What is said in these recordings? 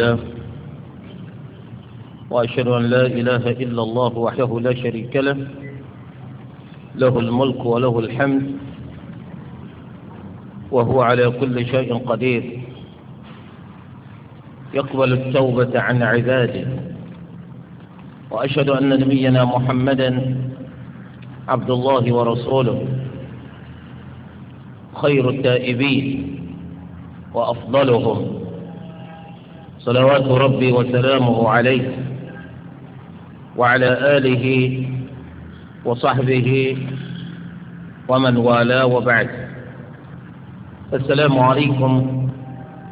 الله وأشهد أن لا إله إلا الله وحده لا شريك له له الملك وله الحمد وهو على كل شيء قدير يقبل التوبة عن عباده وأشهد أن نبينا محمدا عبد الله ورسوله خير التائبين وأفضلهم صلوات ربي وسلامه عليه وعلى آله وصحبه ومن والاه وبعد السلام عليكم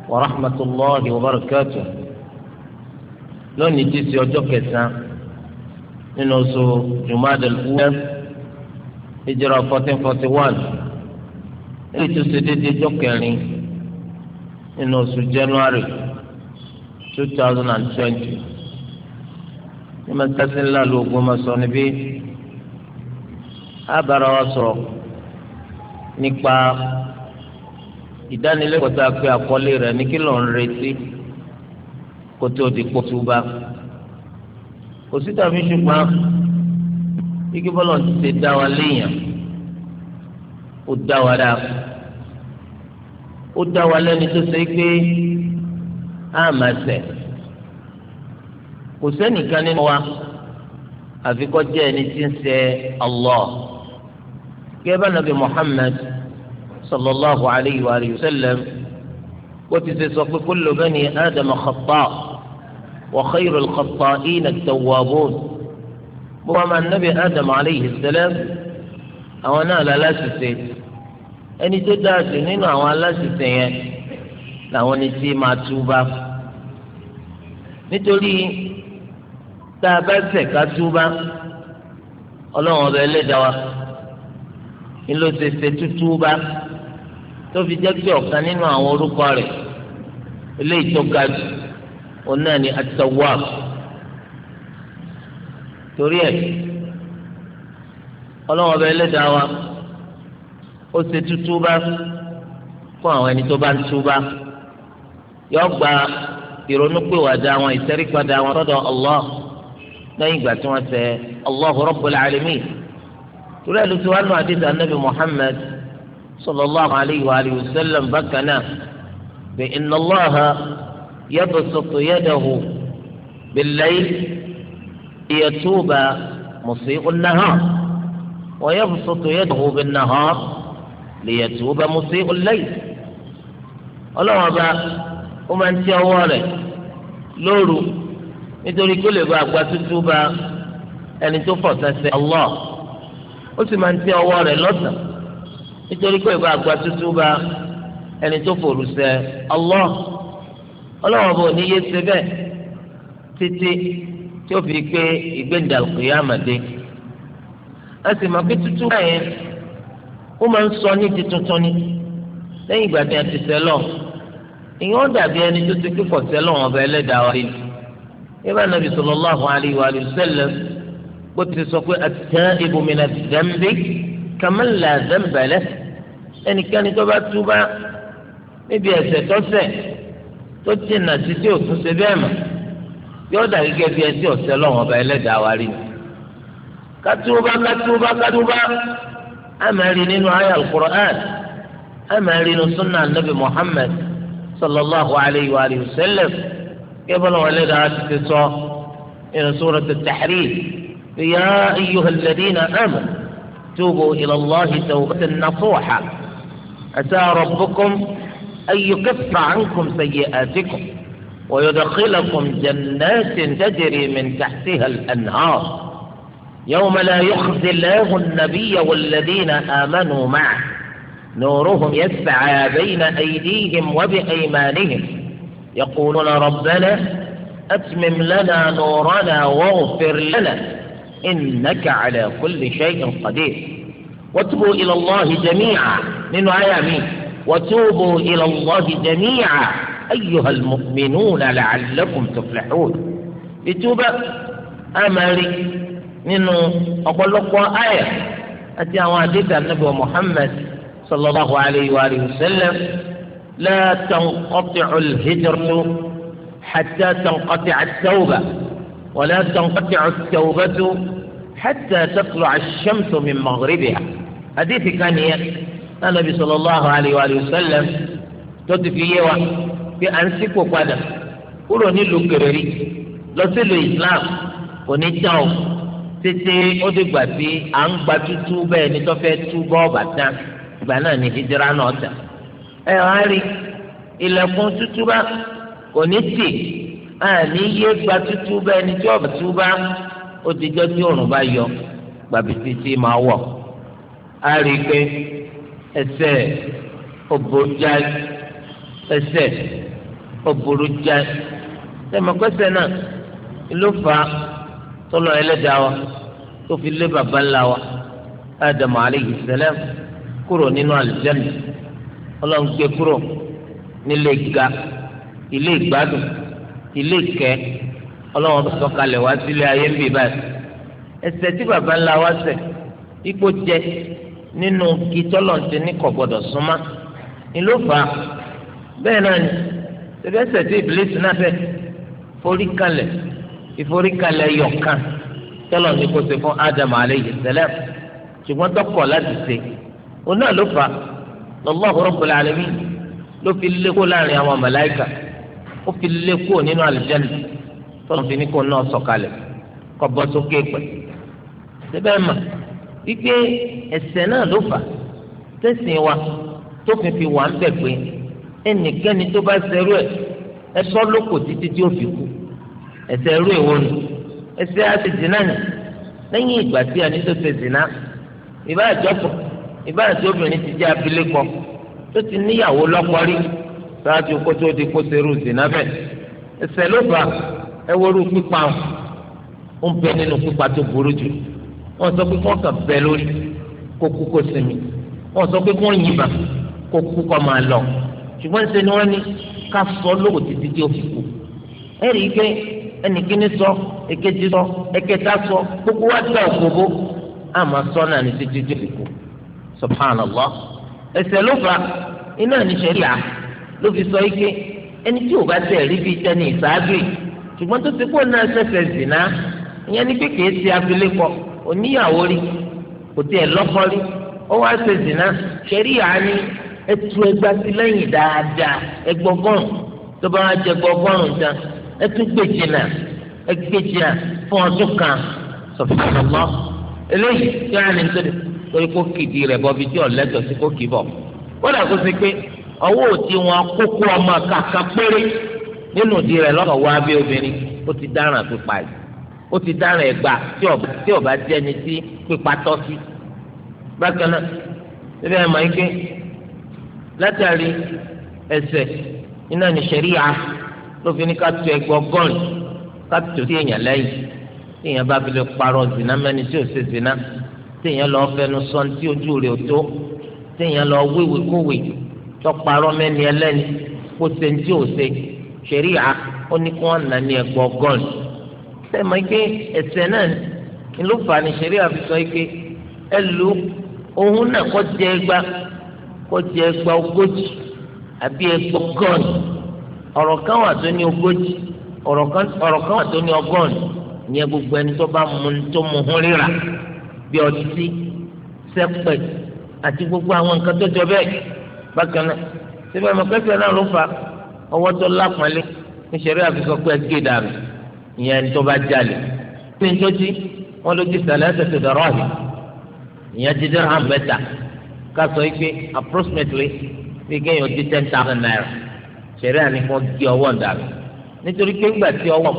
ورحمة الله وبركاته لوني تيسي وجوكيسا ننوسو جماد الأولى هجرة 1441 اللي تسدد جوكيني ننوسو جانواري 2020. thousand and twenty ní mọ́tàsí ńlá ló gbọ́ ma sọ níbí abara wa sọ̀rọ̀ nípa ìdánilẹ́kọ̀ọ́ tá a pe àkọlé rẹ̀ ní kí ló ń retí kó tó di kótóba kò sí tàbí ṣùgbọ́n igi bọ́lọ̀ ti ṣe dá wa léèyàn ó dá wa dáa ó dá wa lẹ́ni tó ṣe é pé á máa ṣẹ̀ kò sẹ́nìkan nínú wa àfi kó jẹ́ ẹni tí ń ṣẹ̀ Allah gẹ́gẹ́ nàbì Muhammad sallallahu alayhi wa sallam ó ti ṣe sọ pé kullu bani adama khata' wa khayrul khata'ina at-tawwabun bó wàá máa nàbì Adam alayhi salam àwọn náà lálásìsẹ́ ẹni tó dáa sí nínú àwọn aláṣìṣẹ́ yẹn làwọn ẹni tí máa túbà nítorí tá a bá ṣẹ̀ ká túbà ọlọ́run ọba ẹlẹ́dàá wa ni ló ṣe ṣe tútúbà tó fi jẹ́ pé ọ̀kan nínú àwọn orúkọ rẹ̀ eléyìí tó ga jù òun náà ni atawab torí ẹ̀ ọlọ́wọ́n ọba ẹlẹ́dàá wa ó ṣe tútúbá fún àwọn ẹni tó bá ń túbá yọ gba ìrònúpìwàdà àwọn ìtẹrípadà àwọn tọ̀dọ̀ Allah lẹ́yìn ìgbà tí wọ́n ṣe Allahu Rabbul Alamin torí ẹ̀ ló ti wá nù àdìsá nàbì Muhammad sallallahu alayhi wa alihi wa sallam bákan náà bi inna Allaha yabsutu yadahu bil-layl liyatuba musii'u an-nahar wa yabsutu yadahu bin-nahar liyatuba musii'u al-layl ọlọ́wọ́n bá. ó máa ń tí ọwọ́ rẹ̀ lóru nítorí kó lè bá àgbà tútù bá ẹni tó Allah ó sì máa ń tí ọwọ́ rẹ̀ lọ́sàn nítorí kó lè bá àgbà tútù bá ẹni tó fòrùsẹ̀ Allah ọlọ́wọ́n bò ní yé ṣe bẹ́ẹ̀ títí tí a ti tuntun ìyẹn dàbí ẹni tó ti kíkọ̀ sẹ́lọ̀ wọn ọba ẹlẹ́dàá wa rí ibà nàbì sallallahu alayhi wa sallam bó ti sọ pé at-taibu mina dhanbi kaman la dhanba lahu ẹnikẹ́ni tó bá túbá níbi ẹ̀ṣẹ̀ tọ́ṣẹ̀ tó jìnnà sí tí òtún ṣe bẹ́ẹ̀ mọ̀ yóò dà gẹ́gẹ́ bí ẹtí ọ̀sẹ̀ lọ́wọ́ ọba ẹlẹ́dàá wa rí kátúbá kátúbá kátúbá àmàlí nínú ayé al-Qur'an àmàlí nínú sunna anabi Muhammad صلى الله عليه وآله وسلم قبل ولدها تتصى إلى سورة التحريم يا أيها الذين آمنوا توبوا إلى الله توبة نصوحا أتى ربكم أن يكف عنكم سيئاتكم ويدخلكم جنات تجري من تحتها الأنهار يوم لا يخزي الله النبي والذين آمنوا معه نورهم يسعى بين أيديهم وبأيمانهم يقولون ربنا أتمم لنا نورنا واغفر لنا إنك على كل شيء قدير واتوبوا إلى الله جميعا من عيامي آية وتوبوا إلى الله جميعا أيها المؤمنون لعلكم تفلحون بتوبة أمري من أقول ayà آية أتي àdéhùn النبي محمد صلى الله عليه وآله وسلم لا تنقطع الهجرة حتى تنقطع التوبة ولا تنقطع التوبة حتى تطلع الشمس من مغربها حديث كان النبي صلى الله عليه وآله وسلم تدفيه بأنسك وقدم kúrò nílùú kèrèrè lọ sílùú islam kò ní tán o títí ó dìgbà tí à ń gba tútú bẹ́ẹ̀ ni tó fẹ́ tú bọ́ọ̀bà tán ìgbà náà ni hijira náà tà ẹ wá rí ilẹ̀kùn tútúbá kò ní tì àní yé gba tútúbá ẹni tí ọ̀bà túbá ó ti jọ́ tí òòrùn bá yọ gbàbí títí máa wọ̀ á rí i pé ẹsẹ̀ ó ẹsẹ̀ ó burú náà ló fà á tọ́lọ́ ẹlẹ́dàá wa tó fi lé baba ńlá wa Ádámù alayhi salam kúrò nínú àlùjáde ọlọ́run gbé kúrò nílé ga ilé ìgbádùn ilé ìkẹ́ ọlọ́run sọ̀kalẹ̀ wá sílé ayé ń bì báyìí ẹ̀ṣẹ̀ tí baba ńlá wa ṣẹ̀ ipò jẹ nínú kitọ́lọ̀ ti ní kò gbọdọ̀ súnmọ́ ìlófà bẹ́ẹ̀ náà ni ṣẹbi ẹ̀ṣẹ̀ tí ìbílẹ̀sì náà fẹ́ foríkalẹ̀ ìforíkalẹ̀ yọ̀kan tọ́lọ̀ ní kò ṣe fún Ádámù alayhi salam ṣùgbọ́n tọkọ̀ láti ṣe òun náà ló fà Allahu Rabbul Alamin ló fi lé kó láàrin àwọn màláíkà ó fi lé kó nínú àlùjánnà tó ń fi ní kó náà sọ̀kalẹ̀ kọ́ bọ́ sókè pẹ̀. síbẹ̀ mà wípé ẹ̀ṣẹ̀ náà ló fà tẹ̀sìn wa tó fi fi wà ń bẹ̀ pé ẹnikẹ́ni tó bá ṣerú ẹ̀ ẹ sọ lóko títí tí ó fi kú ẹ̀ṣẹ̀ ẹrú èwo nù ẹ̀ṣẹ̀ àti zina nì lẹ́yìn ìgbà tí a ní tó ṣe zina ìbá àjọpọ̀ ìbára tí obìnrin ti jẹ́ abilékọ tó ti níyàwó lọ́kọ rí ṣáájú kó tó di kó serú zina bẹ́ẹ̀ ẹsẹ̀ ló fà ẹ wọ́rú pípa ń bẹ nínú pípa tó burú jù wọ́n sọ pé wọ́n kàn bẹ lórí kó kú kó sinmi wọ́n sọ pé wọ́n yìnbọn kó kú kó máa lọ ṣùgbọ́n ṣe ni wọ́n ní ká sọ lówó títí tí ó fi kú ẹ rí ẹnì kíní sọ èkejì sọ ẹ̀kẹta sọ gbogbo wa ti ọ̀gbogbo àmọ́ sọ náà ní títí tí ó fi kú subhanallah ẹsẹ̀ ló fà iná ní sẹ́ríà ló fi sọ ike ẹni tí ò bá tẹ̀ rí bíi tẹni ìsáájú ṣùgbọ́n tó ti kó náà ṣẹ̀ṣẹ̀ zìnà ìyẹn ní kékeré ti abilékọ oníyàwó rí kò tiẹ̀ lọ́kọ rí ó wá ṣe zìnà sẹ́ríà ni ẹtù ẹgbà sí lẹ́yìn dáadáa ẹgbọgọrùn tó bá wá jẹ gbọgọrùn tán ẹtù gbèjìnà ẹgbèjìnà fún ọdún kan subhanallah eléyìí tí wọn á ní nítorí torí kó kìdí rẹ̀ bọ́bi tí ọ̀lẹ́tọ̀ sí kó kì í bọ̀ wọ́n dàgbọ́ sí pé ọwọ́ òtí wọn kókó ọmọ kàkà péré nínú ìdí rẹ̀ lọ́kọ̀ wá bí obìnrin ó ti dáràn pípa yìí ó ti dáràn ẹ̀gbà tí ọ̀bá jẹ́ni tí pípa tọ́ sí bákan náà síbẹ̀ ẹ̀ mọ̀ yín pé látàrí ẹsẹ̀ iná ní sẹ́ríà ló ní ká tu ẹgbẹ́ ọgọ́rin ká tó sí èèyàn lẹ́yìn tí èèyàn bá fi lè parọ́ zina mẹ́ni tí ò ṣe zina téèyàn lọ fẹnu sọ́n tí ojú rẹ̀ ò tó téèyàn lọ wéwèé kówèé tọparọ mẹ́ni ẹlẹ́ni kó ṣe ní tí ò ṣe ṣẹ̀ríà ó ní kí wọ́n nà ní ẹgbọ́ sẹ́mi pé ẹ̀sẹ̀ náà ni ló fà ní ṣẹ̀ríà fi sọ pé ẹ lu ohun náà kọ́ jẹ ẹgba kọ́ jẹ ẹgba ogójì àbí ẹgbọ́ gọ́ọ̀n. ọ̀rọ̀ kan wà tó ní ogójì ọ̀rọ̀ kan wà tó ní ọgọ́ọ̀n ìyẹn gbogbo ẹni tó bá mu tó mu hún ríra bí ọtí sẹpẹ àti gbogbo àwọn nǹkan tó jọ bẹ́ẹ̀ bákan náà síbẹ̀ mọ̀kẹ́sẹ̀ náà ló fa ọwọ́ tó lápọ̀nlé níṣẹ́rí àfikọ́ pé gé dànù ìyẹn ní tó bá jalè pé ní tó jí wọ́n ló ti sàlẹ̀ ẹ̀sẹ̀ tó dọ̀rọ̀ ìyẹn ti dẹ́rọ̀ hàn ká sọ pé approximately bí kéèyàn di ten thousand naira ṣẹ̀rí àní gé ọwọ́ dànù nítorí pé ńgbà tí ọwọ́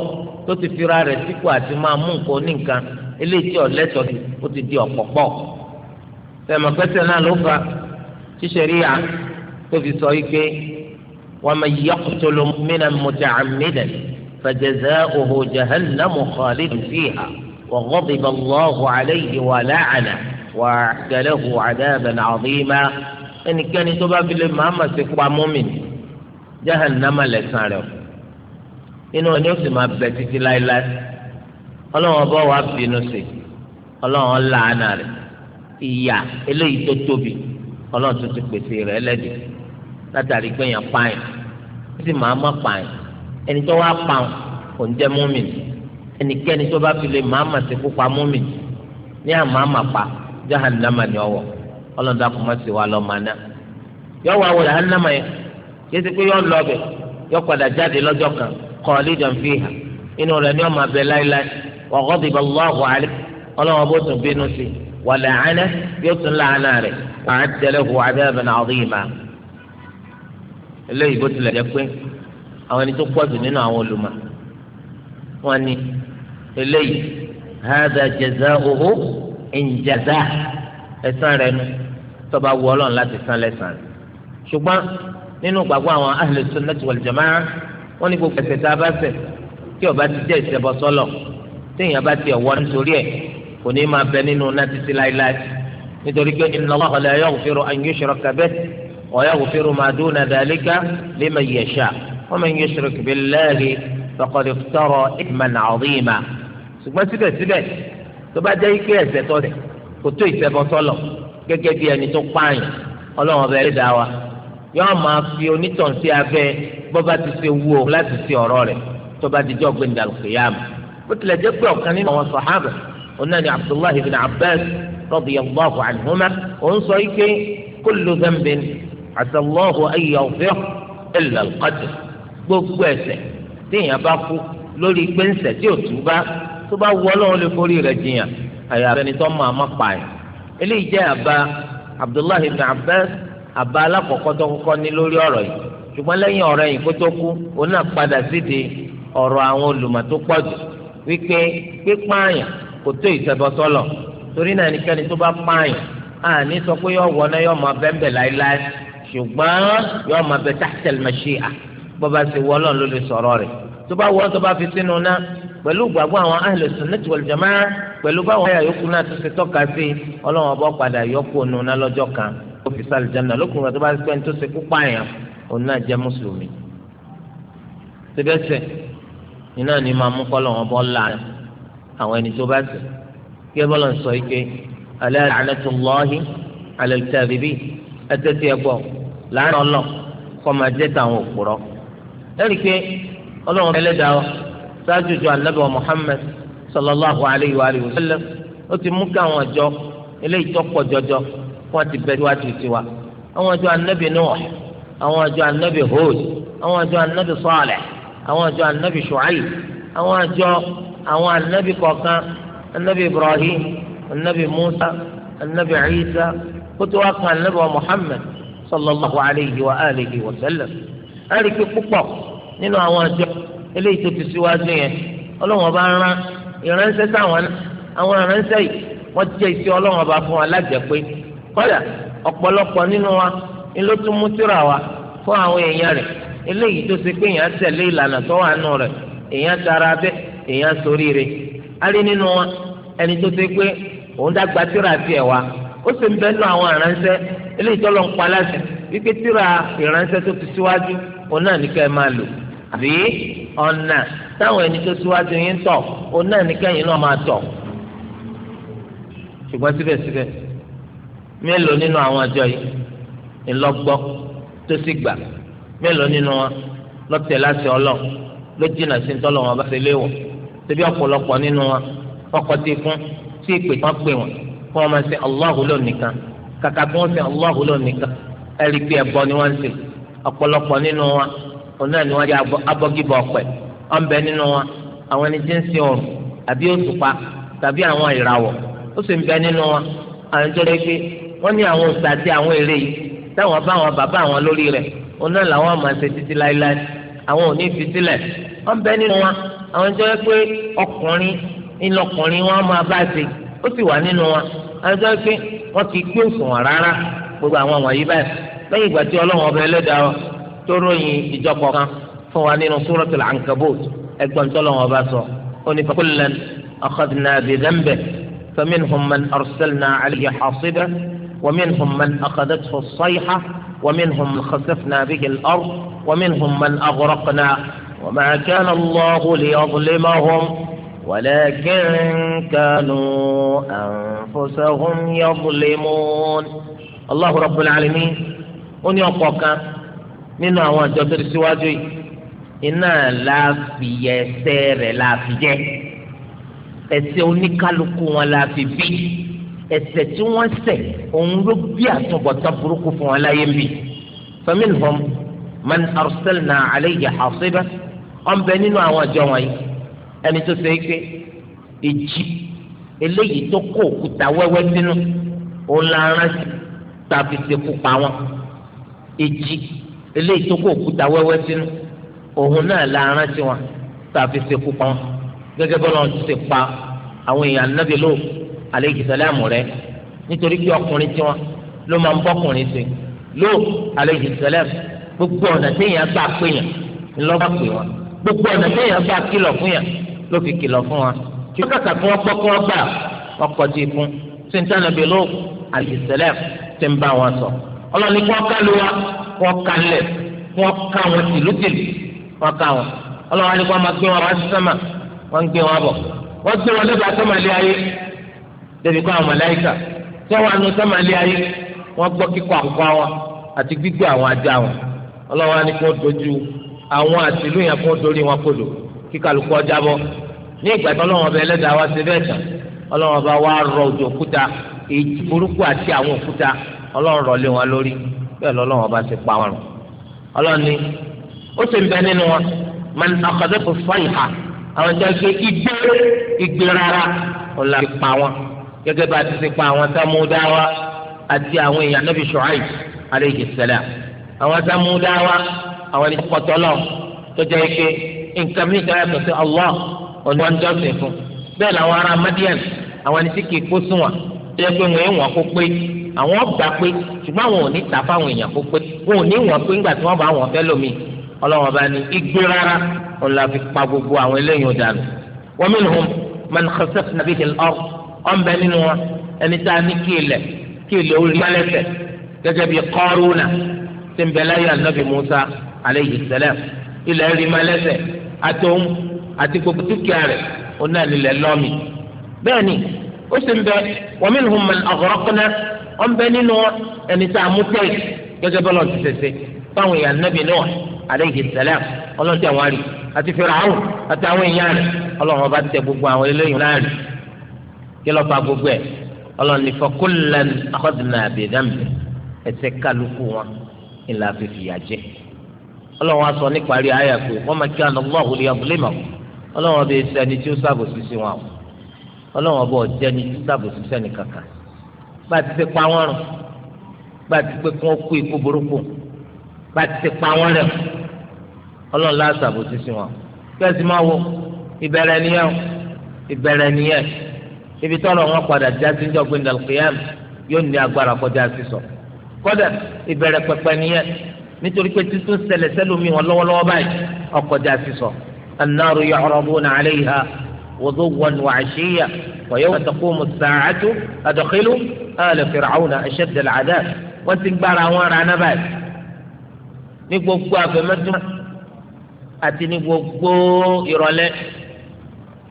tó ti fira rẹ̀ ati àti máa mú nǹkan eléyìí tí ọ̀lẹ́tọ̀ ti ó ti di ọ̀pọ̀pọ̀ sẹ́mi pẹ́sẹ̀ náà ló fa ṣíṣẹ́rí à tó fi sọ wípé wọ́n máa yaqtulu minan muta'ammidan fajaza'uhu jahannamu khalidan fiha wa ghadiba Allahu alayhi wa la'anahu wa a'adda lahu 'adaban 'azima tó bá fi màmá sí pa mọ́mìnì jahannama lẹ́sàn rẹ̀ inú ọ̀nà yóò sì máa bẹ̀ títí láéláé. ọlọ́run ọba wa bínú sí ọlọ́run làánà rẹ̀ ìyà eléyìí tó tóbi ọlọ́run tó ti pèsè rẹ̀ lẹ́dẹ̀ látàrí pé èèyàn pààyàn ó sì máa má pààyàn ẹni tó wá pààyàn kò ń jẹ́ múmìnì ẹnikẹ́ni tó bá fi lè kópa múmìnì ní àmọ́ àmà pa jahannama ni ọwọ́ ọlọ́run wa lọ́ ná yọ wá kí pé yọ lọ wa ghadiba Allahu alayhi ọlọ́wọ́n bó tún bínú sí wa la'anahu yóò tún làánà rẹ̀ a'adda lahu 'adaban 'azima. eléyìí bó tilẹ̀ jẹ́ pé àwọn ẹni tó pọ̀jù nínú àwọn olùmọ̀ wọn ni eléyìí hadha jaza'uhu in jaza' ẹ̀san rẹ̀ nu tọ́ba wọ ọlọ́run láti san lẹ́san rẹ̀ ṣùgbọ́n nínú gbàgbọ́ àwọn ahlu sunnati wal jama'a wọn ni gbogbo ẹ̀ṣẹ̀ tá a bá ṣẹ̀ kí ó ti jẹ́ ìṣẹbọ sọ́lọ̀ téèyàn bá tiẹ̀ wọ́n nítorí ẹ̀ kò ní máa bẹ nínú náà títí láéláé nítorí pé inna Allaha la yaghfiru an yushraka bihi wa yaghfiru ma duna dhalika liman yasha wa man yushrik billahi faqad iftara ithman azima ṣùgbọ́n síbẹ̀síbẹ̀ tó bá jẹ́ ike ẹ̀ṣẹ̀ tó rẹ̀ kò tó ìṣẹ́bọ sọ́lọ̀ gẹ́gẹ́ bí ẹni tó pààyàn ọlọ́run ọbẹ̀ rẹ̀ dá wa yọ́n máa fi onítàn sí abẹ́ bọ́ba ti ṣe wú láti ṣe ọ̀rọ̀ rẹ̀ tó bá dijọ́ gbẹ̀ndàlùkìyàmù bó tilẹ̀ jẹ́ pé ọ̀kan nínú àwọn sàhábà onáni abdullahi bin abbas radiyallahu anhuma òun sọ ike kullu dhanbin asallahu an yaghfira illa al-qatl gbogbo ẹ̀ṣẹ̀ téèyàn bá kú lórí pé ń ṣẹ̀ tí ò túbá tó bá wọ Ọlọ́run lè forí rẹ̀ jiyàn àyàfẹ́ ni tó máa má pa eléyìí jẹ́ àbá abdullahi bin abbas àbá alákọ̀ọ́kọ́ tó kọ́kọ́ ní lórí ọ̀rọ̀ yìí ṣùgbọ́n lẹ́yìn ọ̀rọ̀ yìí kó tó kú òun náà padà síde ọ̀rọ̀ àwọn olùmọ̀ tó pọ̀ jù wípé pípààyàn kò tó ìṣẹbọsọlọ torí náà nìkẹ́ni tó bá pààyàn àní sọ pé yọ wọná yọ máa bẹ́ńbẹ̀ láéláé ṣùgbọ́n yọ máa bẹ tahtal mashi'a bọ́ba ṣe wọ́ ọlọ́run ló lè sọ̀rọ̀ rẹ̀ tó bá wọ́n tó bá fi sínú náà pẹ̀lú gbàgbọ́ àwọn ahlu sunnati wal jamaa pẹ̀lú báwọn ẹ̀yà yòókù náà ti ṣe tọ́ka sí ọlọ́run ọba padà yọkù ònú náà lọ́jọ́ kan ó fi sálì jẹ́nà lókùnrin tó bá ṣe pẹ́ni tó ṣe kú pààyàn òun náà jẹ́ mùsùlùmí. síbẹ̀sẹ̀ iná ni máa mú kọ́ lọ́wọ́ bọ́ la àwọn ẹni tó bá ṣẹ̀ kí ẹ bọ́lọ̀ ń sọ ike alẹ́ àlẹ́tò lọ́ọ́hí alẹ́ tẹ̀bíbí ẹtẹ́tẹ́ ẹgbọ́ láàrin ọlọ́ kọ́ máa jẹ́ tàwọn òpùrọ́ lẹ́rìí pé ọlọ́run ẹlẹ́dàá ọ ṣáájú ju anabi wa Muhammad sallallahu alayhi wa sallam ó ti mú kí àwọn àjọ eléyìí tó pọ̀ jọjọ fún àti bẹ́ẹ̀ síwájú tiwa àwọn àjọ anabi Nuh àwọn àjọ anabi Hud àwọn àjọ anabi Saleh àwọn àjọ anabi Shu'aib àwọn àjọ àwọn anabi kọ̀ọ̀kan anabi Ibrahim anabi Musa anabi Isa kótó wa kan anabi wa Muhammad sallallahu alayhi wa alihi wa sallam aliki púpọ̀ nínú àwọn àjọ eléyìí tó ti síwájú yẹn ọlọ́wọ́n bá rán ìránṣẹ́ sáwọn àwọn ìránṣẹ́ yìí wọ́n jẹ́ iṣẹ́ ọlọ́wọ́n bá fún wa lájẹpé kọ́dà ọ̀pọ̀lọpọ̀ nínú wa ni ló tún mú tírà wa fún àwọn èèyàn rẹ̀ eléyìí tó ṣe pé èèyàn tẹ̀lé ìlànà tó wà nù rẹ̀ èèyàn tara bẹ́ èèyàn sórí rẹ̀ alẹ́ nínú wọn ẹni tó ṣe pé òun dàgbà tíra tiẹ̀ wá ó sì ń bẹ́ nù àwọn ìránṣẹ́ eléyìí tó lọ ń pa láṣẹ wípé tíra ìránṣẹ́ tó ti síwájú òun náà ní ká ẹ máa lò àbí ọ̀nà táwọn ẹni tó síwájú yín tọ̀ òun náà ní ká ẹ̀yin náà máa tọ̀ mélòó nínú wọn lọ́tẹ̀ láti ọlọ́ ló jìnnà sí ntọ́lọ́ wọn bá ṣe léwọ̀ síbi ọ̀pọ̀lọpọ̀ nínú wọn ọkọ̀ ti sí ìpè kan pè wọn kí máa ṣe ló nìkan kàkà ṣe ló nìkan pé ni wọ́n ṣe ọ̀pọ̀lọpọ̀ nínú wọn òun náà ni nínú wọn àwọn ẹni àbí tàbí àwọn ó sì ń bẹ oná làwọn àmà ṣe títí láéláé àwọn ò ní fi sílẹ̀ wọ́n bẹ nínú wa àwọn jọ pé ọkùnrin nínú ọkùnrin wọn máa bá ṣe ó sì wà nínú wa àwọn jọ pé wọ́n ti gbé òṣùwọ̀n rárá gbogbo àwọn wọ̀nyí báyìí lẹ́yìn ìgbà tí ọlọ́run ọba ẹlẹ́dàá tó ròyìn ìjọpọ̀ kan fún wa nínú suratul ankabut ẹgbọn tọ́lọ́run ọba sọ ó ní kullan akhadna bi dhanbihi faminhum man arsalna alayhi ومنهم من خسفنا به الأرض ومنهم من أغرقنا وما كان الله ليظلمهم ولكن كانوا أنفسهم يظلمون الله رب العالمين أن يقوك من هو جبر سواجي إنا لا في سير لا في جه ẹsẹ oníkálukú wọn la fi ẹ̀ṣẹ̀ tí wọ́n ṣẹ̀ òun ló bí àtúbọ̀tán burúkú fún wọn láyé bí faminhum man arsalna alayhi hasiba ọ̀nbẹ nínú àwọn àjọ wọ̀nyí ẹni tó ṣe é pé èjì eléyìí tó kó òkúta wẹ́wẹ́ sínú òun la rántí tàbí ṣekú pa wọn èjì eléyìí tó kó òkúta wẹ́wẹ́ sínú òun náà la rántí wọn tàbí ṣekú pa wọn gẹ́gẹ́ bọ́lá ti ṣe pa àwọn èèyàn nábì lóòkù aleyhi salamu rẹ nítorí pé ọkùnrin tí wọn ló máa ń bọkùnrin sí ló aleyhi salamu gbogbo ọ̀nà téèyàn gbà pé yàn ńlọ́gbà pé wọn gbogbo ọ̀nà téèyàn gbà kìlọ̀ fún yàn ló fi kìlọ̀ fún wọn tí wọn kàkà fún wọn gbọ́ kí wọn gbà ọkọ̀ tí fún sèǹtà nàbí ló aleyhi salamu ti ń bá wọn sọ ọlọ́ni kí wọ́n ká lu wa kí wọ́n ká lẹ̀ kí wọ́n ká wọn tìlútìlú wọ́n ká wọn ọlọ́wọ́n kí wọ́n máa gbé wọn wá débi pé àwọn màláíkà tí wọn nu sọmọlẹ ayé wọn gbọ́ kíkọ àkùkọ wọn àti gbígbé àwọn ajá wọn ọlọ́wọ́n á ní kó dojú àwọn àtìlú yẹn kó dorí wọn kodò kí kálukú ọjà bọ́ ní ìgbà tí ọlọ́wọ́n ọba ẹlẹ́dàá wá sí bẹ́ẹ̀ tán ọlọ́wọ́n ọba wá rọ òjò òkúta èjì burúkú àti àwọn òkúta ọlọ́wọ́n rọlé wọn lórí bẹ́ẹ̀ lọ́lọ́wọ́n ọba ti pa wọn rùn ọlọ́ni ó sì ń bẹ nínú wọn man akadẹ́kọ̀ fáyìhà àwọn jẹ́ pé igbe igbe ọ̀la ti pa wọn gẹ́gẹ́ bá a ti ṣe pa àwọn sámúdáwá àti àwọn èèyàn Ànábì Ṣuaib aleyhi salam àwọn sámúdáwá àwọn ẹni kọtọlọ tó jẹ́ ike nǹkan mi ìtara yàtọ̀ sí Allah ọ̀nà jọ́sìn fún bẹ́ẹ̀ làwọn ará Madian àwọn ẹni tí kì í kó sunwọ̀n tó yẹ pé wọ́n yẹ wọ́n kó pé àwọn ọgbà pé ṣùgbọ́n àwọn ò ní ta fáwọn èèyàn kó pé wọn ò ní wọ́n pé ńgbà tí wọ́n bá wọn fẹ́ lómi ọlọ́wọ́n bá ní igbó rárá òun fi pa gbogbo àwọn eléyìí dànù wa minhum man khasafna ọ̀nbẹ nínú wọn ẹni tá a ní kí ilẹ̀ kí ilẹ̀ ó rí balẹ̀sẹ̀ gẹ́gẹ́ bí kọ́rùnà tí ń bẹ láyé anabi musa aleyhi sẹlẹm ilẹ̀ rí balẹ̀sẹ̀ àtòun àti gbogbo dúkìá rẹ̀ ó náà nílẹ̀ lọ́mì bẹ́ẹ̀ ó sì ń bẹ wa minhum man aghraqna nínú wọn ẹni tá a mú tẹ̀ gẹ́gẹ́ bọ́lá ti sẹ̀sẹ̀ fáwọn èèyàn anabi náà aleyhi sẹlẹm ọlọ́tẹ̀ wọn rí àti fìràwọ̀ àti àwọn èèyàn rẹ̀ ọlọ́run ọba tẹ gbogbo àwọn eléyìí náà rí kí ló fa gbogbo ẹ̀ ọlọ́ni fọkúlẹ̀n akọ́dùnà àbẹ̀dàmì ẹsẹ̀ kálukú wọn ìlà fífìyà jẹ ọlọ́wọ́n aṣọ níparí àyà pé wọ́n máa kí àná lọ́ọ̀hù lè abúlémà ọlọ́wọ́n bẹ sẹni tí ó ṣàbòsí sí wọn ọlọ́wọ́n bọ̀ jẹni tí ṣàbòsí sẹ́ni kankan bá a ti ti pa wọ́n rùn bá pé kí kú ikú burúkú bá ti pa wọ́n rẹ̀ ọlọ́wọ́n lá ṣàbòsí sí wọn kí ẹ sì máa wo ìbẹ̀rẹ̀ nìyẹn ìbẹ̀rẹ̀ nìyẹn ibi tọ́lọ̀ wọn padà jáde ní ọgbìn dàlùkìyàmù yóò ní agbára kọjá sísọ kódà ìbẹ̀rẹ̀ pẹpẹ nìyẹn nítorí pé títún ṣẹlẹ̀ sẹ́lómi wọn lọ́wọ́lọ́wọ́ báyìí ọkọjá sísọ النار يعرضون عليها غدوا وعشيا ويوم تقوم الساعة أدخلوا آل فرعون أشد العذاب wọ́n ti gbára wọn ra náà báyìí ní gbogbo àfẹ̀mẹ́tò àti ní gbogbo ìrọ̀lẹ́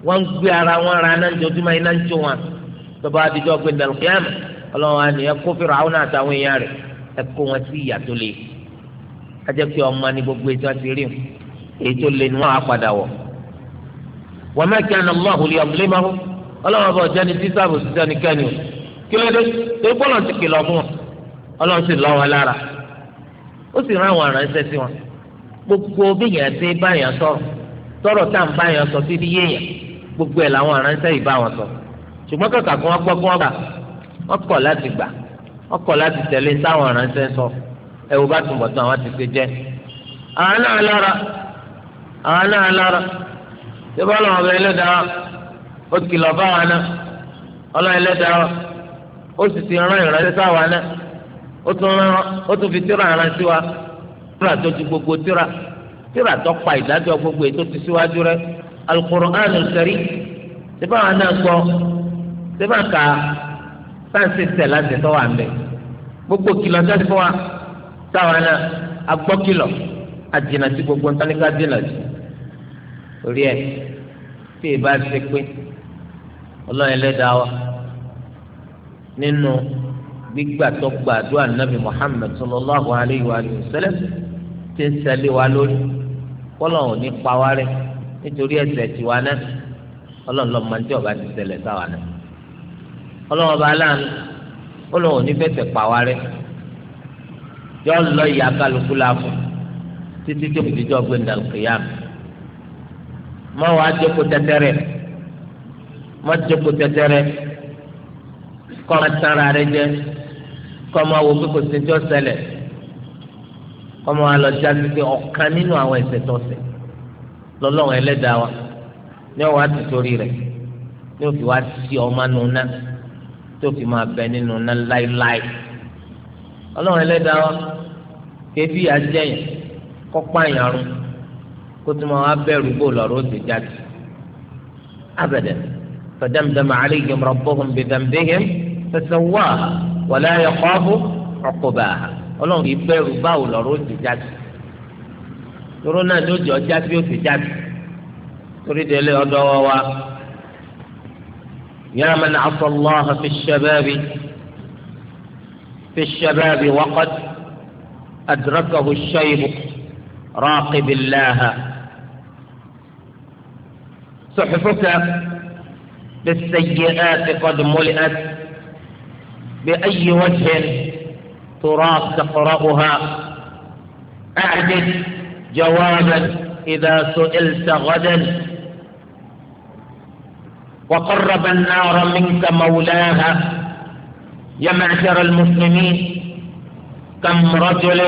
wọ́n ń gbé ara wọn ra náà jọjúmọ́ iná ń jó wọn tọba adijọ́ gbé dàlùkíyàmù ọlọ́run àná ẹ kó fèrè àwọn àtàwọn èèyàn rẹ̀ ẹ kó wọn sí ìyà tó le pé ọmọ ni gbogbo ètò àti rí èyí tó le ni wọ́n á padà wọ̀ wọ́n mẹ́kẹ́ àná lọ́wọ́ àhùlẹ̀ ọ̀gbìn máa ọlọ́run ọba ọ̀jẹ́ ni tíṣàbù sísẹ́ ni kẹ́ni o kí ló dé torí pọ́lọ̀ ti kìlọ̀ fún wọn ọlọ́run sì lọ́ wọn lára ó sì rán àwọn àránṣẹ́ sí wọn gbogbo bíyàn ti báyàn sọ̀rọ̀ sọ̀rọ̀ tá à ń báyàn sọ títí yéèyàn gbogbo ẹ̀ làwọn aránṣẹ́ yìí bá wọn sọ ṣùgbọ́n kàkà kí wọ́n gbọ́ kí gbà láti gbà wọ́n láti tẹ̀lé sọ ẹ bá túnbọ̀ àwọn ti ṣe jẹ àwọn náà àwọn náà ẹlẹ́dàá ó kìlọ̀ bá náà ẹlẹ́dàá ó sì ti rán fi tíra wa tíra tó gbogbo tíra tíra tó pa gbogbo ètò ti síwájú alukur'an al-karim síbá àwọn náà gbọ́ síbá ka sáǹsì tẹ̀ láti tọ́ wà mẹ́ gbogbo kìlọ̀ sáǹsì fún wa táwọn náà agbọ́ kìlọ̀ àjìnà sí gbogbo ntánika dínà sí orí ẹ̀ tí ì bá ṣe pé ọlọ́run ẹlẹ́dàá wa nínú gbígbà tó gba àdúrà nàbì Muhammad sallallahu alayhi wa sallam ti ń sẹ́lẹ̀ wa lórí kọ́lọ́run ò ní pa wá rẹ̀ nítorí ẹ̀ṣẹ̀ tiwa náà Ọlọ́run ló máa ń tí ọba ti ṣẹlẹ̀ sáwa náà Ọlọ́run ọba aláàánú Ọlọ́run òní fẹsẹ̀ pàwa rẹ yọ lọ ìyá kálukú la fún títí tó fi jọ gbé nàlùkìyàm mọ wàá jókòó tẹtẹrẹ mọ jókòó tẹtẹrẹ kọ́ máa tara rẹ jẹ kọ́ máa wo pé kò sí tí ó kọ́ máa lọ jáde pé ọ̀kan nínú àwọn ẹ̀ṣẹ̀ tó ṣẹ̀ lọ́lọ́run ẹlẹ́dàá wa ní ọ̀wá ti torí rẹ̀ ní òfin wá sí ọmọ nùnà tó fi máa bẹ nínú nà láéláé ọlọ́run ẹlẹ́dàá wa kébí àjẹyìn kọ́pá ìyàrún kó tó máa wá bẹ̀rù bò lọ́rọ́ òsè jáde abẹ́dẹ̀ fẹ̀dẹ́mdẹ́mà àlẹ́yìn rọ̀bọ́hùn bẹ̀dẹ́mdẹ́hìn fẹsẹ̀wá wọlé ayọ̀kọ́ ọ̀kọ̀bà ọlọ́run kì í bẹ̀rù báwo lọ́rọ́ òsè jáde. toró náà tó di ọjà tí ó fi já bí torí délé ọ̀dọ̀ wa wa ya man asa Allah fi shababi fi shababi waqad adrakahu ash-shaybu raqib Allah suhufuka bis-sayyi'ati qad muli'at bi-ayyi wajhin تراك ẹ أعدد جوابا إذا سئلت غدا وقرب النار منك مولاها يا معشر المسلمين كم رجل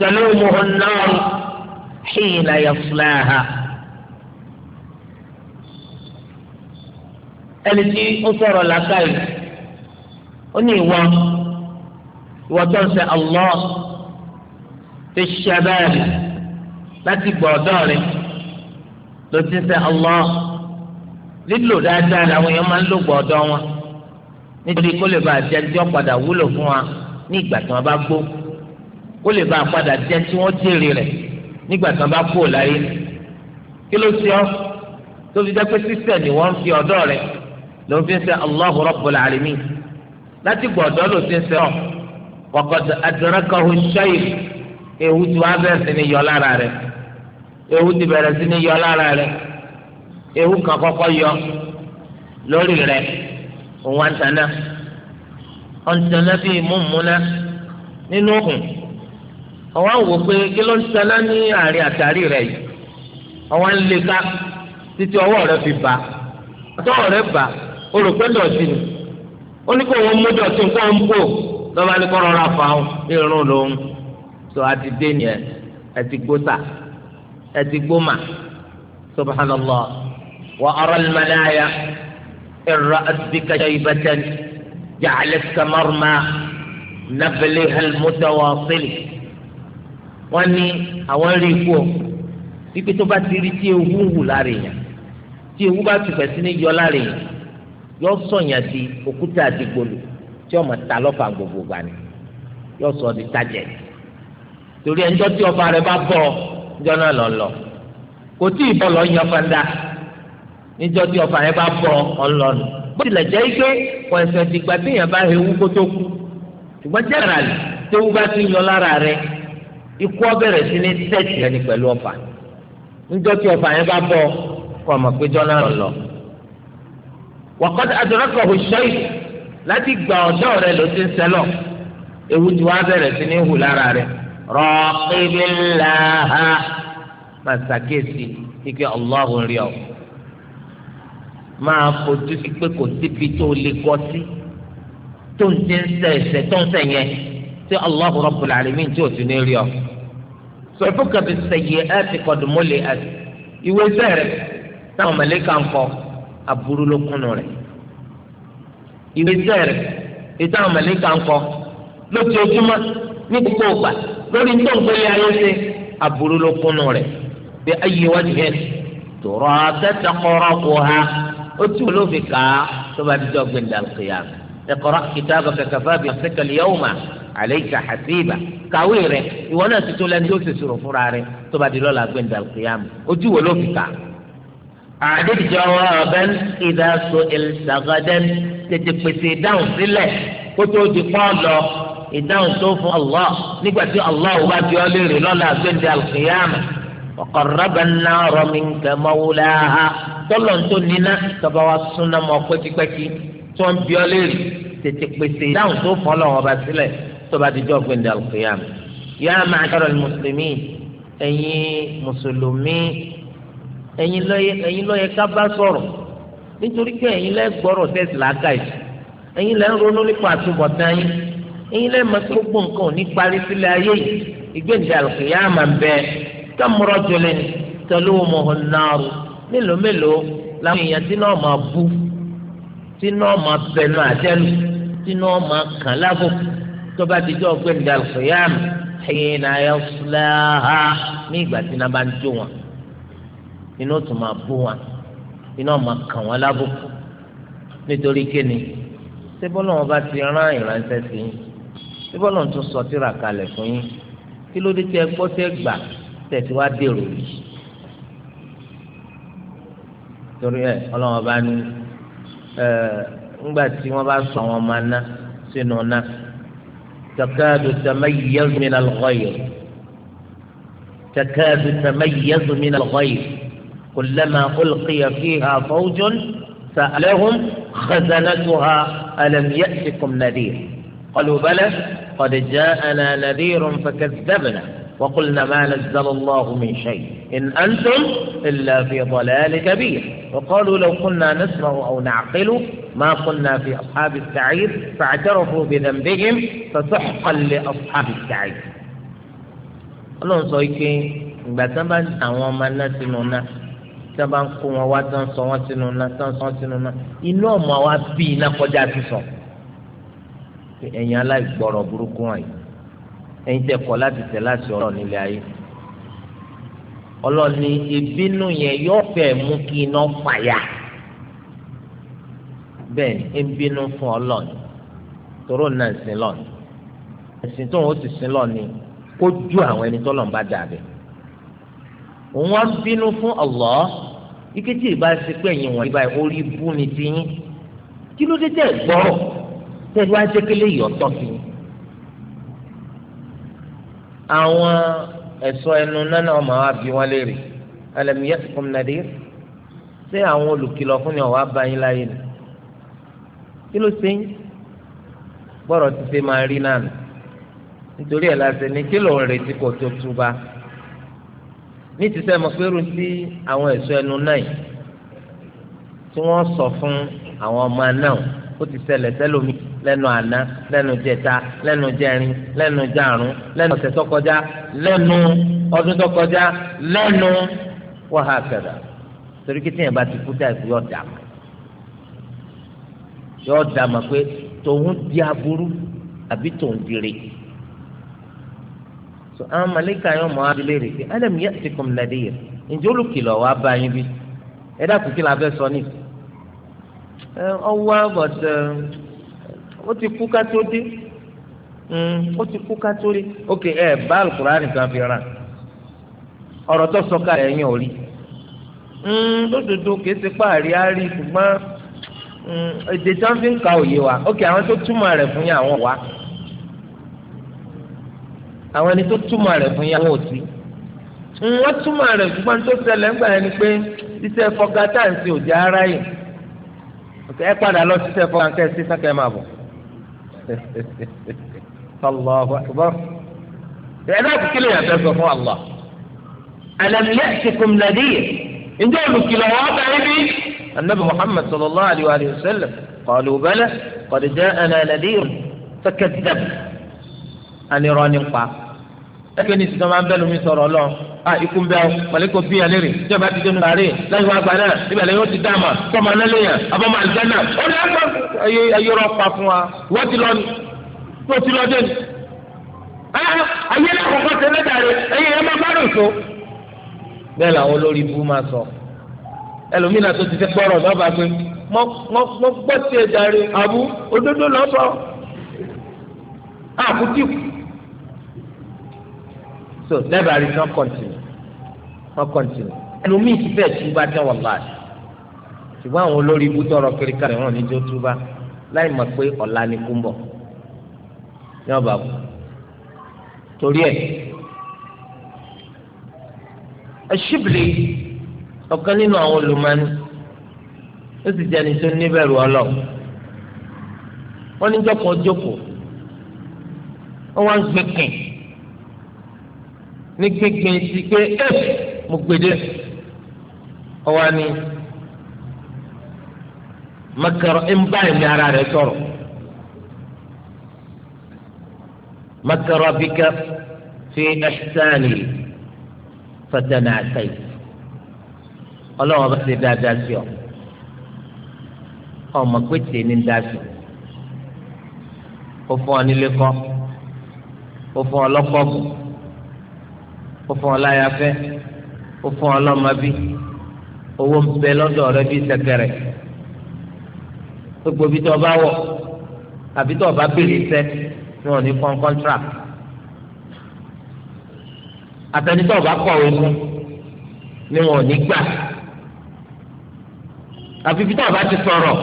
تلومه النار حين يصلاها التي أثر لك أني وتنسى الله fi ṣẹbẹ́ẹ̀lì láti gbọ́ ọ̀dọ́ rẹ ló ti sẹ́ Allah lílò dáadáa làwọn èèyàn máa ń lò gbọ́ ọ̀dọ́ wọn nítorí kó lè bá jẹ́ tí wọ́n padà wúlò fún wa ní ìgbà tí wọ́n bá gbó kó lè bá padà jẹ́ tí wọ́n jèrè rẹ̀ nígbà tí wọ́n bá kú láyé kí ló ṣe ọ́ tó fi jẹ́ pé sísẹ̀ ni wọ́n fi ọ̀dọ́ rẹ ló fi ń sẹ́ Allahu Rabbul Alamin láti gbọ́ ló ti ń sẹ́ ọ̀ waqad adrakahu ash-shaykh ewu ti wá bẹ̀rẹ̀ sí ni yọ lára rẹ̀ ewu ti bẹ̀rẹ̀ sí ni yọ lára rẹ̀ ewu kan kọ́kọ́ yọ lórí rẹ̀ òun wá ń tanná ọ̀n tanná bíi múmúná nínú òkun ọ̀wá ń wò pé kí ló ń tanná ní àárín àtàrí rẹ̀ yìí ọ̀wá ń lè ká títí ọwọ́ rẹ̀ fi bá ọtọ́wọ́ rẹ̀ bá olùkọ́ dọ̀tí ni ó ní kó wọn mú dọ̀tí nǹkan ń bò lọ́ba ní kó rọra fà á irun lòun so àti dé nìyẹn ẹtì gbóta ẹtì gbóma subhanallah wa aral malaya irra asbika shaybatan ja'alatka marma nabaliha almutawasili wọn ní àwọn rí ikú o wípé tó bá ti rí tí ewu ń wù lára èèyàn tí ewu bá ti fẹ̀sí ní yọ lára èèyàn yọ sọ̀yàn di òkúta àdìgbòlù tí ọmọ ta lọ́fà gbogbo gbà yọ sọ di tájẹ̀ torí ẹnjọ́ tí ọba rẹ bá bọ̀ ẹjọ́ náà lọ lọ kò tí ì bọ̀ lọ yan fanda níjọ́ tí ọba rẹ bá bọ̀ ọlọ́nu bó tilẹ̀ jẹ́ ike kò ẹ̀sẹ̀ dìgbà bá kó tó kú ṣùgbọ́n jẹ́rẹ̀lì bá ti lára rẹ ikú ọbẹ̀rẹ̀ sí ní ẹni pẹ̀lú tí yẹn bá ọmọ náà lọ. àdúrákọ̀ láti gbà ewu ti wá bẹ̀rẹ̀ sí rọ́ọ̀kìbìláha máa ṣàkíyèsí ike ọlọ́run rí ọ máa fojú sí pé kò síbi tó lè gọ́ sí tó ń ti ń sẹ ẹsẹ̀ tó ń sẹ yẹn tí ọlọ́run rọ́bùlà àlẹ́mí tí ò sí ní rí ọ. sọ ìfúkàbí sẹyẹ ẹ ti kọdùn mọ́lẹ̀ ẹ ìwé sẹ́rẹ̀ táwọn mẹ̀lẹ́kà ń kọ aburú ló kúnnù rẹ̀ ìwé sẹ́rẹ̀ táwọn mẹ̀lẹ́kà ń kọ lójoojúmọ́ ní gbogbo ògbà lórí tó ń gbélé ayé ṣe aburú ló kúnnú rẹ̀ bí ayé wá ti hẹ́n tòrọ tẹ́tẹ́ kọ́rọ́ kó ha ó tún ló fi kà á tó bá dídọ́ gbẹ̀ndàkìyà ẹ̀kọ́rọ́ kìtàbà kẹkẹ fábì àfẹ́kẹ̀lì yẹ́wò mà àlẹ́kà hasiba kàwé rẹ̀ ìwọ náà ti tó lẹ́nu tó sì sòrò fúnra rẹ̀ tó bá di lọ́la gbẹ̀ndàkìyà ó tún wò ló fi kà á. أعدد جوابا إذا سئلت غدا تتبسي داون sílẹ̀ kó tó di pọ́ọ̀lọ́ ìdáhùn tó fún Allah nígbà tí Allah ò bá fi ọ́ léèrè lọ́la àgbẹ̀dẹ alùkìyàmù ọ̀kọ̀rọ̀bà náà rọmi nkàmọ́wúlá ha tọ́lọ̀ tó níná tọba wa súnà mọ́ pẹ́kípẹ́kí tó ń fi ọ́ léèrè tètè pèsè ìdáhùn tó fún ọlọ́wọ́ ọba sílẹ̀ tọba àdìjọ́ àgbẹ̀dẹ alùkìyàmù yá máa kẹ́rọ̀ mùsùlùmí ẹ̀yin mùsùlùmí ẹ̀yin lọ́yẹ ká sọ̀rọ̀ nítorí pé ẹ̀yin lẹ́ tẹ́sí làákàyè eyín lẹ́yìn máa tó gbogbo nǹkan ò ní parí sílẹ̀ ayé yìí ìgbéǹde àlùkìyà máa ń bẹ tọmọrọ jọlẹ ní tọlú mọhùn náírà mélòó mélòó làwọn èèyàn tí náà máa bú tí náà máa bẹnu àtẹnu tí náà máa kàn lábò tó bá ti jọ ìgbéǹde àlùkìyà mi ẹ̀yìn náà yẹ fúláhà ní ìgbà tí náà bá ń jó wọn iná tún máa bú wọn iná máa kàn wọn lábò nítorí kíni ṣé bọ́lá wọn bá ti rán ìránṣẹ́ sí yín. ibo lọ́n tún sọ tíra kalẹ̀ fún yín kí ló dé tí ẹ gbọ́ tẹ́ gbà tẹ̀sí wá dèrò yìí torí ẹ ọlọ́wọ́n bá ní ẹ ńgbà tí wọ́n bá sọ wọn máa ná sínú ná tẹmẹ tẹmẹ mi mi náà náà lọ́kọ́ yìí takadu tamayyazu min al-ghayr takadu tamayyazu min al-ghayr kullama ulqiya fiha fawjun sa'alahum khazanatuha alam ya'tikum nadhir. قالوا بلى قد جاءنا نذير فكذبنا وقلنا ما نزل الله من شيء إن أنتم إلا في ضلال كبير وقالوا لو كنا نسمع أو نعقل ما كنا في أصحاب السعير فاعترفوا بذنبهم فسحقا لأصحاب السعير قالوا so بسبب igba ti won ba n ta awon omo naa sinu naa ti won ba ẹ̀yin aláìgbọ́rọ̀ burúkú wọ̀nyí ẹ̀yin tẹ́ kọ̀ láti tẹ̀ láti ọ̀rọ̀ nílé ayé ọlọ́ni ìbínú yẹn yóò fẹ́ mú kí iná fàyà bẹ́ẹ̀ ni ń bínú fún ọlọ́ni tóró náà ń sin lọ́ni ẹ̀sìn tó ń ó sì sin lọ́ni kó ju àwọn ẹni tọ́lọ̀ ń bá dàbẹ̀ òun á bínú fún ọlọ́ ike tí ṣe pé ẹ̀yin wọ̀nyí báyìí orí bú ni ti yín kí ló dé tẹ̀ gbọ́rọ̀ tẹ́lẹ̀ wá jẹ́ kí léyìí ọ̀tọ̀ sí i. àwọn ẹ̀ṣọ́ ẹnu nánà ọmọ wa bí wọ́n léèrè alẹ́mi yẹ́sì fún nàdí ṣé àwọn olùkìlọ̀ fún ni ọ̀wá bá yín láyé ni kí ló ṣe yín gbọ́dọ̀ ti ṣe máa rí náà nítorí ẹ̀ láti ní kí ló ń retí kó tó túbà ní ti sẹ́ mo pẹ́rù sí àwọn ẹ̀ṣọ́ ẹnu náà yìí tí wọ́n sọ fún àwọn ọmọ náà ó ti ṣẹlẹ̀ sẹ́lómi lẹ́nu àná lẹ́nu jẹta lẹ́nu jẹrin lẹ́nu jarun lẹ́nu ọ̀sẹ̀ tó kọjá lẹ́nu ọdún tó kọjá lẹ́nu wàhálà kẹdà torí kí tíyẹn bá ti kú táyì kú yọ dà yọ dà pé tòun di aburú àbí tòun di so àwọn màlíkà yọ mọ abilé rè pé alam ya'tikum nadhir ǹjẹ́ olùkìlọ̀ wàá bá yín bí ẹ dákun kí la fẹ́ sọ ní. ọwọ́ bọ̀dọ̀ ó ti kú ká tó dé hmm, ó ti kú ká rí ok ẹ bá alukurani kan fi ràn ọ̀rọ̀ tó sọ ká ẹ̀yìn ò rí hmm, lódodo kìí ṣe páàrí àárí ṣùgbọ́n hmm, èdè tí wọ́n fi ń ka òye wa ok àwọn tó túmọ̀ rẹ̀ fún yà wọ́n wá àwọn ẹni tó túmọ̀ rẹ̀ fún yà wọ́n ò sí wọ́n túmọ̀ rẹ̀ ṣùgbọ́n tó ṣẹlẹ̀ ń gbà yẹn ni pé iṣẹ́ fọgá táǹsì ò jẹ́ ara yìí ẹ padà lọ sí iṣẹ́ fọgá kẹ́sì sákẹ́ máa bọ̀. الله akbar ẹ̀dá كل yẹn fẹ́ sọ fún Allah alam ya'tikum nadhir ǹjẹ́ olùkìlọ̀ النبي محمد صلى الله عليه وآله وسلم قالوا بلى قد جاءنا نذير فكذب أن يراني لكن إذا ما بلوا من سر الله a ah, ikú ń bẹ ọ mọlẹkọ bí alẹ rẹ tí a bá ti dẹnu àárẹ láti wá gbà náà ibà lẹ́yìn ó ti dáàmà tọmọ náà lẹ́yìn abọmọ àlùjáná ó ní ẹgbẹ ayọrọ pa fún wa wọ́n ti lọ ní tó ti lọ dẹnu. Ah, ayé náà kọ́kọ́ tẹ́lẹ̀ dàrí ẹ̀yìn ẹ̀ máa bá dùn so. bẹ́ẹ̀ làwọn olórí ibú máa sọ ẹlòmínà tó ti fẹ́ gbọ́rọ̀ lọ́ba pé mọ gbọ́ tiẹ̀ dàrí àbú òdodo lọ́sọ̀ àkútì ah, kù so lẹ́bàá rí wọ́n kọ́ntínú wọ́n kọ́ntínú ẹlòmíì ti fẹ́ẹ̀ túbá tán wọ́n láàyè ṣùgbọ́n àwọn olórí ibú tọrọ kiri kárí wọn níjó túbá láì mọ̀ pé ọ̀la ni kú ń bọ̀ ní ọba kù torí ẹ̀ ẹ̀ṣibìlì ọ̀kan nínú àwọn olùmọ̀ọ́nì ó sì jẹ́ ẹni tó níbẹ̀rù ọlọ́ wọ́n níjọ́ kan jókòó wọ́n wá ń gbé kìn ní gbígbin sí pé ẹ mo gbèdé ọwọ́ ni makaro ń bá ẹ̀mí ara rẹ̀ sọ̀rọ̀ makaro abika fi ẹ̀sán yìí fatana àtàyè ọlọ́wọ́ bá ti dáadáa sí ọ ọmọ pété ní dáàsì ó fún ọ nílé kọ́ ó fún ọ lọ́kọ́ bù ó fún ọ láya fẹ́ ó fún ọ lọ́mọ bí owó ń bẹ lọ́dọ̀ rẹ bí sẹ̀kẹ̀rẹ̀ gbogbo bí tó bá wọ̀ àbí tó bá béèrè sẹ́ ni wọ́n ní fún contract àtẹni tó bá kọ̀wé fún ni wọ́n ní gbà àfi bí tó bá ti sọ̀rọ̀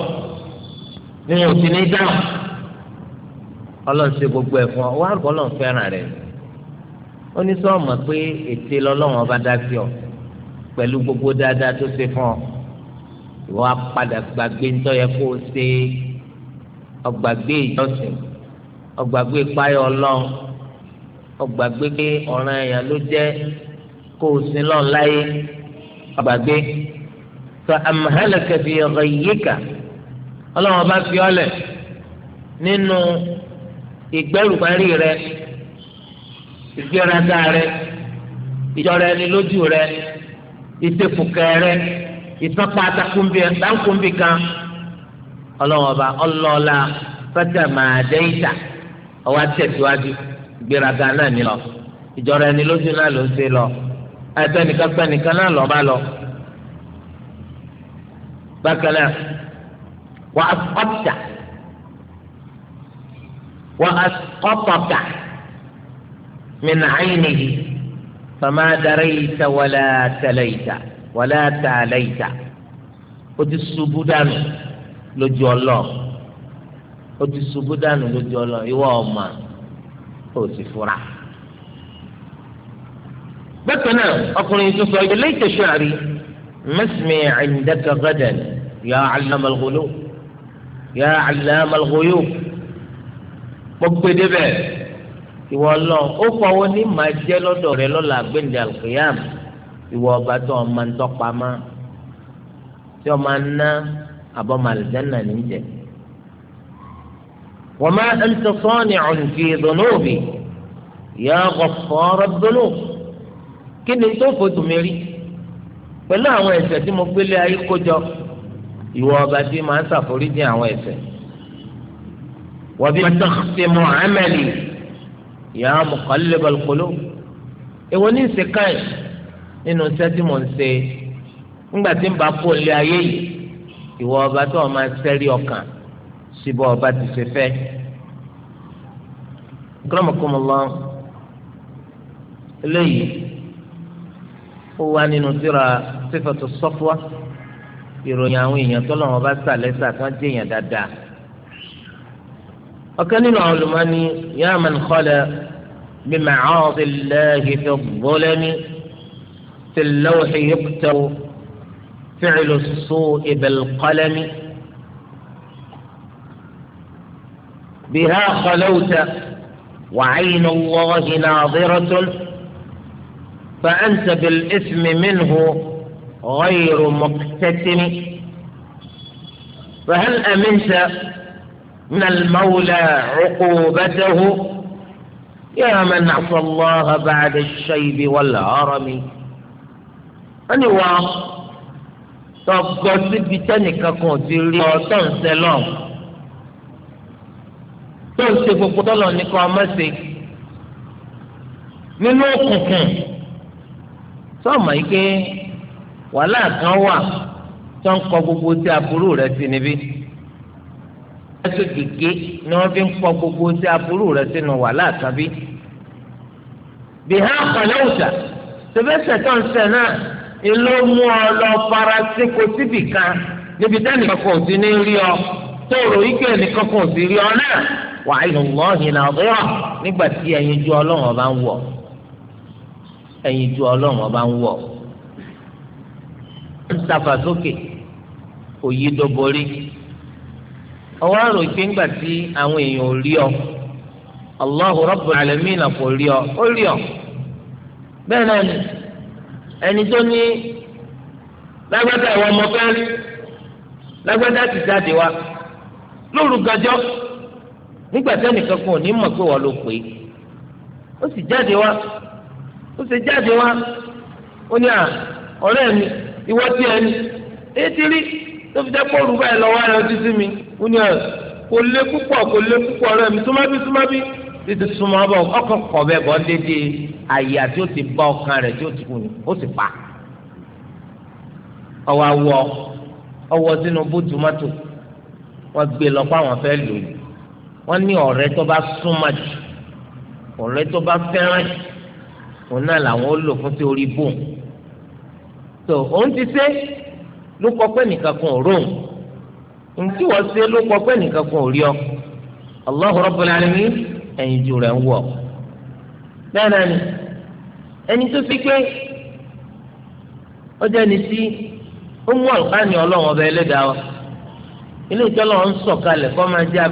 ni wọ́n ti ní dáhùn ọlọ́run ṣe gbogbo ẹ̀ fún ọ wọ́n á rọ̀ ọlọ́run fẹ́ràn rẹ̀ ni ó ní sọ mọ̀ pé ète lọ́lọ́run ọba dá sí ọ pẹ̀lú gbogbo dáadáa tó ṣe fún ọ ìwọ apàdà gbàgbé ńtọ́ yẹ kó o ṣe ọgbàgbé ìjọsìn ọgbàgbé páyọ ọlọ́run ọgbàgbé pé ọ̀ràn èèyàn ló jẹ́ kó o sin lọ́n láyé ọgbàgbé sọ àmàlẹ́kẹ̀ fi ọ̀rọ̀ yìí kà ọlọ́run ọba fi ọ́ lẹ̀ nínú ìgbẹ́rùparí rẹ̀ ìgbéraga rẹ ìjọra ẹni lójú rẹ ìtẹ̀fùkẹ rẹ ìtọ́pá atakunbi ẹ̀ńtàkùnbi kan ọlọ́wọ́n ọba ọlọ́ọ̀la fẹ́tẹ̀ máa dé ìta ọwọ́ àtẹ̀síwájú ìgbéraga náà ní lọ ìjọra ẹni lójú náà ló ń ṣe lọ ẹgbẹ́nìkan gbẹ́nìkan náà lọ́ọ́ bá lọ. bákan náà wà á kọ́ta wà min aynihi fama darayta wala talayta wala talayta ó ti ṣubú dànù lójú ọlọ ó ti ṣubú dànù lójú ọlọ ìwọ ọmọ ó sì fura bákan náà ọkùnrin tó sọ ilé ìtẹ̀síwárí mẹ́sìmí àyìndẹ́ka gẹ́dẹ̀n yà àlámàlgòló yà àlámàlgòyó mo gbé débẹ̀ ìwọ Ọlọ́run ó fọwọ́ ní màá jẹ́ lọ́dọ̀ rẹ lọ́la gbẹ̀ndé alqiyam ìwọ ọba tó ọmọ ń tọpamọ́ tí ọmọ ń ná àbọ̀ màlìjánà níjẹ. wọ́n máa ń tọ́sọ́ọ̀nì ọ̀nfì ìdùnnúbì yà ọ̀fọ́rọ̀ dúnú kí ni tó fojú mi rí pẹ̀lú àwọn ẹ̀ṣẹ̀ tí mo gbélé ayé kójọ ìwọ ọba tí màá ṣàforíjì àwọn ẹ̀ṣẹ̀ wọ́n bí wọ́n tọ́ ya muqallibal qulub èwo ní ìsèkàn nínú iṣẹ́ nse, mò ń ṣe ńgbà tí ń bá kó lé ayé yìí ìwọ ọba tó máa ṣẹ́rí ọkàn síbọ̀ ọba ti ṣe fẹ́. akramakumullah eléyìí ó wá nínú tírà sifatu safwa ìròyìn àwọn èèyàn tó lọ́wọ́ bá sàlẹ̀ sàkán jẹ́ èèyàn dáadáa. وكان العلماني يا من خلى بمعاصي الله في الظلم في اللوح يكتر فعل السوء بالقلم بها خلوت وعين الله ناظرة فأنت بالإثم منه غير مكتتم فهل أمنت من المولى عقوبته يا من عصى الله بعد الشيب والهرم أني واق تقصد بتنك كنت لي تنسى لهم تنسى فقطلا نقامسي nínú òkùnkùn sọmọ yìí pé wàhálà kan wà tó ń kọ gbogbo tí aburú rẹ sí níbí ẹsọ gègé ni wọn fi ń pọ gbogbo sí aburú rẹ sínú wàhálà àtàbí bìhá kọlẹ́wùtà tẹfẹsẹ̀ tó ń sẹ̀ náà ìlú mú ọ lọ fara síko síbì kan níbi tẹ́nì kankan ò ti ní rí ọ tó rò yí pé ẹnìkan kan ò sì rí ọ náà wàá ìlú lọ́ọ̀hìn náà rírọ̀ nígbà tí ẹ̀yin ju ọlọ́run ọba ń wọ̀ ẹ̀yin ju ọlọ́run ọba ń wọ̀ ń tafà sókè òyì doborí. ọwọ́ àrò pé ńgbà tí àwọn èèyàn ò rí ọ Allahu Rabbul na kò rí ọ ó rí ọ bẹ́ẹ̀ náà ni ẹni tó ní lágbádá ìwọ ọmọ lágbádá ti jáde wa lóru gàjọ́ nígbà tí ẹnìkan kan ò ní mọ̀ pé ló ó ní ẹ kò lé púpọ̀ kò lé púpọ̀ rẹ̀ mi súnmọ́ bí súnmọ́ bí títí súnmọ́ bọ̀ ọkọ̀ kọ̀ bẹ́ẹ̀ bọ́ dédé àyè àti ó ti bá ọkàn rẹ̀ tí ó ti kùn ó sì pa ọwọ́ awọ ọwọ́ sínú bóòtù mọ́tò wọ́n gbé lọ pé fẹ́ lò ó wọ́n ní ọ̀rẹ́ tó bá súnmọ́ jù ọ̀rẹ́ tó bá fẹ́ràn jù òun náà làwọn ó lò fún sí orí bóun tó òun ti ṣe ló kọ pé nìkan kan ò Nti wọ́n ṣe ló kọ pé nìkan kan ò rí ọ Allahu Rabbul Alamin ju rẹ̀ ń wọ̀ bẹ́ẹ̀ náà ni ẹni tó fi pé ó jẹ́ ni sí ó mú ọba ẹlẹ́dàá wa ilé ń sọ̀kalẹ̀ kọ́ máa jẹ́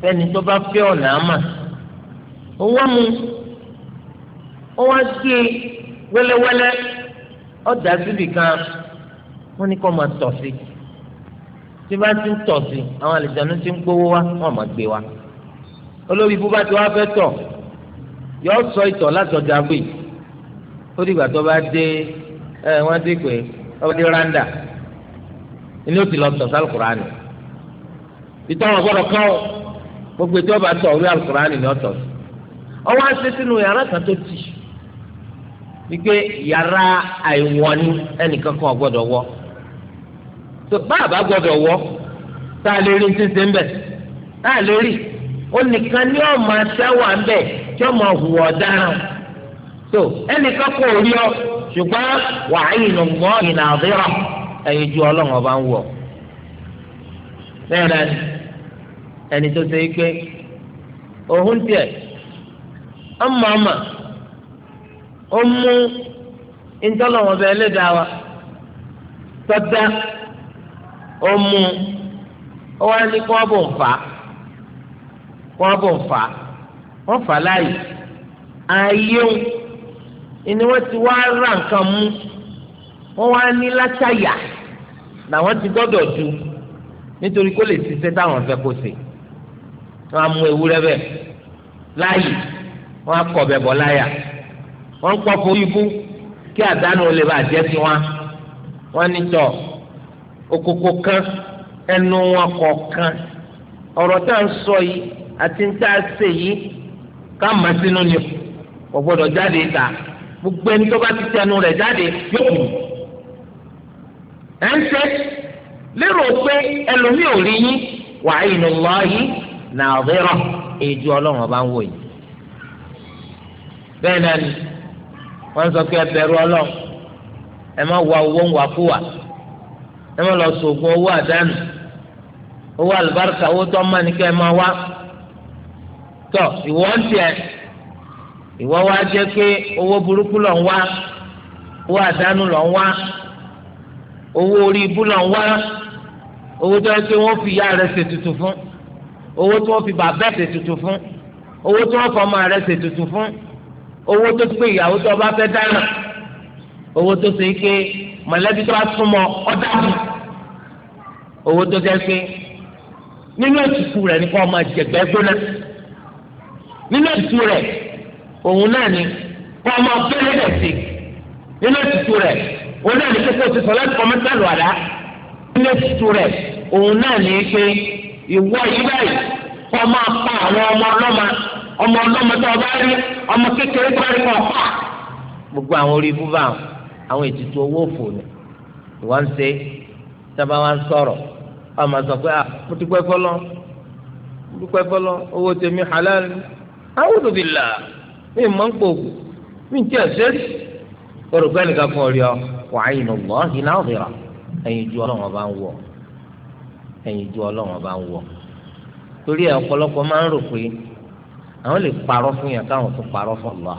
fẹ́ni tó bá fẹ́ ọ̀nà àmà mu ó wá wẹ́lẹ́wẹ́lẹ́ ọ̀dà kan wọ́n ní máa tọ̀ sí i. tí bá ti ń tọ̀ sí àwọn àlìjánu ti ń gbówó wá wọn máa gbé wa olórí ibú bá ti wá fẹ́ tọ̀ yọ sọ ìtọ̀ láti ọjà gbé ó dìgbà tó bá dé ẹ wọ́n ti pè ọba dé randa ilé ó ti lọ tọ̀ sí alukurani ìtọ̀ wọn gbọ́dọ̀ kọ́ ọ gbogbo ètò ọba tọ̀ orí alukurani ni ọ tọ̀ sí ọwọ́ àti sínú yàrá kan tó tì í yàrá àìwọ́ni ẹnìkan kan ò gbọ́dọ̀ tó báàbá gbọ́dọ̀ wọ tá a lè rí ti ṣe ń bẹ tá a lè rí ó nìkan ní ọmọ aṣáwà ń bẹ tí ọmọ hùwà ọ̀daràn tó ẹnìkan kò rí ọ ṣùgbọ́n wàá ìnù mọ́ ìnà àdéhà ẹ̀yin ju ọlọ́run ọba ń wọ̀ bẹ́ẹ̀ náà ẹni tó ṣe é pé òun tiẹ̀ ọmọ ọmọ ó mú ìtọ́lọ́wọ́n bẹ́ẹ̀ lé wa tọ́jà ó mú ó wá ní kó bò ń fà kó bò ń fà wọ́n fà láàyè ayé ń ni wọ́n ti wá ra nǹkan mú wọ́n wá ní látàyà làwọn ti gbọ́dọ̀ ju nítorí kó lè ṣiṣẹ́ táwọn fẹ́ kó ṣe wọ́n á mú ewúrẹ́ bẹ́ẹ̀ láàyè wọ́n á kọ̀ bẹ̀bọ̀ láyà wọ́n ń pọ̀ fún ibú kí àdánù lè bàjẹ́ tiwọn wọ́n ní tọ̀ òkòkò kan ẹnu wọn kọ̀ọ̀kan ọ̀rọ̀ tá à ń sọ yìí àti ń tá a ṣe yìí ká mà sínú ni kò gbọdọ̀ jáde ìta gbogbo ẹni tó bá ti tẹnu rẹ̀ jáde yóò kù ẹ̀ ń ṣe lérò pé ẹlòmíì ò rí yín wàá yìí lọ́ yìí nàbẹ́rọ̀ èjú ọlọ́run ọba ń wò yìí bẹ́ẹ̀ náà ni wọ́n sọ pé ẹ bẹ̀rù ọlọ́run ẹ má wá owó ń wá fún wa ẹ má lọ sògùn owó àdánù owó àlùbáríkà owó tó má ní kẹ́ ẹ máa wá tọ ìwọ ń tiẹ̀ ìwọ wá jẹ́ pé owó burúkú lọ ń wá owó àdánù lọ ń wá owó orí ibú lọ ń wá owó tó yẹ pé wọ́n fi ìyá rẹ̀ ṣètùtù fún owó tí wọ́n fi bàbá ẹ̀ ṣètùtù fún owó tí wọ́n fọ ọmọ rẹ̀ ṣètùtù fún owó tó pé ìyàwó tó bá fẹ́ dáná owó tó ṣe é pé mọ̀lẹ́bí tó bá súnmọ́ ọ̀dà fún owó tó jẹ́ pé nínú ètùtù rẹ̀ ni kó máa jẹ̀gbẹ́ gbóná nínú ètùtù rẹ̀ òun náà ni kó máa bẹ́lẹ́ bẹ̀ sí nínú ètùtù rẹ̀ òun náà ni kókó ti sọ láti kọ́mọ́ sálù àdá nínú ètùtù rẹ̀ òun náà ni pé ìwọ yìí báyìí kó máa pa àwọn ọmọ ọlọ́mọ ọmọ ọlọ́mọ tó o bá rí ọmọ kékeré tó o rí kọ́ pa gbogbo àwọn orí ibú bá àwọn ètùtù owó òfò ni ìwọ́n ń ṣe sábà wá ń sọ̀rọ̀ ọmọ sọ pé ah mo ti pẹ́ fọlọ́ mo ti pẹ́ fọlọ́ owó tèmi halal a'udhu billah mi mọ̀ ń pòkù mi ń tiẹ̀ sẹ́rí orúkọ ẹnìkan fún ọ̀rẹ́ ọ wà á yìnbọn gbọ́ iná ọ̀rẹ́ra ẹ̀yin ju ọlọ́run ọba ń wọ̀ ẹ̀yin ju ọlọ́run ọba ń wọ̀ torí ẹ̀ ọ̀pọ̀lọpọ̀ máa ń rò pé àwọn lè parọ́ fún yàn káwọn tún parọ́ fún ọ̀la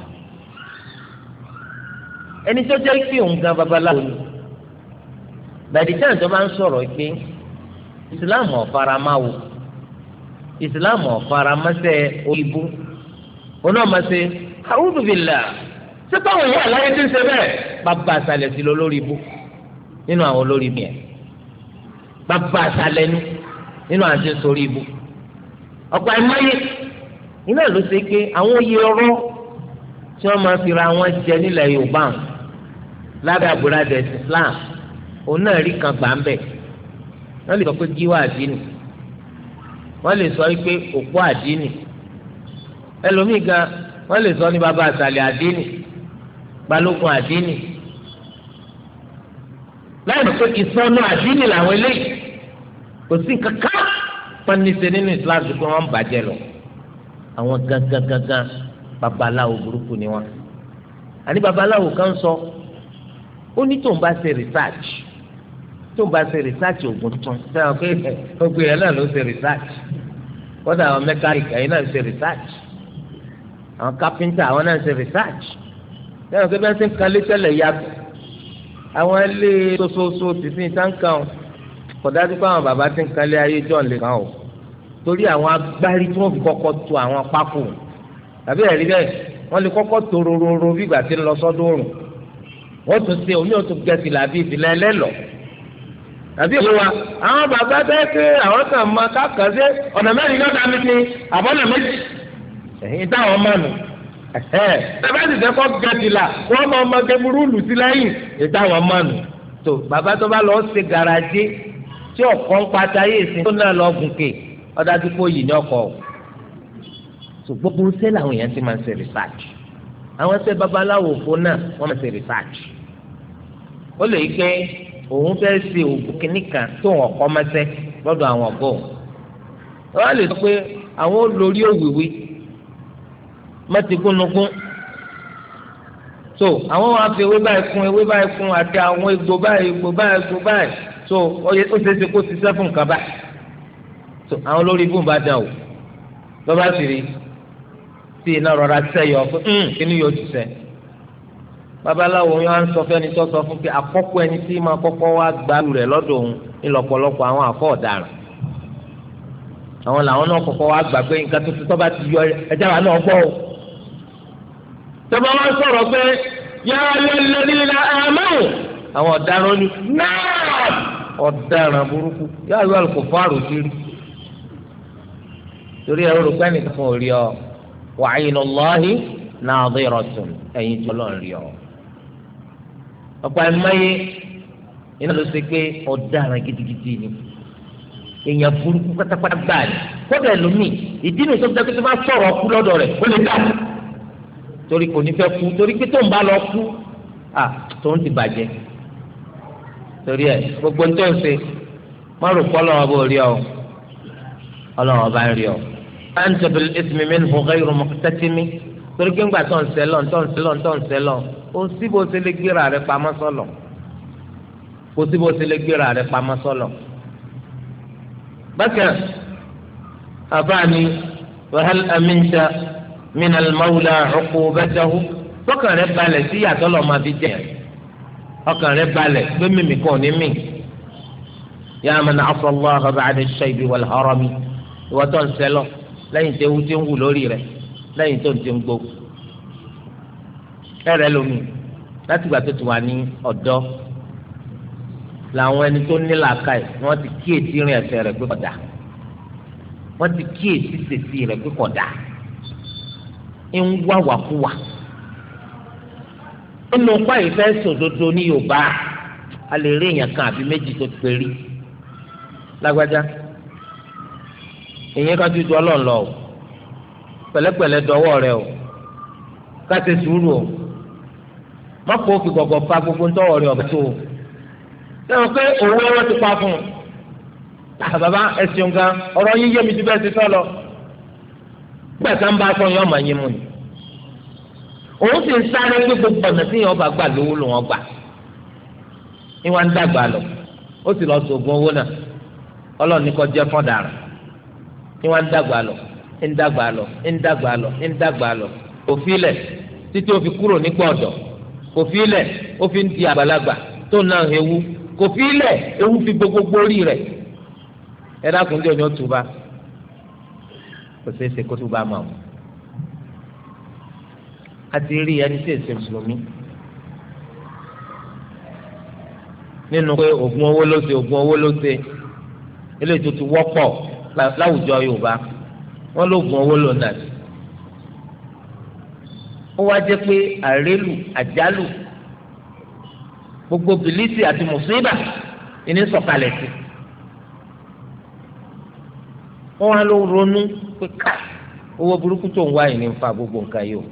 ẹni tó jẹ́ pé òun gan babaláwo ni bàdìjáde tó ń sọ̀rọ̀ pé ìsìláàmù ọ̀faramawo ìsìláàmù ọ̀faramẹsẹ̀ òyìnbó onámasẹ àwùjọbìlà sípò àwọn ìyá àlàyé ti ń ṣe bẹ́ẹ̀ bàbá àṣàlẹ̀ sí lọ lórí ibú nínú àwọn olórí Baba ẹ̀ bàbá àṣàlẹ̀ nu nínú àti sórí ibú ọ̀pọ̀ àìmọye iná ló ṣe pé àwọn oyè ọ̀rọ̀ tí wọ́n máa fi ra wọn jẹ nílẹ̀ Yorùbá lábẹ́ àbúradẹ Islam òun náà rí kan gbà ń bẹ̀ẹ́ wọ́n lè sọ pé gíwá àdínì wọ́n lè sọ pé òpó àdínì ẹlòmíì gan wọ́n lè sọ ní bàbá àsàlẹ̀ àdínì balógun àdínì láì mọ̀ pé ìsọnù àdínì làwọn eléyìí kò sí kankan pọ́nìṣe nínú Islam tó pé wọ́n ń bàjẹ́ lọ àwọn gangan gangan babaláwo burúkú ni wọn àní babaláwo kan sọ ó ní tóun bá ṣe research tó bá ṣe rìsáàtì ògùn tán sẹ́wọ̀n pé gbogbo yẹn náà ló ṣe rìsáàtì kódà àwọn mẹkáníkì ẹ̀yin náà ṣe rìsáàtì àwọn kápẹ́ńtà àwọn náà ṣe rìsáàtì sẹ́wọ̀n pé bẹ́ẹ̀ ṣe ń kalẹ́ tẹ́lẹ̀ yàtọ̀ àwọn ilé sososo tìsín táǹkàn kódà tó àwọn bàbá ti ń kalẹ́ ayé john lè kàn ó torí àwọn agbárí tí wọ́n fi kọ́kọ́ tu àwọn pákó tàbí ẹ̀rí bẹ́ẹ̀ wọ́n lè kọ́kọ́ tó rororo bí ìgbà tí ń lọ sọ́dún òrùn wọ́n tún ṣe omi ò tún gẹ̀ẹ́sì làbí ìfìlẹ̀ ẹlẹ́lọ́ọ̀ àbí òye wa àwọn bàbá tẹ́tẹ́ àwọn kan máa kákan sí ọ̀nà mẹ́rin náà dá mi sí àbọ̀nà méjì ẹ̀yìn táwọn máa nù bàbá sì tẹ́kọ̀ gẹ̀dìlà wọ́n máa ma gẹ burúkú sí lẹ́yìn ìtàwọn máa nù tó bàbá tó bá lọ ṣe garaje tí ọ̀kọ́ ń pata yé sin tó náà lọ gùnkè ọ̀dájú kó yìí ní ọkọ̀ tó gbogbo ṣẹ́ làwọn èèyàn ti máa ń ṣe rìsáàjì àwọn ṣẹ́ babaláwo fún náà wọ́n máa òun fẹ́ se òògùn kìíní kan tó wọn kọ́ mẹ́sẹ́ lọ́dọ̀ àwọn ọ̀gá òun wọ́n á lè sọ pé àwọn olórí òwìwí mẹ́tìgúnnugún so àwọn wọn á fi ewé báyìí kún ewé báyìí kún àti àwọn egbò báyìí egbò báyìí egbò báyìí so ó ṣeé ṣe kó ṣiṣẹ́ fún nǹkan báyìí so àwọn olórí ibùn bá dàn o lọ́ba sì rí tí iná rọra sẹ́yọ fún hmm, kí ni yóò ti sẹ́yọ babaláwo yẹn wá ń sọ fẹ́ni tó sọ fún pé àkọ́kọ́ ẹni tí máa kọ́kọ́ wá gbàlù rẹ̀ lọ́dọ̀ òun ńlọ́pọ̀lọpọ̀ àwọn àfọ ọ̀daràn àwọn làwọn náà kọ́kọ́ wá gbà pé nǹkan tuntun tó bá ti yọ ẹjẹ wa náà gbọ́ o. tọ́ba wá sọ̀rọ̀ pé yàrá lẹ́lẹ́lẹ́ ní àmọ́ àwọn ọ̀daràn ni náà ọ̀daràn burúkú yàrá yóò kò fárò sírí torí ẹ̀rọ rẹ̀ pẹ́ẹ́nì kan ò ọ wàá yìí lọ́ọ́ ọ̀pọ̀ àìmọye iná ló ṣe pé ọ̀daràn gidigidi ni èèyàn burúkú pátápátá gbáà ni kódà ẹlòmíì ìdí nìyí tó ń dẹ́kun tó bá sọ̀rọ̀ ọkú lọ́dọ̀ rẹ̀ ó lè dá torí kò ní fẹ́ kú torí pé tó ń bá lọ kú à tó ń ti bàjẹ́ torí ẹ gbogbo ń tó ń ṣe má rò pọ́ lọ́wọ́ bó rí ọ ọlọ́wọ́ bá ń rí ọ. أنت بالإثم منه غير مقتتم torí pé ńgbà tó ń sẹ́lọ̀ tó ń sẹ́lọ̀ tó ń sẹ́lọ̀ o sí bó ṣe lè gbéra rẹ pamọ́ sọ́lọ̀ o sí bó ṣe lè gbéra rẹ pamọ́ sọ́lọ̀ bákan àbáni wàhál amínta min al-mawla uqubatahu tọkàn rẹ balẹ̀ sí yàtọ̀ lọ́ọ́ máa fi jẹ́ ọkàn rẹ balẹ̀ pé mímì kan ní mì ya man afa Allah ba'da ash-shaybi wal-harami ìwọ́tọ̀ ń sẹ́lọ̀ lẹ́yìn tó ń wù lórí rẹ̀ lẹ́yìn tó ń ti ń gbogbo ẹrẹ lomi láti ìgbà tó ti wà ní ọ̀dọ́ làwọn ẹni tó ní làákà yìí wọ́n ti kíyèsí rìn ẹsẹ̀ rẹ̀ pé kódà wọ́n ti kíyèsí sèṣì rẹ̀ pé kódà ń wá wàkúwà nínú páyì fẹ́ sòdodo ní Yorùbá a lè rí èèyàn kan àbí méjì tó péré lágbájá èèyàn kájú ju Ọlọ́run lọ o pẹ̀lẹ́pẹ̀lẹ́ dọwọ́ rẹ o ká ṣe sùúrù o mọ́kò òkè gbọ̀gbọ̀ fa gbogbo ń tọ́wọ̀ rẹ̀ ọ̀bẹ tó o. sẹ́wọ̀n pé òwe wọn ti pa fún un. Ah, bàbá ẹ̀sìn gan ọ̀rọ̀ yín yé mi ju bẹ́ẹ̀ ti sọ lọ. gbẹ̀sẹ̀ ń bá a sọ yín ọmọ yín mu ni. òun sì ń sáré pé gbogbo ọ̀nà tí yín ọba gbà lówó lòun ọgbà. ìwọ̀n ń dàgbà lọ ó sì lọ sògùn owó náà ọlọ́run ní kò jẹ́ fọ́dàrà ìwọ̀n ń dàgbà lọ ń dàgbà lọ ń dàgbà lọ ń dàgbà lọ òfin lẹ̀ títí ó kúrò nígbà kò fi ilẹ̀ ó fi ń di àgbàlagbà tó náà ewu kò fi ilẹ̀ ewu fi gbogbogbò orí rẹ̀ ẹ dákun jẹ́ ọ̀nà òtúba kò ṣeé ṣe kó tó bá máa mú a ti rí ẹni tí èsì mùsùlùmí nínú pé oògùn owó ló ṣe oògùn owó ló ṣe eléyìí tó ti wọ́pọ̀ láwùjọ Yorùbá wọ́n lóògùn owó lò náà ó wá jẹ́ pé àrélù àjálù gbogbo bìlítì àti mùsíbà ìní sọ̀kalẹ̀ sí wọ́n á lọ ronú pé ká owó burúkú tó ń wá yìí ní fa gbogbo nǹkan yìí o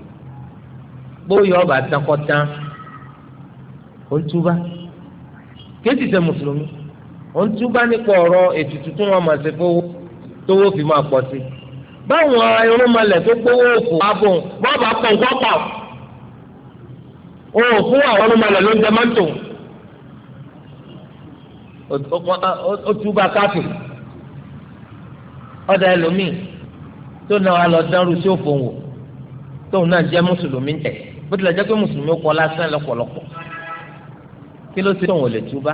bóyá ọba tankọ́tán ó ń túbá kéjì tẹ mùsùlùmí ó ń túbá nípa ọ̀rọ̀ ètùtù tó wọn máa ṣe fowó tówó fi máa pọ̀ sí i báwọn irúnmọlẹ̀ tó gbówó òfò abò bọ́ọ̀bà pọ̀ nǹkan pọ̀ òun ò fún àwọn irúnmọlẹ̀ ló ń jẹ mọ́tò ó túbà káfí ọ̀dà ẹlòmíì tó náà lọ dánrù sí òfò wò tóun náà jẹ́ mùsùlùmí tẹ̀ bó tilẹ̀ jẹ́ pé mùsùlùmí kọ́ lásán lọ́pọ̀lọpọ̀ kí ló ṣe tóun ò lè túbà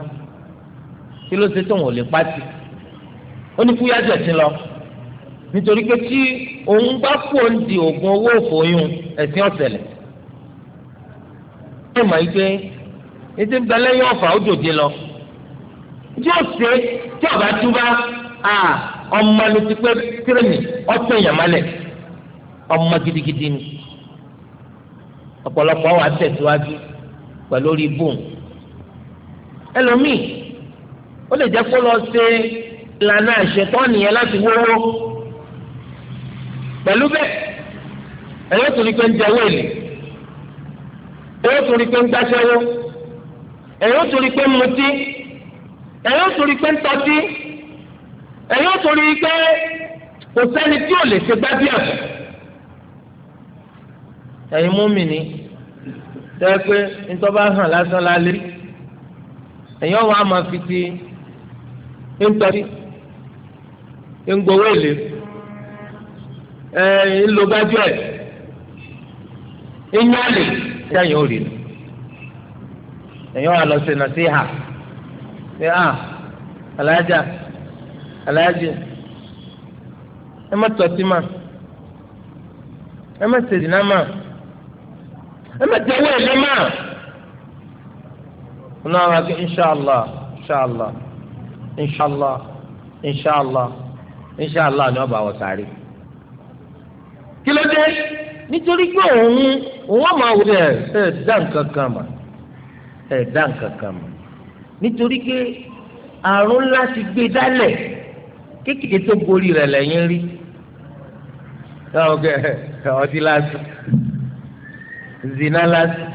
kí ló ṣe tóun ò lè pátì ó ní kúyájọ̀ sí lọ nítorí pé tí òun bá kú òun di oògùn owó òfòyún ẹ̀sìn ọ̀sẹ̀lẹ̀ ẹ mọ̀ yìí pé ètò ìbẹ̀lẹ̀ yóò fà ó dòde lọ yóò ṣe tí ọba túbá a ọmọ ló ti pé tírẹ̀nì ọ̀sẹ̀ ìyàmálẹ̀ ọmọ gidigidi ni ọ̀pọ̀lọpọ̀ wà tẹ̀síwájú pẹ̀lú orí bóun ẹlòmíì ó lè jẹ́ kó lọ ṣe ìlànà àṣetọ́ nìyẹn láti wọ́wọ́ pẹ̀lú bẹ́ẹ̀ ẹ̀yọ́ tó ní pé ń jẹ́wọ́ èlé ẹ̀yọ́ tó ní pé ń gbàṣẹ́wọ́ ẹ̀yọ́ tó ní pé ń mutí ẹ̀yọ́ tó ní pé ń tọ́tí ẹ̀yọ́ tó ní pé kò sẹ́ni tí ò lè ṣe gbájú ẹ̀fọ́ ẹ̀yin múmìnì tẹ́ pé ntọ́ba hàn lásán lálẹ́ ẹ̀yin ọ̀wọ́ àmọ́ fi ti ń tọ́tí ń gbowó èlé ẹ ńlọ bájú ẹ ìyáàlè sẹ́yìn ò rí nu ẹ̀yìn wà lọ sínú sí ha ṣe à alájà alájà ẹ má tọ́tí mà ẹ má ṣèdínà mà ẹ má tẹ̀wé ẹ̀lẹ́ mà ọ̀nà àwọn akẹ́ inṣàlá inṣàlá inṣàlá inṣàlá inṣàlá ni wọ́n bá wọ sáré ló dé nítorí pé òun òun wà máa wọlé ẹ ẹ dá nǹkan kan mà ẹ dá nǹkan kan mà nítorí pé àrùn ńlá ti gbé dálẹ̀ kékeré tó borí rẹ̀ lẹ́yìn rí ọtí lásán zina lásán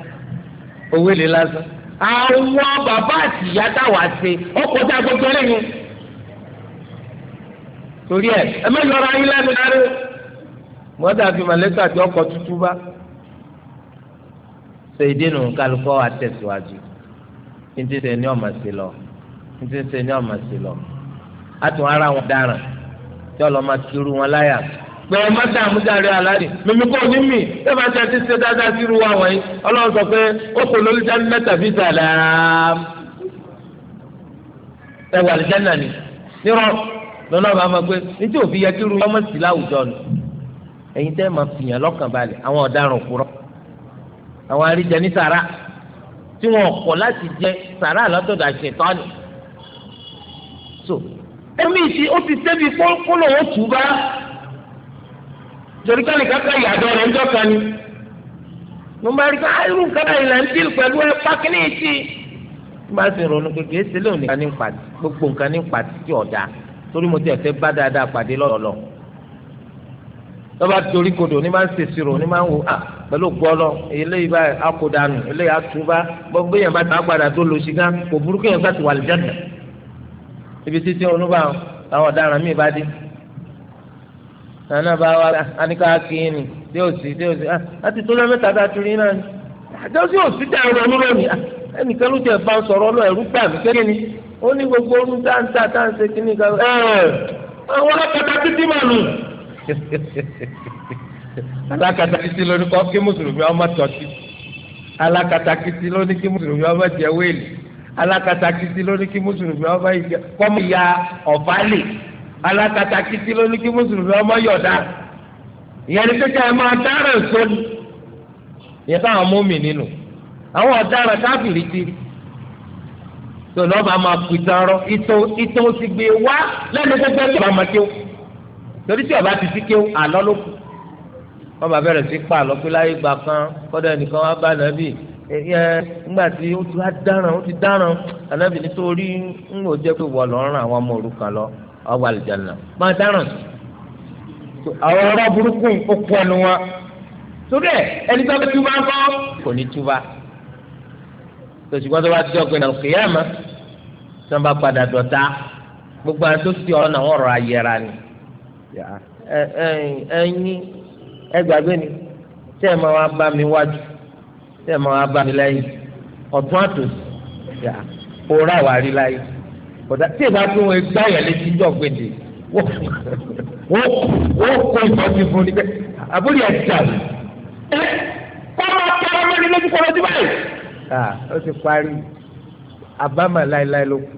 owó lè lásán àwọn bàbá àti ìyá táwa ṣe ọkọ̀ tá a gbogbo lẹ́yìn torí ẹ ẹ mẹ́lọ́ra yín lẹ́nu dáre mọ́tà fi màlẹ́kà tí ọkọ̀ tútú bá ṣe ìdínú kálukọ́ àtẹ̀síwájú kí n ti ṣe ní ọ̀mà sí lọ kí n ti ṣe ní ọ̀mà sí lọ àtún ara wọn dáràn tí ọlọ́mà kiri wọn láyà pẹ̀lú mọ́tà àmúdarí aláàdì mímí kò ní mì ẹ bá ṣe ti ṣe dáadáa sí irú wa wọ̀nyí ọlọ́run sọ pé ó kò lórí jáde mẹ́ta fi sàlẹ̀ ẹ wà lẹ́jẹ̀ ni nírọ̀ lọ́nà bá máa pé ní tí òfin yẹ kí irú wọn mọ̀ sí láwùjọ nù ẹ̀yin tẹ́ máa fìyàn lọ́kàn balẹ̀ àwọn ọ̀daràn kúrọ́ àwọn àríjẹ ní sara, tí wọn kọ̀ láti jẹ sàrà lọ́tọ̀dọ̀ àṣetọ́ni so ẹ̀mí ti ó ti tẹ́bi kóló ó tù bá torí ká nìkan ká ìyàdọ̀ rẹ̀ ń dọ́ka ni mo máa rí ká ah, irú nǹkan náà ìlànà tí pẹ̀lú ẹ pákínì tí bá ti ronú pé kìí sílẹ̀ gbogbo nǹkan ní pàtì tí ọ̀dà torí mo ti ẹ̀fẹ́ bá dáadáa pàdé lọ́dọọlọ́ọ̀ lọ́ba torí kodò ní máa ń ṣèṣirò ní máa ń wò á pẹ̀lú gbọ́lọ́ eléyìí bá akódànù eléyìí àtúbá gbogbo èèyàn bá tàá padà tó lò sí gán kò burúkú èèyàn bá ti wà lìjàdà ibi títí olúbà àwọn ọ̀daràn míì bá dé nana bá wa aníkà kínní tí ó sì tí ó sì láti tó lọ́mẹ́ta bá turi náà ni àjọ sí òsì dà ẹ̀rọ ní lónìí ẹnìkan ló jẹ́ bá ń sọ̀rọ̀ ọlọ́ ẹ̀rú gbà mí kékeré ni ó ní gbogbo orun táǹtà táǹtà kínní kan alákatakítí ló ní kọ́ kí mùsùlùmí ọmọ tọ́tí alákatakítí ló ní kí mùsùlùmí ọmọ jẹ wéèlì alákatakítí ló ní kí mùsùlùmí ọmọ ìjẹ kọ́mọ ìyá ọ̀bálẹ̀ alákatakítí ló ní kí mùsùlùmí ọmọ yọ̀dá ìyẹn ní kékeré ẹ máa dára èso ni ìyẹn táwọn mọ́mì nínú àwọn ọ̀daràn káfìrí ti rí tó lọ́ba máa pìtàn rọ ìtò ìtò ti gbé wá lẹ́nu gbogbo ẹgbẹ́ torí tí ọba ti sí kéwù àlọ́ ló kù wọ́n bá bẹ̀rẹ̀ sí pa àlọ́ pé láyé gbà kan kọ́dọ̀ ẹnìkan wá bá nàbì ẹ ńgbà tí ó ti wá dáràn ó ti dáràn ànábì nítorí ń wò jẹ́ pé wọ́n lọ́ọ́ ràn àwọn ọmọ òrukàn lọ ọgbà àlùjáná máa dáràn àwọn ọ̀rọ̀ burúkú ó ẹnu wọn torí ẹ ẹni tó bá túbá ń kọ́ kò ní túbá tòṣùgbọ́n tó bá ti ọ̀gbìn náà kìí àmọ́ tí wọ́n bá padà dọ̀ta gbogbo àti tó ti ọ̀nà ọ̀rọ̀ ayẹra ni ẹ̀yin ẹgbàgbé ni tẹ ẹ máa wá bá mi wájú tẹ ẹ máa wá bá mi lẹ́yìn ọ̀tún àtòsí yà òórà wà rí láyé ọ̀dà tí ìbá fún wọn gbá yẹn létí jọ gbèdè wọ́n kó ìtọ́jú fún ni bẹ́ẹ̀ àbúrò ẹ̀ dà mí. kọ́ máa tẹ ọmọ mi lójú kọ́ lójú báyìí. ó ti parí àbámà láéláé ló kù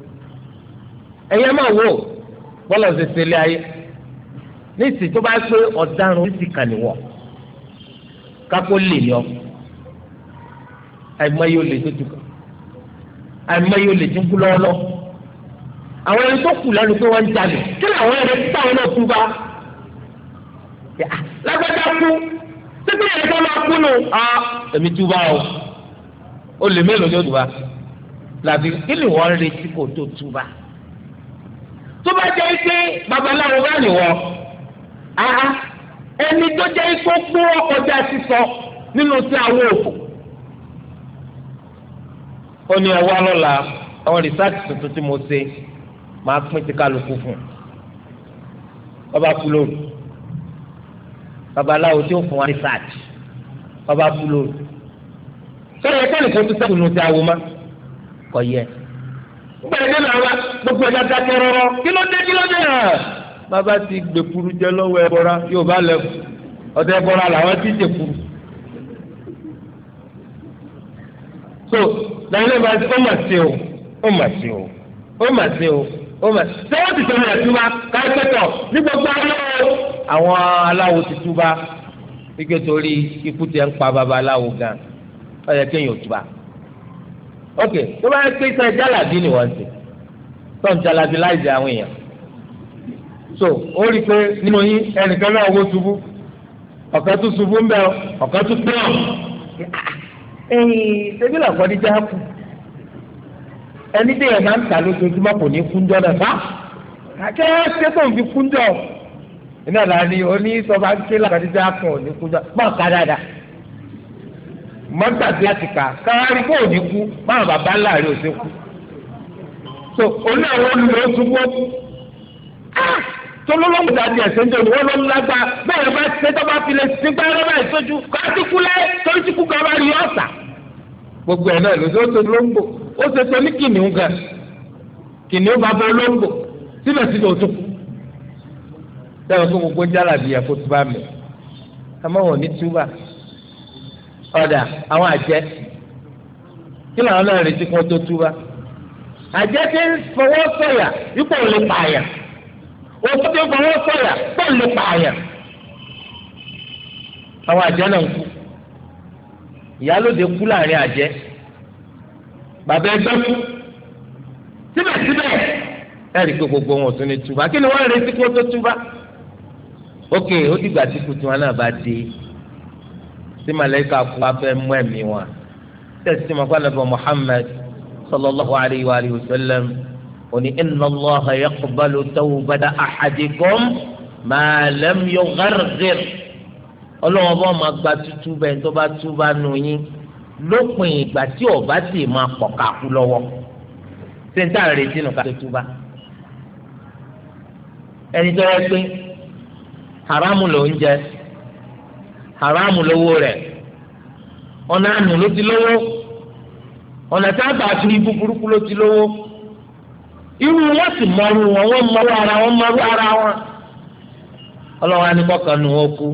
ẹ̀yẹ́ máa wò bọ́lá ṣe ṣe lé ayé nísìsiyìí tó bá pé ọ̀daràn oríṣi kan nìwọ̀ kápó lè yọ àìmọye olè tó tu kàn àìmọye olè tó kú lọ́wọ́lọ́ àwọn ẹni tó kù lẹ́nu pé wọ́n ń jalè kí làwọn ẹni tó táwọn náà kú bá ah, lágbàdá kú títí ẹni tó máa kú nù á ah, èmi tú bá o olè mélòó ni ó dùn bá làbí kí ni wọ́n ń retí kó tó tú bá tó bá jẹ́ pé babaláwo bá nìwọ àá ẹni tó jẹ́ ikú kú ọkọjá sísọ nínú tí àwọn òfò. ó ní ẹwà lọ́la àwọn rìsáàtì tuntun tí mo ṣe máa pín ti kálukú fún un. ọba kú lóru babaláwo tí ó fún wa rìsáàtì ọba kú lóru. sọ̀rọ̀ ẹ̀kọ́ nìkan tó sẹ́kùn ní ti àwọn ma kọ̀ yẹ. gbẹ̀dẹ̀ náà wá gbogbo ẹ̀dá dákẹ́ rọ́rọ́ kí ló dé kí ló dé hàn bàbá ti gbèkuru jẹ lọ́wọ́ ẹbọra yóò bá lẹ ọdẹ ẹbọra làwọn ti jẹkuru. so lẹ́yìn bá ti ó mà sí o ó mà sí o ó mà sí o ó mà sí o sẹ́wọ́n ti sọ̀rọ̀ ẹ̀túbá káyọ̀tọ̀ ní gbogbo aláwo. àwọn aláwo ti túbá ike torí ikú tiẹ̀ ń pa babaláwo gan ọ̀yẹ̀ kéèyàn ò ok tó bá yẹ pé sẹ́yìn jálàbí ni wọ́n ti tó ń jálàbí láì jẹ àwọn èèyàn so ó rí i pé nínú yín ẹnìkan náà wó ṣubú ọ̀kan tún ṣubú ń bẹ ọ̀kan tún pẹ́ ọ̀ ẹ̀yìn ṣẹ́bí làkọ́ ní jáàpù ẹni tí yẹn máa ń ta lójoojúmọ́ kò ní kúndọ́ náà fá kàkẹ́ ṣẹ́tọ̀ fi kúndọ́ iná náà ni oní sọba ké làkọ́ ní jáàpù ò ní kúndọ́ má ká dáadáa láti kà káwárí kó ò ní kú má bàbá láàrin ò sí kú so oní àwọn olùdó ṣubú ah! tolólógbò dàdí ẹsẹ̀ ńjọ ìwọ ló ń lágbá bẹ́ẹ̀ bá ṣe tó bá fi lè ṣe gbára báyìí sójú kátìkú lẹ torí tí kú gàmá rí ọ̀sà. gbogbo ẹ̀ náà ló ṣe ó ṣe lóńgbò ó ṣe tó ní kìnìún gan kìnìún bá bọ́ lóńgbò síbẹ̀síbẹ̀ ó tó kú. sẹ́wọ̀n tó gbogbo jálàbí ẹ̀kọ́ tó bá mi àmọ́ wọn ní túbà ọ̀dà àwọn àjẹ́ kí làwọn náà retí kí tó túbà àjẹ́ ti fọwọ́ sọ̀yà yípo ò o tún ti fọwọ́ sọ̀yà tó lè pààyàn. àwọn àjẹ́ náà ń kú ìyálóde kú láàrin àjẹ́ bàbá ẹgbẹ́ kú síbẹ̀síbẹ̀ ẹ̀rí pé gbogbo wọn ò tún ní túbà kí ni wọ́n retí kó tó túbà. ok ó dìgbà tí kutu wọn náà bá dé sí màlẹ́kà kú wá fẹ́ mú ẹ̀mí wọn tẹ̀sí mọ́kànlá bọ̀ Muhammad sallallahu alayhi wa sallam òní inna Allaha yaqbalu tawbata ahadikum ma lam yugharghir ọlọ́wọ́n bá máa gba tútú bẹ́ẹ̀ tó bá tú bá nù yín lópin ìgbà tí ọba sì máa pọ̀ kàkú lọ́wọ́ ṣé n tá àrètí nù ká tó tú bá ẹni tó yẹ pé haramu ló ń jẹ haramu lówó rẹ̀ ọ̀nà àánú ló ti lówó ọ̀nà tábà fi burúkú ló ti lówó. irú wọn sì mọrú wọn wọn mọrú ara wọn mọrú ara wọn ọlọ́wọ́n á ní kọ́kàn nù wọn kú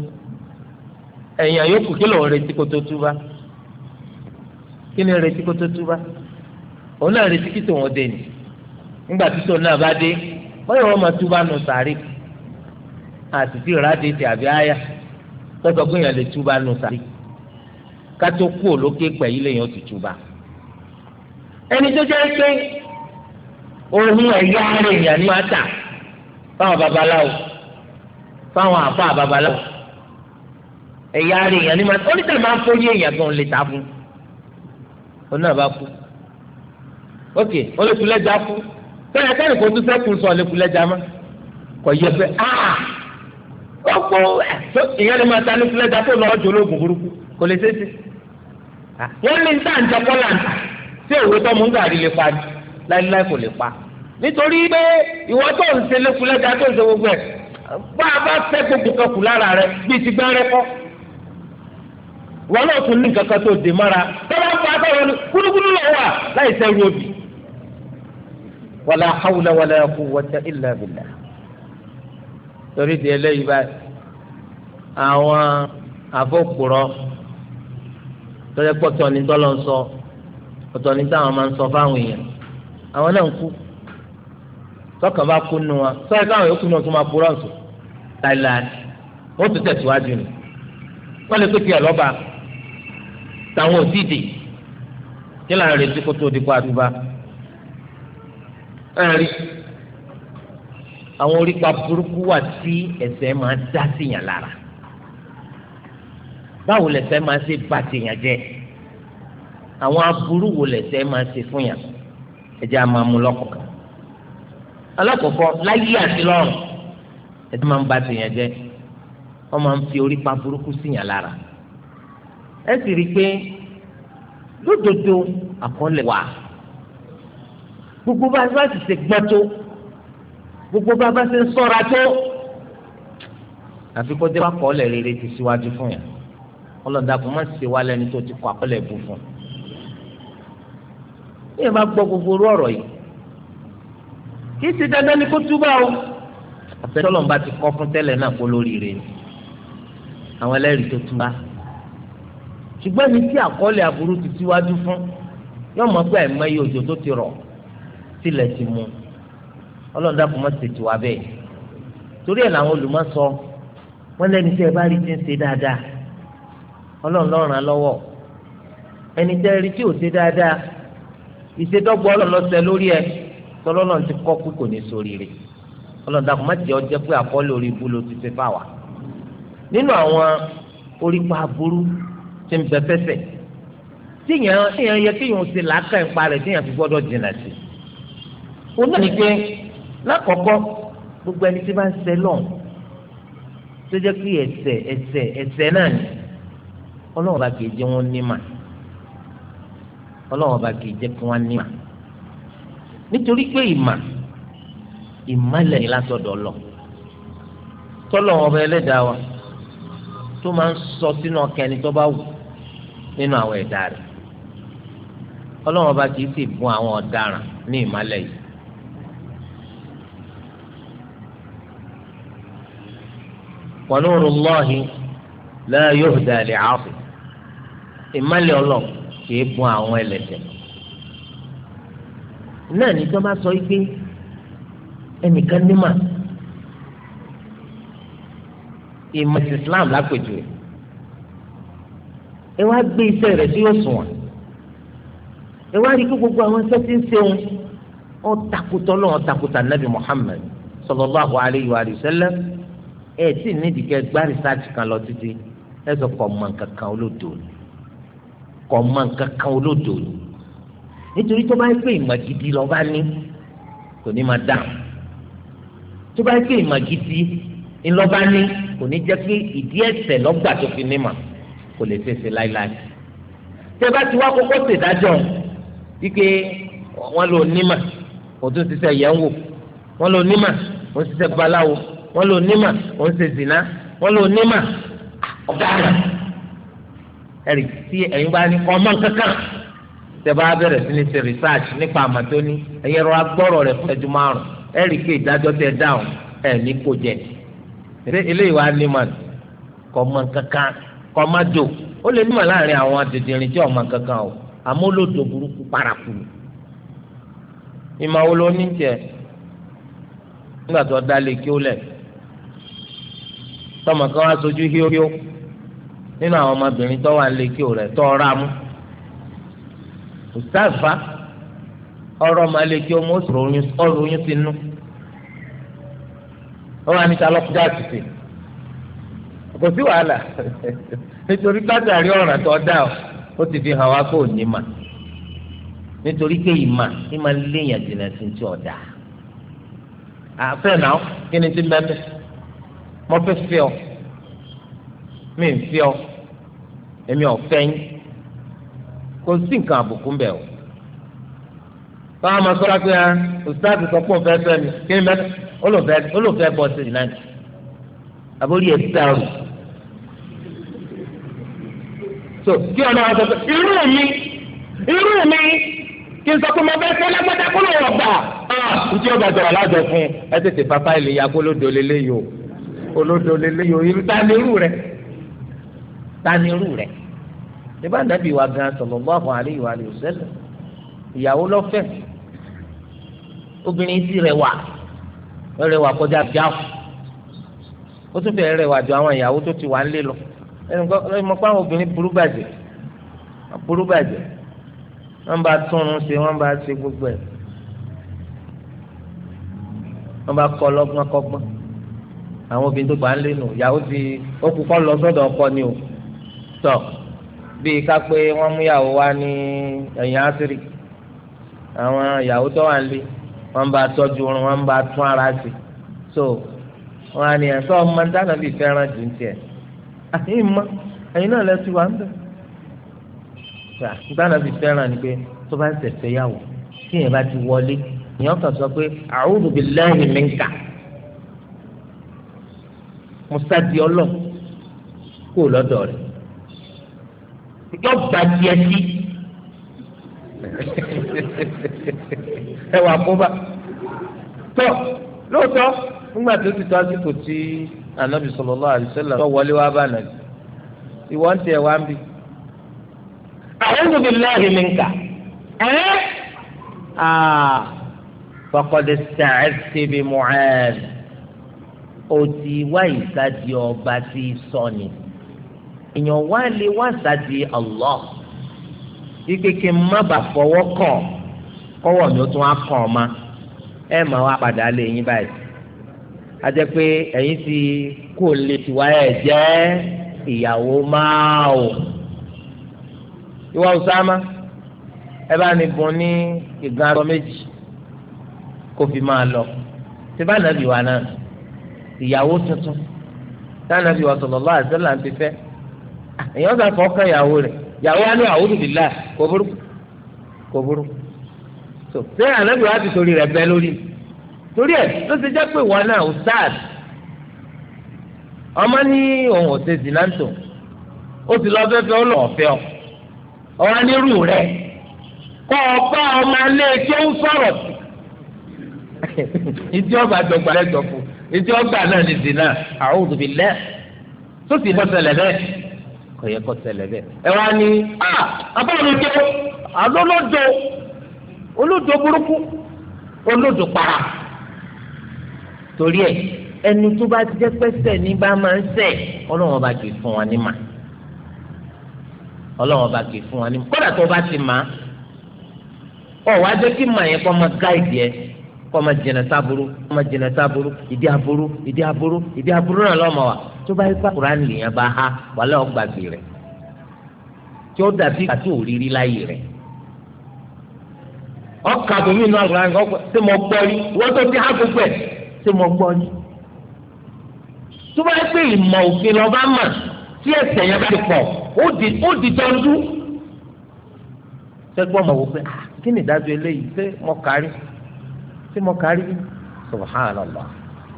ẹ̀yìn àyókù kí ló ń retí kó tó túbá kí ni retí kó tó túbá òun náà retí kí tòun dé ni ńgbà náà bá dé bóyá wọn máa sàárì àtìtì ìrádìí ti àbí àyà tọ́jọ́ pé èèyàn lè túbá nù sàárì kú òlókè pẹ̀yì ti ẹni tó jẹ́ pé. ohun ẹ̀yà ara èèyàn ní máa tà fáwọn babaláwo fáwọn àfa babaláwo ẹ̀yà ara èèyàn ní máa tà oníṣẹ́ máa ń fọ́ yé èèyàn gan lè ta fún un náà bá kú ok ó lè kulẹ́jà kú sẹ́yìn akẹ́rì kò tún sẹ́kù sọ lè kulẹ́jà má kò yẹ fẹ́ aa gbogbo ìyẹn lè máa ta ní kulẹ́jà tó lọ́ọ́ jọ lóògùn kò lè ṣe ah, wọ́n ní ní tàǹtà kọ́là tí òwe tó mú gàrí lè parí láíláí kò lè pa nítorí pé ìwọ tó ń ṣe lẹkùlẹjà tó ń ṣe gbogbo ẹ bá a bá fẹ́ gbogbo kan kù lára rẹ bíi ti gbẹrẹ kọ wọn náà tún ní nǹkan kan tó dè mára tọ́lá ń fa àtàwọn ẹni kúlúkúlú lọ wà láì sẹ́rù obì. wàlá hawla wàlá quwwata illa billah. torí di eléyìí báyìí àwọn àfọkùrọ tọ́jà pọ̀ tọ́ni tọ́lọ́ ń sọ ọ̀tọ̀ ní táwọn máa ń sọ fáwọn èèyàn àwọn náà ń kú sọ́kàn bá kú nu wa sọ́yìn káwọn yòókù náà tún máa purọ́ nsọ láìláì ó tún tẹ̀síwájú ni wọ́n lè pété ẹ̀ lọ́ba táwọn òdìdì kí là ń retí kó tó di kó àdúbà ẹ̀rí àwọn orípa burúkú wà tí ẹ̀ṣẹ̀ máa dá síyàn lára báwo lẹ̀ṣẹ̀ máa ṣe bá tèèyàn jẹ́ àwọn aburú wo lẹ̀ṣẹ̀ máa ṣe fún yàn ẹjẹ́ a máa mú lọ́kọ̀ọ̀kan alákọ̀ọ́kọ́ láyé àti lọ́rùn ẹjẹ́ máa ń ba tèèyàn jẹ́ wọ́n máa ń fi orí pa burúkú síyàn lára ẹ sì rí i pé lódodo àkọọ́lẹ̀ wà gbogbo bá a bá sì ṣe gbọ́n tó gbogbo bá a bá ṣe ń sọ́ra tó àfi kó dé wá kọ́ọ́lẹ̀ rere ti síwájú fún yàn ọlọ́dà kò má ṣe wá lẹ́ni tó ti kọ́ àkọọ́lẹ̀ bù fún un ní ìyẹn bá gbogbo orú ọ̀rọ̀ yìí kì í ti dandan ni kó túbà o àfẹsọ́lọ̀ bá ti kọ́ fún tẹ́lẹ̀ náà kó lóríire ni àwọn ẹlẹ́rìí tó túbà ṣùgbọ́n ní tí àkọọ́lẹ̀ aburú ti síwájú fún yóò mọ̀ pé àìmọye òjò tó ti rọ̀ tilẹ̀ ti mu ọlọ́dà kò mọ̀ tètè wá bẹ́ẹ̀ torí ẹ̀ làwọn olùmọ̀ sọ wọ́n lẹ́ni tí ẹ bá rí ti ń ṣe dáadáa ọlọ́run ló lọ́wọ́ ẹni tẹ́ tí ò ṣe dáadáa ìṣèdọ́gba ọlọ́lọ́sẹ̀ lórí ẹ tọ́lọ́lọ́ ti kọ́ pé kò ní sórí rẹ̀ ọlọ́dàkùn má jẹ́ ọjẹ́ pé àkọọ́lẹ̀ orí ibú ló ti ṣe fà wá. nínú àwọn orípa aburú ti ń bẹ fẹsẹ̀ tíyẹn yẹ kéèyàn ṣe làákà ìpa rẹ̀ tíyẹn fi gbọ́dọ̀ jìnnà sí. ó náà ní pé lákọ̀ọ́kọ́ gbogbo ẹni tí bá ń ṣe lọ́n tó jẹ́ pé ẹ̀ṣẹ̀ ẹ̀ṣẹ̀ ẹ̀ṣẹ̀ náà ni ọlọ́run bá kì í jẹ́ wọn ní màá ọlọ́wọ́n bá kì í jẹ́ kí wọ́n ní mà nítorí pé ìmà ìmọ̀lẹ̀ ni látọ̀dọ̀ lọ tọ́lọ́wọ́n bá ẹlẹ́dàá wa tó máa ń sọ sínú ọkẹ́ni tó bá wù nínú àwọn ẹ̀dá rẹ̀ ọlọ́wọ́n bá kì í sì bùn àwọn ọ̀daràn ní ìmọ̀lẹ̀ yìí. wa nuru Allahi la yuhda li'asi ìmọ̀lẹ̀ ọlọ́wọ́ kìí bun àwọn ẹlẹ́ṣẹ̀ náà ní tó bá sọ yìí pé ẹnìkan ní mà ìmọ̀ Islam lápèjúwe ẹ wá gbé iṣẹ́ rẹ̀ sí òṣùwọ̀n ẹ wá rí kí gbogbo àwọn iṣẹ́ tí ń ṣe òun ó takùtọ̀ lọ́wọ́ takùtà nàbì Muhammad sallallahu alayhi wa sallam ẹ tí nídìí kẹ gbá rìsáàtì kan lọ títí ẹ sọ pọ̀ mọ̀ nǹkan kan olódò ni kọ́ mọ nǹkan kan olódò ni nítorí tó bá yẹ pé ìmọ̀ gidi lọ bá ní kò ní máa dáhùn tó bá yẹ pé ìmọ̀ gidi ńlọ bá ní kò ní jẹ́ pé ìdí ẹ̀ṣẹ̀ lọ́gbà tó fi ní mà kò lè ṣèṣe láéláé tẹ bá ti wá kókó ṣèdájọ́ wípé wọ́n lò nímà òtún ṣiṣẹ́ yẹn wò wọ́n lò nímà òun ṣiṣẹ́ babaláwo wọ́n lò nímà òun ṣe zìnà wọ́n lò nímà ọ̀daràn ẹ̀rì tí ẹ̀yin bá ní ọmọ kankan tẹ́ bá bẹ̀rẹ̀ sí ní ṣe research nípa àmàtóní ẹ̀yin rọra gbọ́rọ̀ rẹ̀ fún ẹjú márùn ẹ̀rì pé ìdájọ́ tẹ́ dáhùn ẹ̀ ní kò jẹ eléyìí wá ní mà kọ́ ọmọ kankan kọ́ jò ó lè ní láàrin àwọn dìndìnrín tí ọmọ kankan o àmọ́ olódò burúkú parakùn ìmọ̀ wo ló ní jẹ nígbà tó dá lè kí ó lẹ̀ tọmọ kan wá sojú híóhíó. nínú àwọn ọmọbìnrin tó wà lékè rẹ̀ tó ọ̀rá mú òsàfà ọ̀rọ̀ ọmọ lékè ọmọ ọ̀rọ̀ oyún ti Ọrụ ó wà níta lọ́kùnjá àtìsí kò sí wàhálà nítorí látàrí ọ̀ràn tó dá ọ ó ti fi hàn wá kó ní nítorí pé ìmà ìmà léèyàn jìnnà sí ti ọ̀dà àfẹ́ ti fi ọ mi ọ èmi ọ̀fẹ́ yín kò sí nǹkan àbùkù mbẹ̀ o báwa máa sọ́ra pé ọ̀sítáàtì sọ pé òfẹ́ fẹ́ mi kí ni mẹ́ta olùfẹ́ bọ́ sí ìnáyà àbórí ẹ̀ dàrú so kí ọ̀nà àwọn sọ̀tọ̀ irú mi irú mi kí n sọ pé mo fẹ́ fẹ́ lágbádá kó lè wọ̀ gbà ah, ntí ọgbà jọ̀rọ̀ lájọ fún ẹ tètè bàbá ìlú ya kó lódo lélẹ́yìí o olódo lélẹ́yìí o irú ta ni irú rẹ̀ tanirú rẹ̀ ṣẹba nàbí wa gan sallallahu alaihi wa alihi wasallam ìyàwó lọ́fẹ̀ obìnrin ti rẹwà rẹwà kọjá jáfù ó tún fẹ́ rẹwà ju àwọn ìyàwó tó ti wà ń lé lọ ẹnì mọ́ pé àwọn obìnrin burú bàjẹ́ burú bàjẹ́ wọ́n bá túnrun ṣe wọ́n bá ṣe gbogbo ẹ̀ wọ́n bá kọ́ lọ́gbọ́n àwọn obìnrin tó gbà ń nù ìyàwó ti ó kú kọ́ lọ sọ́dọ̀ ọkọ ni o tọ bíi ká pé wọ́n mú ìyàwó wá ní ẹ̀yìn àṣírí àwọn ìyàwó tó wà nílé wọ́n bá tọ́jú oorun wọ́n bá tún ara sí so wọ́n á ní ẹsọ ọmọ dáná bíi fẹ́ràn jù ní tiẹ̀ àyìn mọ ẹ̀yin náà lẹsùn wà ń bẹ dáná bíi fẹ́ràn ni pé tó bá ń ṣẹ̀fẹ̀ yàwó tí yẹn bá ti wọlé èèyàn kan sọ pé a'udhu billahi minka musa di ọlọ kó lọ́dọ̀ rẹ̀ yọ gba tiẹ̀ sí ẹ wà kó bá tó lóòótọ́ nígbà tó ti tó àsìkò tí anabi sallallahu alaihi wasallam tó wọlé wá bá nàbì ìwọ ń tiẹ̀ wá ń bì. a'udhu billahi minka ẹ́ faqad ista'adhta bi Mu'adh ó ti wá ìsádi ọba tí sọ ni. èèyàn wá lè wá sàdí Allah wípé kí n má ó tún á ẹ máa wá padà lé yín báyìí a jẹ pé ẹ̀yin ti kó lè tiwa ẹ jẹ́ ìyàwó máa o ìwà Usama, ẹ bá ní ní arọ méjì kó lọ bá náà tuntun tá èèyàn bá fọkàn ìyàwó rẹ̀ ìyàwó wa ní àwùjọ bìlá kò burú kò burú tó ṣé ànábì wa ti torí rẹ̀ bẹ́ lórí torí ẹ̀ ló ti jẹ́ pé wọn náà ustaz ọmọ ní òun ò ṣe zinanto ó ti lọ fẹ́fẹ́ ó lọ ọ̀fẹ́ ọ ọ̀rọ̀ nírú rẹ̀ kọ́ ọ ọmọ alẹ́ tí ó ń sọ̀rọ̀ ìdí ọgbà dọgba lẹ́dọ̀fù ìdí ọgbà náà ní zina àwùjọ tó ti lọ ṣẹlẹ̀ bẹ́ẹ̀ kò yẹ kó ṣẹlẹ̀ bẹ́ẹ̀. ẹ wá ní àbá olódò àlọ́lọ́dọ̀ olódò burúkú olódò para torí ẹ ẹni tó bá jẹ́ pẹ́sẹ̀ ní bá máa ń ṣẹ̀ ọlọ́wọ́n bá kì í fún wa ní ma ọlọ́wọ́n bá kì í fún wa ní mà kódà tó bá ti mà ọ̀ wá jẹ́ kí mà yẹn kọ́ máa gáìdì ẹ̀ kọ́ ma jìnnà sábúrú kọ́ ma jìnnà sábúrú ìdí aburú ìdí aburú ìdí aburú náà lọ́mọ wa tó bá yẹ kó kuran lèèyàn bá ha wàlẹ́ ọgbàgbé rẹ̀ tí ó dàbí àti òrírí láyé rẹ̀ ọkà bòmí náà kuran kọ́ ṣé mo gbọ́ yí wọ́n tó ti há gbogbo ẹ̀ ṣé mo gbọ́ yí tó bá yẹ pé ìmọ̀ òfin lọ́ba mà tí ẹsẹ̀ yẹn bá ti pọ̀ ó di tọ́jú sẹ́gbọ́n mọ̀ wò pé ah, kí tí mo kárí subhanallah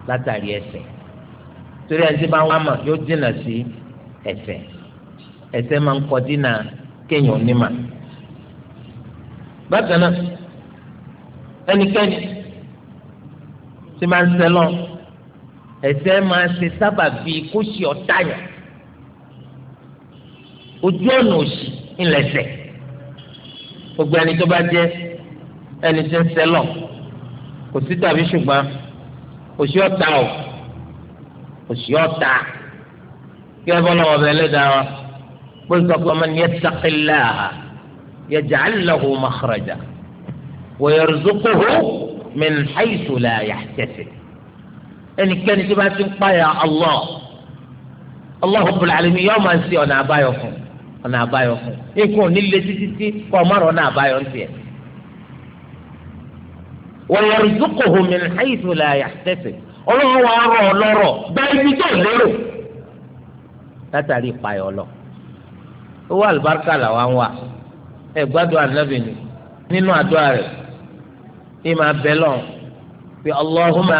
látàrí ẹ̀ṣẹ̀ torí ẹni tí bá wà mà yóò dínà sí ẹ̀ṣẹ̀ ẹ̀ṣẹ̀ máa ń kọ dínà kéèyàn onímà bákan náà ẹnikẹ́ni tí máa ń sẹ́lọ̀ ẹ̀ṣẹ̀ máa ṣe sábà bíi kó ṣe ọ̀tá yẹn ojú ọ̀nà òṣì ńlẹ̀ṣẹ̀ gbogbo ẹni tó bá jẹ́ ẹni tí ń sẹ́lọ̀ kò sí tàbí ṣùgbọ́n òṣì ọ̀tá o òṣì ọ̀tá kí ẹ bọ́lá ọbẹ̀ ẹlẹ́dàá wa pé sọ́kọ́ man yattaqillaha yaj'al lahu makhraja wa yarzuquhu min haythu la yahtasib ẹnikẹ́ni tí bá ti ń páyà Allah Allah Rabbul alamin yóò máa ń ṣe ọ̀nà àbáyọ fún ọ̀nà àbáyọ fún ikú òní lé títí kọ́ ọ ويرزقه من حيث لا يحتسب ọlọ́run wa rọ̀ ọ lọ́rọ̀ gba ibi tó lérò látàrí ìpayọ̀ lọ. owó àlùbáríkà làwa ń wà ẹ gbádùn ànábì ni nínú àdúrà rẹ̀ ní máa bẹ lọ́n fi allahumma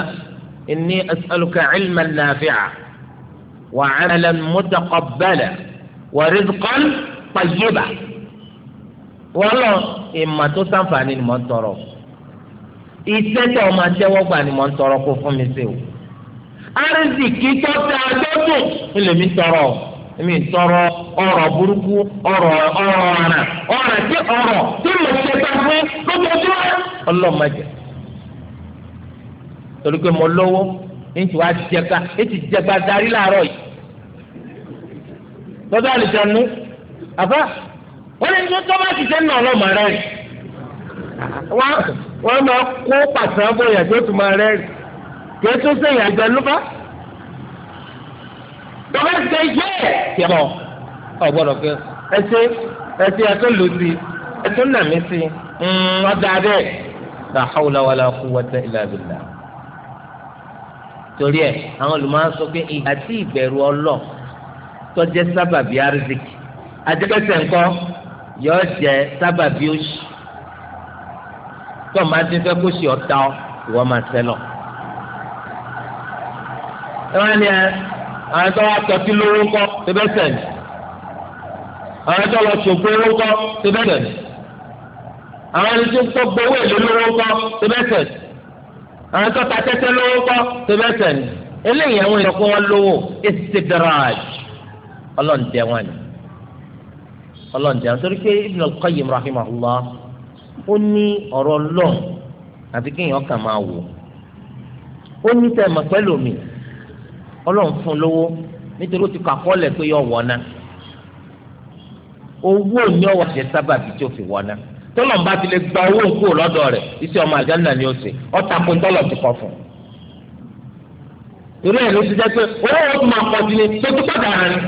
inni as'aluka ilman nafi'a wa 'amalan mutaqabbala wa rizqan tayyiba. wọ́n lọ ìmọ̀ tó ṣàǹfààní ni mo ń tọrọ. iṣẹ́ tẹ ọmọ àtẹwọ́ gbà ni mò ń tọrọ kó fún mi sí o arizikì tó tẹ adọ́dún ilé mi tọrọ èmi tọrọ ọrọ̀ burúkú ọrọ̀ ọrọ̀ ara ọrọ̀ tí ọrọ̀ tí mo ṣe ta fún lójoojúmọ́ ọlọ́mọdé torí pé mo lówó ètò àjẹgbà ètò ìjẹgbà darí làárọ̀ yìí lọ́dọ̀ àlùjọ nu àbá wọ́n lè ní tó sẹ́nu ọlọ́mọ rẹ̀ wọ́n máa kó pàṣẹ bóyá tó tún máa rẹ́rìn kí ẹ tó sèyàn àjọ ló bá tọ́lá ti ṣe yẹ kí ẹ bọ̀ ọ gbọ́dọ̀ pé ẹ ṣe ẹ ṣe ẹ tó lò sí ẹ tó nà mí sí hmm, ọ̀dà bẹ́ẹ̀ la hawla wala quwwata illa billah torí ẹ àwọn olùmọ̀ sọ pé ìhà tí ìbẹ̀rù ọlọ́ tọ́jẹ́ sábàbí àrísìkì àdébẹ́sẹ̀ ńkọ́ yọ jẹ́ sábàbí òṣì tó máa ti fẹ́ kó sì ọ́ ta ọ́ ìwọ máa tẹ́ lọ. ẹ wá ní ẹ àwọn tó wá tọ́tí lówó ńkọ́ tó bẹ́ sẹ̀ ní. àwọn tó lọ ṣògbó owó ńkọ́ tó bẹ́ sẹ̀ ní. àwọn ẹni tó tó gbowó èlé lówó ńkọ́ tó bẹ́ sẹ̀ ní. àwọn tó ta tẹ́tẹ́ lówó ńkọ́ tó bẹ́ sẹ̀ ní. eléyìí àwọn èèyàn wọn lówó istidraj ọlọ́ọ̀dẹ wọn ni ọlọ́ọ̀dẹ wọn torí pé Ibn al-Qayyim rahimahullah ó ní ọ̀rọ̀ lọ́ọ̀ àfi kéèyàn kàn máa wò ó ní tẹ́ mọ̀ pẹ́lú mi ọlọ́run fún lówó nítorí ó ti kọ àkọọ́lẹ̀ pé yọ wọ́ná owó ní ọwọ́ àṣẹ sábàbí tí ó fi wọ́ná tọ́lọ̀n bá ti lè gba owó ń kúrò lọ́dọ̀ rẹ̀ iṣẹ́ ọmọ àjánà ni ó ṣe ọ̀tà tọ́lọ̀ ti kọ fún un. ló ti jẹ́ pé owó ó máa pọ̀ sí ni tó tó pàdánù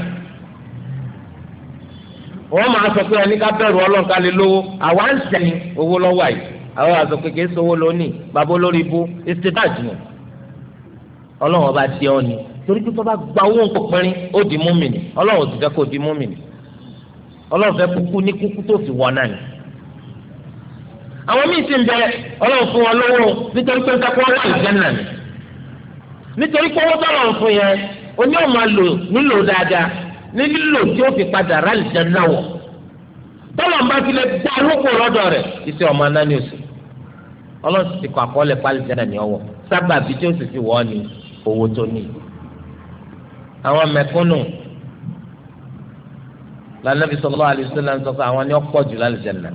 wọ́n máa sọ pé ẹni ká bẹ̀rù ọlọ́run ká lè lówó àwa ń sẹ́yìn owó lọ́wọ́ àyè àwọn àzọ kékeré sowó lónìí bàbá olórí ibú ìsìtàjù nù ọlọ́run ọba di ọ ni torí pé tó gba owó nǹkan ó di múmìnì ọlọ́run ti fẹ́ kó di múmìnì ọlọ́run fẹ́ kúkú ní kúkú tó fi wọ́n ni. àwọn míì sì ń bẹ ọlọ́run fún wọn lówó nítorí pé sẹ́kọ́ wà lùjẹ́ náà ni nítorí pé owó tọ́lọ̀ fún ní lílò tí ó fi padà rálì jẹ náà wọ̀ tọ́lọ̀ ń bá tilẹ̀ gbá lóko lọ́dọ̀ rẹ̀ iṣẹ́ ọmọ náà ní oṣù ọlọ́run ti kọ àkọọ́lẹ̀ pálí jẹ́ náà ní ọwọ́ sábà bíi tí ó sì fi wọ́ ni owó tó ní. àwọn mẹ̀kúnnù lànàbí sallallahu alaihi wasallam ń sọ pé àwọn ni ó pọ̀ jù lálùjánnà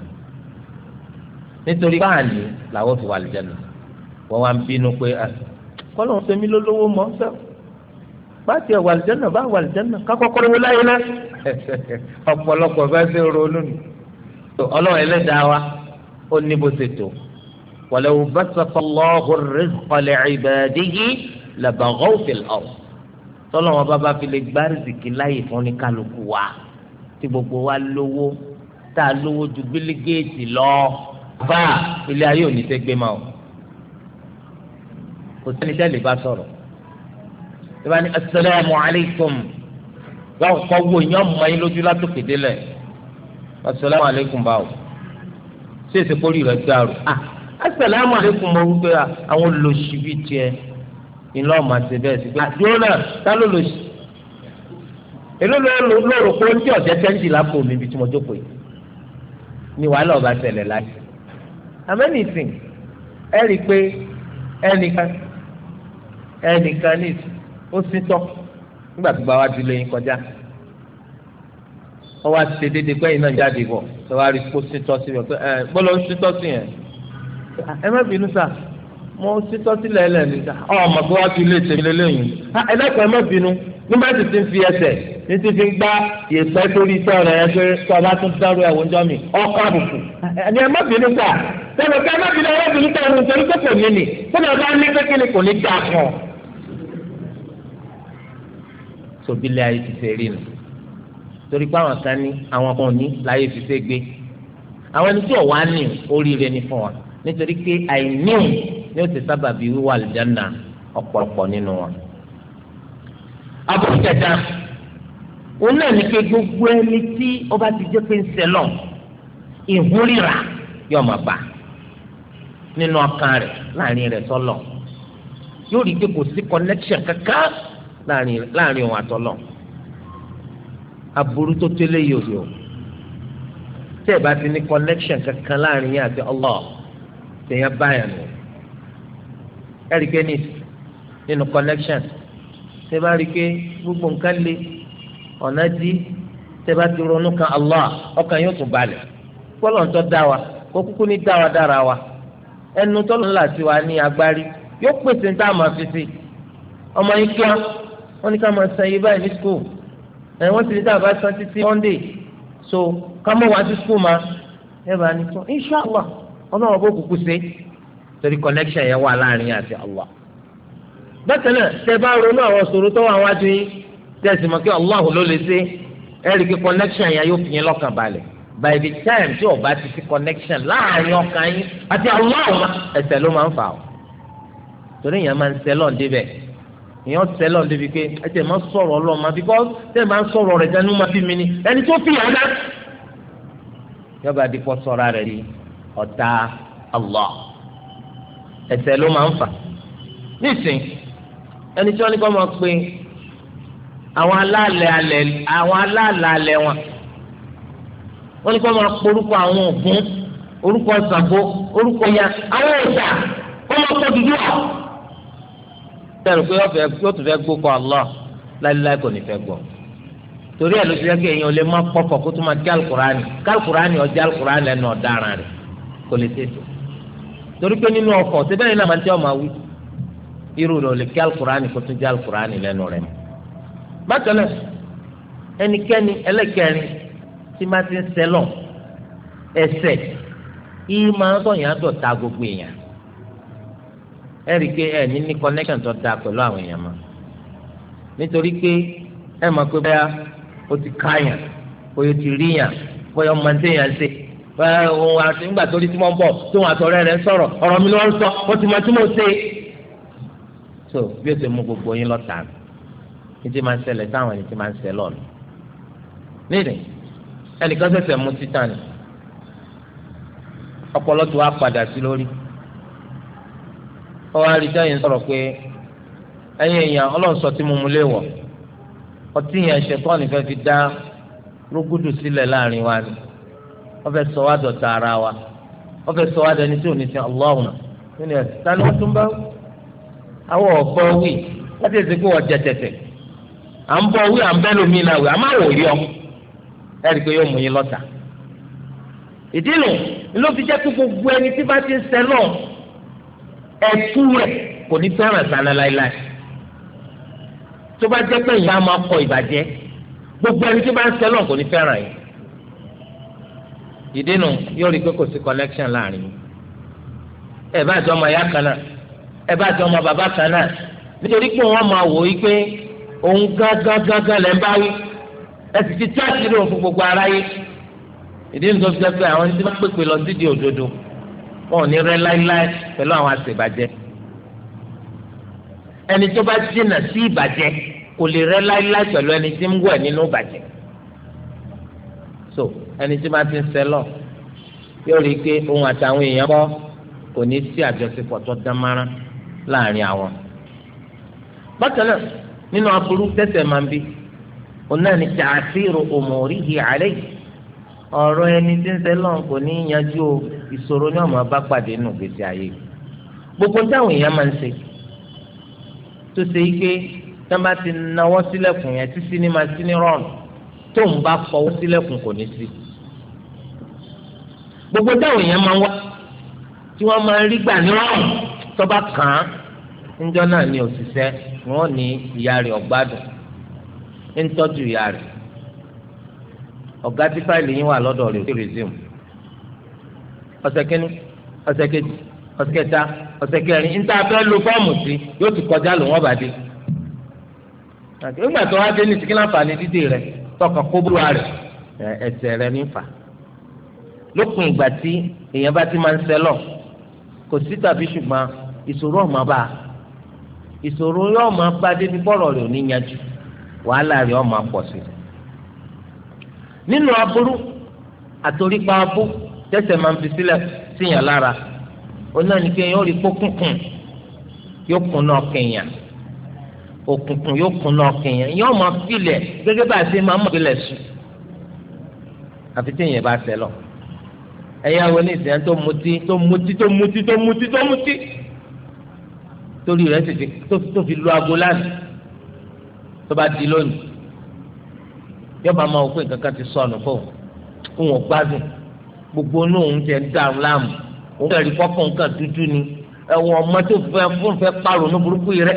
nítorí báàlì làwọn fi wà lálùjánnà wọ́n wá ń bínú pé ah, kọ́lọ́run ṣe mí lólówó mọ́ sẹ́wọ̀n bàtì ẹ̀ wàlìjẹ́nà bá wàlìjẹ́nà kákọ́kọ́rọ́ wọlé ayé náà ọ̀pọ̀lọpọ̀ bá ṣe ronú nù. ọlọ́run ẹlẹ́dàá wa ó ní bó ṣe tó wàlẹ́wò bá sọ́kọ́lọ́hù rẹ́sìkọ́lẹ̀ ìbàdíyí làbàgọ́ òfìl ọ̀ tọ́lọ́wọ́n bá bá fi lè gbá rìsìkì láyè fún ní kálukú wa tí gbogbo wa lówó tá a lówó ju bílí géètì lọ bá ilé ayé òní tẹ́gbẹ́ máa ò kò sẹ́ni tẹ́lẹ̀ bá sọ̀rọ̀ tó bá ní asalaamu alaykum báwo kọ́ wo yín ọmọ yín lójú látòkè délẹ̀ asalaamu alaykum báwo ṣé èsì kórìí rẹ̀ dàrú ah asalaamu alaykum mo wípé ah, àwọn olóṣì bíi tiẹ̀ ìlú ọmọ àti bẹ́ẹ̀ sí pé àdúró ah, náà tá ló lòṣì èló lóòrò pé oúnjẹ ọ̀jẹ̀ tẹ́ǹtì lápò mi ibi tí mo jókòó yìí ni wàhálà ọba ṣẹlẹ̀ láti amẹ́nìsìn ẹ pé ẹnìkan ẹnìkan ní ìsìn ó sì tọ́ nígbà tó bá wá dúró yín kọjá wọ́n wá ṣe déédéé pẹ́yìn náà jáde bọ̀ tó wá rí kó sí tọ́sí rẹ̀ pé ẹ bọ́lá ń sí yẹn ẹ má bínú sà mo sí tọ́sí lẹ́lẹ̀ ní sà ọ mọ̀ pé wá fi ilé ìtẹ̀mí lélẹ́yìn ah, ẹ lẹ́kọ̀ọ́ ẹ má bínú nígbà tí ti ń fi ẹsẹ̀ ní ti fi ń gbá ìyẹ̀pẹ́ torí iṣẹ́ rẹ̀ yẹn pé tó o bá tún dárú ẹ̀wọ̀ ń jọ́ mi ọkọ̀ àbùkù ẹni ẹ má bínú sà tẹ̀lé ká bínú ẹ má bínú tẹ̀lé nítorí pé kò ní nì sobílẹ̀ ayé ti ṣe rí nù torí pé àwọn kan ní àwọn kan ní láyé fi gbé àwọn ẹni tí ò wá ní oríire ni fún wa nítorí pé àìní ni ó ti sábà bí wíwà àlùjáná ọ̀pọ̀lọpọ̀ nínú wọn. abúlé kẹta òun náà ní pé gbogbo ẹni tí ọba ti jẹ́ pé ń ṣe lọ ìhúnríra yóò máa bà nínú ọkàn rẹ̀ láàrin rẹ̀ sọ́lọ̀ yóò rí i pé kò sí connection kankan láàrin òun àtọ́lọ̀ aburú tó tẹ́lẹ̀ yìí ò o tí ẹ bá ti ní connection kankan láàrin yín àti Allah tèèyàn báyà nù nínú gbogbo nǹkan ọ̀nà dí tẹ bá ti ronú kan Allah ọkàn yóò tún balẹ̀ kọ́lọ̀ ń tọ́ dá wa kó kúkú ní dá wa dára wa ẹnu tọ́lọ́ ńlá sí wa ní agbárí yóò pèsè ní táwọn máa fi si ọmọ yín wọ́n ní ká máa san iye báyìí ní school ẹ̀ wọ́n ti ní tàbá san títí monday so ká mọ̀ wá sí school ma ẹ bá ní sọ inshàlá ọlọ́run bó kúkú ṣe torí connection yẹn wà láàrin àti allah bákan náà tẹ bá ronú àwọn sòrò tó wà wájú yín tẹsí mọ kí allah ló lè ṣe ẹ rí i kí connection yẹn yóò fi yín lọ́kàn balẹ̀ by the time tí ọba ti fi connection láàrin ọkàn yín àti allah ẹ̀ṣẹ̀ ló máa ń fà ó torí yẹn máa ń ṣẹlọ̀ débẹ̀ èèyàn sẹlọ débi pé ẹsẹ máa sọ̀rọ̀ Ọlọ́run máa bíkọ ẹsẹ máa sọ̀rọ̀ rẹ dání máa fi mi ni ẹni tó fi yàrá. yọba adìpọ̀ sọ̀rọ̀ rẹ̀ di ọ̀tá Allah ẹsẹ̀ ló máa ń fà nísìnyí ẹni tí wọ́n ní kọ́ máa pe àwọn alálẹ̀ alẹ̀ àwọn alálẹ̀ alẹ̀ wọn wọ́n ní kọ́ máa porúkọ àwọn ògún orúkọ Ṣàngó orúkọ ya àwọn ọ̀sà kọ́ máa pọ̀ dúdú ọ̀. sẹ́nu pé ọ̀fẹ́ yóò tún fẹ́ gbó kọ́ Allah láíláí kò ní fẹ́ gbọ́ torí ẹ̀ ló ti rẹ́ èèyàn lè má pọ̀pọ̀ kó tó máa jẹ́ alukurani kálukurani ọjà alukurani lẹ́nu ọ̀daràn rẹ̀ kò lè tètè torí pé nínú ọkọ̀ síbẹ̀ yìí náà máa ń tẹ́ ọmọ wí irú rẹ̀ ò lè kí alukurani kó tó jẹ́ alukurani lẹ́nu rẹ̀ mọ́. bákan náà ẹnikẹ́ni ẹ rí i pé ẹ ní ní connection tó dáa pẹ̀lú àwọn èèyàn mọ́ nítorí pé ẹ mọ̀ pé báyà ó ti káyàn bóyá ó ti ríyàn bóyá ọmọ ní téèyàn ṣe ohun àti ńgbà tó rí tí wọ́n bọ̀ tó wọn àtọ̀rẹ́ rẹ̀ sọ̀rọ̀ ọ̀rọ̀ mi ni wọ́n sọ ó ti mọ tí mo ṣe. so bí o ṣe mú gbogbo yín lọ́tà ní ti máa ń ṣẹlẹ̀ táwọn ẹni ti máa ń ṣẹ lọ́ọ̀nù. nídìí ẹnìkan ṣẹ̀ṣẹ̀ mú títà ni ọpọlọ ọwọ́ àrídá yẹn sọ̀rọ̀ pé ẹ̀yin èèyàn ọlọ́run tí mo mú lé wọ̀ ọtí yẹn ṣẹ̀tọ́ nífẹ̀ẹ́ fi dá rúgúdù sílẹ̀ láàrin wa ni wọ́n fẹ́ sọ wá dọ̀tá ara wa wọ́n fẹ́ sọ wá dẹni tí ò ní sin ọlọ́run nínú ẹ̀ tani wọ́n tún bá awọ ọ̀bọ wí wọ́n ti sèkú wọ́n jẹ̀tẹ̀tẹ̀ à ń bọ̀ wí à ń yọ ẹ̀rí pé yóò mú yín lọ́tà ìdí ló fi jẹ́ kó gbogbo ẹni tí ẹtú rẹ̀ kò ní fẹ́ràn sáná láéláé tó bá jẹ́ pé ìyá máa kọ ìbàjẹ́ gbogbo ẹni tí bá ń sẹ́lọ̀ kò ní fẹ́ràn yìí ìdènà yóò rí i pé kò sí connection láàrin yìí ẹ bá jọ ọmọ ìyá kan náà ẹ bá jọ ọmọ bàbá kan náà nítorí pé wọ́n máa wò ó pé òun gángangangan lẹ́ ń bá wí ẹ sì ti tí àṣírí òun fún gbogbo aráyé ìdí nìkan fi jẹ́ pé àwọn ẹni tí wọ́n pèpè lọ sídìí òdodo wọn ò ní rẹ́ láíláí pẹ̀lú àwọn àṣebàjẹ́ ẹni tó bá jìnnà sí ìbàjẹ́ kò lè rẹ́ láíláí pẹ̀lú ẹni tí ń wẹ̀ nínú ìbàjẹ́ so ẹni tí bá ti ń sẹlọ yóò rí i pé òun àtàwọn èèyàn bọ kò ní sí àjọṣepọ̀ tó dánmárán láàrin àwọn. bákan náà nínú aburú tẹsẹ̀ máa ń bí òun náà ní tààsírò òmòríhì àlẹ́ yìí ọ̀rọ̀ ẹni tí ń sẹlọ kò ní yanjú o ìṣòro ni ọmọ bá pàdé nù gbèsè ayé gbogbo táwọn èèyàn máa ń ṣe tó ṣe é pé tán bá ti nawọ́ sílẹ̀kùn yẹn títí ní máa sí ní rọrùn tóun bá fọwọ́ sílẹ̀kùn kò ní sí gbogbo táwọn èèyàn máa ń wá tí wọ́n máa ń rí gbà ní rọrùn tó bá kàn án níjọ́ náà ni òṣìṣẹ́ wọn ní ìyá rẹ̀ ọ̀gbádùn ń tọ́jú ìyá rẹ̀ ọ̀gá tí fáìlì yín wà lọ́dọ̀ rẹ̀ ó ti rèzíìmù ọ̀sẹ̀ kínní ọ̀sẹ̀ kejì ọ̀sẹ̀ kẹta ọ̀sẹ̀ kẹrin níta fẹ́ lo fọ́ọ̀mù sí yóò ti kọjá lò wọ́n bá dé. ìgbà tó wá dé ní ti kílá fà ní dídè rẹ tọkàn kóbúrò rẹ ẹsẹ̀ rẹ nífà. lópin ìgbà tí èèyàn bá ti máa ń sẹ́lọ̀ kò sí tàbí ṣùgbọ́n ìṣòro ọ̀mọ́ bá ìṣòro yóò máa bá débi bọ́rọ̀ rẹ̀ ò wàhálà rẹ̀ ọ̀ pọ̀ sí. nínú aburú àtòrípa aburú tẹ́sẹ̀ máa ń fi sílẹ̀ síyàn lára ó náà ní kéèyàn ó rí kókùnkùn yóò kún náà kéèyàn òkùnkùn yóò kún náà kéèyàn yóò máa filẹ̀ gẹ́gẹ́ bá a ṣe máa mọ̀ filẹ̀ sùn àfi téèyàn bá ṣẹ lọ ẹ̀yà wo ní ìsìn tó mutí tó mutí tó mutí tó mutí tó mutí torí rẹ̀ sì fi tó fi lu aago lánàá tó bá di lónìí yóò máa ma òkú nǹkan kan ti sọnù fóun òun ò gbádùn gbogbo inú òun tẹ dàrú láàmú òun kẹrì kọkàn nǹkan dúdú ni ẹwọn ọmọ tó fẹ́ fún fẹ́ pààrọ̀ ní burúkú yìí rẹ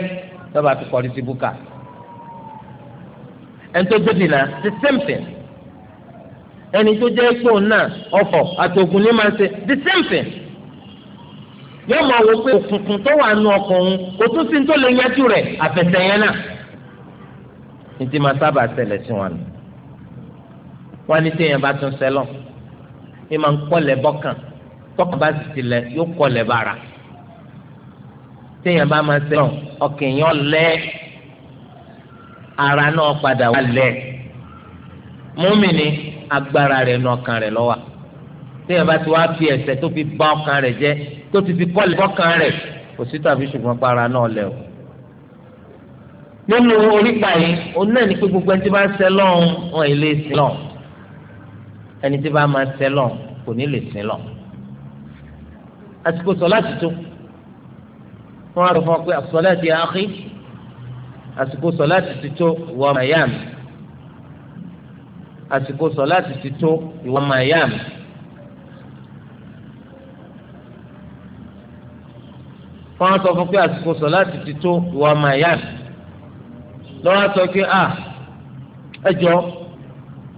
lọba ti kọrí sí búkà ẹni tó gbé dìnnà the same thing ẹni tó jẹ́ pé òun náà ọ̀fọ̀ àtògùn ní máa ṣe the same thing yóò máa wò pé òkùnkùn tó wà nù ọkùnrin kò tún sí tó lè yanjú rẹ̀ àfẹsẹ̀ yẹn náà ní ti máa sábà ṣẹlẹ̀ sí wọn wọn ní téèyàn bá tún ṣẹlọ̀ ẹ máa ń kọ́lẹ̀ bọ́kàn tọ́kàn bá sì tilẹ̀ yóò kọ́lẹ̀ bára téèyàn bá máa ṣe náà ọkàn èèyàn lẹ́ ara náà padà wà lẹ́ múmìnì agbára rẹ̀ nù ọkàn rẹ̀ lọ́wọ́ téèyàn bá ti wá fi ẹ̀ṣẹ̀ tó fi bà ọkàn rẹ̀ jẹ́ tó ti fi kọ́lẹ̀ bọ́kàn rẹ̀ kò sí tàbí ṣùgbọ́n para náà lẹ̀ o nínú orípa yìí òun pé gbogbo ẹni tí bá ń sẹ lọ́hùn wọn ì ẹni tí bá máa sẹlọ kò ní lè sẹlọ àsìkò sọlá ti tó wọn á lọ fún ọ pé sọlá ti àákí àsìkò sọlá ti ti tó ìwọ mayam àsìkò sọlá ti ti tó ìwọ mayam wọn sọ fún pé àsìkò sọlá ti ti tó ìwọ mayam lọ́wọ́ sọ pé a ah, ẹ jọ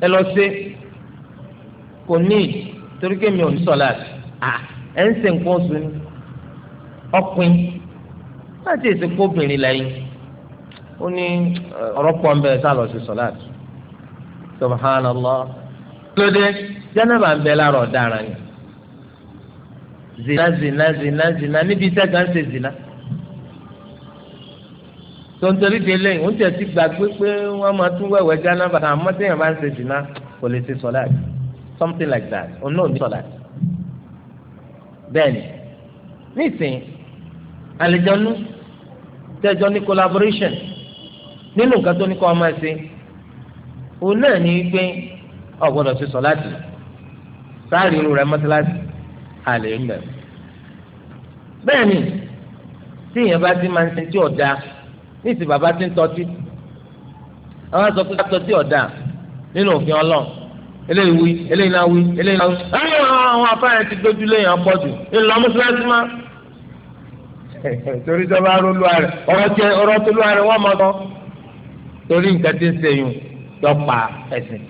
ẹ lọ sí kò ní torí kémi ò ní sọlá ẹ ń ṣe nǹkan oṣù ni ọpin láti èsì kóbìnrin lẹ́yìn ó ní ọ̀rọ̀ pọ̀ ń bẹ sálọ sí sọlá subhanallah lóde jẹnẹba ń bẹ lára ọ̀daràn ni zina zina zina zina níbi iṣẹ́ kan ṣe zina tontori de lẹ́yìn oúnjẹ ti gbàgbé pé wọn máa tún wẹwẹ jẹnẹba àmọ́ téèyàn bá ń ṣe zina kò lè ṣe sọlá yìí something like that or no? náà ní sọlá bẹ́ẹ̀ni nísìnyí àlejànú tẹjọ ní collaboration nínú nǹkan tó ní kọ́ ọmọ ẹsẹ̀ òun náà ní gbé ọ̀gbọ́dọ̀ sí sọlá tì sáàrì irú rẹ̀ mọ́tíláṣí àlè ń bẹ̀rẹ̀ bẹ́ẹ̀ni tí ìyẹn bá ti máa ń sin tí ọ̀dà nísìnyí bàbá ti ń tọ́tí àwọn sọ ọ̀dà nínú òfin ọlọ́run eléyìí wí eléyìí náà wí eléyìí náà wí ẹ̀yìn àwọn afáyẹn ti gbójú lẹ́yìn ọpọjù ńlọ mọ́sálásí má. torí tó bá rólú ààrẹ ọ̀rọ̀ tiẹ̀ ọ̀rọ̀ tó lú ààrẹ wọn máa sọ torí nǹkan tí ń sèyún yọpa ẹsìn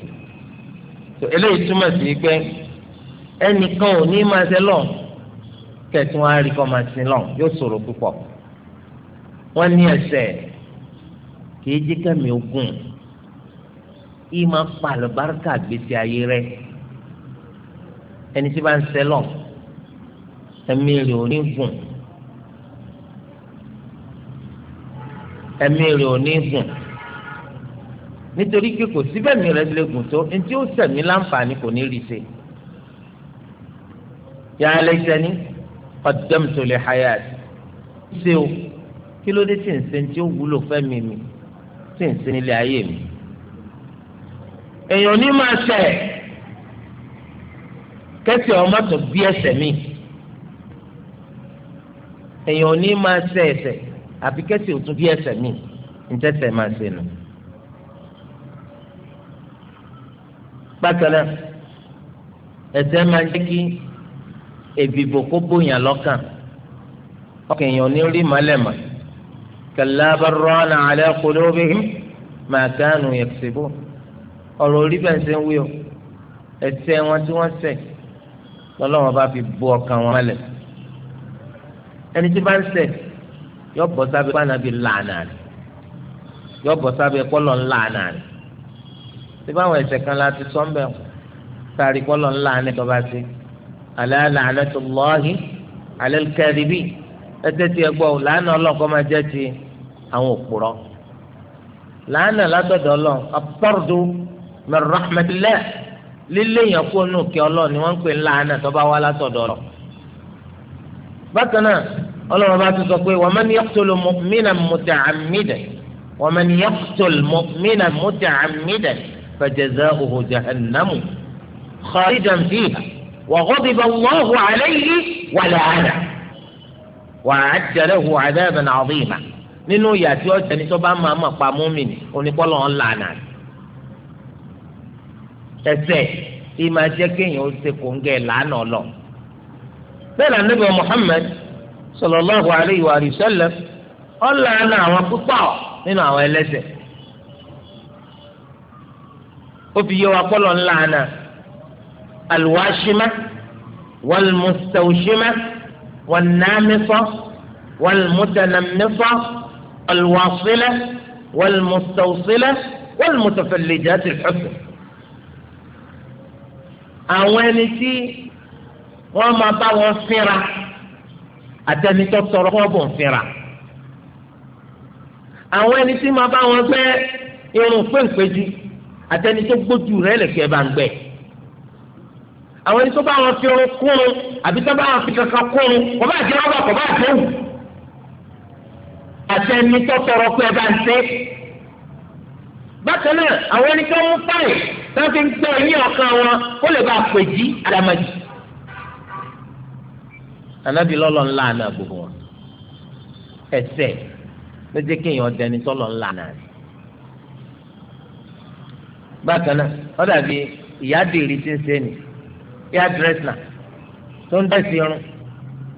tì eléyìí túmọ̀ sí pé ẹnìkan ò ní máa ṣe lọ kẹtù wọn á rí kọ́ máa sin lọ yóò ṣòro púpọ̀ wọ́n ní ẹsẹ̀ kì í jí kẹ́mi ogun yìí máa fa àlùbáríkà gbèsè ayé rẹ ẹni tí bá ń sẹlọ ẹ̀mí rẹ ò ní gùn ẹ̀mí rẹ ò ní gùn nítorí pé kò síbẹ̀ mi rẹ lè gùn tó ntí ó sẹ̀mí láǹfààní kò ní rí ṣe yàrá lẹ́sẹ̀ ní qaddamtu li hayati ṣé o kí ló dé tí ń ṣe tí ó wúlò fẹ́mi mi tí ń ṣe nílé ayé mi èèyàn ní máa ṣẹ̀ kẹsì ọmọ tó bí ẹ̀ṣẹ̀ mi èèyàn ní máa ṣẹ̀ ẹ̀ṣẹ̀ àbí kẹsì òtún bí ẹ̀ṣẹ̀ mi ntẹsẹ máa ṣe nù. bákan náà ẹ̀ṣẹ̀ máa jẹ́ kí èbìbò kó bóyá lọ́kàn ọkàn èèyàn ní rí màlẹ́mà kalla barrana ala qulubihim ma kanu yaksibun ọ̀rọ̀ orí bẹ́ẹ̀ ṣe ń wí o ẹ̀ṣẹ̀ wọn tí wọ́n ṣẹ̀ lọ́lọ́wọ́n bá fi bo ọkàn wọn mọ́lẹ̀ ẹni tí bá ń ṣẹ̀ yọ bọ́ sábẹ́ pàánà bíi làánà rẹ̀ yọ bọ́ sábẹ́ pọ́lọ̀ ńlàánà rẹ̀ tí báwọn ẹ̀ṣẹ̀ kan la ti sọ́ńbẹ̀ sáré pọ́lọ̀ ńlàánà tó bá ṣe alẹ́ làánà tó lọ́ọ̀hìn alẹ́ kẹ́rì bíi ẹtẹ́ tiẹ̀ gbọ́ làánà ọlọ́kọ́ máa jẹ́ ti àwọn òpùrọ́ làánà látọ̀dọ̀ ọlọ́ min rahmatillah lílé yẹn kó nù kí ọlọ́ọ̀ni wọ́n ń pè láàánà tó bá wá látọ̀dọ̀ lọ. bákan náà ọlọ́run bá tún sọ pé wa man yaqtul mu'minan muta'ammidan wa man yaqtul mu'minan muta'ammidan fajaza'uhu jahannamu khalidan fiha wa ghadiba Allahu alayhi wa la'ana wa a'adda lahu 'adaban 'azima nínú yàtí ọjà ní tó bá máa mọ̀ pa mọ́mìnì onípọ́lọ́ ńlá náà ẹ̀ṣẹ̀ ìmà jẹ́ kéèyàn ó ṣe kóńgẹ́ lánà lọ. bẹ́ẹ̀ náà níbi Muhammad sallallahu alayhi wa sallam ọ̀làna àwọn púpọ̀ nínú àwọn ẹlẹ́ṣẹ̀. ó fi yé wa kọ́lọ̀ ńláàna alwashima walmustawshima wannamisa walmutanamisa alwasila walmustawsila walmutafallijati alhusn àwọn ẹni tí wọ́n máa bá wọn fínra àtẹnitọ́ tọrọ wọn bọ̀ fínra àwọn ẹni tí máa bá wọn gbẹ́ irun péńpéjú àtẹnitọ́ gbójú rẹ̀ lẹ̀kẹ́ bá ń gbẹ́ àwọn ẹni tó bá wọn fi irun kúrun àbí tó bá wọn fi kankan kúrun kò bá jẹ́ rọ́bà kò bá jẹ́ wù àtẹnitọ́ tọrọ pé ẹ bá ń ṣe bákan náà àwọn ẹni tó ń fáyìn náà fi ń gbẹ ẹ̀yìn ọkàn wọn kó lè bá pèjì àdàmàdì. ànábì lọ́lọ́ ńlá àná gbogbo wọn ẹsẹ̀ ló jẹ́ kéèyàn dẹni tọ́lọ̀ ńlá àná rẹ̀. bákan náà ó dàbí ìyá dèrè tí ń ṣe ni ìyá dírẹ́sìnà tó ń dẹ́sí irun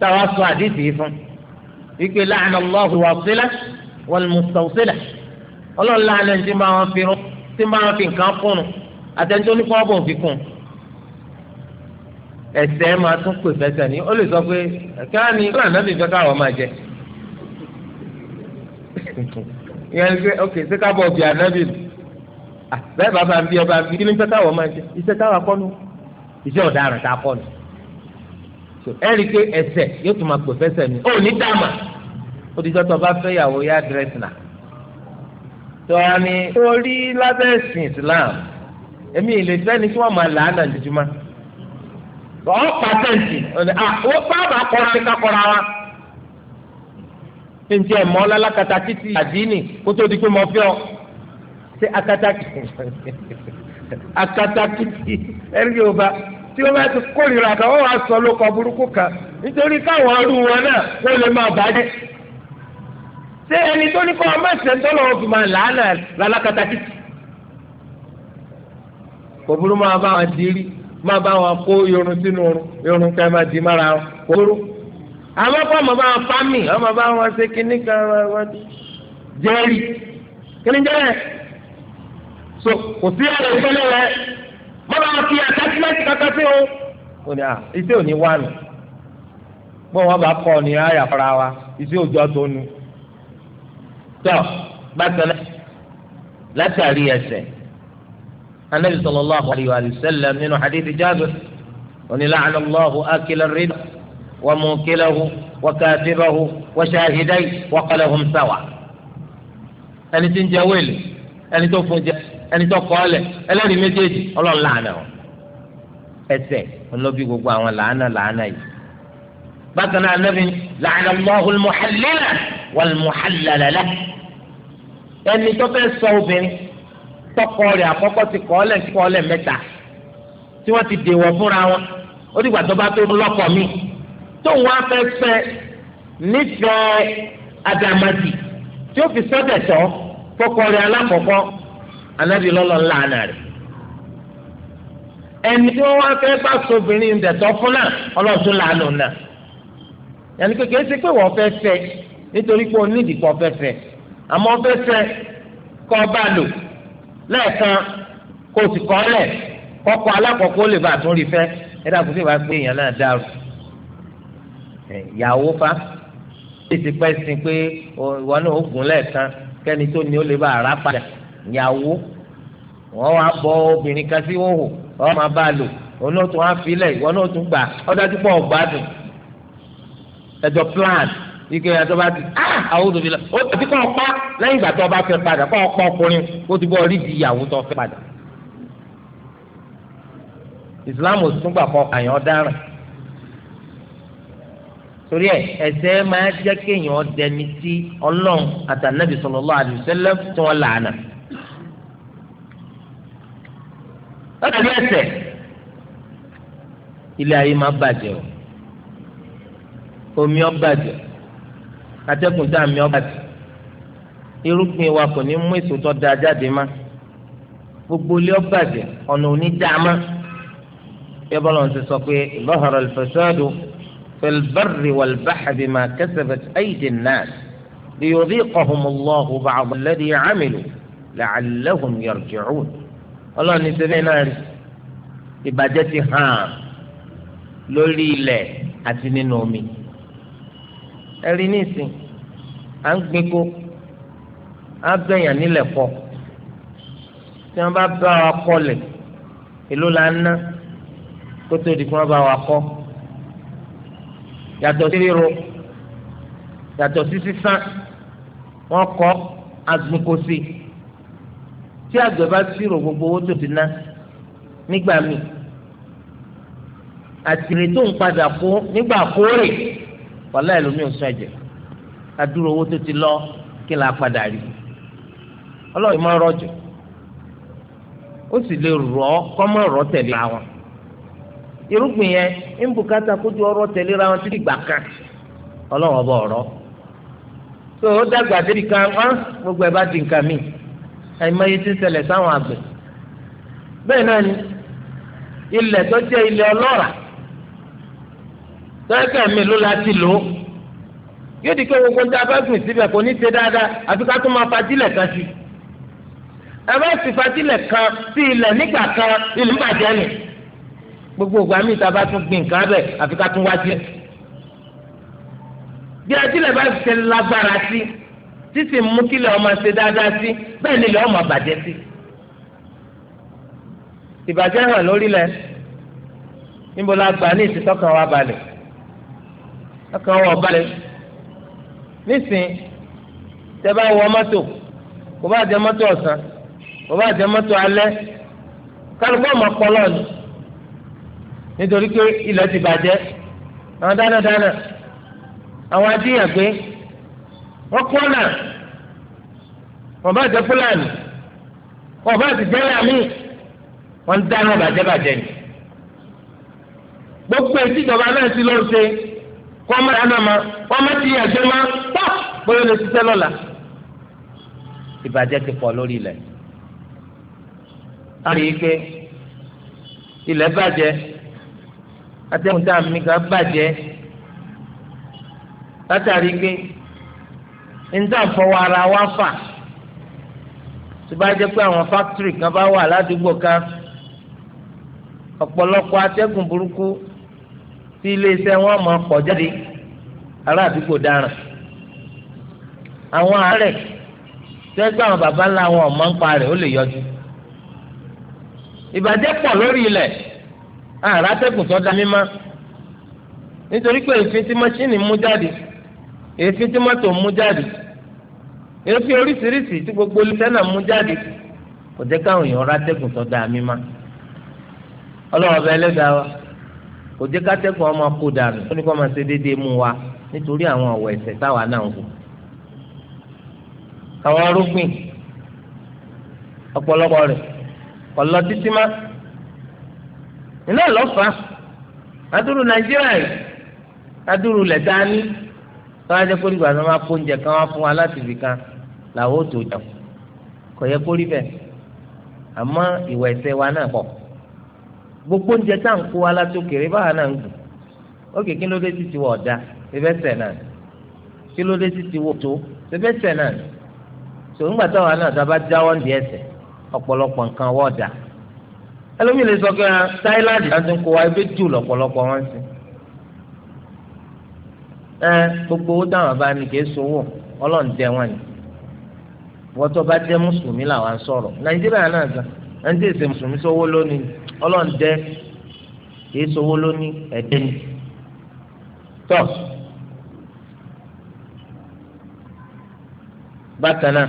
táwa sọ àdìsí fún wípé láàánú Allahu wasila wal mustawsila ọlọ́ọ̀lá ni ti máa ń fi nǹkan kúnnù àtẹnudọ́ ní kọ́ ọ̀bọ̀n fi kún ẹsẹ̀ máa tún pè fẹsẹ̀ ní ó lè sọ pé kí wọ́n ní kílànà mi fẹ́ káwọn máa jẹ ìyẹn ní pé ok ṣé ká bọ̀ bí ànábì bẹ́ẹ̀ bàbá ń bí ọba ń bí kí ni fẹ́ káwọn máa jẹ iṣẹ́ táwọn kọ́ nu iṣẹ́ ọ̀daràn tá a kọ́ nu ẹ̀rí pé ẹsẹ̀ yóò tún máa pè fẹsẹ̀ ní ó ní dàmà ó ti sọ́tọ̀ bá fẹ́ ìyàwó yá dírẹ́sì náà tó a ní orí lábẹ́ ẹ̀sìn Islam èmi ìlè fẹ́ ni kí wọ́n máa làánà jùjúmọ́ ọ̀ pàtẹ́ǹtì ọ̀nà àwọn bábà kọ́ra ní kakọ́ra wa ṣé n tí ẹ̀ mọ́ lálákàtà títí àdínì kó tó di pé mo fẹ́ ọ ṣé akatakì akatakì ẹ̀rí yorùbá tí wọ́n bá ti kórìíra kan wọ́n wá sọ lóko burúkú kan nítorí káwọn ọdún wọn náà wọ́n lè máa bàjẹ́ ṣé ẹni tó ní kọ́ ọmọ ìṣẹ̀ńtọ́ lọ́wọ́ fi máa làánà lálákàtà títí kò burú máa bá wọn dirí máa bá wọn kó yorùn sínú yorùn ká máa di mára wọn kò burú. àmọ́ kó ọmọ bá wọn fámì ọmọ bá wọn ṣe kínní kan wọn jẹ́rì kínní jẹ́rẹ̀ so kò sí ẹ̀rọ ìfẹ́lẹ́ rẹ mọ́ bá wọn fi àtàkìlẹ́sì kankan sí o. ó ní à iṣẹ́ ò ní wá nù pé wọn bá kọ ní àyà fara wa iṣẹ́ òjò tó nu. tọ́ bàtà látàrí ẹsẹ̀ anabi sallallahu alayhi wa sallam nínú hadithi jaabir oní la'ana allahu akila riba wa mukilahu wa katibahu wa shahidai wa qalahum sawa. ẹni tí ń jẹ wéèlì ẹni tó fún jẹ ẹni tó kọ́ ọlẹ̀ ẹlẹ́rìí méjèèjì ọlọ́run làánà o ẹsẹ̀ ọlọ́bí gbogbo àwọn làánà làánà yìí. bákan náà anabi la'ana allahu almuhallila walmuhallalala ẹni tó fẹ́ sọ obìnrin tọkọ rẹ̀ àkọ́kọ́ ti kọ́ ọ́lẹ̀ ti kọ́ ọ́lẹ̀ mẹ́ta tí wọ́n ti dèwọ̀ fúnra wọn ó dìgbà tó bá tó lọ́kọ mi tóun wá fẹ́ fẹ́ nífẹ̀ẹ́ àdàmàdì tí ó fi sọ́dẹ̀ tọ́ kọ́kọ rẹ̀ alákọ̀ọ́kọ́ anábì lọ́lọ́ ńlá àná rẹ̀ ẹni tí wọ́n wá fẹ́ bá sobìnrin dẹ̀tọ́ fún náà ọlọ́ọ̀tún làánú náà yàní kékeré ṣe pé wọ́n fẹ́ fẹ́ nítorí pé onídìí kọ́ fẹ́ fẹ́ àmọ́ fẹ́ fẹ́ kọ́ bá lò lẹ́ẹ̀kan kó o sì kọ́ kọ́kọ́ alákọ̀ọ́kọ́ lè bá a tún rí fẹ́ ẹ dàgbù sí ìwà pé èèyàn náà dàrú ìyàwó fa ṣé ti pẹ́ sí pé ìwọ náà ó gùn lẹ́ẹ̀kan kẹ́ni tó ní ó lè bá ara padà ìyàwó wọ́n wá bọ́ obìnrin kan sí hóhò wọ́n máa bá a lò òun náà tún á filẹ̀ ìwọ náà tún gbà ọ́ dájú pọ̀ gbádùn ẹ̀jọ̀ plan ike yẹn tó bá ti àwọn òdòdó la ó ti kọ́ ọ pa lẹ́yìn ìgbà tó o bá fẹ́ padà kọ́ ọ pa ọkùnrin ó ti bọ́ ọ rí di ìyàwó tó fẹ́ padà. Islam ò tún gbà kọ àyàn ọ̀daràn torí ẹ ẹ̀ṣẹ̀ máa jẹ́ kéèyàn dẹni tí Ọlọ́run àtànàbì sallallahu alaihi wasallam tí wọn làánà. lọ́dọ̀ ẹ̀ṣẹ̀ ilé ayé máa bàjẹ́ o omi ọ bàjẹ́ atẹ́gùn tá a mi ọba ti irúgbìn wa kò ní mú èso tó da jáde má gbogbo ilé ọba jẹ ọ̀nà òní dáa má yẹ bọ́lá ń sọ pé lọ́họ̀rọ̀ ìfẹsọ́dù fẹlbẹ́rì wàlbáhàbì máa kẹsẹ̀fẹ̀ ayídì náà lèyọ̀dí kọ̀hùnmùlọ́hù bàbá lẹ́dí àmìlú làálẹ́hùn yọ̀rọ̀jọ̀rún ọlọ́ọ̀ni sẹ́fẹ̀ náà rí ìbàjẹ́ ti hàn lórí ilẹ̀ àti nínú omi ẹ̀rí nísìn à ń gbígbó á bẹ̀yàn nílẹ̀ kọ tí wọ́n bá bá wa kọlẹ̀ èló la ń ná kótó di kí wọ́n bá wa kọ́ yàtọ̀ sí ríro yàtọ̀ sí sísán wọ́n kọ́ agbókòsí tí àgbẹ̀ bá ṣírò gbogbo owó tó ti ná nígbà míì àtìrè tó ń padà kó nígbà kórè. wàhálà ẹlòmí ò adúrò owó tó ti lọ kí la padà rí ọlọ́run máa ọrọ ó sì lè le ọ́ kọ́ ọrọ tẹ̀lé ra wọn irúgbìn yẹn ń bùkátà kójú ọrọ tẹ̀lé ra wọn títí gbà kan ọlọ́run ọba ọ̀rọ̀ tó o dàgbà débi kan gbogbo ẹ̀ bá di nǹkan mi àìmọye ti sáwọn àgbẹ̀ bẹ́ẹ̀ náà ni ilẹ̀ tó jẹ́ ilẹ̀ ọlọ́ràá tọ́lẹ́kẹ́ mi ló la ti lò ó yóò di pé gbogbo ń ta bá gbìn síbẹ̀ kò ní ṣe dáadáa àfi ká tó máa fatílẹ̀ kan sí ẹ bá sì fatílẹ̀ kan sí ilẹ̀ nígbà kan ìlú ń bàjẹ́ nì gbogbo ìgbà míì ta bá tún gbìn nǹkan bẹ̀ àfi ká tún wá sílẹ̀ bí ajílẹ̀ bá ṣe lágbára sí títí mú kílẹ̀ ọmọ ṣe dáadáa sí bẹ́ẹ̀ ni ilẹ̀ ọmọ bàjẹ́ sí ìbàjẹ́ hàn lórílẹ̀ níbo la gbà ní ìtìtọ́kàn wa balẹ̀ ọkàn wọn balẹ̀ nísìn tẹ bá wọ mọ́tò kò bá jẹ mọ́tò ọ̀sán kò bá jẹ mọ́tò alẹ́ kálukọ́ ọmọ kpọlọ ni nítorí pé ilẹ̀ ti bàjẹ́ àwọn dánadáná àwọn adíyàgbé wọ́n kọ́nà wọ́n bá jẹ fúlàní wọ́n bá ti jẹ́ yàmí wọ́n dáná bàjẹ́ bàjẹ́ ni gbogbo ètí ìjọba náà ti lọ́ọ́ ṣe kọ́ ọmọ dáná ma kọ́ ọmọ ti yàgbẹ́ ma tọ́ bóyá lè ṣiṣẹ́ lọ́la. ìbàjẹ́ ti pọ̀ lórí ilẹ̀ a rí i pé ilẹ̀ bàjẹ́ atẹ́kùn tá a mi kan bàjẹ́ látàrí pé níta fọwọ́ ara wa fà tó bá jẹ́ pé àwọn fákítírì kan bá wà ládùúgbò kan ọ̀pọ̀lọpọ̀ atẹ́kùn burúkú. tí iléeṣẹ́ wọn máa pọ̀ jáde ará àdúgbò dáràn àwọn àárẹ̀ tí baba ńlá wọn ọ̀mọ́ ń pa rẹ̀ ó lè yọjú ìbàjẹ́ pọ̀ lórí ilẹ̀ àrà tẹ́kùn tó da mímá nítorí pé èéfín tí mọ́ṣíìnì mú jáde èéfín tí mọ́tò mú jáde èéfín oríṣiríṣi tí gbogbo iléeṣẹ́ náà mú jáde kò jẹ́ káwọn èèyàn da mímá ọlọ́wọ́ bẹ́ẹ̀ kò jẹ́ kátẹ́kọ̀ọ́ ọmọ kó dànù ó ní kó máa ṣe déédéé mú wa nítorí àwọn ọ̀wọ̀ ẹ̀ṣẹ̀ táwa náà ń wò. àwọn arúgbìn ọ̀pọ̀lọpọ̀ rẹ̀ kò lọ títí má iná lọ́fà adúrú nàìjíríà yìí adúrú lẹ̀ dání wọ́n á jẹ́ kó nígbà tí wọ́n bá kó oúnjẹ kan wá fún wa láti ibì kan làwọn ò tó jà kò yẹ kó rí bẹ́ẹ̀ àmọ́ ìwà ẹ̀ṣẹ̀ wa náà pọ̀ gbogbo oúnjẹ tá à ń kó wa látòkèrè báwa náà ń gùn ókè kí ló dé títí wọ ọ̀dà ẹbẹ̀ sẹ̀ náà kí ló dé títí wọ tó ẹbẹ̀ sẹ̀ náà sọ nígbà táwa náà dábàá jáwọ́ ń di ẹsẹ̀ ọ̀pọ̀lọpọ̀ nǹkan wọ́ ọ̀dà ẹlòmíì lè sọ pé ah, táìláńdì láti ń kó wa ẹbí jù lọ́pọ̀lọpọ̀ wọn sí ẹ gbogbo owó táwọn bá ní kì í ọlọ́run jẹ wọn ni wọ́n tó bá jẹ́ mùsùlùmí làwọn sọ̀rọ̀ nàìjíríà náà ẹni tí èsè mùsùlùmí sówó lónìí ọlọ́run dẹ kìí lónìí ẹ̀dẹ́ ni tọ́ bákan náà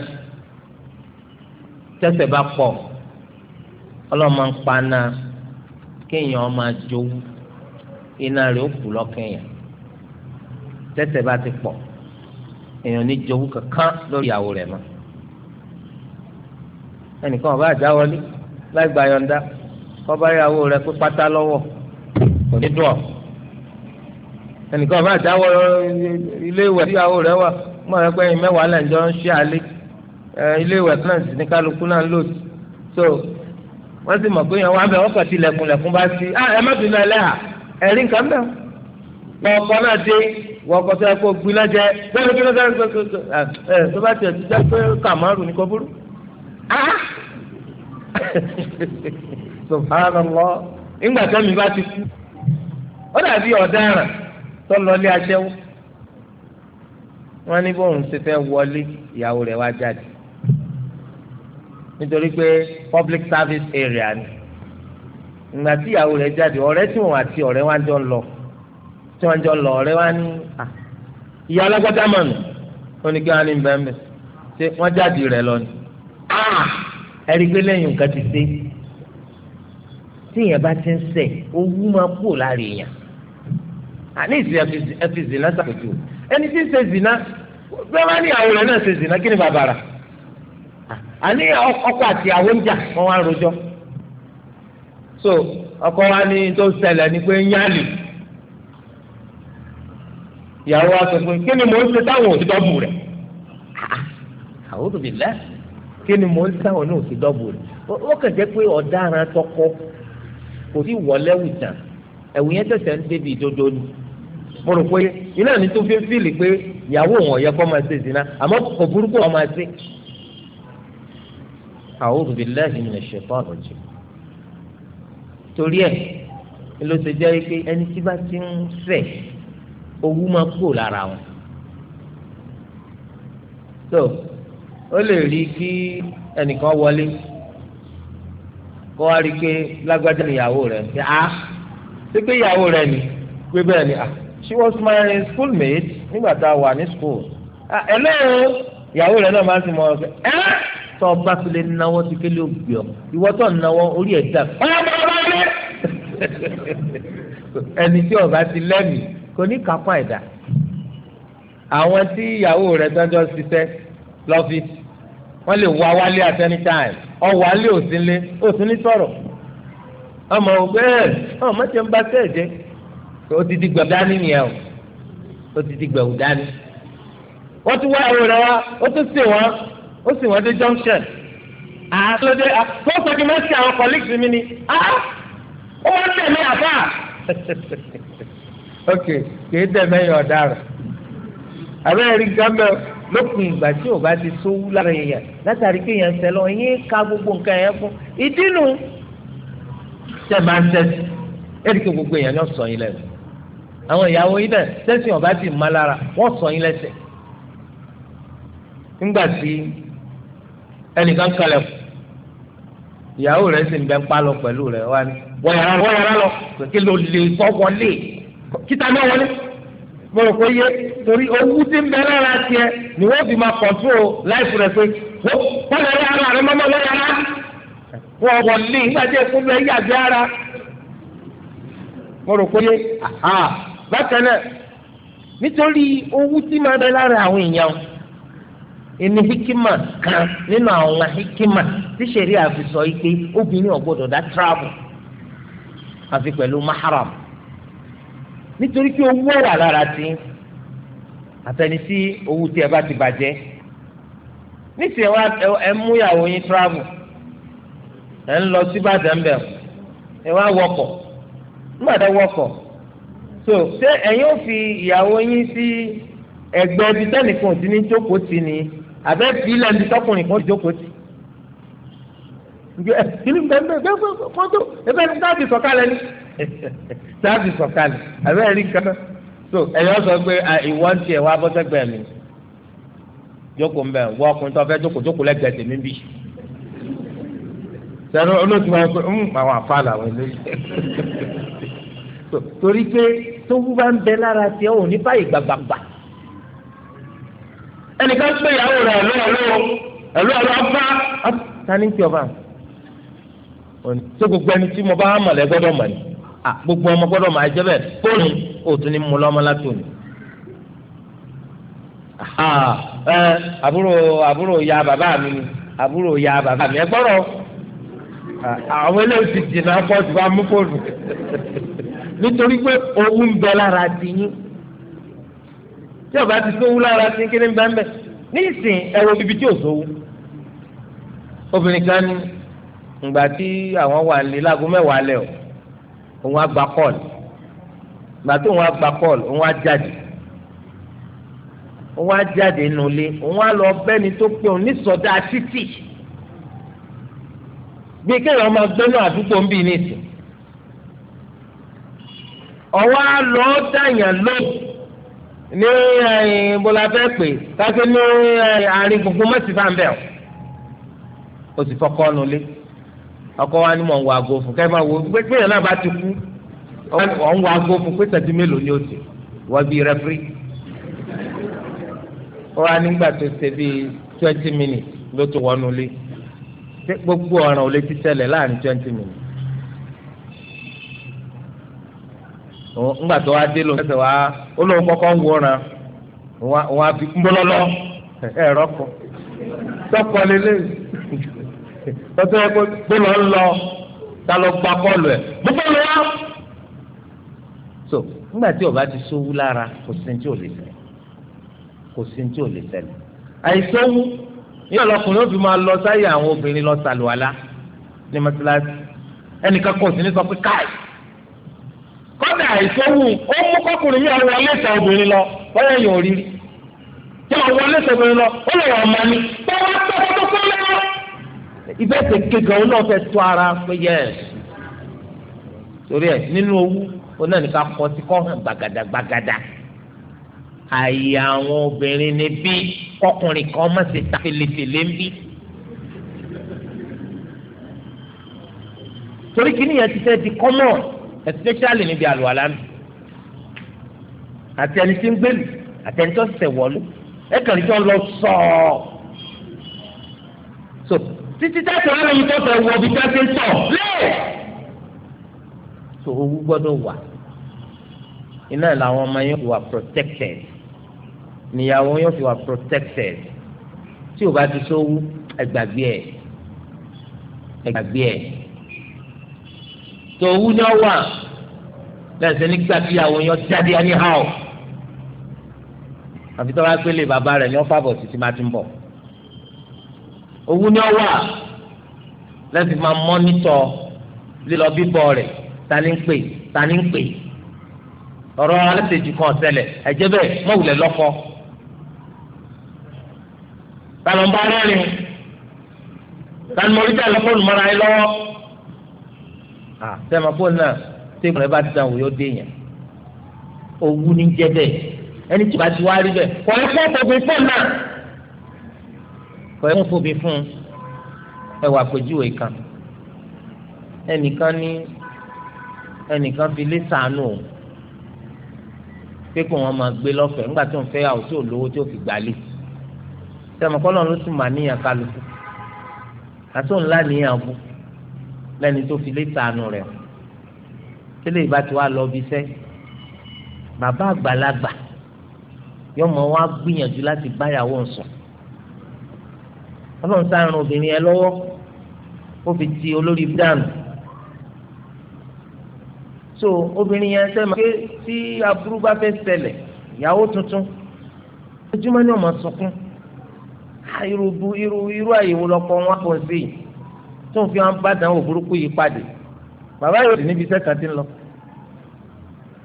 tẹ́sẹ̀ bá pọ̀ ọlọ́run máa ń pa náà kéèyàn máa jowú iná rẹ̀ ó kù lọ́kẹ́yàn tẹ́sẹ̀ bá ti pọ̀ èèyàn ní jowú kankan lórí ìyàwó rẹ̀ mọ́ ẹnìkan ọba àjáwọlé láì gba yọ̀ǹda kọ́ba ìyàwó rẹ̀ pé pátá lọ́wọ́ kò ní dùn ọ́ ẹnìkan bá dáwọ́ ilé ìwẹ̀ ìyàwó rẹ̀ wà mọ̀ ẹ́ pé ẹ̀yin mẹ́wàá lẹ̀ ń jọ ń ṣe àlè ilé ìwẹ̀ náà sì ní kálukú náà lò so wọ́n sì mọ̀ pé yẹn wà bẹ́ẹ̀ wọ́n kàn ti lẹ̀kùn lẹ̀kùn bá sí ah, ẹ má bínú ẹlẹ́hà ẹ̀rí nǹkan bẹ́ẹ̀ ọkọ náà dé wọ́n kọ́ sẹ́yìn kó gbiná jẹ bẹ́ẹ̀ ni kí ah, tó bá tiẹ̀ ti jẹ́ pé kàmárù ní kò burú. Ah, subhanallah ńgbà tẹ́mi bá ti kú ó dàbí ọ̀daràn tó lọ lé aṣẹ́wó wọ́n ní bóun ṣe fẹ́ wọlé ìyàwó rẹ̀ wá jáde nítorí pé public service area ni ìgbà tí ìyàwó rẹ̀ jáde ọ̀rẹ́ tí wọ́n àti ọ̀rẹ́ wá jọ lọ tí wọ́n jọ lọ ọ̀rẹ́ wá ní ìyá ọlọ́gbọ́dá mọ̀nù ó ní kí wọ́n á ní bẹ́ẹ̀ mẹ́ ṣé wọ́n jáde rẹ̀ lọ ni ẹ̀rí pé lẹ́yìn nǹkan ti dé tí èèyàn bá ti ń sẹ̀ owó máa kú lára èèyàn àní ìsìn ẹ̀fì zìnà sàkójú ẹni tí ń ṣe zìnà bẹ́ẹ̀ bá ní àwọn rẹ̀ náà ṣe zìnà kí ni bàbá rà àní ọkọ àti àwọn ń jà wá rojọ́ so ọkọ wa ní tó ṣẹlẹ̀ ni pé ń yálì ìyàwó wa sọ pé kí ni mò ń ṣe táwọn òṣìṣẹ́ bù rẹ̀ àwọn òbí lẹ́sìn kí ni mò ń sáwọn náà sí dọ́bù rẹ̀ ó kàn jẹ́ pé ọ̀daràn tọkọ kò sí wọlé wùtà ẹ̀wù yẹn tẹ̀sẹ̀ ń débi ìdodo ni mo rò pé iná ní tó fi ń fìlì pé ìyàwó wọn yẹ kó máa ṣe zina àmọ́ kò burúkú wọn máa ṣe. a'udhu billahi minash shaitani rajim torí ẹ̀ ló ṣe jẹ́ pé ẹni tí bá ti ń fẹ̀ owó máa kúrò lára wọn. so ó lè rí kí ẹnìkan wọlé kó wá rí i pé lágbájá ni ìyàwó rẹ̀ ṣe á ṣe pé ìyàwó rẹ̀ ni pé bẹ́ẹ̀ ni à ah, she was my schoolmate nígbà tá a wà ní school ẹlẹ́rìí ah, ìyàwó rẹ̀ náà máa ń sìn mọ́ ọ ṣe eh, ẹ́ tọ́ ọba fi lè náwó ti kélé òbí ọ ìwọ tó náwó orí ẹ̀ dà ẹni tí ọba ti lẹ́mìí kò ní kápá ẹ̀dá àwọn tí ìyàwó rẹ̀ tọ́jọ́ ṣiṣẹ́ lọ́fíìsì wọ́n lè wá wálé at any time ọ̀wá lé òsínlé òsínlé sọ̀rọ̀ ọmọ ògbé ẹ̀ ọ̀ mọ̀tẹ́ ń bá tẹ̀ jẹ́ ó ti di gbẹ̀wù dání nìyẹn o ó ti di gbẹ̀wù dání wọ́n ti wá ẹ̀rọ rẹ̀ wá ó tún sè wọ́n ó sì wọ́n dé junction àtúndé àtúntò kí mẹ́sì àwọn colleagues mi ni ó wọ́n tẹ̀ mí àbá ok kì í tẹ̀ mẹ́yìn ọ̀daràn àbẹ́rẹ́ rí gámẹ́ o lópin ìgbà tí ò bá ti sówú lára èèyàn látàrí pé èèyàn sẹlọ ẹyìn ká gbogbo nǹkan yẹn fún ìdínú tẹ máa ń tẹsí ẹni pé gbogbo èèyàn yóò sọ yín lẹ́nu àwọn ìyàwó yín náà tẹsí ọba ti má lára wọn sọ yín lẹ́sẹ̀ nígbà tí ẹnìkan kalẹ̀ ìyàwó rẹ̀ sì ń bẹ ń pa lọ pẹ̀lú rẹ̀ wá yàrá lọ kí ló lè sọ wọlé kíta náà wọlé. mo rò pé yé torí owó tí ń bẹ lára ni wọ́n fi máa kọ̀ntró pé lọ ara rẹ̀ mọ́mọ́ lọ́yà rá yàgbé ara mo rò pé yé bákan náà nítorí tí hikima kan nínú hikima tí yìí pé obìnrin dá maharam. nítorí kí owó wà lára tí àtẹni tí owó tí ẹ bá ti bàjẹ́ nísìnyí wa ẹ mú ìyàwó yín travel ẹ ń lọ sí Ìbàdàn bẹ̀ ẹ wá wọkọ̀ nígbà tó so ṣé ẹ̀yin ò fi ìyàwó yín sí ẹgbẹ́ ibi tẹ́nìkan ò sí ní jókòó tì ní àbẹ́ fi ilẹ̀ ibi tọkùnrin kan jókòó tì ìgbẹ́ ìlú bẹ́ẹ̀ bẹ́ẹ̀ fọ́tò ẹgbẹ́ ní káàdì sọ̀kalẹ̀ ni sáàbì sọ̀kalẹ̀ àbẹ́rẹ́ rí kan so ẹ̀yọ́ sọ pé ìwọ ń tiẹ̀ wá bọ́sẹ̀gbẹ̀ mi jókòó ń bẹ̀ wọ́n ọkùnrin tó fẹ́ jókòó jókòó lẹ́gbẹ̀ẹ́ tèmi bì sẹ́nu olóòtú máa ń pè ń àwọn àfa làwọn eléyìí torí pé tó wú bá ń bẹ lára tiẹ̀ ò ní báyìí gbàgbàgbà ẹnìkan pé ìyàwó rẹ̀ ẹ̀lú ẹ̀lú ẹ̀lú ọba ta ni ń pè ọba ṣé gbogbo ẹni tí mo bá mọ̀ lẹ́gbọ́dọ̀ mọ̀ ni. Ah, gbogbo ọmọ gbọ́dọ̀ máa jẹ́ bẹ́ẹ̀ fóònù òtún ni mo lọ́mọ látòun. àbúrò àbúrò ya bàbá mi ni àbúrò ya bàbá mi ẹ gbọ́rọ̀ ah, àwọn eléyìí ti dìnnà pọ̀ ju bá mú fóònù nítorí pé owó ń bẹ lára ti yín tí ọba ti sówó lára ti kéde ń bẹ ń bẹ nísìn ẹ tí ò sówó obìnrin kan ní ìgbà tí àwọn wà lé láago mẹ́wàá lẹ́ o òun á gba kọ́ọ̀lù gbà tó òun á gba kọ́ọ̀lù òun á jáde òun á jáde nulẹ̀ òun á lọ bẹ́ni tó pé òun ní sọ̀dá títì bí kéèyàn máa gbẹ́nu àdúgbò ń bì nìsín ọwọ́ á lọ dàyàn lóògùn ní bọ́lá fẹ́ àárín gbogbo mọ́sífà ń bẹ̀ ọ́ o fọkọ́ nulẹ̀. ọkọ wa ni mò ń wọ aago fún wo pé yẹn náà bá ti kú ọ̀ ń wọ aago fún pé sẹ́tí mélòó ni ó ti wọ́n bí rẹ́fírí. ó wá nígbà tó ṣe bíi twenty minutes ló ti wọnú lé gbogbo ọ̀ràn ò lè ti láàrin twenty minutes. ló ń tọ́tọ́ yẹ kó gbé lọ ń lọ ta lọ gba bọ́ọ̀lù ẹ̀ gbogbo lọ wá. so nígbà tí ọba ti sówú lára kò sí ní tí ò lè ṣẹlẹ̀ kò sí ní tí ò lè ṣẹlẹ̀ àìsówú ní ọlọkùnrin ó fi máa lọ sáyé àwọn obìnrin lọ sàlùwàlá ní mọ́tíláṣí ẹnìkan kò sí ní sọ pé káì kọ́dà àìsówú ó mú kọ́kùnrin yìí àwọn ọlẹ́ obìnrin lọ wọ́n yẹ yàn rí tí àwọn ọlẹ́ obìnrin lọ ó lè ìfẹ́ ṣe kéka òun náà fẹ́ tó ara pé yẹs torí ẹ nínú owó òun náà nìkan kọ sí kọ́ hàn gbàgàdà gbàgàdà àyè àwọn obìnrin ni bí kọkùnrin kan má ṣe ta fèlèfèlè ń bí. torí kí nìyẹn ti fẹ́ di common especially níbi àlùwàlá mi àti ẹni tí ń gbèlú àti ẹni tó ṣẹ̀ wọ̀lú ẹ kàn jọ lọ sọ̀ọ́ títí tẹ́tù ara yìí tó fẹ́ wọ ibi tẹ́tù tọ̀ lẹ́ẹ̀. so owó gbọ́dọ̀ wà iná làwọn ọmọ yóò fi wà protected níyàwó yóò fi wà protected tí o bá ti sówó ẹgbàgbé ẹ ẹgbàgbé ẹ tó owó ni ọ wà lẹ́sẹ̀ nígbà tí ìyàwó yóò jáde anyhow àfi tó bá gbélé bàbá rẹ̀ ni wọ́n fàbọ̀ títí má ti ń bọ̀ owó ni ọ wà lẹ́sìn máa mọ́nítọ̀ lílọ bíbọ̀ rẹ̀ ta ni ń pè ta ni ń pè ọ̀rọ̀ alẹ́sẹ̀jù kan ṣẹlẹ̀ ẹ̀jẹ̀ bẹ́ẹ̀ mọ̀wùlẹ̀ lọ́kọ́ talọ̀nba rẹ́rìn tanimọ̀rí tẹ̀ lọ́kọ́ olùmọ̀ra yín lọ́wọ́ sẹ́mi àpò náà tẹ́kùn rẹ̀ bá ti dàn wò yóò dé yẹn owó ni ń jẹ́ bẹ́ẹ̀ ẹni tí o bá ti wá rí bẹ́ẹ̀ kọ́ ẹ̀kọ́ ọ̀pọ̀ kọ́ ẹ̀ ń fòbi fún ẹ wà pèjúwe kan ẹnìkan ní ẹnìkan fi lé sànù o pé kò wọ́n máa gbé lọ́fẹ̀ẹ́ nígbà tó ń fẹ́ yàwó tí ò lówó tí ò fi gbálé sẹ́mọ̀kọ́lọ́ ló sì mà níyàn kálukú àti òun láníyàn bú lẹ́ni tó fi lé sànù rẹ̀ tẹ́lẹ̀ ìbá ti wá lọ bí sẹ́ bàbá àgbàlagbà yọmọ wa gbìyànjú láti báyàwó sùn ọlọ́run sáárùn obìnrin yẹn lọ́wọ́ ó fi ti olórí dànù so obìnrin yẹn sẹ́mi pé tí aburú bá fẹ́ ṣẹlẹ̀ ìyàwó tuntun ojúmọ́ ni ọmọ sunkún ah, irú irú irú àyèwò lọ́pọ̀ wọn pọ̀ sí i tó ń fi wọn bá dánwò burúkú yìí pàdé bàbá yóò dì níbi iṣẹ́ ti ń lọ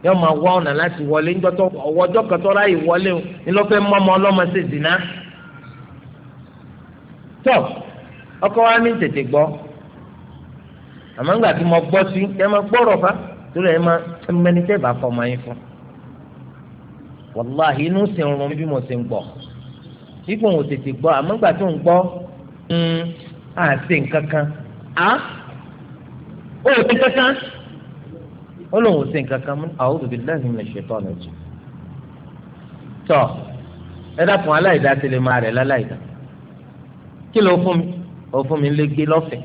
yóò máa wá ọ̀nà láti wọlé ńjọ́ tó ọwọ́ ọjọ́ wọlé o ní ló fẹ́ ọlọ́mọ sí ìdìnnà tọ́ ọkọ wa ní tètè gbọ́ àmọ́ ńgbà tí mo gbọ́ sí ẹ máa gbọ́rọ̀ fa torí ẹ máa mẹni tẹ́ bá fọmọ yín fún wàláhì inú sì ń rún bí mo sì ń gbọ́ ipò òun tètè gbọ́ àmọ́ ńgbà tí òun gbọ́ àti hmm, nǹkan kan á ó ti kankan ó lóun ò sí nǹkan kan mú a'udhu billahi minash shaitani rajim tọ́ ẹ dákun aláìdá tẹlẹ máa rẹ̀ láláìdá kí ló fún mi ó fún mi lége lọ́fẹ̀ẹ́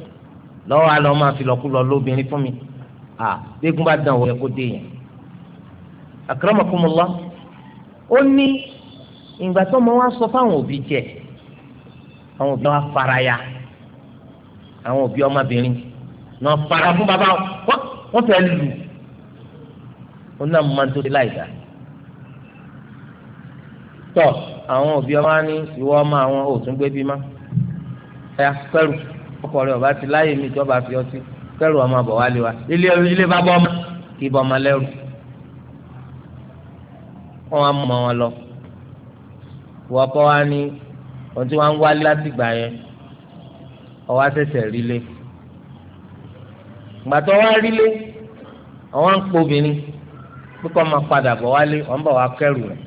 lọ́wọ́ àlọ́ máa fi lọ́kùlọ́ lóbìnrin fún mi à gbégún bá dàn wọ́n yẹ kó dé yẹn. akramakumullah ó ní ìgbà tó mo wá sọ fáwọn òbí jẹ àwọn òbí wa faraya àwọn òbí ọmọbìnrin náà fara fún bàbá wọn fẹẹ lù ó náà máa ń tó dé láì dáa tọ àwọn òbí wa ní ìwọ ọmọ àwọn ò gbé bí má ẹ̀yà pẹ́rù ọkọ rẹ̀ ọba ti láyé mi ìjọba fi ọtí pẹ́rù ọmọ bọ̀ wá lé wa ilé ilé bá bọ́ ọmọ kì í bọ́ ọmọ lẹ́rù wọ́n á mọ wọn lọ wọ́n kọ́ wa ní ohun tí wọ́n ń wálé láti yẹn ọwọ́ àṣẹ̀ṣẹ̀ rílé gbàtọ́ wa rílé àwọn ń pọ obìnrin pé kọ́ máa padà bọ̀ wálé ọ̀n bọ̀ wá kẹ́rù rẹ̀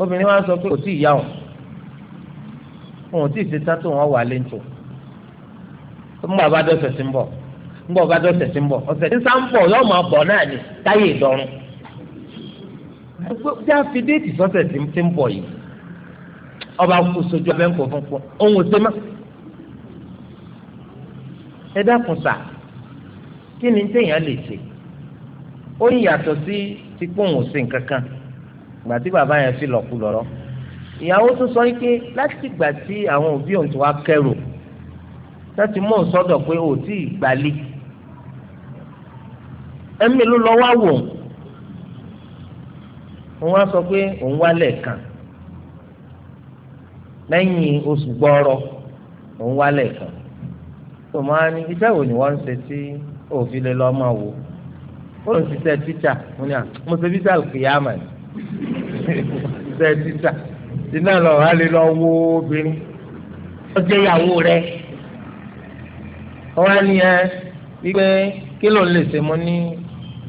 obìnrin wa sọ pé kò sí ìyá òun wọn ò tí ì ṣe tátó wọn wà lẹ́ńtò ńgbà bá dọ̀sẹ̀ sí ń bọ̀ ńgbà bá dọ̀sẹ̀ sí ń bọ̀ ọ̀sẹ̀ tí sáńpọ̀ yóò máa bọ̀ náà ni táyé ìdọ̀rùn. já fi déètì sọ́sẹ̀ tí ń bọ̀ yìí ọba kù sójú abẹ́ ń kó fún pọ̀ òun ò ṣe má. ẹ dákun sà kí ni téèyàn lè ṣe ó yàtọ̀ sí tipóhùn òsìn kankan gbàtí bàbá yẹn fi lọ̀kú lọ́rọ́ ìyàwó tún sọ pé láti ìgbà tí àwọn òbí òun ti wá kẹrù láti mú òun sọ́dọ̀ pé ò tí ì gbalé ẹ̀mí ló lọ wá wò òun wá sọ pé òun wá lẹ́ẹ̀kan lẹ́yìn oṣù gbọ́ọ́rọ́ òun wá lẹ́ẹ̀kan tó máa ní iṣẹ́ wo ni wọ́n ń ṣe tí òfin lè lọ́ọ́ máa wò ó ń ṣiṣẹ́ tíṣà mo ní à mo ṣe bí sàlùkìyàmà ni ṣiṣẹ́ tíṣà iná lọ wà lè lọ wo obìnrin ọjọ́ ìyàwó rẹ ọwọ́ ni ẹ wípé kí ló ń lè ṣe mọ́ ní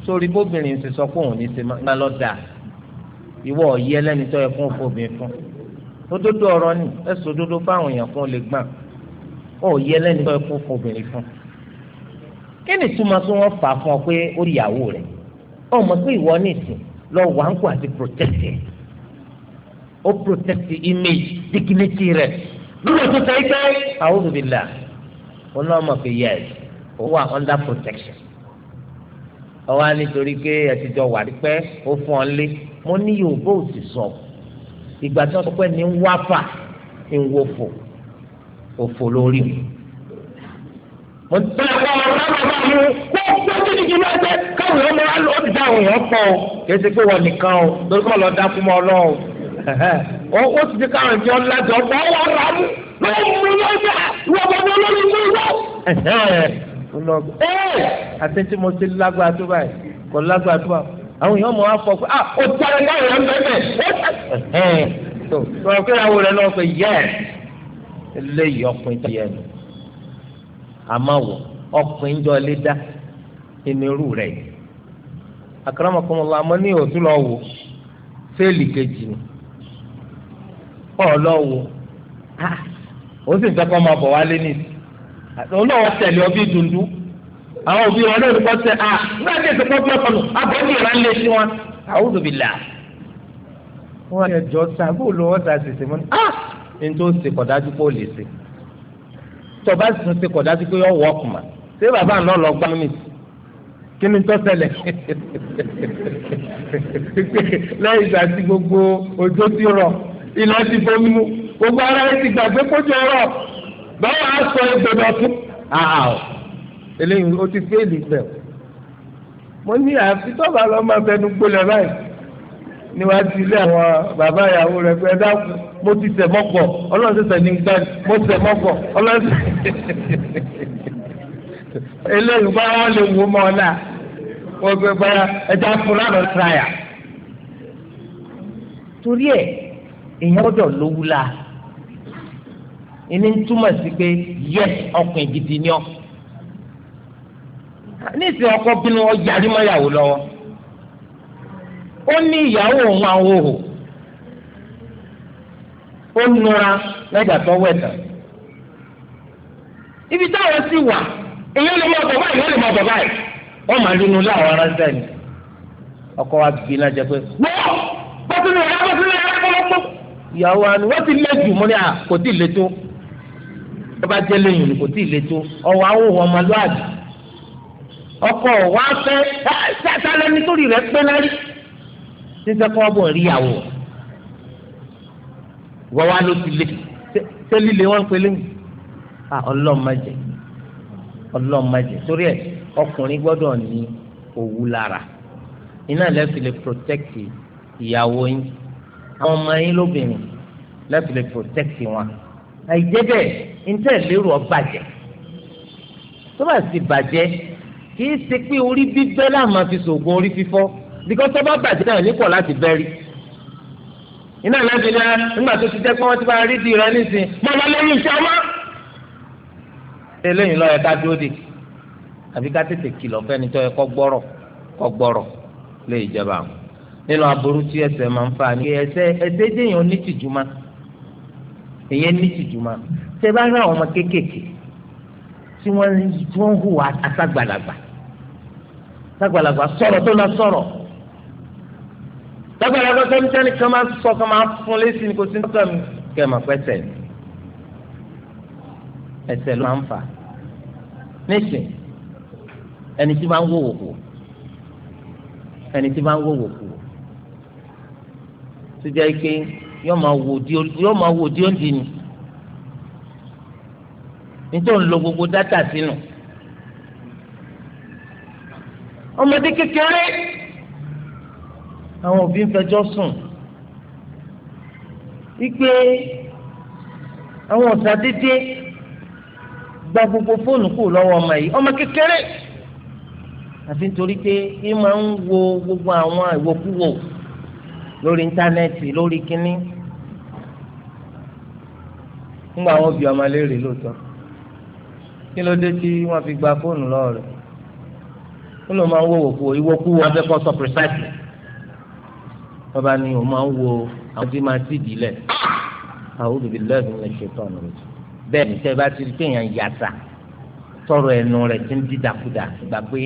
sórí bóbìnrin ṣe sọ pé òun ní ṣe máa lọ dà ìwọ ọ̀yẹ́ lẹ́ni tó yẹ fún òfòbìnrin fún òdodo ọ̀rọ̀ ni ẹ̀sùn òdodo fáwọn èèyàn fún olè gbà ọ̀yẹ́ lẹ́ni tó yẹ fún òfòbìnrin fún kí ni túmọ̀ tí wọ́n fà fún ọ pé ó rí ìyàwó rẹ̀ ọmọ pé ìwọ ní ìsìn lọ wà ń kó àti protect it O protect image dignity rẹ̀ lórí tó sẹ́yìn pé a'udhu billah òun náà mọ̀ pé yes ó wà under protection ọwọ́ nítorí pé ẹtìjọ wà rí pé ó fún ọ lé mo ní Yorùbá ò sì sọ ìgbà tí wọ́n sọ pé ní wá fà ń wo fò òfò lórí mi. mo ń tẹ́lẹ̀ kọ́ ọ̀rọ̀ náà bàbá mi kó kó jìjì náà jẹ́ káwọn ọmọ wa lọ́ọ́ yẹn pọ̀ o kì í pé wọ́n nìkan o lórí kọ́ lọ́ọ́ dákú mọ́ ọlọ́run ó sì ti káwọn ìjọ lájọ bọ́ wà rà mú ló mú lọ́jà wọ́n bọ́ bọ́ lórí mú lọ. àti tí mo ti lágbára tó báyìí kò lágbára tó báyìí àwọn èèyàn mọ̀ wá pé ah o tẹ̀lé náà rẹ̀ ń bẹ̀rẹ̀. sọ̀rọ̀ pé àwọn rẹ̀ náà fẹ́ yẹ eléyìí ọkùnrin tó yẹ nù àmọ́ wọ̀ ọkùnrin jọ lé dá ẹni irú rẹ̀ yìí ní òtún lọ wò fẹ́ẹ̀lì kejì ni ọlọ́wọ́ ó sì fẹ́ kọ́ máa bọ̀ wálé ní olówó tẹ̀lé ọbí dundú àwọn òbí wọn lórí kọ́ tẹ à nígbà tí èsì pọ́pọ́ ọkọ̀ nù abọ́dé ìran lé sí wọn àwùjọ bí là. wọn yẹ jọ sá bó lọ wọn sá sèse mọ ní à ní tó ṣe kọ̀dájú pé ó lè ṣe tọba sì tún ṣe kọ̀dájú pé ó wọ ọkùnrin ṣé bàbá náà lọ gbá mi kí ni tó ṣẹlẹ̀ lẹ́yìn ìgbà tí gbogbo ọjọ́ ti rọ̀ ilẹ̀ ti bomi mu gbogbo ara yẹn ti gbàgbé kójú ọ̀rọ̀ báwo á sọ ìgbọ̀dọ̀ fún. eléyìí o ti fẹ́ẹ̀lì bẹ̀ mo ní àfi tọ́ba lọ máa bẹnu gbolẹ̀ báyìí níwájú ilé àwọn bàbá ìyàwó rẹ pé ẹ dákun mo ti tẹ̀ mọ́kọ̀ ọlọ́run ṣẹ̀ṣẹ̀ ní gbà mo tẹ̀ mọ́kọ̀ ọlọ́run eléyìí báwa lè wò mọ́ ọ náà wọ́n gbé báyà ẹ dákun lánàá tíráyà torí ẹ̀ èèyàn gbọ́dọ̀ lówú la ìní túmọ̀ sí pé yẹs ọkùnrin gidi ni ọ níìsín ọkọ bínú ọjàrí mọ́yàwó lọ́wọ́ ó ní ìyàwó òun àwọn òhò ó nura lẹ́jà tó wẹ̀ ibi táwọn sì wà èèyàn lè mọ ọ̀dọ̀ báyìí wọ́n lè mọ ọ̀dọ̀ báyìí wọ́n máa láwọn ọkọ wa bí lájẹ pé ìyàwó wa ni wọ́n ti lé jù mọ́ ní à kò tí ì lé tó tó bá jẹ́ lẹ́yìn ni kò tí ì lé tó ọwọ́ àwọn òhun ọmọlúwàbí ọkọ wa fẹ́ sátálẹ́ nítorí rẹ̀ pé náírà sísẹ́ kọ́ bọ̀ rí ìyàwó wọ́n wá ló ti lé ṣé líle wọ́n ń pelé mi à ọlọ́mọdé ọlọ́mọdé torí ẹ̀ ọkùnrin gbọ́dọ̀ ní òwú lára iná lẹ́sìn lè protect ìyàwó yín àwọn ọmọ yín lóbìnrin láti lè protect wọn àìjẹ́ bẹ́ẹ̀ ntẹ lérò ọ bàjẹ́ tó bá sì bàjẹ́ kì í ṣe pé orí bíbẹ́ la máa fi ṣògùn orí fífọ́ bíkọ́ tó bá bàjẹ́ náà nípò láti bẹ́rí iná láti ní nígbà tó ti jẹ́ pé wọ́n ti bá rí di rẹ nísìn mọ́mọ́ lẹ́yìn iṣẹ́ ọmọ. eléyìí lọ́ọ́ yẹ ká dúró de àbí ká tètè kìlọ̀ fẹ́ni tó yẹ kó gbọ́rọ̀ kó gbọ́rọ̀ lé ìjọba àwọn nínú aburú tí ẹsẹ̀ máa ń fa ni ẹsẹ̀ ẹsẹ̀ déyàn onítìjúmá èyàn onítìjúmá tẹ bá rí àwọn ọmọ kéékèèké tí wọ́n ń hùwà àtàgbàlagbà àtàgbàlagbà sọ̀rọ̀ tó lọ sọ̀rọ̀ tàgbàlagbà tó ń tẹ́ni kan máa sọ kan máa fún lẹ́sìn ní kò sí nípa mi kẹ́ ẹ̀ máa pẹ́ tẹ̀ ẹsẹ̀ ló máa ń fà nísìn ẹni tí máa ń wò wò kù ẹni tí máa ń wò wò kù tó jẹ́ pé yóò máa wò di yóò máa wò di òǹdí ni nítorí ń lo gbogbo dátà sínú ọmọdé kékeré àwọn òbí ń fẹjọ́ sùn wípé àwọn ọ̀sà dédé gba gbogbo fóònù kù lọ́wọ́ ọmọ yìí ọmọ kékeré àfi nítorí pé yín máa ń wo gbogbo àwọn ìwòkúwò lórí íńtánẹ́ẹ̀tì lórí kínní ńgbà wọn bí ọmọ léèrè lóòótọ́ kí ló dé tí wọ́n fi gba fóònù lọ́wọ́ rẹ̀ ó ló máa ń wòwò kú ìwòkú wọn fẹ́ kọ́ sọ pírísáìtì bàbá ni òun máa ń wo àwọn tí máa ti dìílẹ̀ àwọn olùbílẹ̀ ìlú lè ṣe tọ̀nù rẹ̀ bẹ́ẹ̀ ni tẹ́ bá ti rí kéèyàn yàtà tọrọ ẹnu rẹ̀ ti ń dídàkudà gbà pé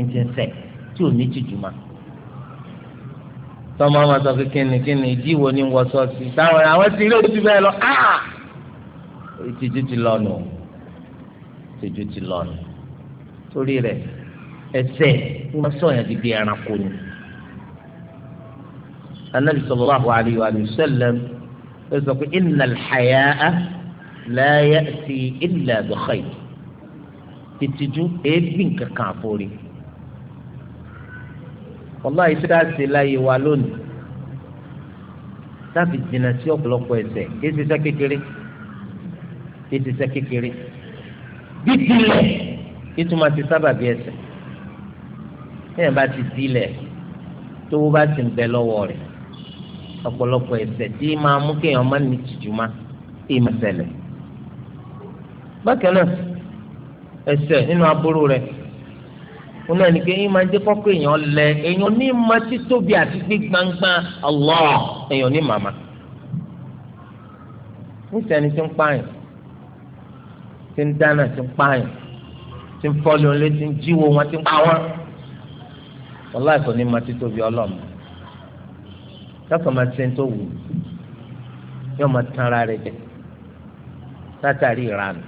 ń ti ń sẹ̀ tí ò ní tìjú máa tọmọ ọmọ sọ pé kíni kíni ìdí wo ni wọ sọọsì táwọn àwọn ti rí ojú bẹ́ẹ̀ lọ áà ah! ìtìjú ti lọ nù ìtìjú ti lọ nù torí rẹ̀ ẹsẹ̀ wọn sọ yẹn di bí ẹranko ni anabi sallallahu alayhi wa sallam ẹ sọ pé innal haya'a la ya'ti illa bi khayr ìtìjú èébì kankan àforí wàlá yìí tá a ṣe láyé wa lónìí láti jìnnà sí ọ̀pọ̀lọpọ̀ ẹ̀ṣẹ̀ kí ti sẹ́ kékeré kí ti sẹ́ kékeré dídìlẹ̀ kí tó máa ti sábà bí ẹ̀ṣẹ̀ ẹ̀yìn bá ti dilẹ̀ tó bá ti ń bẹ lọ́wọ́ rẹ̀ ọ̀pọ̀lọpọ̀ ẹ̀ṣẹ̀ tí máa mú kéèyàn má ní tìjú má bákan náà ẹ̀ṣẹ̀ nínú aburú rẹ̀ wọn náà ní pé eyín máa ń jẹ́ kọ́kọ́ èèyàn lẹ èèyàn ní ma ti tóbi àti gbé gbangba Allah èèyàn ní màmá níṣẹ́ ni ti ń pààyàn ti ń dáná ti ń pààyàn ti ń fọ́lé olé ti ń jíwo wọn ti ń pa wọn wàláì kò ní ma ti tóbi ọlọ́mọ káfọ́ máa ṣe ń tó wù yóò máa tán ara rẹ̀ jẹ látàrí ìranù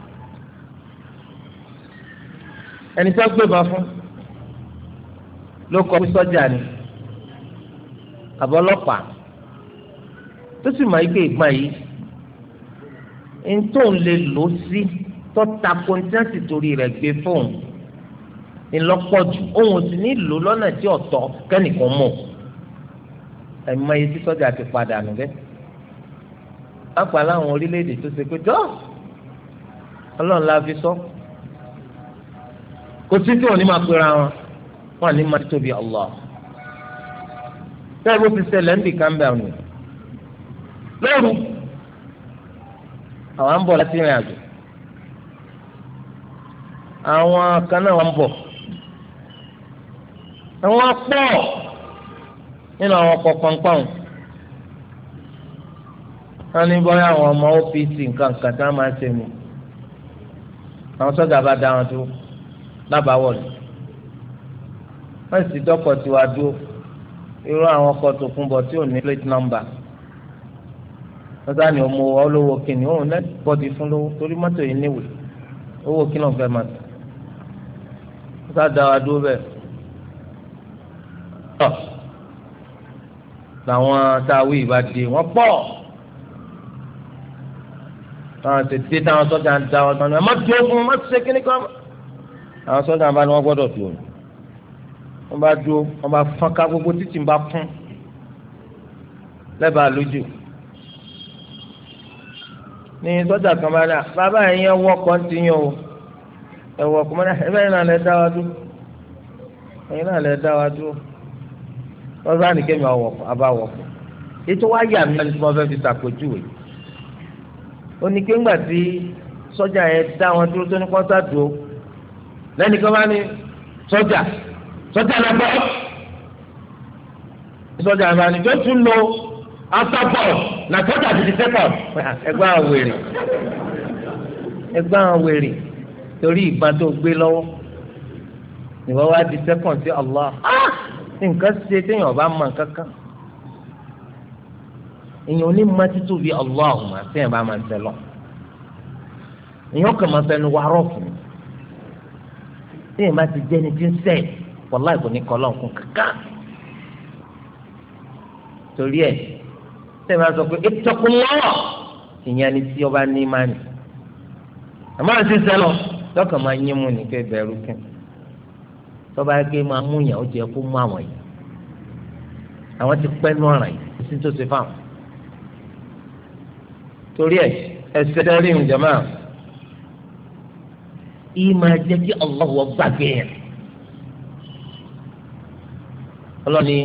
ẹni tó gbé ba fún ló kọ pé sọ́jà ni àbọ̀lọ́pàá tó sì máa ike ìgbà yìí ń tó ń lè lò ó sí tó ta kọ́ńtẹ́ǹtì torí rẹ̀ gbé fóun ńlọ́pọ̀jù òun sì ní lò lọ́nà tí ọ̀tọ̀ kẹ́nìkan mọ̀ ẹ̀mí máa yẹ sí sọ́jà ti padà nù bẹ́ẹ̀ apá láwọn orílẹ̀-èdè tó ṣe pé tọ́ ọlọ́run la fi sọ kò sí tí òun ní máa pera wọn wọn ní ma tóbi Allah sẹ́yìn bó ti ṣẹlẹ̀ ń bì ká ń bẹ̀ ọ̀nù lóru àwọn à ń bọ̀ láti rìn àjò àwọn kan náà wà ń bọ̀ àwọn pọ̀ nínú àwọn ọkọ̀ pọ̀npọ̀n wọn ní bọ́lá àwọn ọmọ ọ́fíìsì nǹkan kan tá a máa ṣe mu àwọn sọ́jà bá da wọn tó lábàáwọ̀ ni wọ́n sì dọ́kọ̀ tiwa dúró irú àwọn ọkọ̀ tó kún bọ̀ tí ò ní plate number lọ́sàn-án ni ọmọ olówó kìnnì òun náà bọ́dì fún lówó torí mọ́tò yìí níwè owó kìnnà fẹ́ máa tẹ̀ lọ́sàn-án dá wa dúró bẹ́ẹ̀ tọ́ làwọn táwí ìbá di wọ́n pọ̀ àwọn tètè táwọn sọ́jà ń dá wọn tán ẹ má dúró fún wọn má ṣe kíní kan àwọn sọ́jà ń bá ní gbọ́dọ̀ fi òun wọ́n bá dúró wọ́n bá fọ́nká gbogbo títì ń bá kún lẹ́bàá lójú ní sọ́jà kan bá dà bàbá yẹn wọ́ kọ́ńtì yẹn o ẹ̀wọ̀ kọ́ mọ́nà ẹ̀fẹ́ yẹn náà lẹ́ dá wa dúró ẹ̀yin náà lẹ́ dá wa dúró wọ́n bá nìkẹ́ mi ọ̀wọ̀ abáwọ̀ kọ́ ètò wa yà mí tí wọ́n fẹ́ fi ṣàpèjúwe ó ní tí sọ́jà yẹn dá wọn dúró tó ní kọ́ńtà dúró lẹ́nìkan bá ní sọ́jà sọ́jà lọ bọ́ sọ́jà lọ ní jọ́tú lo after ball na sọ́jà ti di second ẹgbẹ́ àwọn wèrè ẹgbẹ́ àwọn wèrè torí ìbọn tó gbé lọ́wọ́ ìwọ wá di second sí Allah ah! nǹkan ṣe téèyàn bá mọ nǹkan kan èèyàn ní ma títú bíi Allah ọ̀hún àtẹ̀yìn bá máa ń tẹ̀ lọ èèyàn kàn máa fẹnu wá rọ̀ fún un téèyàn bá ti jẹ́ ni ti ń sẹ́yìn wàláì kò ní kọ́ lọ́n kún kankan torí ẹ̀ sẹ́yìn bá sọ pé ètòkùn lọ́wọ́ ìyẹn ni tí ọba ní máa nì àmọ́ àti sẹ́lọ̀ lọ́kàn máa yín mu nìkẹ́ bẹ̀rù kẹ́ tọ́ba ké máa mú yàn ó jẹ́ kó mú àwọn yìí àwọn ti pẹ́ nù ọ̀ràn yìí sí tó ṣe fáwọn torí ẹ ẹsẹ dárí ìjọba yìí máa jẹ kí ọlọ́wọ́ gbàgbé yẹn ọlọ́ni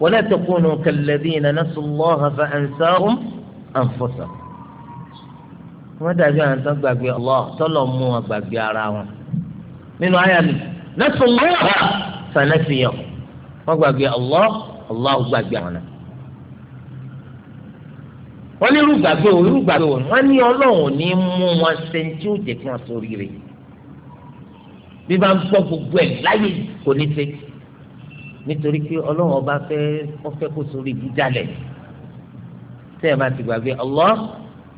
wala takunu kalladhina nasullaha fa ansahum anfusahum wọ́n dàbí àwọn tó gbàgbé Allah tọ́lọ̀ mú wọn gbàgbé ara wọn nínú àyà mi nasullaha fa nasiyahum wọ́n gbàgbé Allah Allah gbàgbé àwọn náà wọ́n ní irú gbàgbé wo irú gbàgbé wo wọ́n ní ọlọ́run ní mú wọn ṣe tí ó jẹ́ kí wọ́n sórí rẹ̀ bí bá ń gbọ́ gbogbo ẹ̀ láyé kò ní ṣe nítorí pé ọlọ́run ọba fẹ́ ọfẹ́ kó sórí ibi jalẹ̀ tẹ́ ẹ̀ bá ti gbàgbé Allah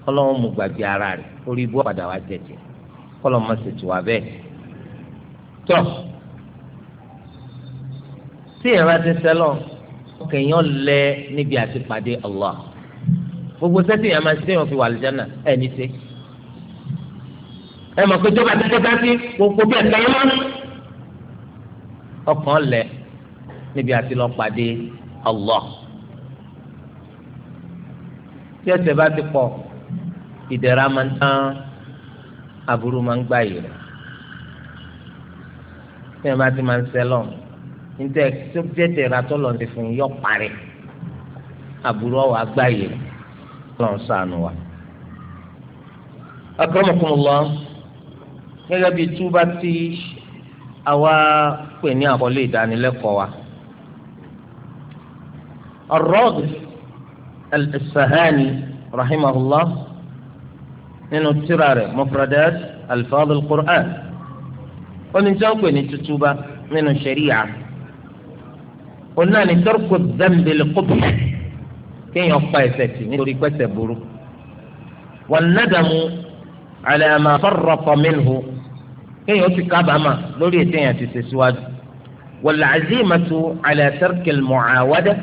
ọlọ́run mú gbàgbé ara rẹ̀ orí ibú ọ̀padà wa jẹ̀jẹ̀ kọ́lọ́mọ sì tù wá bẹ́ẹ̀. tọ́ tí ẹ̀ bá ti sẹ́lọ̀ kẹ̀yìn lẹ níbi àti pàdé Allah gbogbo sẹ́tì yẹn máa ṣe téèyàn fi wà lìjánà ẹ̀ ní ṣe. ẹ mọ̀ pé jọba tẹ́tẹ́ bá sí gbogbo bí ẹ̀ níbi àti lọ pàdé Allah tí ẹ̀ṣẹ̀ bá ti pọ̀ ìdẹ̀ra máa ń tán aburú máa ń gbà yìí rẹ̀ tí ẹ̀ bá ti máa ń sẹ́lọ̀ níta tó jẹ́ tẹ̀ra tó lọ sí fún yọ parí aburú ọ̀wà gbà yìí rẹ̀ lọ́n sànù wa. akramakumullah gẹ́gẹ́ bíi túbá tí àwa pè ní àkọlé ìdánilẹ́kọ̀ọ́ wa. الراغب الاصفهاني رحمه الله من اضطرار مفردات الفاظ القران ومن تنقل التتوبة من الشريعة قلنا لترك الذنب لقبح كي يقفى يساتي من بورو والندم على ما فرط منه كي يوتك أبعما لوري تنية والعزيمة على ترك المعاودة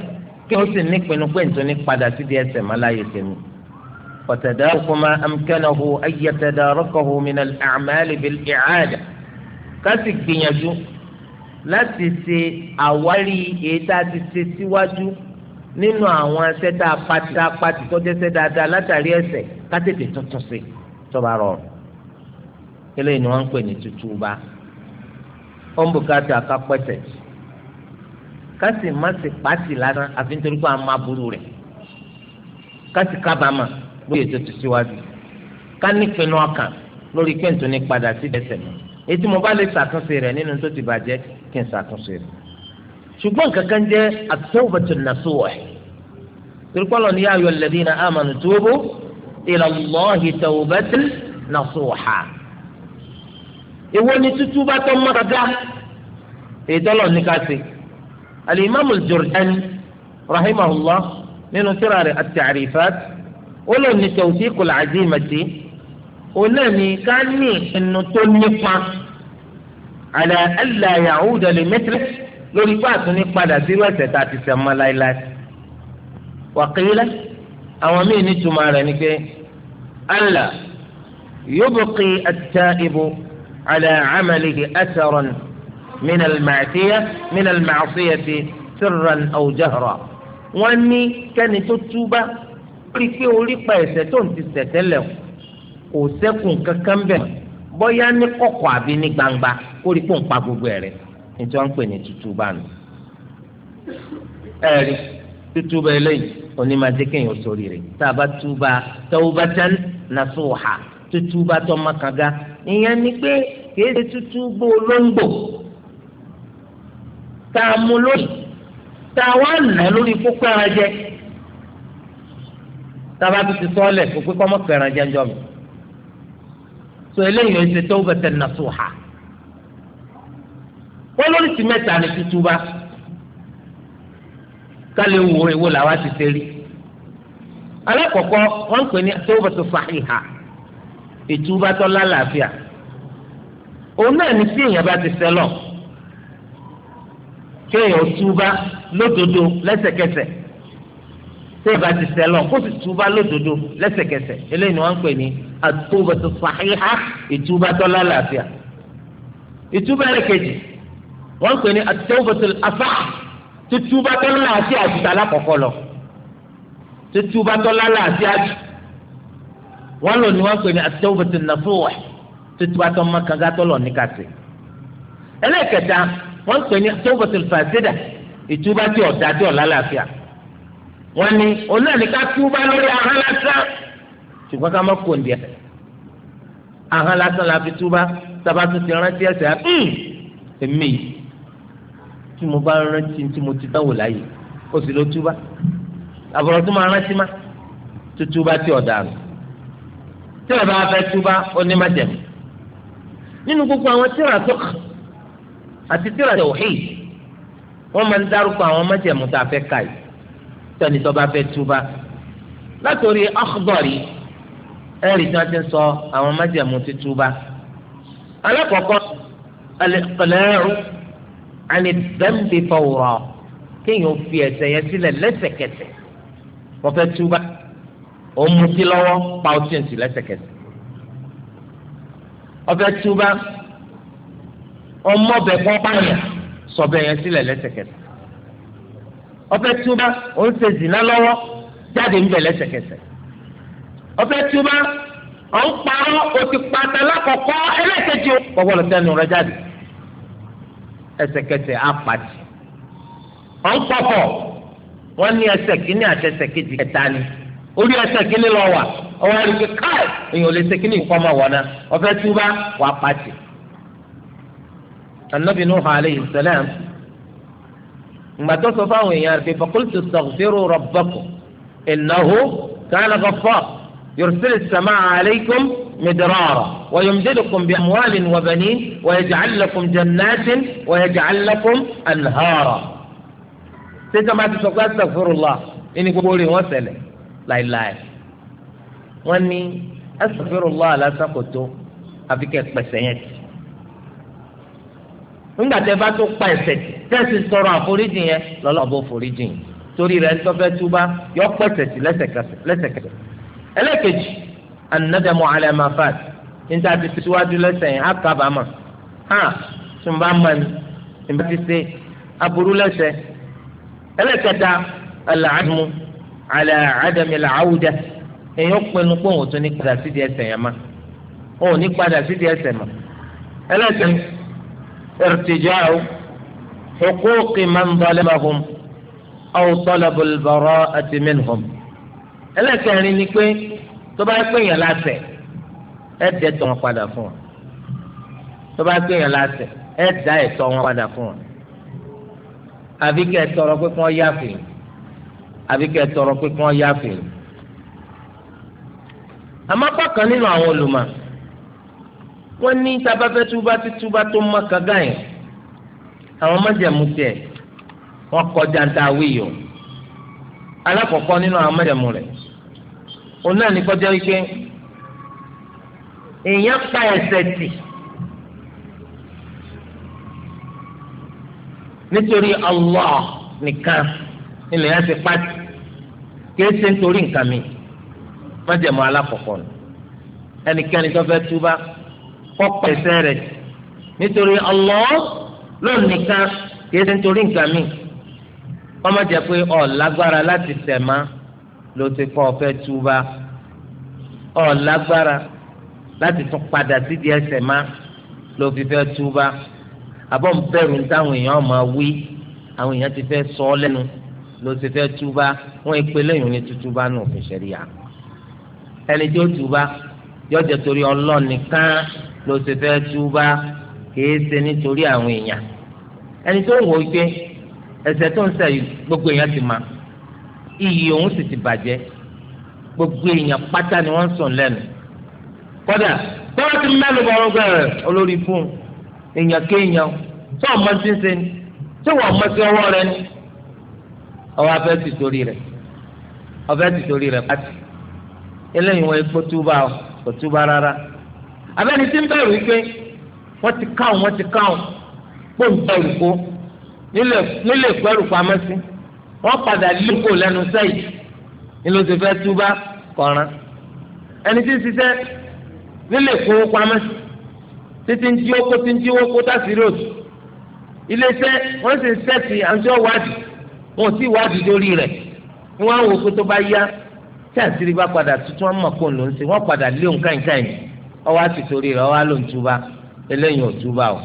kí o sì nípinnu pé nítorí ní padà sí ẹsẹ̀ má láyé tèmi. وتدارك ما أمكنه أن يتداركه من الأعمال بالإعادة kásì gbìyànjú láti ṣe àwárí èyí tá a ti ṣe síwájú nínú àwọn sẹ́tà pátápátí tó jẹ́ sẹ́tà dáadáa látàrí ẹ̀ṣẹ̀ kátètè tuntun sí tọ́ba rọrùn. eléyìí ni wọ́n ń pè ní tuntun bá ó ń bùkátà kápẹ́tẹ̀ sí kásì má sì pàtì lásán àfi nítorí pé a máa burú rẹ̀ kásì kábàámà lóye tó ti síwájú ká nípinnu ọkàn lórí pé nítorí padà sí ẹsẹ̀ mọ́ ètí mo bá lè ṣàtúnṣe rẹ̀ nínú tó ti bàjẹ́ kí n ṣàtúnṣe rẹ̀ ṣùgbọ́n kankan jẹ́ àtọ́wọ́tò nàṣọ́ ẹ̀ tìrìkọ́lọ̀ ní ayọ̀ lẹ́dínà àmàlù tóbó ila Allahi tawbata nasuha. ìwọ ni tútú bá tọ́ mọ́tàdá èdọ́lọ̀ ní ká ṣe alimami al-Jurjani rahimahullah nínú tírà rẹ̀ at-Ta'rifat ó lè ní tawsiqul azimati ó náà ní ká ní ẹnu tó nípa ala alla ya'uda li mithlih lórí pé àtúní padà sírú ẹ̀ṣẹ̀ tá a ti ṣẹ̀ mọ́ láéláé wàkìlẹ àwọn míì ní tuma rẹ̀ ni pé alla yubqi at-ta'ibu ala amalihi atharan. من المعصية من المعصية سرا أو جهرا wọ́n ní kẹ́ni tó túbá rí pé orí pa ẹ̀ṣẹ̀ tó ń ti ṣẹ̀ tẹ́lẹ̀ kò sẹ́kùn kankan bẹ̀ bóyá ní kọ̀kọ̀ àbí ní gbangba kó rí pé òun pa gbogbo ẹ̀ rẹ̀ ní tí wọ́n ń pè ní tútúbá nù. ẹ̀rí tútúbá eléyìí onímọ̀dé kéèyàn sórí rẹ̀ tá a bá túbá tawbatan nasuha tútúbá tó mọ́kànga ìyẹn ni pé kìí ṣe tútúbá olóńgbò tá a mú lórí tá a wá nà lórí kókó ẹran jẹ tá a bá ti sọ ọ́ lẹ̀ kó pé kọ́mọ́ kẹran jẹ ńjọ́ mi so eléyìí ẹ ṣe tawbatan nasuha wọ́n lórí ti mẹ́ta ni tútúbá kálí wo èwo làwa ti ṣe rí alákọ̀ọ́kọ́ wọ́n ń pè ní tawbatu sahiha ìtúbá tó lálàáfíà òun náà ní sí èèyàn bá ti ṣẹlọ̀ kéèyàn túbá lódodo lẹ́sẹ̀kẹsẹ̀ tẹ́ ẹ bá ti sẹ́lọ̀ kó sì túbá lódodo lẹ́sẹ̀kẹsẹ̀ eléyìí ni wọ́n ń pè ní àtúbọ̀tò sàhíhá ìtúbá tọ́lá làáfíà ìtúbá rẹ̀ kejì wọ́n ń pè ní àtúbọ̀tò afá tútúbá tọ́lá làáfíà àjùtà lákọ̀ọ́kọ́ lọ tútúbá tọ́lá làáfíà àjù wọ́n lò ní wọ́n pè ní àtúbọ̀tò nàfọ̀wẹ̀ tútúbá tọ́ wọ́n ń pè ní tóbọ̀tìlì fàṣídà ìtúbà tí ọ̀dà tí ọ̀là làáfíà wọ́n ní ọ̀nà ní ká túbà lórí ahọ́n lásán ṣùgbọ́n ká má kó ndíẹ̀ ahọ́n lásán la fi túbà sábà tún ti rántí ẹsẹ̀ ẹ̀mí hmm, tí mo bá rántí tí mo ti dáwò láàyè ó sì lọ túbà àbọ̀rọ̀ tó máa rántí má tútúbà tí ọ̀dà rẹ̀ tí ọ̀dà fẹ́ túbà ó ní má jẹ̀mí nínú gbogbo àwọn tíra tó kàn àti tíra tauhid wọ́n máa ń dárúkọ àwọn májẹ̀mú tá a fẹ́ ka yìí tẹ́ni tó bá fẹ́ túbá látòrí Akhdari ẹ̀rì tí wọ́n ti ń sọ àwọn májẹ̀mú ti túbá alákọ̀ọ́kọ́ al-iqla'u 'an ad kéèyàn fi ẹ̀ṣẹ̀ yẹn sílẹ̀ lẹ́sẹ̀kẹsẹ̀ wọ́n fẹ́ túbá ó mutí lọ́wọ́ pa ẹ̀sìn lẹ́sẹ̀kẹsẹ̀ wọ́n fẹ́ túbá. ọmọbẹ kọ báyà sọbẹ yẹn sílẹ̀ lẹ́sẹ̀kẹsẹ̀ ọfẹ túbá ó ń ṣe lọ́wọ́ jáde ń bẹ lẹ́sẹ̀kẹsẹ̀ ọfẹ túbá ọ ń o ti pàtẹ lákọ̀ọ́kọ́ ẹlẹ́kẹjì kọ́kọ́ lọ sẹ́nu rẹ jáde ń kọkọ wọn ní kínní àti kejì ẹta ni orí kínní lọ wà ọwọ́ káì èèyàn ò lè ṣe kínní nǹkan ọmọ wọn náà túbá wà pàtì. anabi nuhu alayhi salam gbàtọ́ sọ fáwọn èèyàn rẹ̀ faqultu istaghfiru rabbakum innahu kana ghaffar yursil samaa alaykum midrara wa yumdidukum bi amwalin wa banin wa yaj'al lakum jannatin wa yaj'al lakum anhara. sèta máa ti sọ pé astaghfirullah ẹni gbogbo rẹ̀ wọ́n ṣẹlẹ̀ láìláì wọ́n ní astaghfirullah alásákòtó àfikẹ́ pẹ̀sẹ̀ yẹn ti. ńgbà tẹ bá tó pa ẹ̀ṣẹ̀ tẹsí sọ̀rọ̀ àforíjì yẹn lọlọ bó foríjì yẹn torí rẹ̀ ńtọ́fẹ́ túbá yọ pọ̀ ẹ̀ṣẹ̀ lẹ́sẹ̀kẹsẹ̀ ẹlẹ́kejì anadamu alamafat níta ti tẹsíwájú lẹ́sẹ̀ yẹn ákábàámà hàn tùmbà mọ́ni tùmbà ti ṣe aburú lẹ́sẹ̀ ẹlẹ́kẹta alaadmu alaadami laawuda èyàn pinnu pé òun tún ní padà sídìí ẹ̀ṣẹ̀ yẹn ma òun ní padà sídìí ẹ̀ṣẹ̀ ma ẹlẹ́kẹta. ارتجاع حقوق من ظلمهم أو طلب البراءة منهم ẹlẹ́kẹ̀rin ni pé tó bá pè yàn láṣẹ ẹ dẹ tọ́ wọn padà fún wọn tó bá pè yàn láṣẹ ẹ dá ẹ̀tọ́ wọn padà fún wọn àbí kẹ́ ẹ tọrọ pé kí wọ́n yá fèrè àbí kẹ́ ẹ tọrọ pé kí wọ́n yá fèrè àmọ́ pàkan nínú àwọn olùmọ̀ wọ́n ní tabafẹ́ túbá tí túbá tó mọ́ kàgá yẹn àwọn májẹ̀mú tiẹ̀ wọ́n kọjá tá a wí yọ alákọ̀ọ́kọ́ nínú àwọn májẹ̀mú rẹ̀ òun náà ní kọjá wípé èèyàn pa ẹ̀ṣẹ̀ tì nítorí Allah nìkan ilẹ̀ yẹn ti pàtì kìí ṣe nítorí nǹkan mi májẹ̀mú alákọ̀ọ́kọ́ ẹnikẹ́ni tó fẹ́ túbá kọ́pọ̀ ẹsẹ̀ rẹ̀ nítorí Allah lónìí nìkan kìí ṣe nítorí nǹkan mi ọmọ jẹ pé ọ lágbára láti tẹ̀ má ló ti kọ́ ọ fẹ́ túbà ọ lágbára láti tún padà sídi ẹsẹ̀ má ló fi fẹ́ túbà àbọ̀ ń bẹ̀rù ní táwọn èèyàn máa wí àwọn èèyàn ti fẹ́ sọ ọ́ lẹ́nu ló ti fẹ́ túbà wọ́n ń pe lẹ́yìn ní tútúbà náà òfin ṣẹ̀ríyà ẹni tí ó túbà yọjẹ torí ọlọ́ọ̀ ló ṣe fẹ́ túbá kìí ṣe nítorí àwọn èèyàn ẹni tó wò ó gbé ẹsẹ̀ tó ń sẹ̀ gbogbo èèyàn ti ma iyì òun sì ti bàjẹ́ gbogbo èèyàn pátá ni wọ́n ń sùn lẹ́nu kódà tọ́wọ́ ti mẹ́lò bọ̀ ọ́n gbẹ̀rẹ̀ olórí fún èèyàn kéèyàn tó ọmọ ti ń ṣe ni tí wọ́n mọ sí ọwọ́ rẹ ni ọwọ́ afẹ́ ti torí rẹ̀ ọfẹ́ ti torí rẹ̀ pátì eléyìí wọn epo túbà kò túbà rárá abẹ́ni tí ń bẹ̀rù wípé wọ́n ti káwọn wọ́n ti káwọn kó ń bẹ̀rù kó nílé ìpẹ́rù pamọ́ sí wọ́n padà lóko lẹ́nu sẹ́yìn nílò tó fẹ́ túbá kọ̀ọ̀ràn ẹni tí ń ṣiṣẹ́ nílé ìkówó pamọ́ sí títí ń jíwó kó tí ń jíwó kó tásì ròdù iléeṣẹ́ wọ́n sì ń sẹ́ẹ̀tì àǹjọ́ wádìí wọn ò tí wádìí lórí rẹ̀ wọ́n á wò pé tó bá yá tí àṣírí bá padà tuntun wọn mọ̀ kó ló ń ṣe wọ́n padà lé òǹkàǹkàǹ yìí ọwọ́ àti sórí rẹ̀ ọwọ́ àlò ń eléyìí ò túbà o.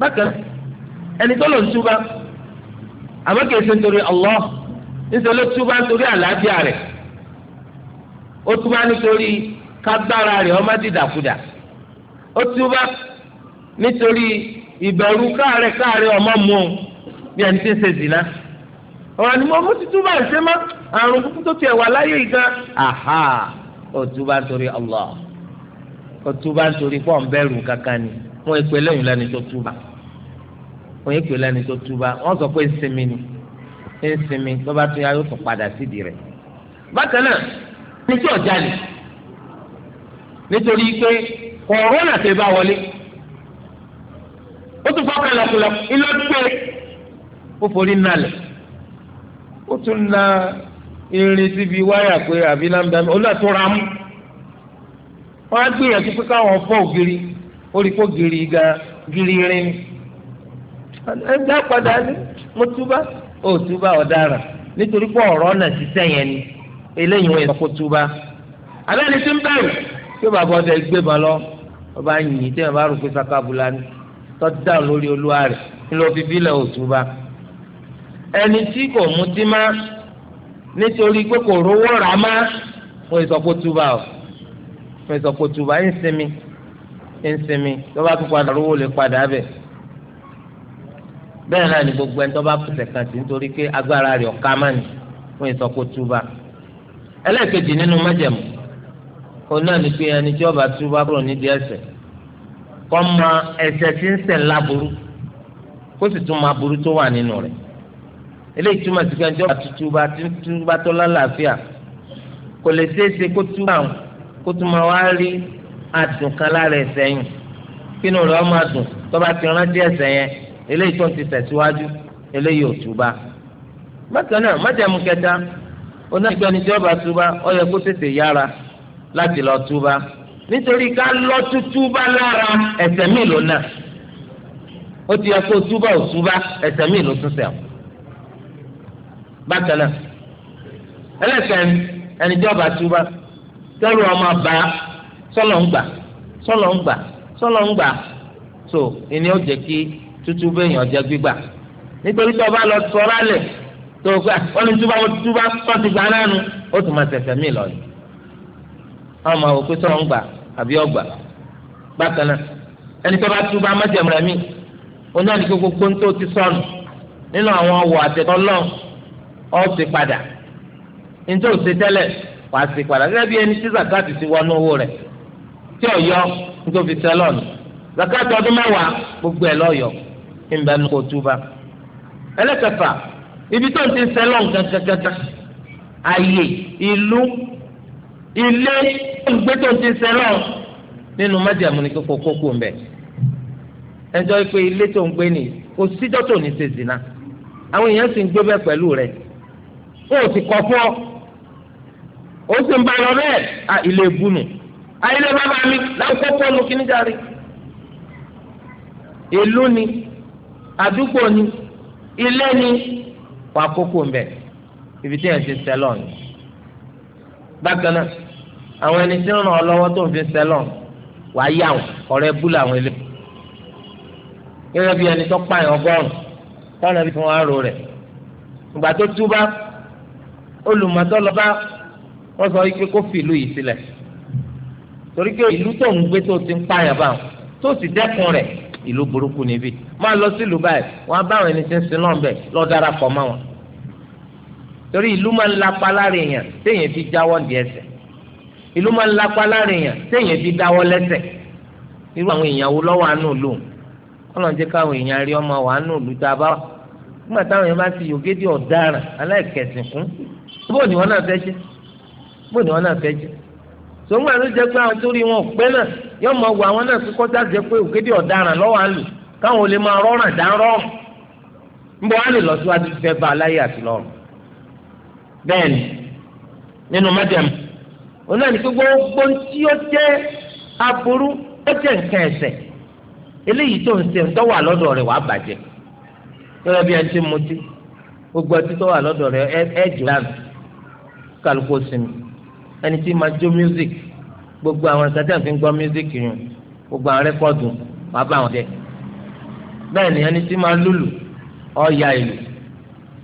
bákan ẹni tó lò ń àmọ́ kìí ṣe nítorí Allah nítorí ó túbà nítorí àlàáfíà rẹ̀ ó túbà nítorí kágbára rẹ̀ ọmọ dìdàkudà ó túbà nítorí ìbẹ̀rù káàrẹ̀ káàrẹ̀ ọmọ mu o bí ẹni tí ń ṣe ọ̀rọ̀ ni mo ṣe àrùn kúkú tó tiẹ̀ wà láyé ìgbà àhà ó ọtúbà nítorí pọ̀ ń bẹ̀rù kankan ni wọ́n èpè lẹ́yìn lẹ́ni tó túbà wọ́n èpè lẹ́ni tó túbà wọ́n sọ pé sinmi ni sinmi tó bá tún yá yóò tún padà sídìí rẹ̀. bákan náà ní tí ọ̀já lè nítorí pé kọ̀ọ̀rọ̀nà tẹ bá wọlé ó tún fọ́ọ̀kan lọ́kùlọ́kù ilé pé ó forí nalẹ̀ ó tún na irin síbi wáyà pé àbí lámbàmí olóòtú mú wọ́n á gbìyànjú pé káwọn fọ́ ògiri orí kó giri ga giri rin ni. ẹgbẹ́ padà ní mo túbá ó túbá ọ̀daràn nítorí pé ọ̀rọ̀ náà ti sẹ́yìn ẹni eléyìí wọ́n yẹ kó túbá. abẹ́ni ti ń bẹ̀rù pé bàbá ọdẹ gbé ma lọ ọba yìnyín tí wọn bá rò pé sakabula ni tọ́jú dáhùn lórí olúwa rẹ̀ ńlọ bíbí lẹ̀ ó túbá. ẹni tí kò mutí má nítorí pé kò rówó rà má wọ́n yẹ sọ pé túbá o fẹsọ̀ kò tùbà ń sinmi ń sinmi tó bá tún padà rówó lè padà bẹ̀. bẹ́ẹ̀ náà ni gbogbo ẹni tó bá pèsè kan sí nítorí pé agbára rẹ̀ ọ̀ka má ni fún ìsọ̀ kò tùbà. ẹlẹ́ẹ̀kejì nínú májẹ̀mú òun náà ni pé ẹni tí ọba túbà kúrò nídìí ẹ̀ṣẹ̀ kọ́ mọ ẹ̀ṣẹ̀ tí ń ṣẹ̀ ńlá burú kó sì tún máa burú tó wà nínú rẹ̀ eléyìí túmọ̀ sí pé ẹni tí ọba túbà tó lálàáfíà kò lè ṣeé ṣe kó túbà àwọn kó tún máa wá rí àdùn kan lára ẹ̀ṣẹ̀ yìí kínú rẹ̀ ọmọ àdùn tó bá ti rántí ẹ̀ṣẹ̀ yẹn eléyìí tó ń ti tẹ̀síwájú eléyìí ò túbà. bákan náà májàmú kẹta onáìgbẹ́ni tí ó bá túbà ó yẹ kó tètè yára láti lọ túbà nítorí ká lọ tútúbà lára ẹ̀ṣẹ̀ mi náà ó ti yẹ kó túbà ò túbà ẹ̀ṣẹ̀ mi ló tún bákan náà ẹlẹ́sẹ̀ ẹni tí tẹ́lu ọmọ bá sọ́lọ̀ ń gbà sọ́lọ̀ ń gbà sọ́lọ̀ ń gbà so ìní ó jẹ́ kí tútú bẹ́yìn ọjà gbígbà nítorí tó o bá lọ sọ lálẹ́ tó o gbà wọ́n ní túbá wọ́n túbá wọ́n ti gbà nánu ó tún máa tẹ̀sẹ̀ mí lọ́yìn ọmọ òkú sọ̀rọ̀ ń gbà àbí ọgbà bákan náà ẹni tó bá túbá mọ́tẹ̀mùrẹ́ mi oní àdìgbò gbogbo tó ti sọnù nínú àwọn ọwọ́ àtẹ̀tọ́ lọ́n ọ́ wà á sì padà gẹ́gẹ́ bí ẹni tí zakati ti wọnú owó rẹ̀ tí ọ̀yọ́ nítorí sẹ́lọ̀nù zakati ọdún mẹ́wàá gbogbo ẹ̀ lọ́yọ̀ níbẹ̀ ní kò túbà. ẹlẹ́kẹfà ibi tó ń ti sẹ́lọ̀nù gàgàgàgà ààyè ìlú ilé olùgbé tó ń ti sẹ́lọ̀nù nínú májàmú ni kókó kókó ń bẹ̀. ẹjọ́ pé ilé tó ń gbé ni kò síjọ́ tó ní ṣe zina àwọn èèyàn sì ń gbé bẹ́ẹ̀ pẹ̀lú rẹ̀ wọn ò sì kọ́ fún ọ ó sì ń bá lọ bẹ́ẹ̀ à ilé ebúnù à ilé bàbá mi láwùjọ pọ́ọ̀lù kí níjàre ìlú ni àdúgbò ni ilé ni wà kókó ń bẹ ibi tí yẹn ti sẹlọ ni bákan náà àwọn ẹni tí ń ràn ọ lọ́wọ́ tó ń fi sẹlọ wà á yà wọn ọ̀rẹ́ bú làwọn ilé gẹ́gẹ́ bí ẹni tó pààyàn ọgọ́rùn táwọn ẹbí tí wọn rò rẹ ìgbà tó túbá olùmọtò lọ wọ́n sọ wípé kó fìlú yìí sílẹ̀ torí pé ìlú tó ń gbé tó ti ń pààyàn báwọn tó sì dẹ́kun rẹ̀ ìlú burúkú níbí máa lọ sílùú báyìí wọn abáwọn ẹni tí ń sin náà bẹ lọ darapọ̀ mọ́ wọn torí ìlú máa ń lapa lára èèyàn téèyàn fi jáwọ́ di ẹsẹ̀ ìlú máa ń lapa lára èèyàn téèyàn fi dáwọ́ lẹ́sẹ̀ irú àwọn èèyàn wo lọ́wọ́ àánú lò ọlọ́run jẹ́ káwọn èèyàn rí ọmọ wa àánú lù ni wọn náà bó ni wọn náà fẹ́ jẹ sọgbọn àti jẹ pé àwọn tó rí wọn pẹ́ náà yọ mọ wọ àwọn náà kíkọ́ tá a jẹ pé ògidì ọ̀daràn lọ́wọ́ àlù káwọn ò lè máa rọ́ràn dá rọ́ọ̀n ń bọ̀ wá lè bá aláyé àti nínú òun náà ní pé gbogbo tí ó jẹ́ aburú ó jẹ́ nǹkan ẹ̀ṣẹ̀ eléyìí tó ń ń wàá ẹni tí máa jó music gbogbo àwọn ìkàtí àti gbọ́ music yẹn gbogbo àwọn rẹ́kọ̀dù wàá bá wọn jẹ bẹ́ẹ̀ ni ẹni tí máa lùlù ọ̀ya ìlú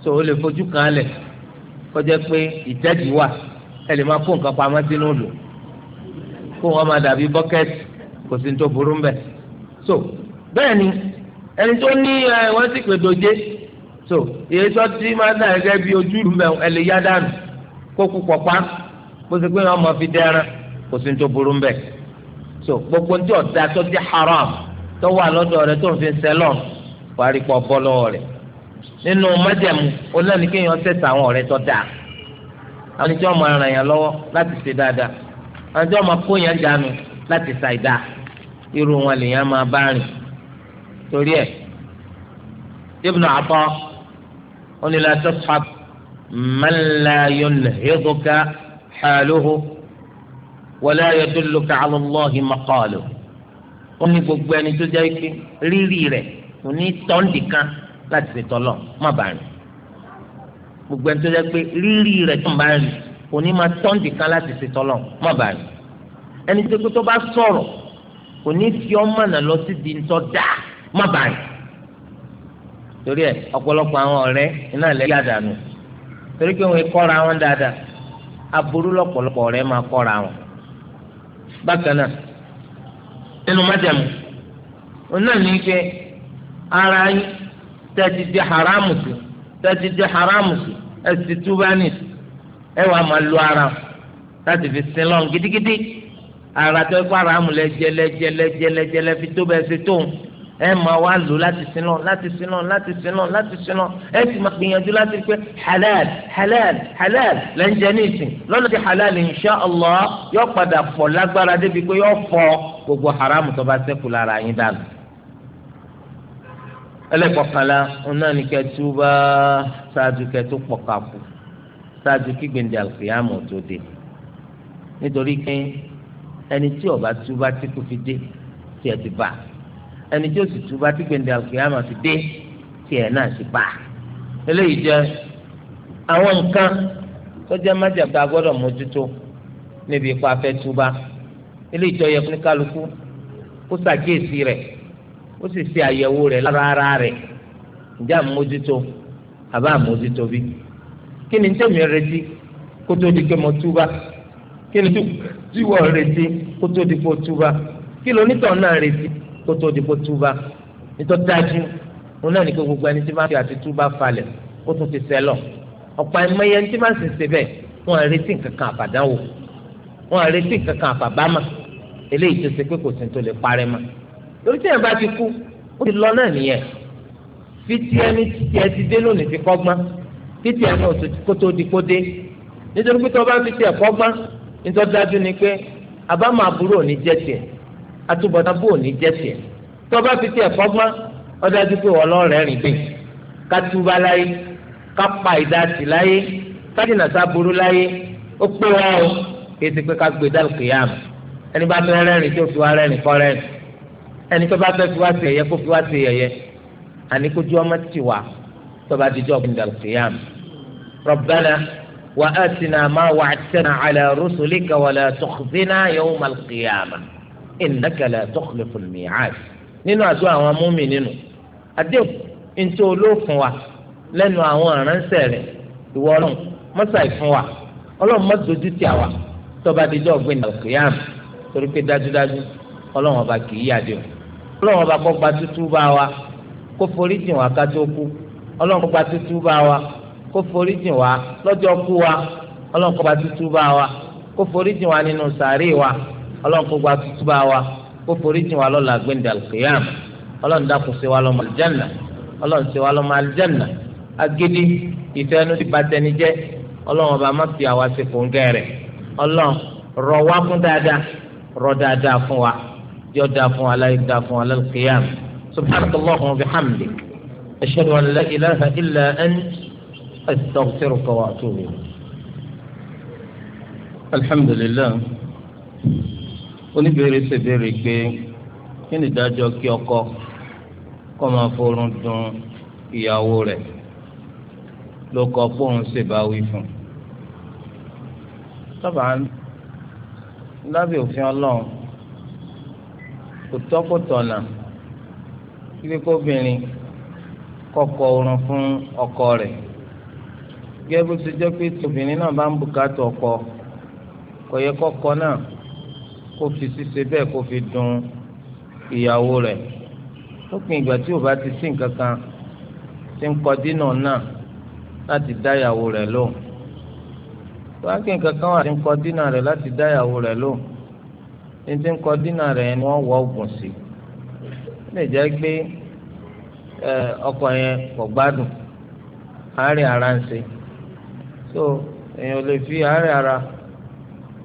tó o lè fojú kan lẹ̀ kọjá pé ìtẹ́jì wà ẹ lè máa kó nǹkan pamọ́ sínú lò kó wọn máa dàbí bọ́kẹ́tì kò sí tó burú mbẹ́ so bẹ́ẹ̀ ni ẹni tó ní ẹ wọ́n sì pé dòjé so èyí tó ti máa dà gẹ́gẹ́ bí ojú ìlú mbẹ́ ẹ lè yá dànù kó kú pọ̀ pa kó sì pé ọmọ fi dẹ́ran kò sí ní tó so gbogbo ní tí ọ̀dà tó ti haram tó wà lọ́dọ̀ rẹ tó ń fi sẹ́lọ̀n parí pọ̀ bọ́ lọ́wọ́ rẹ̀ nínú májẹ̀mú ó lẹ́nu kéèyàn tẹ̀sà àwọn ọ̀rẹ́ tó dáa àwọn ẹni tí wọ́n máa ràn yàn lọ́wọ́ láti ṣe dáadáa àwọn tí wọ́n máa kó yàn jánu láti ṣàìdá irú wọn lèèyàn máa bá rìn torí ẹ̀ ibùnà àbọ̀ onílà tó fa mẹ́lẹ́ yóò nà é حاله ولا يدلك على الله مقاله ó ní gbogbo ẹni tó jẹ́ pé rírì rẹ̀ kò ní tọ́ǹdì kan láti fi tọ́lọ̀ má bàa rìn gbogbo ẹni tó jẹ́ pé rírì rẹ̀ tó ń bá rìn kò ní máa tọ́ǹdì kan láti fi tọ́lọ̀ má bàa rìn ẹni tó tó bá sọ̀rọ̀ kò fi ọmọ náà lọ sí di ńtọ́ dáa má bàa rìn torí ẹ ọ̀pọ̀lọpọ̀ àwọn ọ̀rẹ́ iná lẹ́yìn àdánù torí pé wọ́n kọ́ra wọn dáadáa aburú lọ́pọ̀lọpọ̀ rẹ̀ máa kọ́ra wọn. bákan náà nínú májàmú òun náà ní pé ara yín tẹ́tí di haramu sí tẹ́tí di haramu sí ẹ̀sì túbánì ẹ wàá máa lo ara láti fi sin lọ́n gidigidi ara tó kọ́ haramu lẹ́jẹ́ lẹ́jẹ́ lẹ́jẹ́ lẹ́jẹ́ lẹ́fi tó bẹ́ẹ̀ ṣe tóun ẹ máa wá lò láti sinú láti sinú láti sinú láti sinú ẹ sì máa gbìyànjú láti pé halal halal halal lẹ́njẹ́ ní ìsìn lọ́nà tí halal insha Allah yóò padà fọ̀ lágbára débi pé yóò fọ̀ gbogbo haram tó bá ṣẹ́kù lára yín dànù. ẹlẹ́kọ̀ọ́kànlá ọ̀nà ni kẹtù bá ṣáájú kẹtù pọ̀kàkù ṣáájú kí gbèǹdé àlùfíàmù tó dé nítorí pé ẹni tí ó túbá tí kò fi dé tí ẹ ti bá a ẹni tí ó sì túbá tí gbèǹdé àlùkìyàmà ti dé tiẹ̀ náà sì bá a. eléyìí jẹ́ àwọn nǹkan tó jẹ́ májàmbá gbọ́dọ̀ mójútó níbi ipa afẹ́ túbá eléyìí tó yẹ fún kálukú kó ṣàkíyèsí rẹ̀ ó sì ṣe àyẹ̀wò rẹ̀ lára ara rẹ̀ ǹjẹ́ àmójútó àbá àmójútó bí kí ni tèmi retí kó tó di pé mo túbá kí ni tí wọ́n retí kó tó di pé mo túbá kí lónítọ̀ náà retí kó tó di kó túbà nítorí dájú òun náà ní pé gbogbo ẹni tí máa fi àti túbà falẹ̀ ó tún ti sẹ́ lọ ọ̀pọ̀ ẹ̀mẹ́yẹ ní tí máa sì ṣe bẹ́ẹ̀ wọ́n á retí kankan àbàdánwò wọ́n á retí kankan àbàbámà eléyìí tó ṣe pé kò sí tó lè parẹ́ mọ́ lórí tí yẹn bá ti kú ó ti lọ náà nìyẹn fi tiẹ̀ ní tiẹ̀ ti dé lónìí ti kọ́gbọ́n fi tiẹ̀ náà kó tó di kó dé nítorí pé tó bá fi tiẹ̀ kọ́gbọ́n nítorí dájú ni pé àbámọ̀ àbúrò ní jẹ́ tiẹ̀ atúbọ̀tán bò ní jẹ́sì ẹ̀ tó bá fi tiẹ̀ fọ́gbọ́n ó dájú pé wọ́n lọ́ọ̀rẹ́ rìn gbìn ká túbá láyé ká pa ìdásí láyé ká dìnà sábúrú láyé ó pé wá o kí ti pé ká gbé dálùkì yá mi ẹni bá fẹ́ rẹ́rìn tó fi wá rẹ́rìn kọ́ rẹ́rìn ẹni tó bá fẹ́ fi wá sí ẹ̀yẹ kó fi wá sí ẹ̀yẹ àní kójú ọmọ ti wà tó bá dijọ́ gbé dálùkì yá mi rọ̀bẹ́nà wà á ti nà má wà á ti nà àlẹ́ rúṣùlì innaka la tukhlifu al-mi'ad nínú àdó àwọn múmi nínú àdéhùn ntí olóòfin wa lẹ́nu àwọn aránṣẹ́ rẹ̀ ìwọ ọlọ́run mọ́sàáì fún wa ọlọ́run má dojú tì àwa tọ́ba dídọ́ ọ̀gbìn náà kìíyàmù torí pé dájúdájú ọlọ́run ọba kì í yàdé o ọlọ́run ọba kọ́gba tútú bá wa kó forí jìn wá ká tó kú ọlọ́run kọ́gba tútú bá wa kó forí jìn wá lọ́jọ́ kú wa ọlọ́run kọ́gba tútú bá wa kó forí jìn wá nínú sàárè wa ọlọ́run kó gba tuntun bá wa kó forí jìn wá lọ́la gbẹ̀ndẹ̀ alùkìyàm ọlọ́run dákun ṣe wá lọ́mọ alìjánà ọlọ́run ṣe wá lọ́mọ alìjánà agídí ìfẹ́nu ti bàtẹni jẹ́ ọlọ́run ọba má fi àwa ṣe kòńgẹ́ rẹ̀ ọlọ́run rọ̀ wá fún dáadáa rọ̀ dáadáa fún wa yọ dáa fún wa láyé dáa fún wa lálùkìyàm subhanaka allahumma wa bihamdik ashhadu an la ilaha illa ant astaghfiruka wa alhamdulillah oníbèrè ṣèbéèrè pé kí ni ìdájọ́ kí ọkọ kọ́ máa forún dun ìyàwó rẹ̀ ló kọ fóun ṣèbáwí fún un. sábà lábẹ́ òfin ọlọ́run kò tọ́kùtọ̀nà kíkẹ́ kóbìnrin kọ́kọ́ oorun fún ọkọ rẹ̀ gẹ́gẹ́ bó ṣe jẹ́ pé tòbìnrin náà bá ń bùkátà ọkọ kò yẹ kọ́kọ́ náà kó fi ṣíṣe bẹ́ẹ̀ kó fi dùn ìyàwó rẹ̀ lópin ìgbà tí ò bá ti sí nǹkan kan tí ń kọ dínà náà láti dá ìyàwó rẹ̀ lóhùn wákì nǹkan kan wà tí ń kọ dínà rẹ̀ láti dá ìyàwó rẹ̀ lóhùn ní tí ń kọ dínà rẹ̀ ni wọ́n wọ oògùn sí ó lè jẹ́ pé ọkọ yẹn kò gbádùn àárẹ̀ ara ń ṣe so èèyàn lè fi àárẹ̀ ara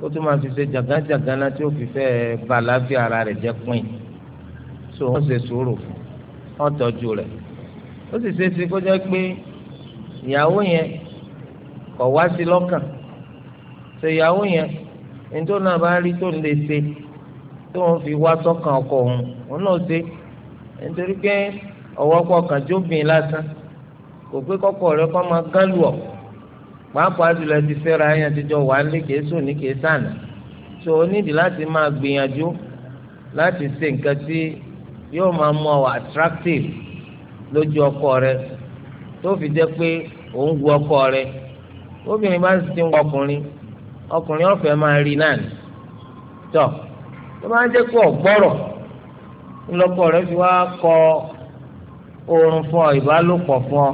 ó tún máa fi ṣe jàgánjàgánná tí ó fi fẹ́ balàfi ara rẹ̀ jẹ́ pín so wọ́n ṣe sùúrù wọ́n tọ́jú rẹ̀ ó sì ṣe é ṣe kó jẹ́ pé ìyàwó yẹn kọ̀ wá sí lọ́kàn ṣe ìyàwó yẹn ẹnjọ náà bá rí tó ń lè ṣe tó ń fi wá sọ́kàn ọkọ òun òun náà ṣe nítorí pé ọwọ́ pọ̀ kàn jóbìn lásán kò pé kọ́kọ́ rẹ kọ́ máa gán lù ọ́ pàápàá jùlọ ti fẹ́ra ẹ̀yàn àtijọ́ wà ní kèésù ní kèésànà tó o nídìí láti máa gbìyànjú láti ṣe nǹkan tí yóò máa mú ọ attractive lójú ọkọ rẹ tó fi jẹ́ pé òun wu ọkọ rẹ obìnrin bá ti ń wọ ọkùnrin ọkùnrin ọ̀fẹ́ máa rí náà ni tọ tó bá ń jẹ́ pé ọ̀gbọ́rọ̀ ńlọkọ rẹ fi wá kọ oorun fún ọ ìbálòpọ̀ fún ọ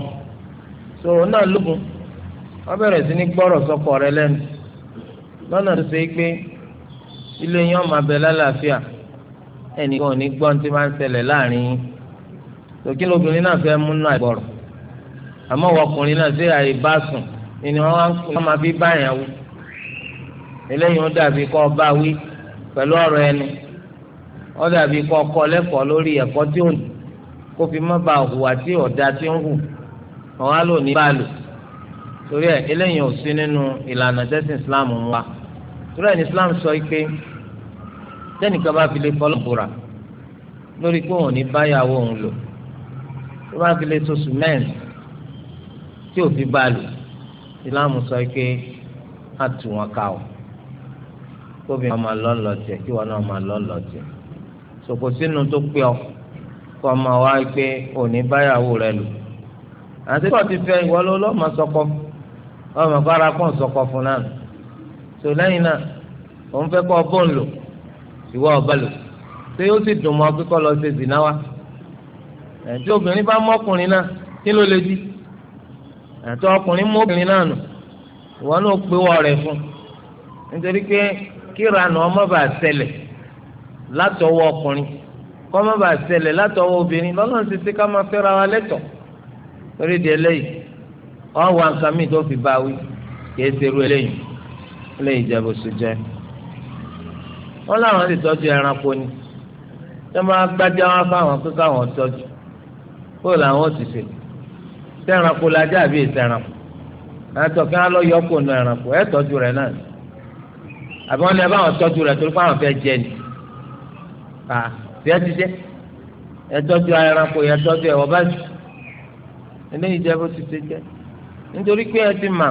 tó náà lógun. So, wọ́n bẹ̀rẹ̀ sí ní gbọ́rọ̀ sọ́kọ rẹ lẹ́nu lọ́nà tó ṣe é pé ilé yín ọmọ abẹ lálàáfíà ẹnìkan ò ní gbọ́ ní ti máa ń ṣẹlẹ̀ láàrin yín tòkí lóbìnrin náà fẹ́ múnú àìgbọ̀rọ̀ àmọ́ ọkùnrin náà ṣe àìbá sùn ni wọ́n máa fi báyà wí eléyìí ó dàbí kọ́ bá wí pẹ̀lú ọ̀rọ̀ ẹnu ó dàbí kọ́ kọ́ lẹ́kọ̀ọ́ lórí ẹ̀kọ́ tí ó ní kó fi má ba hùwà tí ọ̀dà tí ń hù ọ̀hán lò ní bá lò torí ẹ eléyìí ò sí nínú ìlànà tẹ́sán islam wa torí ẹ ní islam sọ pé tẹ́nìkan bá fi lè fọlọ́ bùrà lórí pé òun ní báyàwó òun lò tó bá fi lè soṣù mẹ́rin tí ò fi bá lò islam sọ pé a tù wọn ká o kóbi ọmọ lọ́lọ́ tiẹ̀ kí wọn náà máa lọ́lọ́ tiẹ̀ sòkò sínú tó pé ọ kọ́ ọmọ wa pé òun ní báyàwó rẹ lò àti kọ́ ti fẹ́ ìwọ lọ́ọ́ máa sọkọ́ ọmọ gbára pọ̀ sọkọ fún náà tó lẹ́yìn náà òun fẹ́ kọ́ bọ́ọ̀n lò ìwọ ọba lò ṣé ó sì dùn mọ́ kíkọ́ lọ ṣe zìnnà wa tí obìnrin bá mọ́kùnrin náà kí ló lè di àti ọkùnrin mú obìnrin náà nù ìwọ náà pé wọ́ rẹ̀ fún nítorí pé kíranù ọmọ bá ṣẹlẹ̀ látọwọ́ ọkùnrin kọ́mọ́ bá ṣẹlẹ̀ látọwọ́ obìnrin lọ́nà títí ká máa fẹ́ra wa lẹ́tọ̀ọ́ torí di eléyìí wọn wá nǹkan míì tó fi bá wí kìí ṣerú eléyìí eléyìí jẹ bó ṣe jẹ wọn láwọn ti tọ́jú ẹranko ni tí wọn máa gbájá wọn fáwọn pé káwọn tọ́jú bóyá làwọn ò ti ṣe tí ẹranko la jẹ àbí ètò ẹranko àtọ kí wọn lọ yọ kó nu ẹranko ẹ tọ́jú rẹ náà àbí wọn ní ẹ báwọn tọ́jú rẹ torí fáwọn fẹẹ jẹ ni à bí ẹ ti jẹ ẹ tọ́jú ẹranko yẹ tọ́jú ẹ wọ bá jù eléyìí jẹ bó ṣe ṣe jẹ nítorí pé ẹ ti mà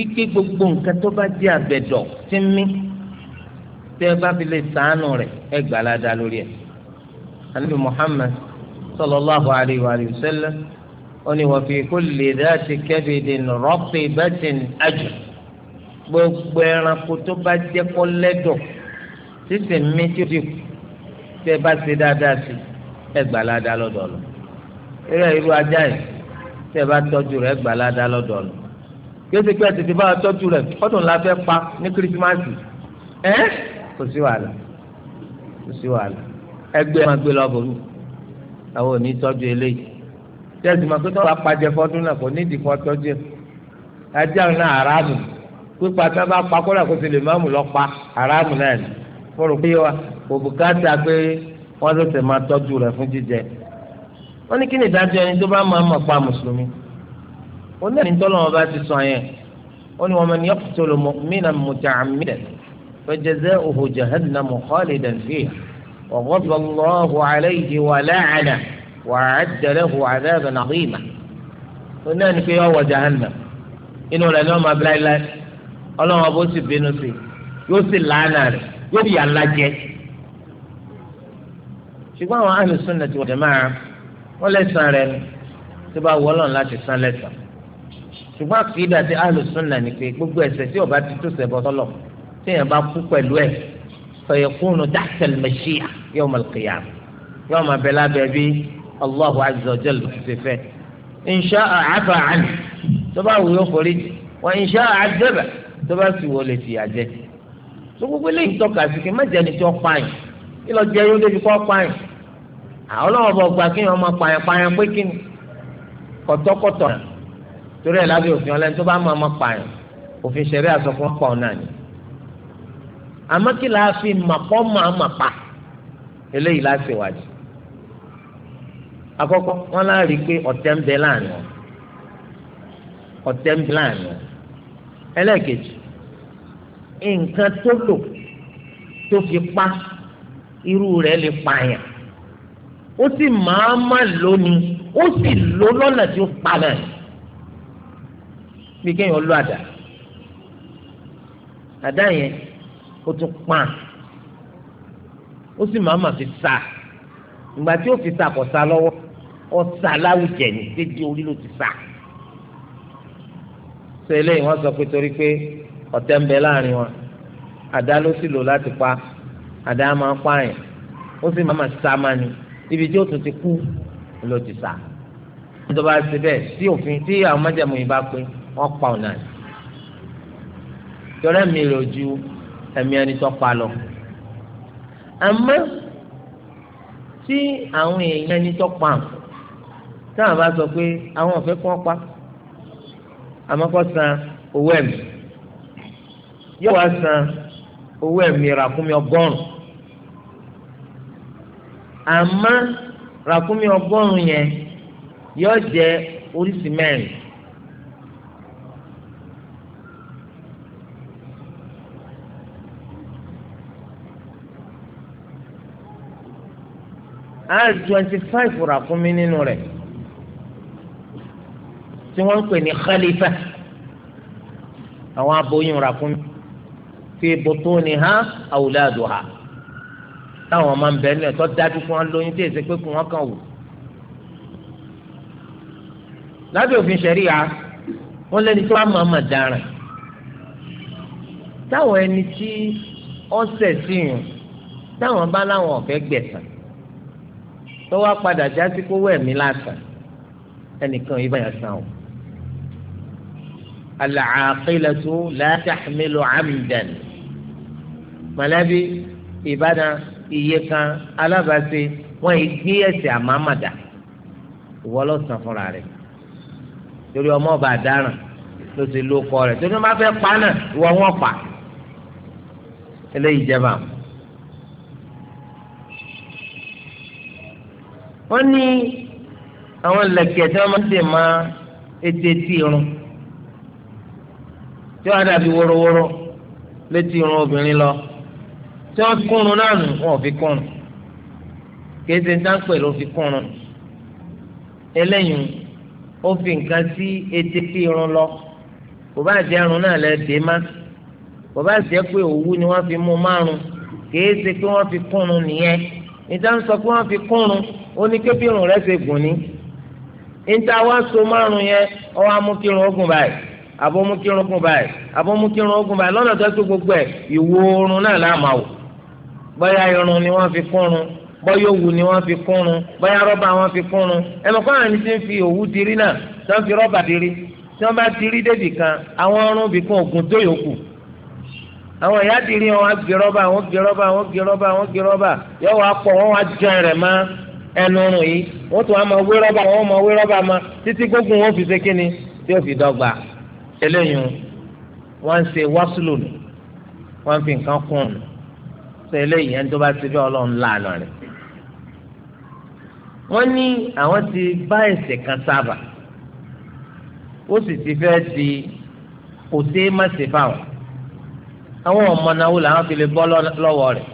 ike gbogbo nǹkan tó bá jẹ́ àbẹ̀dọ̀ tí ń mí tẹ́ ẹ bá fi lè sàánù rẹ̀ ẹ gbà ládàá lórí ẹ̀. anabi muhammad sallallahu alayhi wa sallam ó ní wa fi kulli dhati kabidin raqibatin ajr gbogbo ẹranko tó bá jẹ́ kọ́ lẹ́dọ̀ sísè mí tí ó ti ẹ bá ṣe dáadáa sí ẹ gbà ládàá lọ́dọ̀ lọ. eré irú ajá yìí tẹ́ ẹ bá tọ́jú rẹ̀ gbalada lọ́dọ̀ lọ kéésì pé ẹtì tí bá tọ́jú rẹ̀ ọdún la fẹ́ pa ní kírísímàsì ẹ́ kò sí wàhálà kò sí wàhálà ẹgbẹ́ máa gbé lọ́bọ̀ lù àwọn òní tọ́jú eléyìí tẹ́sí máa pé tọ́ba pàjẹ fọdún náà kò ní ìdí kan tọ́jú ẹ̀ ajá náà aráàmù pípa tí wọ́n bá pa kó lẹ́kọ̀ọ́ sí lè máàmù lọ pa aráàmù náà ni fọ́nrún pé wa òbúkátà pé wọ́n ló tẹ̀ máa tọ́jú rẹ̀ fún jíjẹ wọ́n ní kí ni ìdájọ́ ẹni tó bá máa mọ̀ pa mùsùlùmí òun náà ní tọ́lọ́ wọn bá ti sọ yẹn ó ní wa man yaqtul mu'minan muta'ammidan fajaza'uhu jahannamu khalidan fiha wa ghadiba Allahu alayhi wa la'anahu wa a'adda lahu 'adhaban 'azima òun náà ní pé yọ wọ jahannam inú rẹ̀ ní ọmọ abúláyíláyí ọlọ́run ọba ó bínú sí yóò sì lánàá rẹ̀ yóò yà lájẹ ṣùgbọ́n àwọn ahlus sunnah wal jama'ah wọ́n lẹ́sàn rẹ̀ ni tó bá wọ́ ọlọ́run láti san lẹ́sàn ṣùgbọ́n àkìdá ti alùsùnà ni pé gbogbo ẹ̀ṣẹ̀ tí ọba ti tó ṣẹbọ sọlọ téèyàn bá kú pẹ̀lú ẹ̀ fẹ̀yẹ̀kúnnù dáṣẹ̀lì mẹ́ṣíà yóò mọ̀ kìyà yóò mọ̀ bẹ́ẹ̀ lábẹ́ bí Allahu azza jal ṣe fẹ́. insha àáfà àná tó bá wù yóò forí jì wọ́n insha àwọn ọlọ́wọ́ bọ̀ gba kí wọ́n máa pààyàn pààyàn pé kí ni kọ̀tọ́kọ̀tọ̀ rẹ̀ torí ẹ̀ lábẹ́ òfin ọlẹ́ni tó bá máa máa pààyàn òfin ṣẹ̀rí àsọkún pa ọ̀nà ni àmọ́ kí la fi màpọ́ máa mà pa eléyìí la ṣe wájú àkọ́kọ́ wọn láà rí i pé ọ̀tẹ̀ ń bẹ láàánú ọ̀tẹ̀ ń bẹ láàánú ẹlẹ́ẹ̀kejì nǹkan tó lò tó fi pa irú rẹ̀ lè pààyàn ó sì máa má lò ní ó sì lò lọ́nà tí ó pa náà bí kéèyàn lọ àdá àdá yẹn ó tún pàn ó sì máa má fi sá ìgbà tí ó fi sá kò sá lọ́wọ́ ó sá láwùjẹ ní dédé orí ló ti sá ṣe eléyìí wọ́n sọ pé torí pé ọ̀tẹ̀ ń bẹ láàrin wọn àdá ló sì lò láti pa àdá máa pààyàn ó sì máa má sá máa ní ibi tí ó tún ti kú ló ti sà ìjọba ṣe bẹ́ẹ̀ sí òfin tí àwọn májàmú yìí bá pé wọ́n pa ọ̀nà yọrọ mi rò ju ẹ̀mí ẹni tó pa lọ àmọ́ tí àwọn èèyàn ẹni tó pa àwọn táwọn bá sọ pé àwọn ò fẹ́ pa àmọ́ kó san owó ẹ̀mí yóò wá san owó ẹ̀mí rà fún mi ọgọ́rùn-ún àmọ́ ràkúnmí ọgọ́rùn yẹn yóò jẹ oríṣi mẹ́rin. a twenty five ràkúnmí nínú rẹ̀ tí wọ́n ń pè ní khalifa àwọn aboyún ràkúnmí fi bùtúnì ha awladuha táwọn ọmọ ń bẹ ní ẹ̀tọ́ dájú fún wọn lóyún tí èsì pé kún wọn kàn wò. lábẹ́ òfin ṣẹ̀ríya wọ́n lẹ́ni tí wọ́n máa ma dáràn táwọn ẹni tí ọ̀sẹ̀ sí yùn táwọn bá láwọn ọ̀fẹ́ gbẹ̀sán tó wá padà jásí kó wẹ̀ mí lásán ẹnìkan yìí báyà sàn o. al-aaqilatu la tahmilu amdan mọ̀lẹ́bí ìbádàn iye kan alábàáṣe wọn yìí gbé ẹsẹ̀ àmàmàdà ìwọ lọ sàn fúnra rẹ̀ torí ọmọ ọba àdáràn ló ti ló kọ rẹ̀ torí wọn bá fẹ́ pa náà ìwọ wọn pa eléyìí jẹba. wọ́n ní àwọn lẹ̀kẹ̀ tí wọ́n máa ń dè máa ètè tí irun tí wọ́n á dàbí wórówóró létí irun obìnrin lọ tí wọ́n kúrun náà nù wọn ò fi kúrun kéde dáńpẹ̀ ló fi kúrun eléyìí ó fi nǹkan sí etí fi irun lọ kò bá jẹ́ irun náà lẹ dé má kò bá jẹ́ pé òwú ni wọ́n fi mú márùn kìí ṣe pé wọ́n fi kúrun nìyẹn níta ń sọ pé wọ́n fi kúrun ó ní kébí irun rẹ̀ ṣe gùn ní níta wá so márùn yẹn ó wá mú kí irun ó gùn báyìí àbó mú kí irun gùn báyìí àbó mú báyìí lọ́nà tó tó gbogbo ẹ̀ ìwo náà láàmà wò bóyá irun ni wọ́n fi kúrun bóyá òwú ni wọ́n fi kúrun bóyá rọ́bà wọ́n fi kúrun ẹ̀mọ̀ kọ́ àwọn ti ń fi òwú dirí náà tí wọ́n fi rọ́bà dirí tí wọ́n bá dirí débì kan àwọn ọrùn bì kan ògùn tó yòókù àwọn ìyá dirí wọn á gé rọ́bà wọn gé rọ́bà wọn gé rọ́bà wọn gé rọ́bà yọ wọ́n apọ̀ wọn wá jẹ rẹ̀ mọ́ ẹnu rùn yìí wọ́n tún wá máa wé rọ́bà wọn máa wé rọ́bà mọ́ títí gbógun wọn fi ṣe kíni tí ó fi dọ́gba eléyìí wọ́n ń ṣe wásùlù wọ́n fi nǹkan kún un sọ eléyìí ẹni tó bá ti bí ọlọ́run lànà rẹ̀ wọ́n ní àwọn ti bá ẹ̀ṣẹ̀ kan sábà ó sì ti fẹ́ di kò sí màsí fáwọn àwọn ọmọnàwó làwọn fi lè bọ́ lọ́wọ́ rẹ̀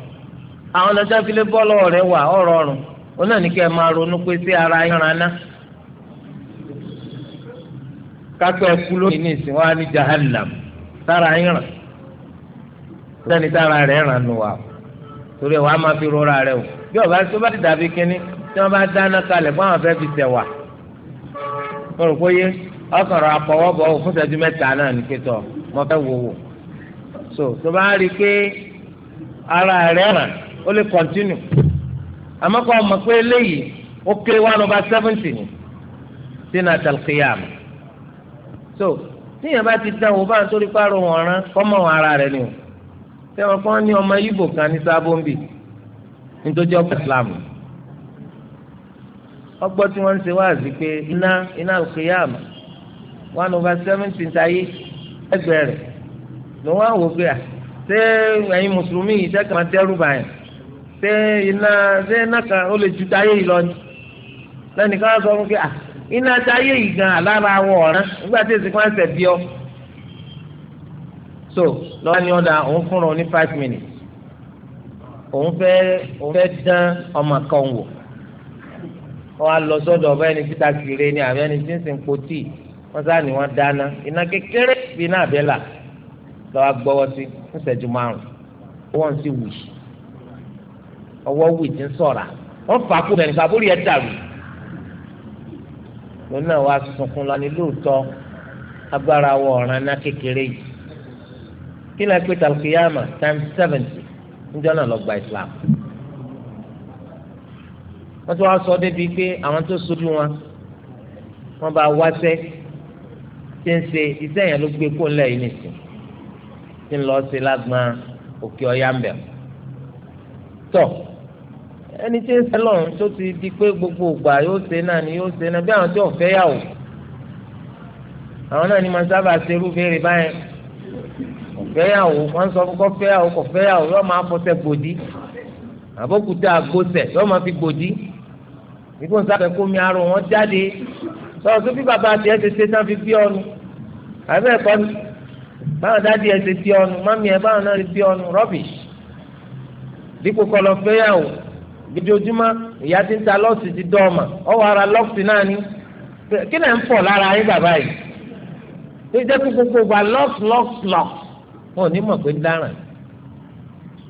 àwọn ọlọ́jà fi lè bọ́ lọ́wọ́ wà ọ̀rọ̀ ọ̀rùn òun náà ní kí ẹ máa ronú pé sí ara yín raná kápẹ́ ẹkú lónìí ní ìsìn wa ní jahannam sára yín ràn sẹ́ni sára rẹ̀ ràn nù wà torí ẹ wàá máa fi rora rẹ o bí ọba tó bá ti dàbí kínní tí wọn bá dáná kalẹ̀ fún àwọn fẹẹ fi tẹwà mo rò pé yé ọkọọrọ àpọwọbọ fún ìṣẹ́jú mẹ́ta náà ní pẹtọ mo fẹ́ wò wò so tó bá rí i pé ara rẹ hàn ó lè kọ́ntínù àmọ́ kọ́ ọmọ pé eléyìí ó kéré one over seventy ni sínú àtàlùkìyàm so tíyẹn bá ti dáwọ́ bá ń torí pàrọ̀ wọn rán kọ́mọ̀ ara rẹ ni o sẹ́wọ̀n kan ní ọmọ Ìgbò kan ní sábọ́ǹbì nítorí ọ̀pọ̀ Islam ọgbọ́ tí wọ́n ń ṣe wáàzí pé iná iná al one over seventy ntayé ẹgbẹ́ rẹ̀ ló wá wò pé à ṣé ẹ̀yin mùsùlùmí yìí ṣe kàn dẹ́rù báyìí ṣé iná ṣé iná kan ó lè ju táyé yìí lọ ni lẹ́nìkan sọ fún pé à iná táyé yìí gan alára wọ̀ ọ̀rán nígbà tí èsì kan ṣẹ̀ bí ọ so lọ́wọ́ ni ọ̀dà òun fúnra ní five minutes òun fẹ́ òun fẹ́ dán ọmọ kan wò wọ́n á lọ sọ́dọ̀ ọba ẹni títa kiri ni àbẹ́ ẹni tí ń sìn pọ́tì wọ́n sá ni wọ́n dáná iná kékeré bí iná àbẹ́là lọ́wọ́ gbọ́wọ́ sí ń ṣẹ́jú márùn wọ́n sì wì ọwọ́ wì tí ń sọ̀ra wọ́n fà kú bẹ̀rẹ̀ fàbúrì ẹ̀ dàrú lónà wa sunkún lọ ní lóòótọ́ agbára wọ ọ̀ràn iná kékeré yìí Kila lè talkiyama times seventy níjọ́ náà lọ gba islam wọ́n tún wá sọ débi pé àwọn tó sojú wọn wọ́n bá wáṣẹ́ tí ń ṣe iṣẹ́ yẹn ló gbé kó ńlẹ̀ yìí nìsín tí ń lọ ṣe lágbọn òkè ọ̀yá ń bẹ̀ tọ́ ẹni tí ń ṣe lọ́run tó ti di pé gbogbo ìgbà yóò ṣe náà ni yóò ṣe náà bí àwọn tí ò fẹ́ yà wò àwọn náà ni màá sábà ṣerú béèrè báyẹn fẹ́yàwó wọ́n sọ fún kọ́ fẹ́yàwó kọ́ fẹ́yàwó yọ máa fọṣẹ gbòdì àbókúta àgbọ̀sẹ̀ yọ máa fi gbòdì ìfún sábẹ́ kó mi arọ wọn jáde sọ̀rọ̀ tó fi bàbá àti ẹ̀ ṣe ṣe tán fi bí ọnu àbẹ́ ẹ̀kọ́ ni báwọn dáàdi ẹ̀ ṣe bí ọnu mami ẹ̀ báwọn náà bí ọnu rubbish dípò kọlọ fẹ́yàwó gidojúmọ́ ìyá ti ń ta lọ́ọ̀sì ti dọ́ọ̀mà ọwọ́ ara lọ́ọ̀sì náà ni kí lẹ́ ń fọ̀ lára yín bàbá yìí tó jẹ́ kó gbogbo gbà lọ́ọ̀sì lọ́ọ̀sì lọ́ọ̀sì wọn ò ní mọ̀ pé ń dáràn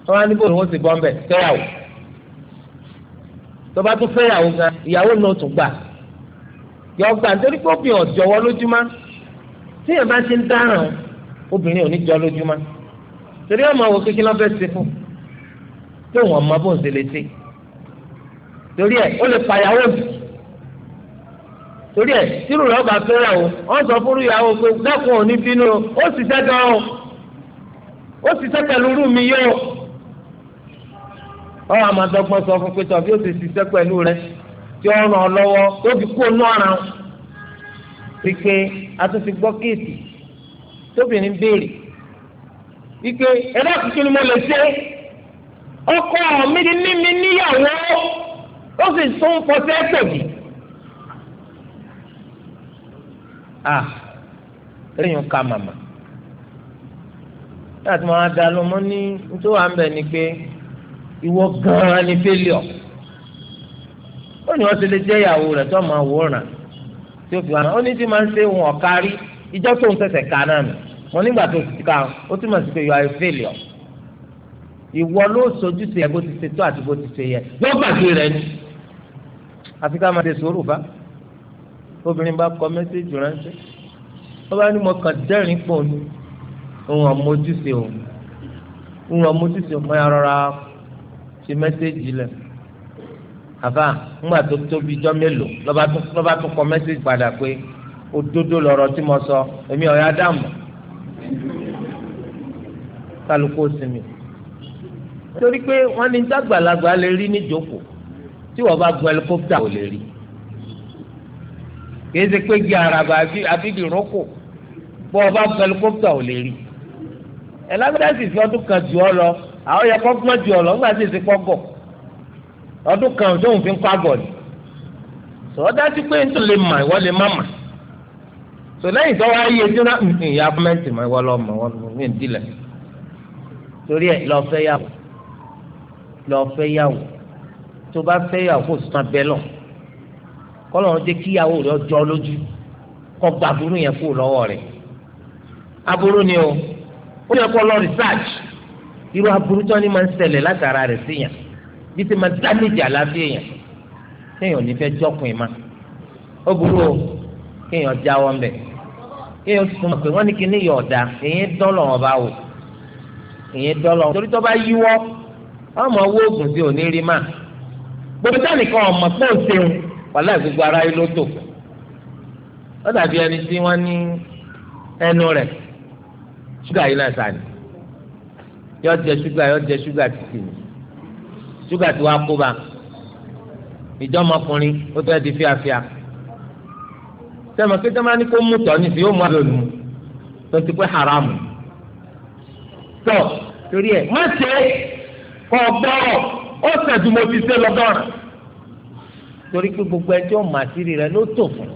wọn á ní bò ní wọn ti bọ́ fẹ́yàwó tó bá tún fẹ́yàwó gan ìyàwó náà tún gbà yọ gbà nítorí pé obìnrin ọ̀jọ̀wọ́ lójúmọ́ tí yẹn bá ti ń dáràn obìnrin ò ní jọ lójúmọ́ torí ọmọ wo kékeré lọ́fẹ́ ṣe fún tó wọn mọ bó ń ṣe lè ṣe torí ẹ ó lè pàyàwó torí ẹ tírù rẹ ọba fẹ́yàwó wọn sọ fúru ìyàwó pé dákun ò ní bínú ó sì sẹ́dọ̀ ọ́. ó sì sẹ́kẹ̀ lóru mi yóò ọ́ àmọ́ àdọ́gbọ́n sọ fún pété ọ̀bí ó sì ṣiṣẹ́ pẹ̀lú rẹ tí ó ràn tó fi kó nú ara wọn a tún tóbìnrin béèrè ọkọ mi níyàwó ó sì tún ah eré yẹn ká láti máa da ló mọ́ ní nítorí wà ń bẹ̀ ni pé ìwọ gan-an ni fẹ́líọ̀ ó ní wọ́n ti lè jẹ́ ìyàwó rẹ̀ tó máa wòran tí ó fi wà náà ó ní tí máa ń ṣe wọn ọ̀kárí ìjọ tó ń tẹ̀sẹ̀ ká náà nù wọn nígbà tó ti ká ó túmọ̀ sí pé you are a failure ìwọ ló sojú sí ẹ bó ti ṣe tó àti bó ti ṣe yẹ yọ gbàgbé rẹ ni àfi ká máa ṣe sùúrù bá obìnrin bá kọ mẹ́sẹ̀jì ránṣẹ́ ó bá ní mo kàn dẹ́rìn pọ̀ ni òun àmójúṣe o òun àmójúṣe o máa rọra ṣe mẹ́sẹ́jì lẹ̀ àbá ńgbà tó tóbi jọ́ mélòó lọ́ba tó kọ mẹ́sẹ́jì padà pé òdodo lọ̀rọ̀ tí mo sọ èmi ọ̀yà dààmú kálukú sinmi torí pé wọ́n ní dàgbàlagbà lè rí níjókòó tí wọ́n bá gun ẹlikọ́pítà ò lè rí kì í ṣe pé gí araba àfi dìrókò bọ́ ọ bá gun ẹlikọ́pítà ò lè rí ẹ lágbádá sì fi ọdún kan jù ọ lọ àwọn yẹ kó gbọ́n jù ọ lọ nígbà tí èsì pọ̀ gọ̀ ọdún kan tóun fi ń kọ́ àgọ̀ ni sọ̀rọ̀ dájú pé ń tún lè mà ìwọ lè má mà sọ lẹ́yìn tó wá yé tí náà nǹkan ìyá abúmẹ́ǹtì mọ́ ìwọ lọ́mọ ìwọ lọ́mọ mi ń dilẹ̀ torí ẹ̀ lọ fẹ́ yàwó lọ fẹ́ yàwó tó bá fẹ́ yàwó kò sùn abẹ́ lọ kọ́lọ́run jẹ́ kí yàwó rẹ̀ jọ lójú kọ́ gbàgbóró yẹn kó lọ́wọ́ rẹ̀ aburú ni o ó yẹ kó lọ research irú aburú tí wọn ní máa ń ṣẹlẹ̀ látara rẹ̀ síyàn bí ti máa dámẹ́jì àlàáfíà yẹn kéèyàn ní fẹ́ jọ́kùn ìmá ó burú o kéèyàn jáwọ́ ń bẹ̀ kéèyàn tún mọ̀ pé wọ́n ní kí ní yọ̀ọ̀dà èyí dọ́lọ̀ wọn bá wò èyí dọ́lọ̀ torí tó bá yíwọ́ wọ́n mọ̀ owó oògùn tí ò ní rí mà gbogbo sánìkan ọ̀mọ̀ pé ò ṣeun wàhálà gbogbo ara yìí ló tò ó dàbí ẹni tí wọ́n ní ẹnu rẹ̀ ṣúgà yìí náà sàn yọ jẹ ṣúgà yọ jẹ ṣúgà títì ní ṣúgà tí wàá kó ba ìjọmọkùnrin ó fẹ́ di fíafíà sẹ́mi pé sẹ́mi kó mú tọ́ ní sí yóò mú àlọ́lù tó ti pé haramu tọ́ torí ẹ̀ má ṣe kọ́ gbọ́rọ̀ ó sẹ̀dùn mo ti ṣe lọ́gọ́rùn torí pé gbogbo ẹjọ́ màsírí rẹ ló tò fún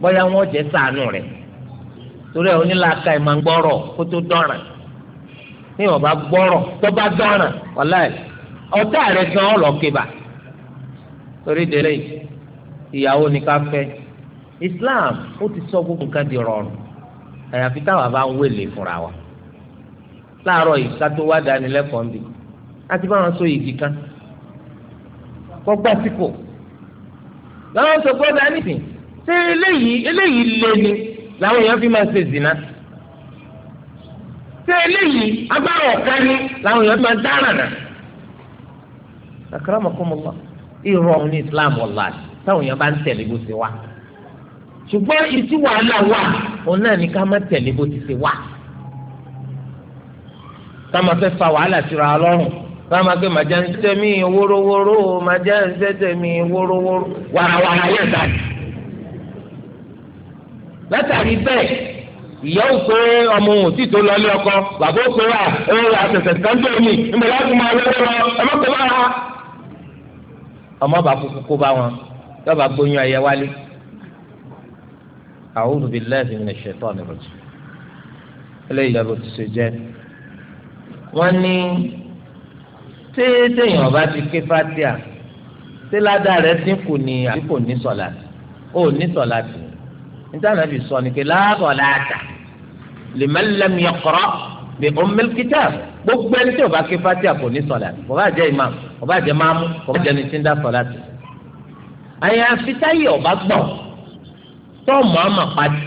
bóyá wọ́n jẹ́ sànù rẹ̀ torí ẹ onílàáka ìmọ̀ gbọ́rọ̀ kó tó dọ̀ràn ní ìwọ̀n bá gbọ́rọ̀ tó bá dọ̀ràn wàláì ọ̀tá rẹ̀ gan ọlọ́kẹ̀bà torí délé ìyàwó ni ká fẹ́ Islam ó ti sọ gbogbo nǹkan di rọrùn àyàfi táwa bá ń wèlé fúnra wa láàárọ̀ yìí ká tó wá dánilẹ́kọ̀ọ́ nbí láti bá wọn sọ ìdí kan kọ́ gbásíkò lọ́wọ́ sọ gbọ́dọ̀ anything ṣé eléyìí eléyìí lé ni. làwọn èèyàn fi máa ṣe zina ṣé eléyìí agbára ni làwọn èèyàn fi máa dára nà. akramakumullah ìrọ̀rùn ní islam ọ̀la táwọn èèyàn bá ń tẹ̀lé bó wá ṣùgbọ́n ìtí wàhálà wà òun náà ká má tẹ̀lé bó ti ṣe wà ká fẹ́ fa wàhálà síra lọ́rùn ń ń yẹn dáadáa. látàrí bẹ́ẹ̀ ìyá ò pé ọmọ òun tí tó lọlé ọkọ bàbá ò pé wà ó rà tẹ̀sẹ̀ sáńdé mi ìmọ̀ láti máa lọ́wọ́ lọ ọmọ kò bá wa. ọmọ bá kúkú kó bá wọn lọ́ba gbóyún ẹyẹ wálé. a'udhu billahi minash shaitani rajim. eléyìí lọ́ba ti ṣe jẹ́. wọ́n ní téèyàn bá ti ké fatia tí ládàá rẹ̀ dínkù ni àbí ní sọ̀lá ò ní sọ̀lá tì níta nàbì sọ ni pé láàbọ̀ láàtà liman lam yaqra bi ummil kitab gbogbo ẹni tí o bá ké fatia kò ní sọlá kò bá jẹ imam kò bá jẹ maamu kò bá jẹ ní tíńdà sọlá tó. àyàfi táyé ọba gbọ́ tó mọ̀ọ́mọ̀ pàdé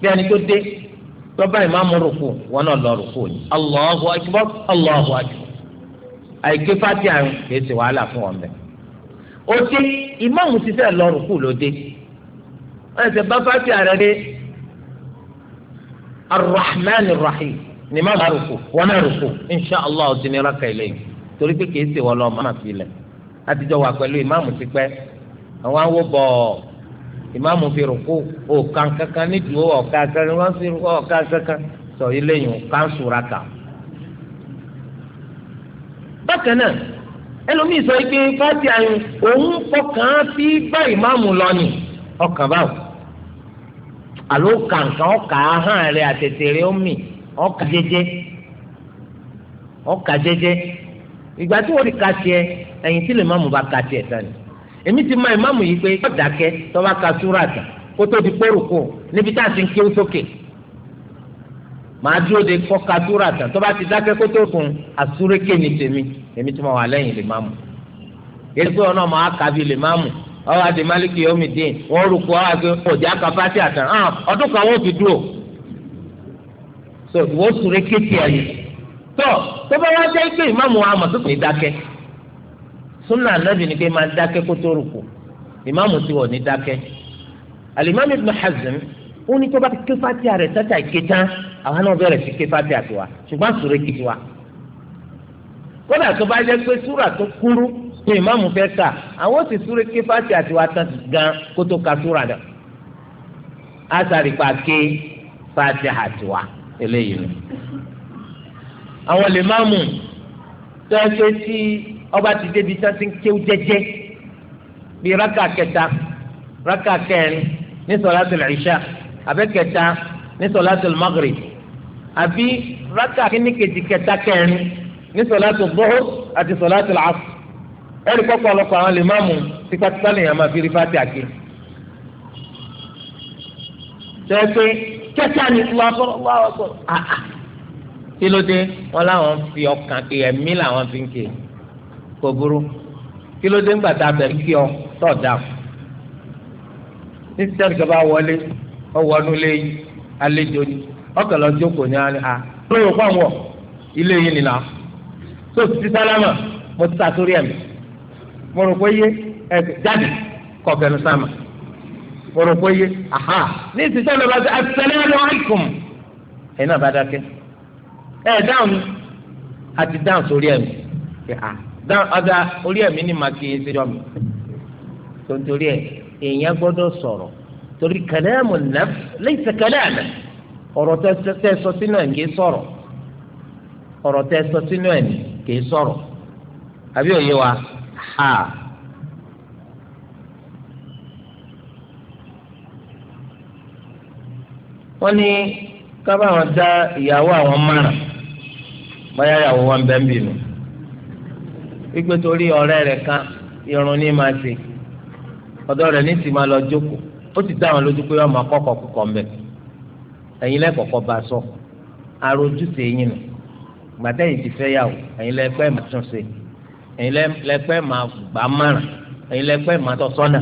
bí ẹni tó dé tọ́ba ìmáàmù rúkú wọn náà lọ rúkú ni Allahu akbar Allahu akbar àìké fatia kìí ṣe wàhálà fún wọn bẹ́ẹ̀. ó dé ti fẹ́ lọ rúkú ló dé. wọ́n ẹsẹ̀ bá fàtí àrẹ dé arrahman rahim ní má bàa rúkú wọn náà rúkú insha allah ọtí ni rákà ilé yìí torí pé kìí ṣe wọn lọ máa fi lẹ àtijọ́ wà pẹ̀lú ìmáàmù ti pẹ́ àwọn bọ̀ ìmáàmù fi rúkú òkan kankan nídùú ọ̀ka kankan wọ́n sì rúkú ọ̀ka kankan sọ ilé yìí kánṣu rákà. bákan náà ẹlòmíì sọ pé fàtí àyùn òun kọkàn fi àló kàǹkà ọkà ahọ́n rẹ̀ àtẹ̀tẹ̀rẹ̀ omi ọkà jẹ́jẹ́ ọkà jẹ́jẹ́ ìgbà tí wọ́n ti ka tiẹ̀ ẹ̀yìn tí lè má mú bá ka tiẹ̀ tán ni èmi ti ma ìmáàmù yìí pé kó dàkẹ́ ka súrà tán kó di pórùkù níbi tá a ti ń kí sókè màá dúró de kó ka súrà tán tó bá ti dákẹ́ kó tó kun àsúrékè ni tèmi èmi ti ma wà lẹ́yìn lè má mú yẹ́n ọ̀nà máa kà bí lè má mú ọwọ àti maliki yomidin wọn rúkọ ọwọ àti ọjà kàfàtì àtàn hàn ah, ọdún kan wọn fi dúró so ìwọ sùn rékétí ẹ yìí tó tó bá wá jẹ́ pé ìmáàmù ahmad tó ní dákẹ́ sunna anabi ni pé máa dákẹ́ kó tó rúkọ ìmáàmù ti wọ̀ ní dákẹ́ alimami ibn hazm ó ní tó bá ké fati rẹ̀ sátà ké tán àwọn náà bẹ̀rẹ̀ sí ké fati àti wa ṣùgbọ́n sùn rékétí wa kódà tó bá jẹ́ pé súrà tó kúrú ní ìmáàmù fẹ́ kà àwọn sì súré ké fásitì àti wàá tán gan kó tó ka súra dà á sàrìpà ké fásitì àti wà eléyìí nù. àwọn lè máàmù tó ẹ pé tí ọba ti débi tán ti ń kéwú jẹ́jẹ́ bí rákà kẹta rákà kẹrin ní sọlátul ìṣá abẹ́kẹta ní sọlátul maghrib àbí rákà kíníkejì kẹta kẹrin ní sọlátul duhur àti sọlátul asr ẹ̀rí kọ́kọ́ ọlọ́pàá àwọn lè má mú tipátipá lèèyàn máa fi rí fáti àké. sẹ́ẹ̀pẹ́ kẹ́kẹ́ ni wọ́n sọ̀rọ̀ wọ́n sọ̀rọ̀ àà kí ló dé wọn láwọn fi ọkàn kí ẹ̀mí làwọn fi ń kí kò burú kí ló dé ńgbà tá a bẹ̀rẹ̀ kí ọ tọ̀ dà ní sẹ́ẹ̀rì kí a bá wọlé ọwọ́ ọdún lé àlejò ni ọkàn lọ jókòó ní alẹ́ à lóyún fáwọn ilé yìí nìlá tó ti sálámà mo ti sàtórí ẹ̀mí. mo rò yé ẹsẹ̀ jáde yé aha ní ìsìtẹ́ lọ́ba ṣe assalamu alaikum ẹ̀yin náà bá dákẹ́ ẹ̀ dáhùn àti dáhùn sórí ẹ̀mí ah, dáhùn ọ̀dà orí ẹ̀mí ni màá kí ẹ mi ẹ̀ èèyàn gbọ́dọ̀ sọ̀rọ̀ torí ọ̀rọ̀ sọ sínú ẹ̀ kì í sọ̀rọ̀ ọ̀rọ̀ sọ sínú a wọ́n ní kábà wọn dá ìyàwó àwọn márùn báyà ìyàwó wọn bẹ́ẹ̀ bì nù wípé torí ọ̀rẹ́ rẹ̀ kan irun ní máa ṣe ọ̀dọ̀ rẹ̀ ní ti máa lọ jókòó ó ti dá àwọn lójú pé ọmọ akọ́kọ̀ kọ̀ọ̀ mbẹ́ ẹ̀yin lẹ́kọ̀ọ́kọ́ bá a sọ àròjúṣe yín nù gbàtẹ́yìn ti fẹ́ yàwó ẹ̀yin lẹ́pẹ́ màtúnṣe yìí ẹ̀yin lẹ́pẹ́ máa gbà márùn ẹ̀yin lẹ́pẹ́ máa tọ́ sọ́nà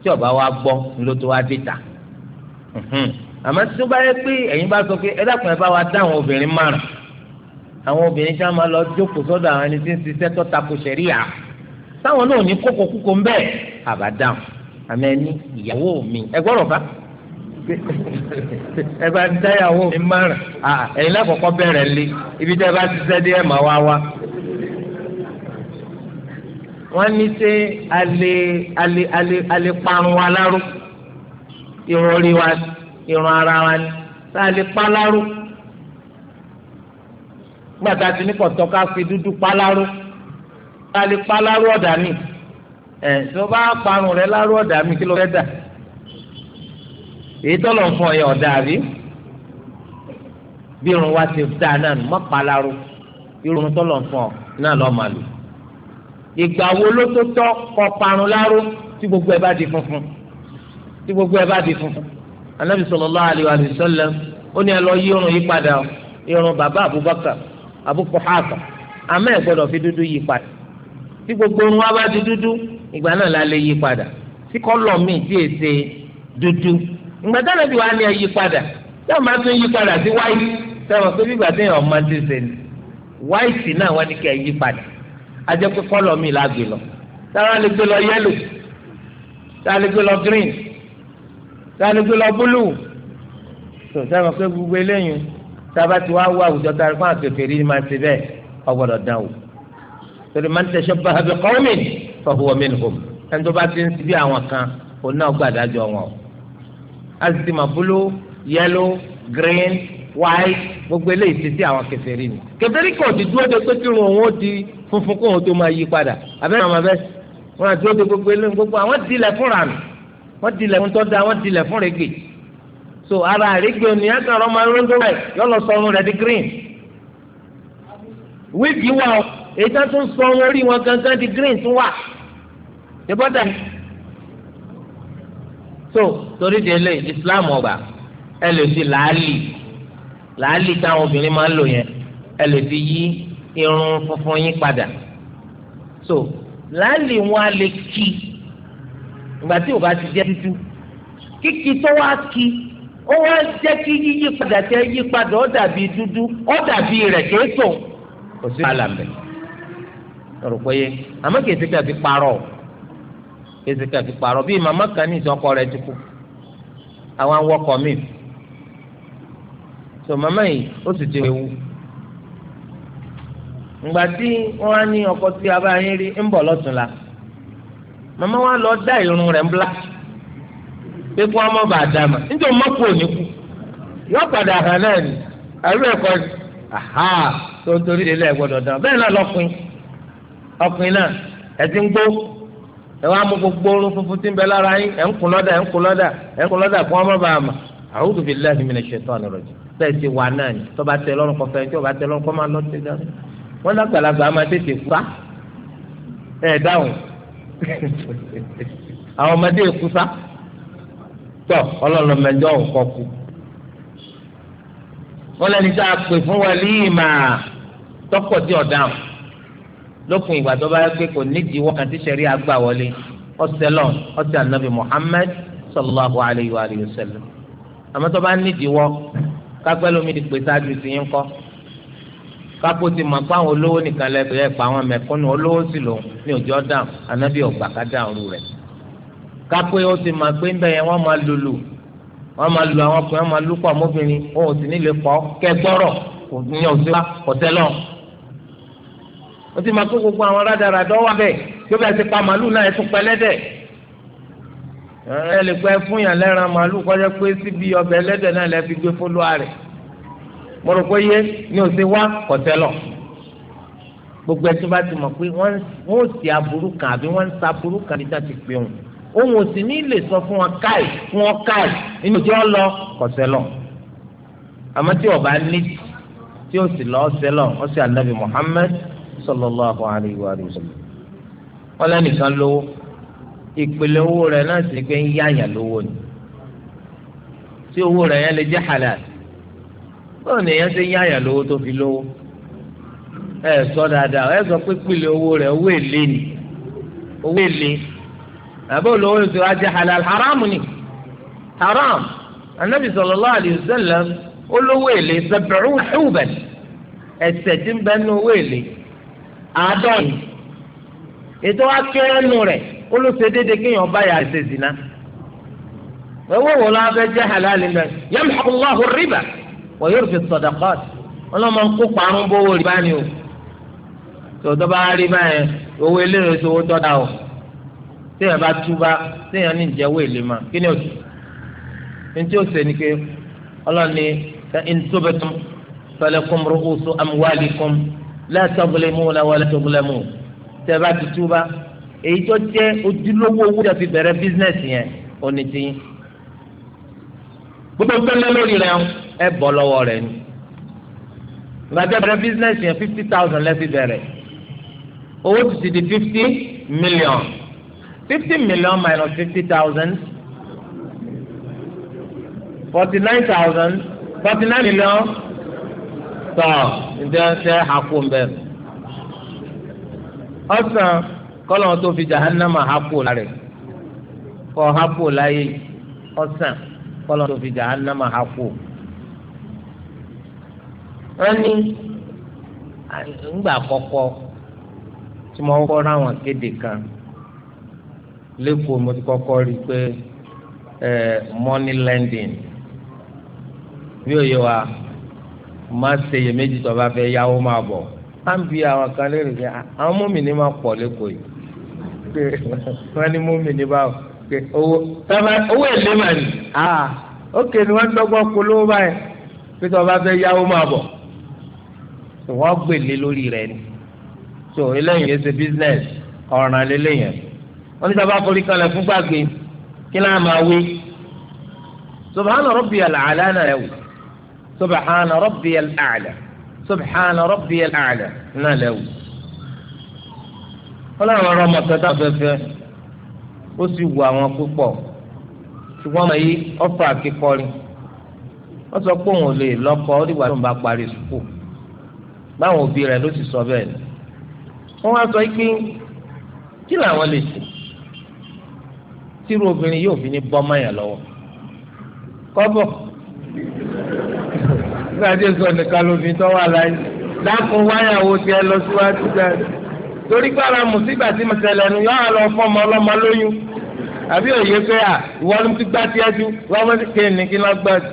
tí ọba wa gbọ́ ló tó wá dé ta àmọ́ tí ó bá yẹ pé ẹ̀yin bá sọ pé ẹ dákun ẹ bá wa dá àwọn obìnrin márùn àwọn obìnrin tí wọ́n máa lọ jókòó sọ́dọ̀ àwọn ẹni tí ń ṣiṣẹ́ tó tako ṣẹ̀ríyà táwọn náà ní kókó kúkó ń bẹ́ẹ̀ àbá dáhùn àmọ́ ẹni ìyàwó mi ẹ gbọ́dọ̀ bá ẹ bá dáyàwó mi márùn ẹ̀yin lákòókò bẹ̀rẹ̀ lé ibi tí ẹ bá ṣiṣẹ́ dé ẹ̀ máa wá wá wọ́n ní ṣe alẹ alẹ alẹ alẹ parun wa láró irun orí wa irun ara wa ni tá a lè pa láró gbàtà tí ní kọ̀tọ́ ká fi dúdú pa láró tá a lè pa láró ọ̀dà mi ẹ̀ tí wọ́n bá parun rẹ̀ láró ọ̀dà mi kí ló fẹ́ dà èyí tọ́lọ̀ ń fọ ẹ̀ ọ̀dà rí bí irun wa ti dáa náà mọ́ pa irun tọ́lọ̀ ń fọ náà lọ́ọ́ máa lò ìgbà wo ló tó tọ́ kọ parun láró tí gbogbo ẹ bá di funfun tí gbogbo ẹ bá di funfun anabi sallallahu alaihi wa sallam ó ní ẹ lọ yí irun yí padà irun bàbá abubakar abu quhafa àmọ́ ẹ gbọ́dọ̀ fi dúdú yí padà tí gbogbo irun wa bá di dúdú ìgbà náà la lè yí padà tí kọlọ mi tí è ṣe dúdú ìgbà tí anabi wa ni ẹ yí padà yóò máa tún yí padà sí wáìtì sẹ́wọ̀n pé bí ìgbà tí èèyàn máa ti ṣe ni wáìtì náà wọ́n ní kẹ́ yí padà ajẹ́ pé kọ́lọ̀ mi la gbé lọ táwa lè gbé lọ yẹ́lò táwa lè gbé lọ green táwa lè gbé lọ búlù tó sábà pé gbogbo eléyìí sábà tí wàá wá àwùjọ tá a fún àkèké rí ni máa ti bẹ́ẹ̀ ọgbọ́dọ̀ dán o torí máa ń tẹ̀sọ́ bá a bẹ kọ́mí fọwọ́ mi nìkó ẹni tó bá ti ń síbi àwọn kan òun náà gbàdájọ wọn o a sì ti mọ̀ búlù yẹ́lò green white gbogbo eléyìí ti sí àwọn kèfèrí ni kèfèrí kò ti dúró de pé kí irun òun ó di funfun kóhun tó máa yí padà abẹ́rẹ́ àwọn abẹ́ wọn àti oṣù gbogbo ilé gbogbo àwọn dilẹ̀ fúnra nù wọ́n dilẹ̀ fún tọ́da wọ́n dilẹ̀ fún rẹ̀gbẹ̀ so ara rẹ̀gbẹ̀ ni ẹ̀ka ọ̀rọ̀ máa ń rẹ̀ yọ̀lọ̀ sọ̀rọ̀ rẹ̀ di green wíìgì wà ó èyí tó tún sọ wọn rí wọn gangan di green tún wà ṣèbọ́dà so torí de lè Islam ọgbà ẹ lè fi làálì làálì táwọn obìnrin máa ń lò yẹn ẹ lè fi yí irun funfun yín padà so láàlì wọn a lè kí ìgbà tí o bá ti jẹ tútù kíkí tó wá kí ó wá jẹ́ kí yíyí padà tẹ yí padà ó dàbí dúdú ó dàbí rẹ̀ kéétò kò sí wàhálà mẹ lọrọ pé àmọ́ kèsì kàfi parọ́ kèsì kàfi parọ́ bíi màmá kan ní ìsọkọ rẹ̀ ti kú àwọn awọkọ mi so màmá yìí ó sì ti wéwu ìgbà tí wọ́n á ní ọkọ tí a bá yín rí ń bọ̀ lọ́tún la màmá wa lọ dá irun rẹ̀ ń bla pé kí wọ́n mọ̀ bá a dá ma níjọ́ mọ́kù òní kú yọ padà hàn náà ni àrùn ẹ̀kọ́ aha tó ń torí lélẹ̀ gbọ́dọ̀ dán bẹ́ẹ̀ náà lọ́kùnrin ọkùnrin náà ẹ ti ń gbó ẹ wá mú gbogbo orun funfun tí ń bẹ lára yín ẹ ń kun lọ́dà ẹ ń kun lọ́dà ẹ ń kun lọ́dà kí wọ́n mọ̀ bá a mà a'udhu billahi minash shaitani rajim bẹ́ẹ̀ ti wà náà ni tó bá tẹ lọ́rùn kọfẹ́ tó bá tẹ lọ́rùn kọ́ máa lọ́ọ́ wọ́n lágbàlagbà máa tètè kúta ẹ̀ dáhùn àwọn ọmọdé kúta tọ ọlọ́run mẹjọ òǹkọ kú wọ́n lẹ́ni tá a pè fún wàlíìmà tọkọ tí ọ̀daràn lókun ìgbà tó bá yẹ pé kò nídìí wọ́n kàn ti ṣẹ̀rí àgbà wọlé ọ̀sẹ̀lọ̀ ọ̀sẹ̀ ànábì Muhammad sallallahu alayhi wa sallam àmọ́ tó bá nídìí wọ́n kápẹ́ lómi ti pè sáájú sí yín kọ́ kápò ti mọ̀ pé àwọn olówó nìkan lẹ́fẹ̀ẹ́ ẹ̀ pa àwọn mẹ̀kúnnù olówó sì lòun ní òjò dáhùn anábì ọ̀gbà ká dáhùn rẹ̀ kápò ó ti mọ̀ pé ń bẹ̀ yẹn wọ́n máa lulu wọ́n máa lu àwọn ọkùnrin wọ́n máa lúpọ̀ ọmọbìnrin wọn ò sì nílé pọ̀ kẹgbọ́rọ̀ ní òsì wá kọ̀tẹ́ lọ. ó ti mọ̀ pé gbogbo àwọn rádaràdọ́ wà bẹ́ẹ̀ tó bẹ́ẹ̀ ti pa màálù náà ẹ̀sùn pẹ́lẹ́dẹ̀ ẹ lè pẹ́ fún yàn lẹ́ran màálù kọjá pé síbi ọbẹ̀ ẹlẹ́dẹ̀ náà lẹ́ fi gbé fólúwa rẹ̀ mo rò pé yé mi ò ṣe wá kọ̀tẹ́ lọ gbogbo ẹtí bá ti mọ̀ pé wọ́n ò sí aburú kan àbí wọ́n ń sa aburú kan níta ti pè òun òun ò sì ní lè sọ fún wọn káì fún wọn káì nínú ìjọ lọ kọ̀tẹ́ lọ àmọ́ tí ọba ní tí ó sì lọ ọsẹ lọ ọsẹ anabi Muhammad sallallahu alayhi wa sallam wọn lẹ́nìkan lówó ìpele owó rẹ̀ náà sì pé ń yáyàn lówó ni tí owó rẹ̀ yẹn lè jẹ́ halal báwo ni èèyàn ṣe ń yáyà lówó tó fi lówó ẹ sọ dáadáa ẹ sọ pé pìlẹ̀ owó rẹ̀ owó èlé ni owó èlé àbẹ olówó ètò ajá halal haram ni haram anabi sallallahu alayhi wa olówó èlé sẹbẹrù ṣùgbọn ẹsẹ tí ń bẹ ní owó èlé àádọ́rin ètò akérènù rẹ̀ dédé kéèyàn bá yà zina jẹ́ halal ni riba. wọ́n yóò fi sọ̀dọ̀kọ́t ọlọ́mọ ń kó parun bówó rí báni o tòótọ́ bá rí báyẹn owó eléyìí oṣù owó tọ́da o téèyàn bá túbá téèyàn ní ìjẹ́wọ́ èlé ma kí ni oṣù ntí ó sè ni pé ọlọ́ni ká ntúbẹ̀tún falakum ru'usu amwalikum la tazlimuna wa la tuzlamun tẹ́ bá ti túbá èyí tó jẹ́ ojúlówó owó tó fi bẹ̀rẹ̀ bísínẹ́sì yẹn ò tiyín gbogbo pẹlẹ lórí rẹ ẹ bọ́ lọ́wọ́ rẹ ni gbàtẹ bẹ̀rẹ̀ bísínẹsì yẹn fifty thousand lẹfi bẹ̀rẹ̀ owó ti ti di fifty million fifty million minus fifty thousand forty nine thousand forty nine million tọ ǹjẹ́ ṣe àkó ń bẹ̀rẹ̀ ọ̀sán kọ́lọ́n tó fi jahannama àkó la rẹ̀ kọ́ àkó la yé ọ̀sán kọ́lọ́ tó fi jahannama ha kú. wọ́n ní ńgbà àkọ́kọ́ tí mo kọ́ ráwọn kéde kan lẹ́kọ̀ọ́ mo ti kọ́kọ́ rí i pé money lending bí òye wa má ṣe iyèméjì tó bá fẹ́ yáwó máa bọ̀ á ń bi àwọn kan lérè pé àwọn mọ́mì ni máa pọ̀ lẹ́kọ̀ọ́ yìí wọ́n ní mọ́mì ni owó èlé mà ní. ókè ni wọ́n dọ́gbọ́n polówó báyìí pé tí wọ́n bá fẹ́ yáwó máa bọ̀ wọ́n gbèlè lórí rẹ̀ ni so eléyìí ẹsẹ̀ business ọ̀ràn lélẹ́yìn wọ́n ní sábà forí kalẹ̀ fún gbàgbé kí náà máa wí subhana rabbi alaala na rẹ̀ wò subhana rabbi alaala subhana rabbi alaala náà rẹ̀ wò wọ́n láwọn ọ̀rọ̀ ọmọ kẹta fẹ́fẹ́ ó sì wù àwọn púpọ̀ ṣùgbọ́n mọ̀ yí ọ̀fọ̀ àkíkọ́rin wọ́n sọ pé òun ò lè lọ́kọ ó dìgbà tó ń bá parí sùkúù báwọn òbí rẹ̀ ló sì sọ bẹ́ẹ̀ ni wọ́n wá sọ pé kí làwọn lè sè tírú obìnrin yóò fi ní bọ́mọ̀yàn lọ́wọ́ kọ́bọ̀ nígbà tí èso nìkan ló fi tọ́ wà láyé dákun wáyàwó tiẹ̀ lọ síwájú dáadáa torí pé ara mùsíbà tí mo ṣẹlẹ̀ nu yọ àlọ́ fún ọmọ ọlọ́mọ lóyún àbí òye pé à ìwọ ló ti gbá tiẹ́jú wọ́n mọ̀ sí kéènì kí lọ́ gbà jù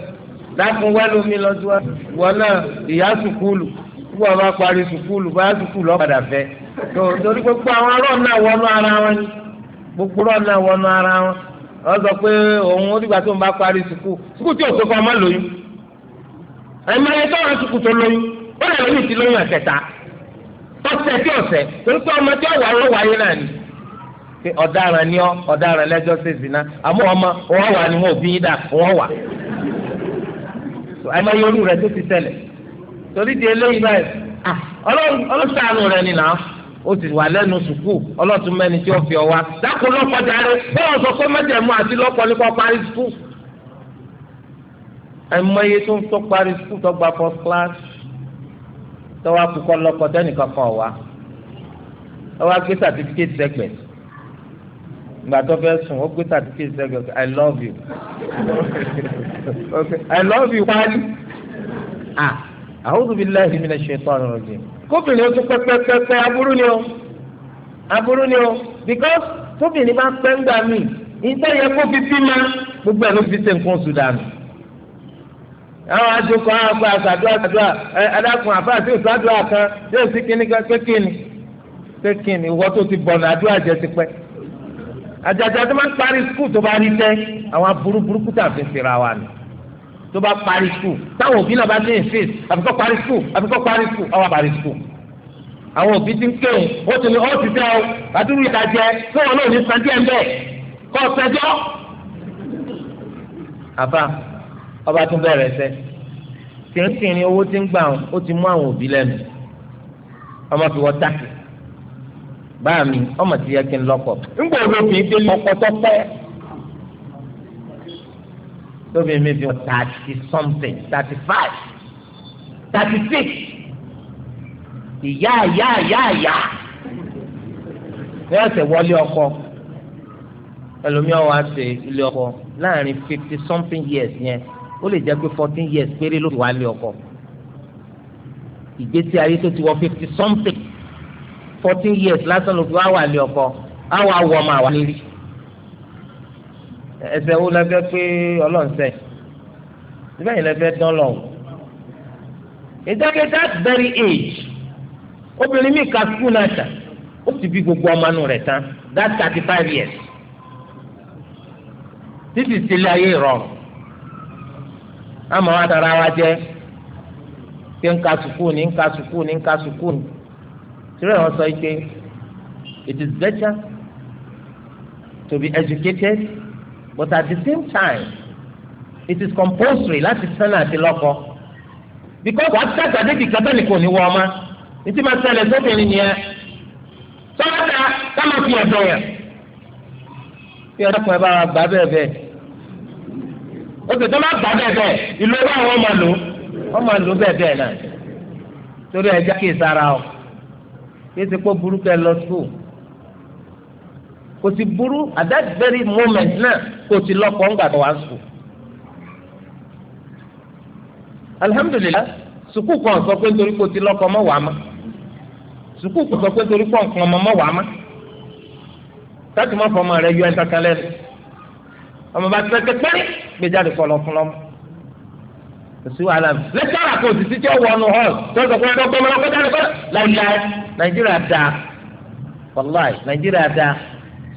dákun wá lómi lọ́jọ́ wa ìwọ náà ìyá sùkúlù ìwọ máa parí sùkúlù bá sùkúlù ọ̀padà fẹ́ tó torí pé gbogbo àwọn ọlọ́ọ̀ náà wọnú ara wọn ni gbogbo ọlọ́ọ̀ náà wọnú ara wọn wọ́n sọ pé òun ó dìgbà tó ń bá parí sùkúlù sùkúlù tí ọ̀sẹ̀ tí ọmọ tí ọ̀wà ló wáyé náà ni pé ni ọ ọ̀daràn lẹ́jọ́ ṣe zina àmọ́ ọmọ wọn wà ní wọn yín dà wọn wà olú tó ti torí di eléyìí báyìí ọlọ́sàánù rẹ ni ó ti wà lẹ́nu sùkúù ọlọ́tún mẹ́ni tí ó fi ọ wá dákun lọ́kọ̀ bẹ́ẹ̀ mẹ́jẹ̀mú àti lọ́kọ̀ nípa parí tó ń tọ́ parí tó gba tọ́wọ́ akukọ lọ́kọ tẹ́nìkan kan wá tọ́wọ́ agbé sàtífíkẹ́tì sẹ́gbẹ̀ ìgbà tó fẹ́ sùn ó gbé sàtífíkẹ́tì sẹ́gbẹ̀ i love you okay i love you wáyé ah a'udhu billahi minash shaitani rajim kóbìnrin ó tún pẹ́pẹ́pẹ́pẹ́ aburú ni o aburú ni o because tóbìnrin bá pẹ́ ń gbà mí ìtẹ́yẹ kó fi bí ma gbogbo ẹ̀ ló fi ṣe nǹkan oṣù dànù àwọn adúkọ àgbà àsàdúrà àsàdúrà ẹ adákùn àfáà sí ìsàdúrà kan yóò sí kíní kékìní kékìní ìwọ tó ti bọ̀nà àdúrà jẹ ti pẹ́ àjàjà tó máa ń parí skul tó bá rí tẹ́ àwọn aburú burúkú tà fi fira wa ni tó bá parí skul táwọn òbí náà bá ní ìfíìs àfikọ́ parí skul àfikọ́ parí skul àwọn parí skul àwọn òbí ti ń kéwòn ó ti ní ó ti tẹ ọ àdúrú ìdájẹ tó wọn náà ní sàn díẹ̀ ń bẹ̀ kọ́ ọ sẹjọ́ àbá ọba tún bẹ̀rẹ̀ sẹ́ tìǹtìǹ owó tí ń gbà ó ti mú àwọn òbí lẹ́nu ọmọ fi wọ́n dákì báà mi ọmọ ti yẹ kí n lọ́kọ. ńgbà wo fi dé lọ́kọ̀tọ́ pẹ́. lóbi mi fi thirty something thirty five thirty six ìyá ìyá ìyá ìyá ní ọ̀sẹ̀ wọlé ọkọ ẹlòmíọ́ wa ṣe ilé ọkọ láàrin fifty something years yẹn. Yeah ó lè jẹ́ pé fourteen years péré ló fi wá lé ọkọ ìgbésí ayé tó ti wọ fifty something fourteen years lásán ló fi wá wà lé ọkọ á wà wọ ọmọ àwa lérí ẹsẹ̀ wo lẹ́fẹ́ pé ọlọ́ọ̀nsẹ̀ síbẹ̀ yìí lẹ́fẹ́ dán lọ. ìdákẹ́ that very age obìnrin mi ka skul náà tà ó sì bí gbogbo ọmọ inú rẹ̀ tán that thirty five years títí sílé ayé ìrọ̀rùn àmọ́ wa tara wa jẹ́ pé ń ka sùkúù ní ń ka sùkúù ní ń ka wọn sọ pé it is better to be educated but at the same time it is compulsory láti sẹ́nà àti lọ́kọ because wàá tàgbà débi kẹtẹ́ni kò ní wọ ọmọ títí máa ṣẹlẹ̀ sóbìnrin yẹn sọ́wọ́ta ká máa fi ẹ̀dọ̀ yẹn. bí ọ̀dọ́ kan ẹ bá wa gbà bẹ́ẹ̀ bẹ́ẹ̀. ó tó má gbà bẹ́ẹ̀ ìlú ọba àwọn ọmọ lò wọ́n máa lò bẹ́ẹ̀ bẹ́ẹ̀ náà torí ẹja kì í sara o kì í ti lọ sùn kò sì burú at that very moment náà kò sì lọ́kọ̀ ńgbà tó wá sùn. alihamudulilayi sukuu kan sọ pé nítorí kò ti lọ́kọ̀ mọ́ wàá ma sukuu kan sọ yọ ọmọ bá tẹ kẹkẹrẹ gbẹjáde kọlọ fún lọmọ òsì wàhálà mi lẹ́tọ́rà kò sì tíjọ́ wọnú hall tọ́sọ̀ pé ẹ̀dọ́ gbọmọlọ kọjá lọ́kọ́ láìláì nàìjíríà da wàláì nàìjíríà da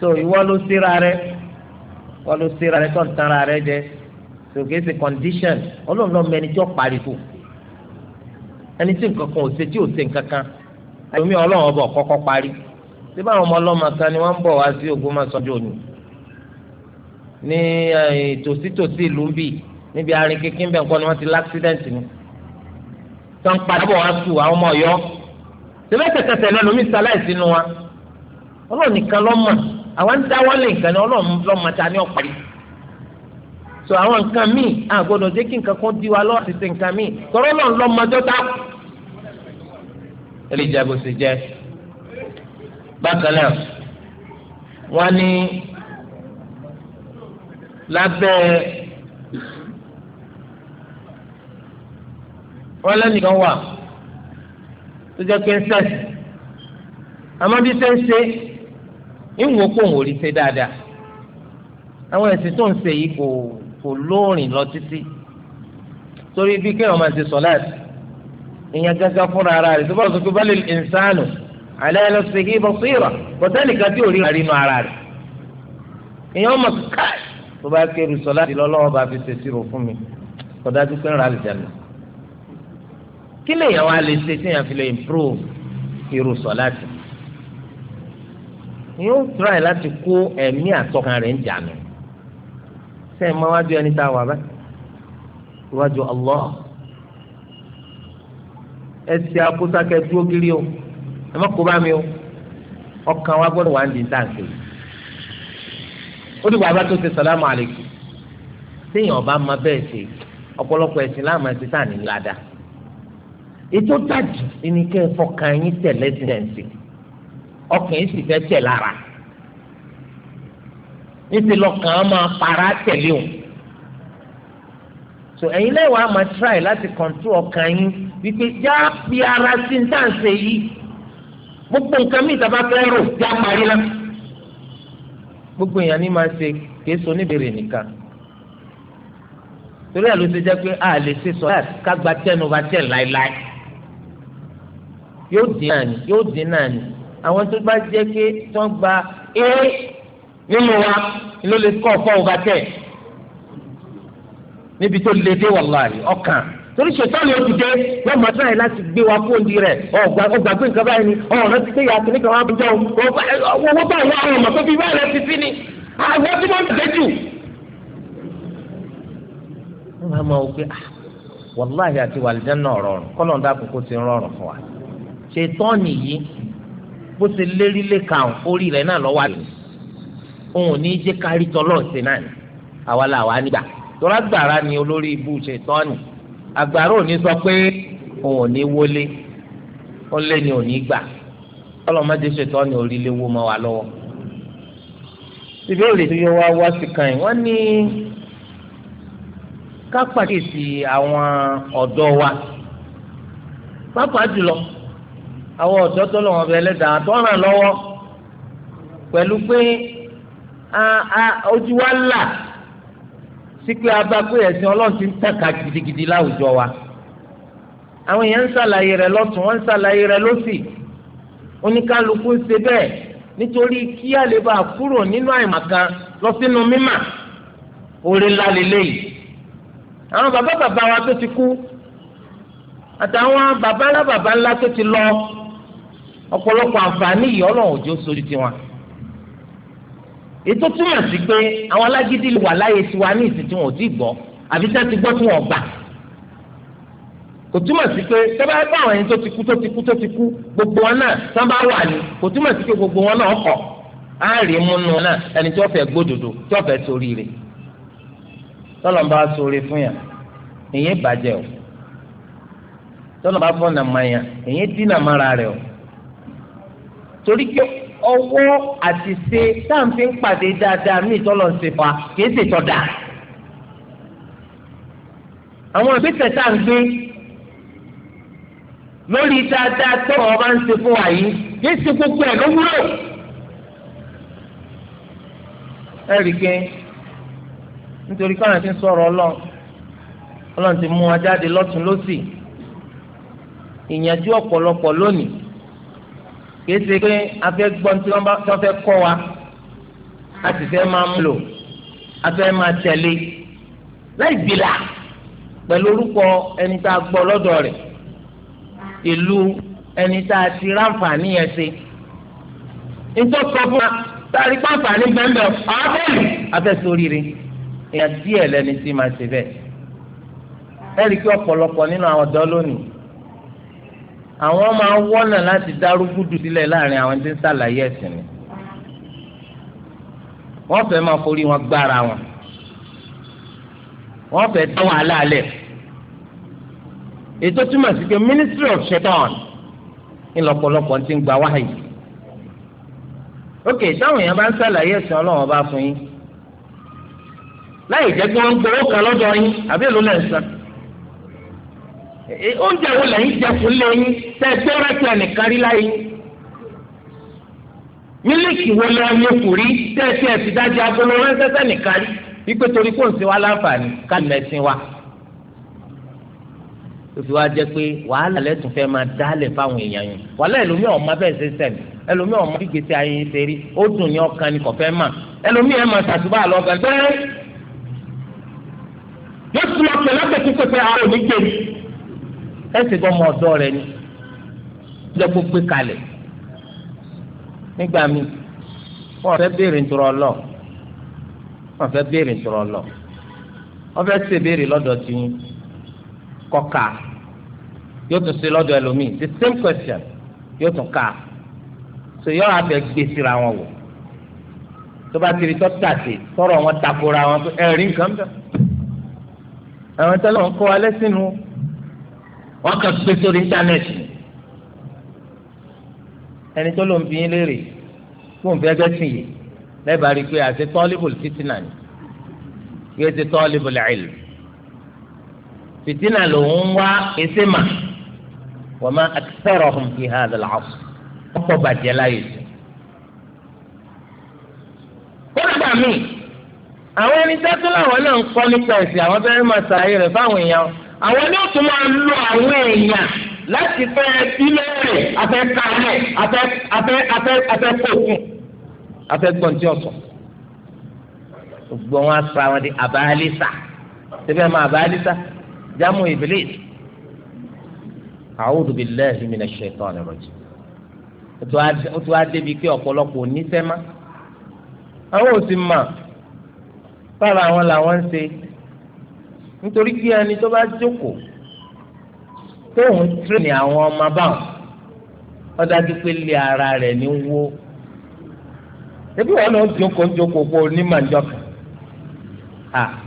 so ìwọ ló síra rẹ ìwọ ló síra rẹ tó ń tanra rẹ jẹ so kìí ṣe condition ọlọ́run lọ́mọ ẹni tí ó pariwo ẹni tí nǹkan kan ò ṣe tí ò ṣe nǹkan kan àyùmí ọlọ́run ọba ọ̀kọ́kọ́ parí síbáwọn ọmọ ọlọ́mọ kan ni wọ́n ń bọ̀ wá sí Ògbómọ̀ṣọ́ jòní ní tòsítòsí ìlú ń bì níbi arin kékin bẹ́ẹ̀ kọ́ ni wọ́n ti láksidẹ̀ǹtì ni tó ń padà bọ̀ wá sù àwọn ọmọ ọ̀yọ́ tẹ́lẹ̀tẹ̀tẹ̀tẹ̀ lẹ́nu mi sáláì sínú wa ọlọ́run nìkan lọ́mọ àwọn ń dá wọlé nǹkan ni ọlọ́run lọ́mọ ta ni ọ̀pẹ́ so àwọn nǹkan míì àgbọ̀dọ̀ jẹ́ kí nǹkan kan di wa lọ́wọ́ àtìsí nǹkan míì tọ́rọ́ náà lọ́mọdé ta ẹ lè jẹ́ bó ṣe jẹ́ bákan náà wọ́n ní lábẹ́ wọn lẹ́nìkan wà tó jẹ́ pé ń sẹ́sì àmọ́ bí ṣe ń ṣe ń wò kó òun ò rí ṣe dáadáa àwọn ẹ̀sìn tó ń ṣe yìí kò kò lóòrìn lọ títí torí bí kéèyàn máa ṣe sọ̀láàtì ìyẹn gángan fúnra ara rẹ̀ tó bá sọ pé bá lè ìnsánu àlẹ́ ẹ̀ lọ sí ibi ìbọn sí ìrọ̀ bọ́tẹ́nìkan tí ò rí ara rẹ̀ ìyẹn ọmọ káì tó bá kéru sọ láti lọ́lọ́wọ́ bá fi ṣèṣirò fún mi kò dájú pé ń ra àlùjáde kí lèèyàn wá lè ṣe tí èèyàn fi lè improve irú sọ láti yóò try láti kó ẹ̀mí àtọkàn rẹ̀ ń jànú sẹ́yìn máa wájú ẹni tá a wà bá iwájú Allah ẹ ṣe akósákẹ́ dúró kiri o ẹ má kó bá mi o ọkàn wa gbọ́dọ̀ wà ń di táǹkì yìí ó dìgbà bá tó ṣe sàlámù àlèkù téèyàn ọba máa bẹ́ẹ̀ ṣe ọ̀pọ̀lọpọ̀ ẹ̀sìn láàmú ẹ̀sìn tá à ní ládà ètò tàjù ni kẹ́ ẹ fọkàn yín tẹ̀lé ṣẹ̀ǹsì ọkàn yín sì fẹ́ tẹ̀ lára níbi lọ́kàn á máa para tẹ̀lé o so ẹ̀yin lẹ́wọ̀n á máa try láti control ọkàn yín wípé já bí ara sí ní tàǹsẹ̀ yìí gbogbo nǹkan mi ìjọba fẹ́ rò já parí náà gbogbo èèyàn ní máa ṣe kìí so níbèrè nìkan torí ẹ̀ ló ṣe jẹ́ pé a lè ṣe sọ láti kágbá tẹnu bá tẹ̀ láéláé yóò dín náà ni yóò dín náà ni àwọn tó bá jẹ́ pé tó ń gba é nínú wa ló lè kọ́ ọ̀fọ́ ọba tẹ̀ níbi tó le dé wàláhì ọkàn torí ṣètọ́lì ó ti dé yóò máa tẹ̀lé láti gbé wa kó di rẹ̀ ọ̀gbà ọ̀gbà gbé nǹkan báyìí ni ọ̀rọ̀ ti tẹ̀yà àti nìkan wà á bìjọ owó bá wà àwọn ọmọ tó fi bá rẹ̀ ti sí ni àwọn ah, tí wọ́n tẹ̀ jù. wọ́n máa ma wò pé ah, wàláhì àti wàlìjẹ́ náà rọrùn kọ́lọ̀ ń dákun kó ti rọrùn fún wa ṣètọ́ọ̀nì yìí bó ti lérí lè ka orí rẹ̀ náà lọ́wọ́ tọ́lá gbàrà ni olórí ibú ṣètọ́ọ̀nì àgbàrá òní sọ pé òun ò ní wọlé ó lé ní òní gbà ọlọ́mọdé ṣètò ọ̀nà òrìlé wo mọ́ wa lọ́wọ́. ìbéèrè tó yẹ wá wá sí kan yìí wọ́n ní ká pàkíyèsí àwọn ọ̀dọ́ wa pápá jùlọ àwọn ọ̀dọ́ tó lọ́wọ́ bẹ lẹ́dàá tó ràn lọ́wọ́ pẹ̀lú pé ojú wa là sí pé abá pé ẹ̀sìn ọlọ́run ti ń tàkà gidigidi láwùjọ wa àwọn èèyàn ń ṣàlàyé rẹ̀ lọ́tún wọ́n ń ṣàlàyé rẹ̀ lọ́sì oníkálukú ń ṣe bẹ́ẹ̀ nítorí kí a lè bá a kúrò nínú àìmọ̀kan lọ sínú mímà orí ńlá lélẹ́yìí àwọn bàbá bàbá wa tó ti kú àtàwọn bàbá ńlá bàbá ńlá tó ti lọ ọ̀pọ̀lọpọ̀ àǹfààní yìí òjò sórí tiwọn ètò túmọ̀ sí pé àwọn alágídí wà láyé tiwa ní ìsìn tí wọn ò tí gbọ́ àbí sẹ́ ti gbọ́ tí wọn gbà kò túmọ̀ sí pé tẹ́lá bá àwọn ẹni tó ti kú tó ti kú tó ti kú gbogbo wọn náà tán bá wà ní kò túmọ̀ sí pé gbogbo wọn náà kọ̀ á rí múnú náà ẹni tí wọ́n fẹ́ gbódòdó tí wọ́n fẹ́ sórí rẹ̀ tọ́lọ́n bá sórí fún yàn èyí bàjẹ́ o tọ́lọ́n bá fọ́nà mọ́ yàn èyí dínà mọ́ra rẹ̀ o torí pé ọwọ́ àti ṣe táǹfì ń pàdé dáadáa mí tọ́lọ̀ ń ṣe fa kìí ṣe tọ́da. àwọn ìgbésẹ̀ tá à ń gbé lórí dáadáa tọ́wọ́ ọba ń ṣe fún wa yìí kìí ṣe gbogbo ẹ̀ ló wúlò. ẹ rí i pé nítorí káwọn ti ń sọ̀rọ̀ ọlọ́run ọlọ́run ti mú wa jáde lọ́tún lọ́sì ìyànjú ọ̀pọ̀lọpọ̀ lónìí kìí ṣe pé a fẹ́ gbọ́n tí wọ́n fẹ́ kọ́ wa a sì fẹ́ máa mú lò a fẹ́ máa tẹ̀lé láì bìlà pẹ̀lú orúkọ ẹni tá a gbọ́ lọ́dọ̀ rẹ̀ ìlú ẹni tá a ti ráǹfààní yẹn ṣe nítorí sọ fún wa sáré pàǹfààní bẹ́ẹ̀ àbẹ̀lì afẹ́sóríire èèyàn díẹ̀ lẹni tí máa ṣe bẹ́ẹ̀ ẹ̀rí kí ọ̀pọ̀lọpọ̀ nínú àwọn ọ̀dọ́ lónìí àwọn máa wọ́nà láti dárúgúdù sílẹ̀ láàrin àwọn tí ń sàlàyé ẹ̀sìn ni wọ́n fẹ́ máa forí wọn gbára wọn wọ́n fẹ́ tẹ́ wàhálà alẹ́ ètò túmọ̀ sí pé ministry of shaitan ní lọ́pọ̀lọpọ̀ ti ń gba wáhàyè ok táwọn èèyàn bá ń sàlàyé ẹ̀sìn ọlọ́wọ́n bá fún yín láì jẹ́ kí wọ́n gbowó kan lọ́dọ̀ yín àbí èlò lẹ́sàn-án oúnjẹ wo lẹ́yìn jẹ fún lẹ́yìn tẹ ẹ tẹ́rẹ́ tẹ nìkan rí láyé mílíkì wo lọ ní kùrí tẹ ẹ tẹ ẹ ti dájú agolo ránṣẹ́ tẹ nìkan rí wípé torí kò ń sin wa láǹfààní ká lè sin wa òfin wa jẹ pé wàhálà lẹ́tùn fẹ́ máa dálẹ̀ fáwọn èèyàn yẹn wàhálà ẹlòmíì ọmọ bẹ́ẹ̀ ṣe sẹ̀mí ẹlòmíì ọmọ bí gbèsè ayé ṣe rí ó dùn ní ọkàn ni kò fẹ́ mà ẹlòmíì máa ṣàtúbà lọ gàdúrà yóò tún lọ pẹ̀lú ọ̀pẹ̀ tó pẹ̀pẹ̀ àwọn òní gbèrè ẹsẹ̀ bọ́ ọmọ ọ̀dọ́ rẹ ni lẹ́ kó gbé kalẹ̀ nígbà mi wọ́n fẹ́ béèrè ntọ́rọ lọ wọ́n fẹ́ béèrè ntọ́rọ lọ wọ́n fẹ́ ṣe béèrè lọ́dọ̀ tí kọ́ka yóò tún ṣe lọ́dọ̀ ẹlòmíì the same question yóò tún ká so yọ abẹ gbé síra wọn wò tó bá tiri tó tàṣe tọrọ wọn takora wọn ẹrí nǹkan bẹ àwọn tẹ́lẹ̀ wọn kọ́ alẹ́ sínú wọ́n kàn pé sórí íńtánẹ́ẹ̀tì ẹni tó ló ń bí yín léèrè fóun fẹ́ gẹ́sìn yìí lẹ́bàá rí i pé àti tọ́líbù fìtínà ni yóò ti tọ́líbù lẹ́ẹ̀lì fìtínà lòun ń wá èsè mà wọ́n máa akẹ́rọ̀ hùn fi hàn lọ́wọ́ ọkọ̀ bàjẹ́ láyé sí. kódà míì àwọn ẹni tẹ́tún làwọn náà ń kọ́ nípa ẹ̀sìn àwọn fẹ́ẹ́ máa ṣàlàyé rẹ̀ fáwọn èèyàn àwọn ní òtún máa lo àwọn èèyàn láti fẹ́ bílẹ̀ rẹ̀ afẹ́ kalẹ̀ afẹ́ afẹ́ afẹ́ afẹ́ kókun afẹ́ gbọ̀ntì ọ̀sán gbogbo wọn asra wọn di abalisa tẹbi ẹ ma abalisa jamu ibilis a'udhu billahi minash shaitani rajim o tún adébi pé ọ̀pọ̀lọpọ̀ onísẹ́má àwọn ò sì mà bára àwọn làwọn ń ṣe nítorí kí ẹni tó bá jókòó tóun tírèèni àwọn ọmọ báwọn ọdájú pé lé ara rẹ̀ ní wó ebi wọn lọ jókòó jókòó kó onímọ̀ njọ́kàn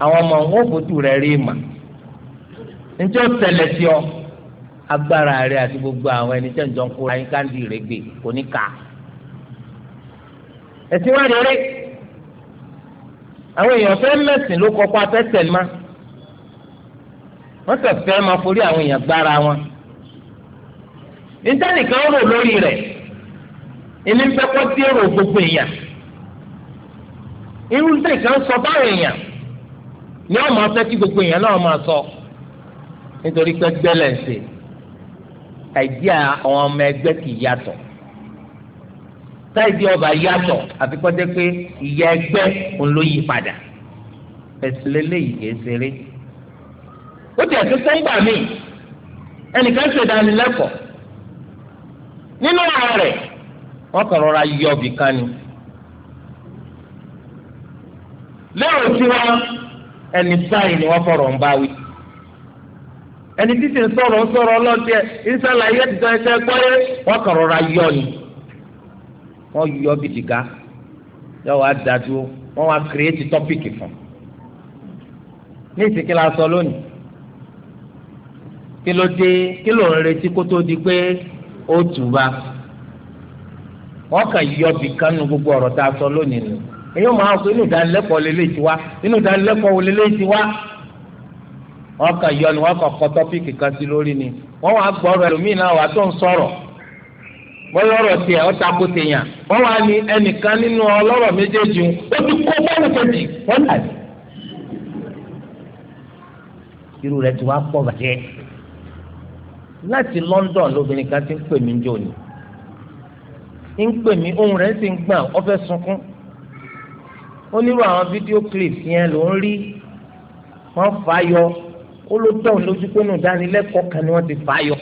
àwọn ọmọ wọn ò fojú rẹ̀ rí ìmọ̀ njẹ́ ó tẹ̀lẹ̀ sí ọ agbára rẹ̀ àti gbogbo àwọn ẹni tẹ́ ń jọ ń káńdì rẹ̀ gbé kò ní kà ẹ̀sìn wá rẹ̀ àwọn èèyàn fẹ́ mẹ́sìn ló kọ́ pa fẹ́ tẹ̀lé máa wọ́n tẹ̀ fẹ́ máa forí àwọn èèyàn gbára wọn. ìtẹ́nìkan rò lórí rẹ̀ ilé ń fẹ́ kọ́ sí èrò gbogbo èèyàn. irú ìtẹ́nìkan sọ báwọn èèyàn ni wọ́n máa fẹ́ kí gbogbo èèyàn náà máa sọ nítorí pé gbẹ́lẹ̀ ń ṣe àìdíà àwọn ọmọ ẹgbẹ́ kì í yàtọ̀ táìdí ọba yàtọ̀ àfi kọ́ jẹ́ pé ìyá ẹgbẹ́ òun ló yí padà ẹ̀sìn lélẹ́yìí kìí ṣeré ó tiẹ̀ tún tó ń gbà mí ẹnìkan ṣe ìdánilẹ́kọ̀ọ́ nínú ara rẹ̀ wọ́n kàn rọra yọ ọbì kan ni lérò tiwa ẹni báyìí ni wọ́n fọ̀rọ̀ ń bá wí ẹni tí sì ń sọ̀rọ̀ ń sọ̀rọ̀ ọlọ́dẹ ìsàlàyé ti tẹ̀ ẹ́ gbọ́yé wọ́n kàn rọra yọ ni wọ́n yọ ọbì dìgá yọ wá dájú wọ́n wá kírẹ́tì tọ́pìkì fún un ní ìsìnkí la sọ lónìí kí ló dé kí ló ń retí kó tó di pé ó yọ bìkan gbogbo ọ̀rọ̀ tá a sọ lónìí nù èyí máa sọ inú ìdánilẹ́kọ̀ọ́ lélẹ́ ti wá inú wò yọ ni wọ́n kàn kọ tọ́pìkì kan sí lórí ni wàá náà wàá tó ń kó tèèyàn wàá ní ẹnìkan nínú méjèèjì ó ti kó láti London lóbìnrin kan ti ń pè mí jò ní ń pè mí ohun rẹ̀ sì ń gbà ó fẹ́ sunkún ó àwọn fídíò clips yẹn ló ń rí wọ́n fà á yọ ó ló tọ̀hún lójú pé nù dánilẹ́kọ̀ọ́ kan ni wọ́n ti fà á yọ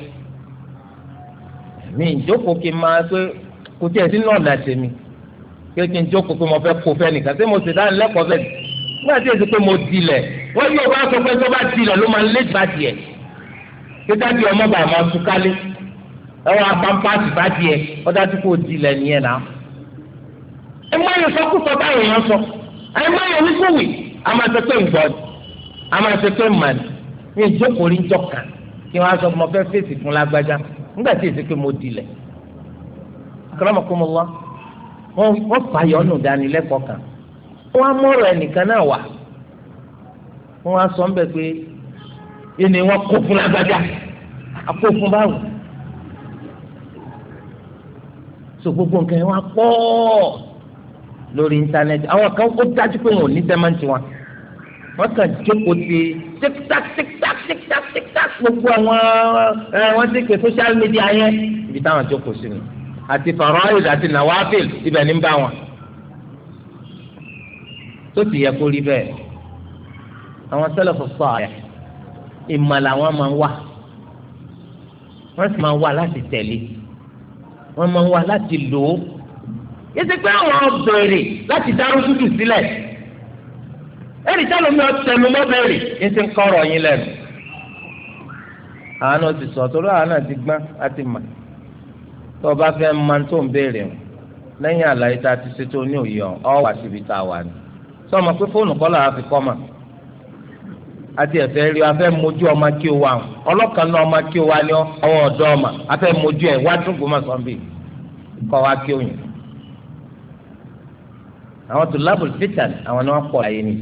mi ìjókòó kí n máa pé kò tí ẹ sí lọ́ọ̀nà tèmi pé kí n jókòó pé mo fẹ́ kó fẹ́ nìkan ṣé mo sì dánilẹ́kọ̀ọ́ fẹ́ nígbà tí èsì pé mo dilẹ̀ wọ́n yóò bá sọ pé tó bá dilẹ̀ ló máa lé ìgbà tiẹ̀. kíkájú ọmọ bàá máa túkálé ẹwọ apampasi bá tiẹ ọdájú kò di ilẹ̀ nìyẹn náà. ẹ má yọ sọkúsọ báyìí yẹn sọ ẹ má ụzọ wíwíwì a máa ṣe pé a máa ṣe pé mà ní ìjókòó rí jọkàn kí wọn fèsì fún lágbájá nígbà kan wọn ẹnìkan náà wà wọn ìní wọn kó fún lágbájá àpò fún báwo so gbogbo nǹkan yẹn wá pọ̀ lórí íńtánẹ́ẹ̀tì àwọn kan ó dájú pé wọn ò ní sẹ́mẹ́ǹtì wọn wọ́n kàn jókòó ti tíktak tíktak tíktak tíktak gbogbo àwọn ẹ wọ́n ti pè social media yẹn ibi táwọn jókòó sí ni àti farahid àti nawafil ibẹ̀ ní bá wọn tó ti yẹ kó rí bẹ́ẹ̀ àwọn sẹ́lẹ̀ fọ́ àyà ìmọ̀ làwọn máa ń wà wọ́n sì máa ń wà láti tẹ̀lé wọ́n máa ń wà láti lò ó yíṣẹ́ pé àwọn bẹ̀rẹ̀ láti dárú dúdú sílẹ̀ ẹ̀rì táwọn mi ọ̀tẹ̀nu mọ́ bẹ̀rẹ̀ yín ti ń kọ́rọ̀ yín lẹ́nu àwọn náà ti sọ torí àwọn náà ti gbọ́n àti mà tó o bá fẹ́ máa tó ń béèrè o lẹ́yìn àlàyé tá a ti ṣe tó ní òye ọ̀ wà síbi tá a wà ní sọ ma pé fóònù kọ́ làwọn fi kọ́ mà àti ẹ̀fẹ́ rí o afẹ́ mojú ọmọ kí o wà ń ọlọ́kan náà ọmọ kí o wà ní ọwọ́ ọ̀dọ́ ọmọ afẹ́ mojú ẹ̀ wá tún gbọmọ sọ kọ́ wa kí o yàn. àwọn tó lábùl fitan àwọn ni wọ́n pọ̀ láyé ni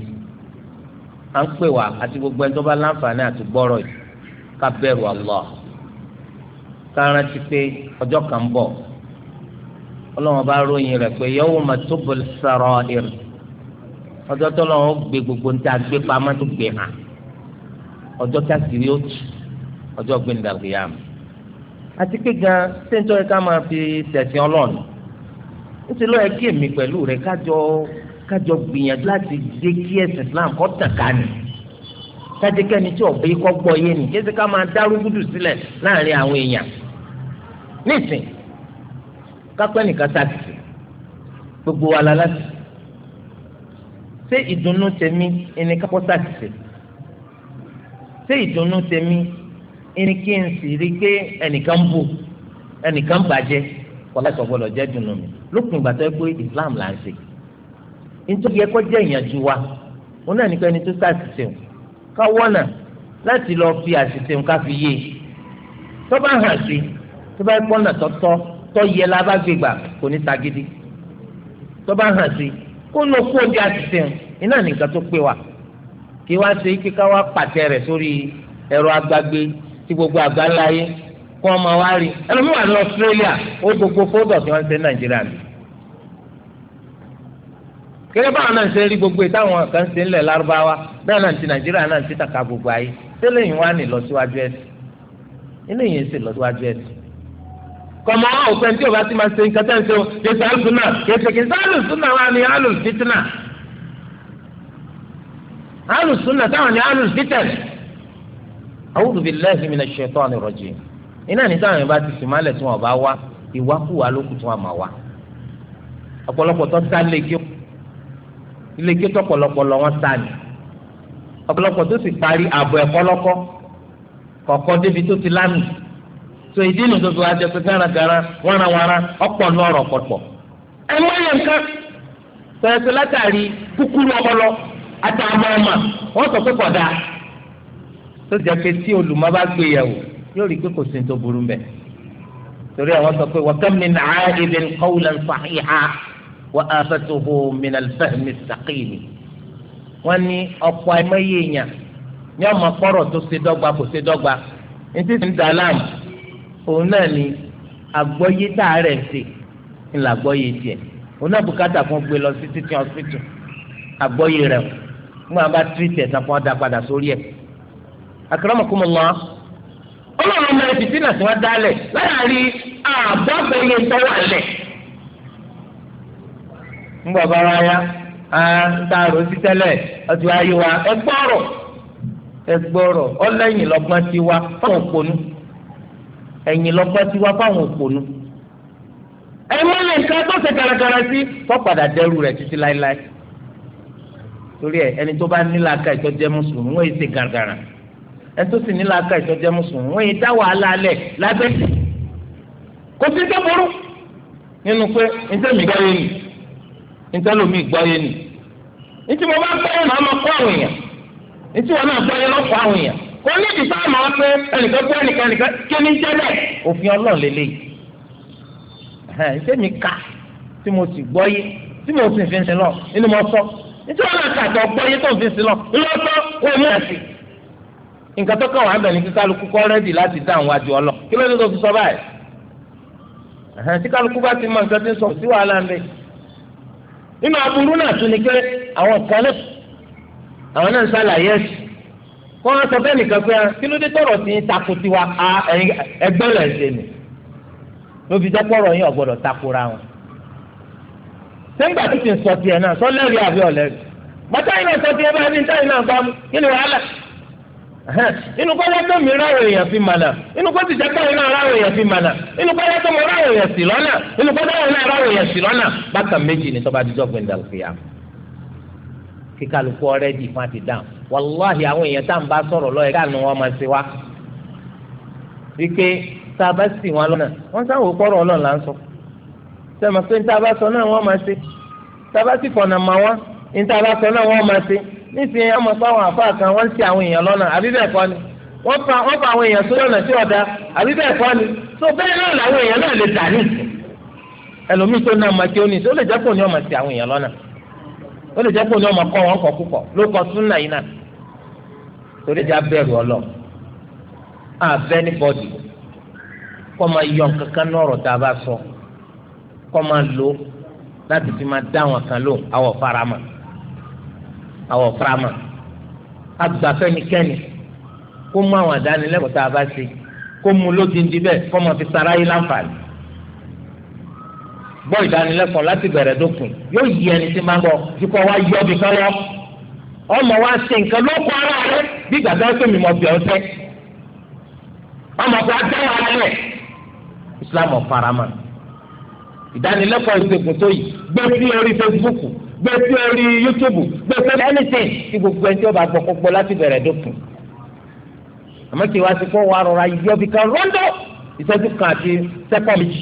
à ń pè wá àti gbogbo ẹni tó bá láǹfààní àti gbọ́rọ̀ yìí ká bẹ̀rù Allah ká rántí pé ọjọ́ kan ń bọ̀ ọlọ́wọ́n bá ròyìn rẹ̀ pé yawma tubul sarair ọjọ́ tó lọ́wọ́ gbé gbogbo ń ta gbé pamọ́ tó gbé hàn ọjọ́ kásìrí ó tù ọjọ́ gbẹndàgbéyàm àti pé gan sẹ́ńtọ́ yẹ ká máa fi tẹ̀sìn ọlọ́ọ̀nù nítorí lọ́ọ́ yẹ kí èmi pẹ̀lú rẹ̀ kájọ kájọ gbìyànjú láti dé kí ẹ̀sìn Islam kọ́ tàn ká ni kájẹ kẹ́ni tí ọ̀gbẹ́ kọ́ gbọ́ yé ni kí ẹ ti ká máa dárúgúdù sílẹ̀ láàrin àwọn èèyàn nísìn kápẹ́ nìkan sàkìsì gbogbo wa la láti ṣé ìdùnnú tèmi ẹni kápọ́ sàkìsì ṣé ìdùnnú tèmi ẹni kí n sì rí i pé ẹnìkan bù ẹnìkan bàjẹ́ kọlá ìsọgbọdọ jẹ dùnnú mi lópin ìgbà tó yẹ pé Islam là ń ṣe nítorí ẹkọ jẹ ìyànjú wa òun náà nípa ẹni tó sá àṣìṣe o ká wọ́nà láti lọ fi àṣìṣe o ká fi yé e tó bá hàn sí tó bá gbọ́nà tọ́tọ́ tó yẹ la kò ní sagídí tó bá hàn sí kó lọ kó o di àṣìṣe o iná nìkan tó pé wa kí wá ṣe kí ká wá pàtẹ rẹ̀ sórí ẹ̀rọ agbágbé tí gbogbo àgbáńlá yé kó ọmọ wa rí ẹlòmíwà ní Australia ó gbogbo fódọ̀ tí wọ́n ṣe Nàìjíríà mi. kéré báwọn náà ṣe rí gbogbo ìtàwọn kan ṣe ńlẹ̀ lárúbáwá bẹ́ẹ̀ náà ti Nàìjíríà náà ti tàka gbogbo ayé tẹ́lẹ̀ yìí wá ní ìlọsíwájú ẹ̀sìn eléyìí ń ṣe ìlọsíwájú ẹ̀sìn kọmọ òpin tí o bá ti máa ṣe nǹkan tẹ́ ń ṣe o kì í ṣe alùsùnà kì í ṣe kì í ṣe alùsùnà wa ni alùsùnà alùsùnà táwọn ní alùsìtẹ̀lì a'udhu billahi minash shaitani rajim iná ní táwọn yẹn bá ti fi málẹ̀ tí wọ́n bá wá ìwákùwà ló kù tí wọ́n máa wá ọ̀pọ̀lọpọ̀ tó sá lékè lékè tó pọ̀lọpọ̀ lọ wọ́n sá ni ọ̀pọ̀lọpọ̀ tó sì parí ààbọ̀ ẹ̀kọ́ lọ́kọ́ kọ̀ọ̀kọ́ débi tó ti lámì so ìdí nu tó fi wá jẹ pé gánagánra wárawára ọ̀pọ̀ ní ọ̀rọ̀ pọ̀pọ̀ ẹ̀ wọ́n yẹ nǹkan tọ̀yẹ̀sẹ̀ látàrí kúkúrú ọmọ àtàwọn ọmọ wọn sọ pé kọ̀dà tó jẹ́ pé tí olùmọ̀ bá gbé yẹ̀wò yóò rí i pé kò sí ní tó burú mbẹ́ torí àwọn sọ pé wàkà mi nà ibi kọ́wùlẹ̀ nfàhíhá wà á fẹ́tòhó mi nà fẹ́mi sàkìlì wọ́n ní ọ̀pọ̀ ẹ̀mẹ́yẹ yẹn ní ọmọ kọ́rọ̀ tó ṣe dọ́gba kò ṣe dọ́gba ní ti da láàmù òun náà ni àgbọ́yé tá a rẹ̀ ń ṣe ńlá àgbọ́yé tiẹ̀ òun náà bùkátà fún gbé lọ sí títí ọsibítù àgbọ́yé rẹ̀ wọ̀. mú àbá tírìtì ẹ̀ sàpọ̀ dá padà sórí ẹ̀. akramakumullah ọlọ́run ọmọ ẹbí tí nàìjíríà dálẹ̀ láàárín àbọ̀bẹ̀yẹ tọ́wọ́ àlẹ̀. ń bọ̀ bá wa ya ń ta àrò sí tẹ́lẹ̀ ọtí wa yí wa ẹ gbọ́rọ̀ ẹ gbọ́rọ̀ ọlẹ́yìn lọ́gbọ́n ti wa fáwọn òpònú ẹ̀yìn lọ́gbọ́n ti wa fáwọn òpònú. ẹ mọ́lẹ̀ torí ẹ ẹni tó bá nílò aka ìtọ́jẹ́ mùsùlùmí wọ́n yìí ṣe gàràgàrà ẹni tó sì nílò aka ìtọ́jẹ́ mùsùlùmí wọ́n yìí dá wàhálà alẹ̀ lábẹ́ sí kò sí tó burú nínú pé ntẹ́mi gbọ́yé nì ntẹ́lómi gbọ́yé nì ntí mo bá gbọ́yé màá ma kó àwọn èèyàn ntí wọn náà gbọ́yé lọ́kọ̀ àwọn èèyàn kò ní ibi tá a máa pé ẹnìkan gbọ́ ẹnìkan ẹnìkan kí ni jẹ́ bẹ́ẹ̀ òfin ọlọ́run lélẹ́yìí ntẹ́mi ká tí mo sì gbọ́yé tí mo sì fi ń sin lọ nínú mo sọ nítorí wọn àti àtọ̀ ọgbọ́n yìí tó ń fi sí lọ lọ́tọ́ wọn mú ẹ̀sìn. nǹkan tó kàn wá bẹ̀ ní kí kálukú kọ́ rẹ́dì láti dá àwọn àjọ ọlọ kí ló dé tó fi sọ báyìí. tí kálukú bá ti mọ nǹkan tí ń sọ sí wàhálà ń nínú aburú náà tún ni pé àwọn kan náà àwọn náà ń ṣàlàyé ẹ̀sìn. kọ́ wọn sọ bẹ́ẹ̀ nìkan pé ah, kí ló dé tọ̀rọ̀ sí takò tiwa ah, ẹgbẹ́ rẹ̀ ṣe nì ló fi sẹ́ńgbà tó ti ń sọ tiẹ̀ náà sọ lẹ́rìí àbí ọ̀lẹ́rìí bàtà yìí náà sọ tiẹ̀ bá ní táyì náà gbámú kí ni wàhálà inú kọ́ wọ́tọ́ mi ráwọ̀ èèyàn fi mànà inú kọ́ ti jẹ́ káwọn náà ráwọ̀ èèyàn fi mànà inú kọ́ wọ́tọ́ mo ráwọ̀ èèyàn si lọ́nà inú kọ́ táwọn náà ráwọ̀ èèyàn sí lọ́nà méjì ni tọ́ba kí kálukú jì fún àti dáhùn wàláhì àwọn èèyàn a bá sì wọn sẹ́mi pé níta bá sọ náà wọ́n máa ṣe níta bá sì fọ̀nà mà wọ́n níta bá sọ náà wọ́n máa ṣe nísìnyí àmọ́ fáwọn àfáà kan wọ́n ń ṣe àwọn èèyàn lọ́nà àbí bẹ́ẹ̀ kọ́ ni wọ́n fa wọ́n fa àwọn èèyàn sórí ọ̀nà tí ọ̀dà àbí bẹ́ẹ̀ kọ́ ni tó bẹ́ẹ̀ náà làwọn èèyàn náà lè dà ní ìsìn ẹlòmíì tó náà máa ṣe ó ní ìsìn ó lè jẹ́ pò ní ọmọ sí àwọn èèyàn lọ́nà ó lè jẹ́ pò ní ọmọ kọ́ wọn kọ́ púpọ̀ ló kọ súnà yìí náà torí ìjà bẹ̀rù ọlọ àbẹ́nibọ́dì kọ́ máa yọ nǹkan kan náà ọ̀rọ̀ tá a bá sọ kọ́ máa lò láti fi máa dá àwọn kan lóhùn àwọ̀ farama àwọ̀ farama agbafẹ́nikẹ́ni kó mú àwọn àdánilẹ́kọ̀ọ́ tá a bá ṣe kó mu lódindi bẹ́ẹ̀ kó máa fi sara yìí láǹfààní gbọ́ ìdánilẹ́kọ̀ọ́ láti bẹ̀rẹ̀ dókun yóò yí ẹni tí máa ń bọ̀ jùkọ́ wá yọ bí kan lọ ọmọ wa ṣe nǹkan ló kọ́ ara rẹ bí gbàgbọ́ pé mi mọ̀ bẹ̀ ọ́ tẹ́ ọmọ kan dá wà lẹ̀ Islam ọ̀ farama ìdánilẹ́kọ̀ọ́ ìṣègùn tó yìí gbé sí orí Facebook gbé sí orí YouTube gbé sí anything tí gbogbo ẹni tí ó bá gbọ́ gbogbo láti bẹ̀rẹ̀ dókun àmọ́ kí wá sí fún wa rọra yọ bí kan rọ́ńdọ̀ ìṣẹ́jú kan àti sẹ́kọ̀mìtì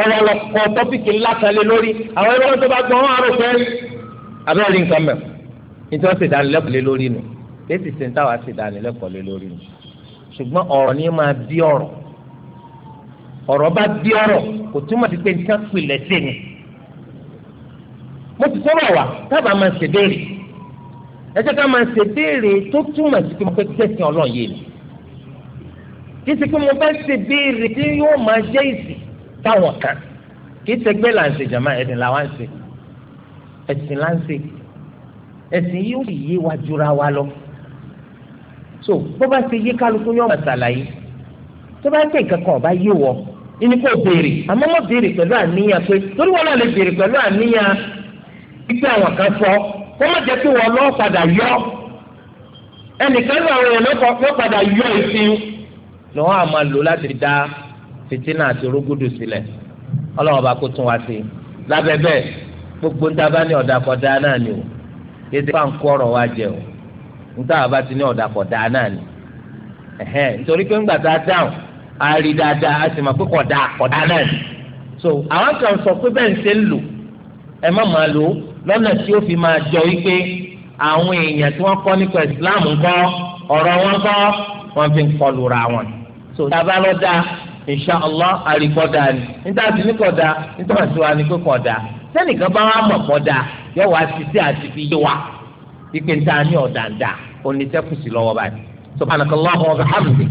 ọ̀rọ̀ ọlọ́kọ̀ tọ́pìkì ńlá kan lé lórí àwọn ẹgbẹ́ tó bá gbọ́ wọn àrò fẹ́ abẹ́rẹ́ rí nǹkan mẹ́rin nítorí wọ́n ṣe ìdánilẹ́kọ̀ọ́ lé lórí nù ọ̀rọ̀ bá bí ọ̀rọ̀ kò túmọ̀ sí pé nǹkan pilẹ̀ sí ni. mo ti sọ̀rọ̀ wá tábà máa ṣèbéèrè ẹ jẹ́ ká máa ṣèbéèrè tó túmọ̀ sí pé mo fẹ́ gbẹ̀sìn ọlọ́run yé ni. kì í ṣe pé mo bá ṣèbéèrè tí yóò máa jẹ́ ìsìn táwọn kan kì í ṣe gbé là ń ṣe jàmá ẹ̀sìn là wá ń ṣe ẹ̀sìn là ń ṣe ẹ̀sìn yìí sì yé wa jura wa lọ. so bó bá ṣe yé kálukú yóò máa ṣàlàyé tó bá ń tẹ̀ nǹkan kan ọ̀ ní kò béèrè àmọ́ mọ́ béèrè pẹ̀lú àníyàn pé torí wọn náà lè béèrè pẹ̀lú àníyàn àwọn kan fọ́ wọ́n má jẹ́ pé wọn yọ ẹnìkan ní àwọn èèyàn lọ́ padà yọ ìsìn lọ́wọ́ àmọ́ lò láti dá fìtínà àti rúgúdù sílẹ̀ ọlọ́wọ́n bá kó tún gbogbo ń ní o yéé ti fáwọn ọ̀rọ̀ wa o bá ti ní ọ̀dàkọ̀dá náà ni ẹ̀hẹ́n nítorí pé ńgbà tá a dáhùn a rí dáadáa a sì mọ̀ pé kọ̀dá kọ̀dá náà ni. so àwọn kan sọ pé bẹ́ẹ̀ ń ṣe ń lò ẹ má máa lò ó lọ́nà tí ó fi máa jọ wípé àwọn èèyàn tí wọ́n kọ́ nípa ìsìláàmù ńkọ́ ọ̀rọ̀ wọn kọ́ wọ́n fi ń kọlù ra wọn. so tábà lọ da insha allah àríkọ́dà ni níta sí ní kọ̀dà níta sí wa ní pé kọ̀dà sẹ́nìkan bá wà mọ̀ kọ̀dà yóò wá sí sí àti fi yé wa ìpè níta ní ọ̀dàǹdà oníṣẹ́kùsì lọ́wọ́ báyìí. subhanakallahu wa bihamdik.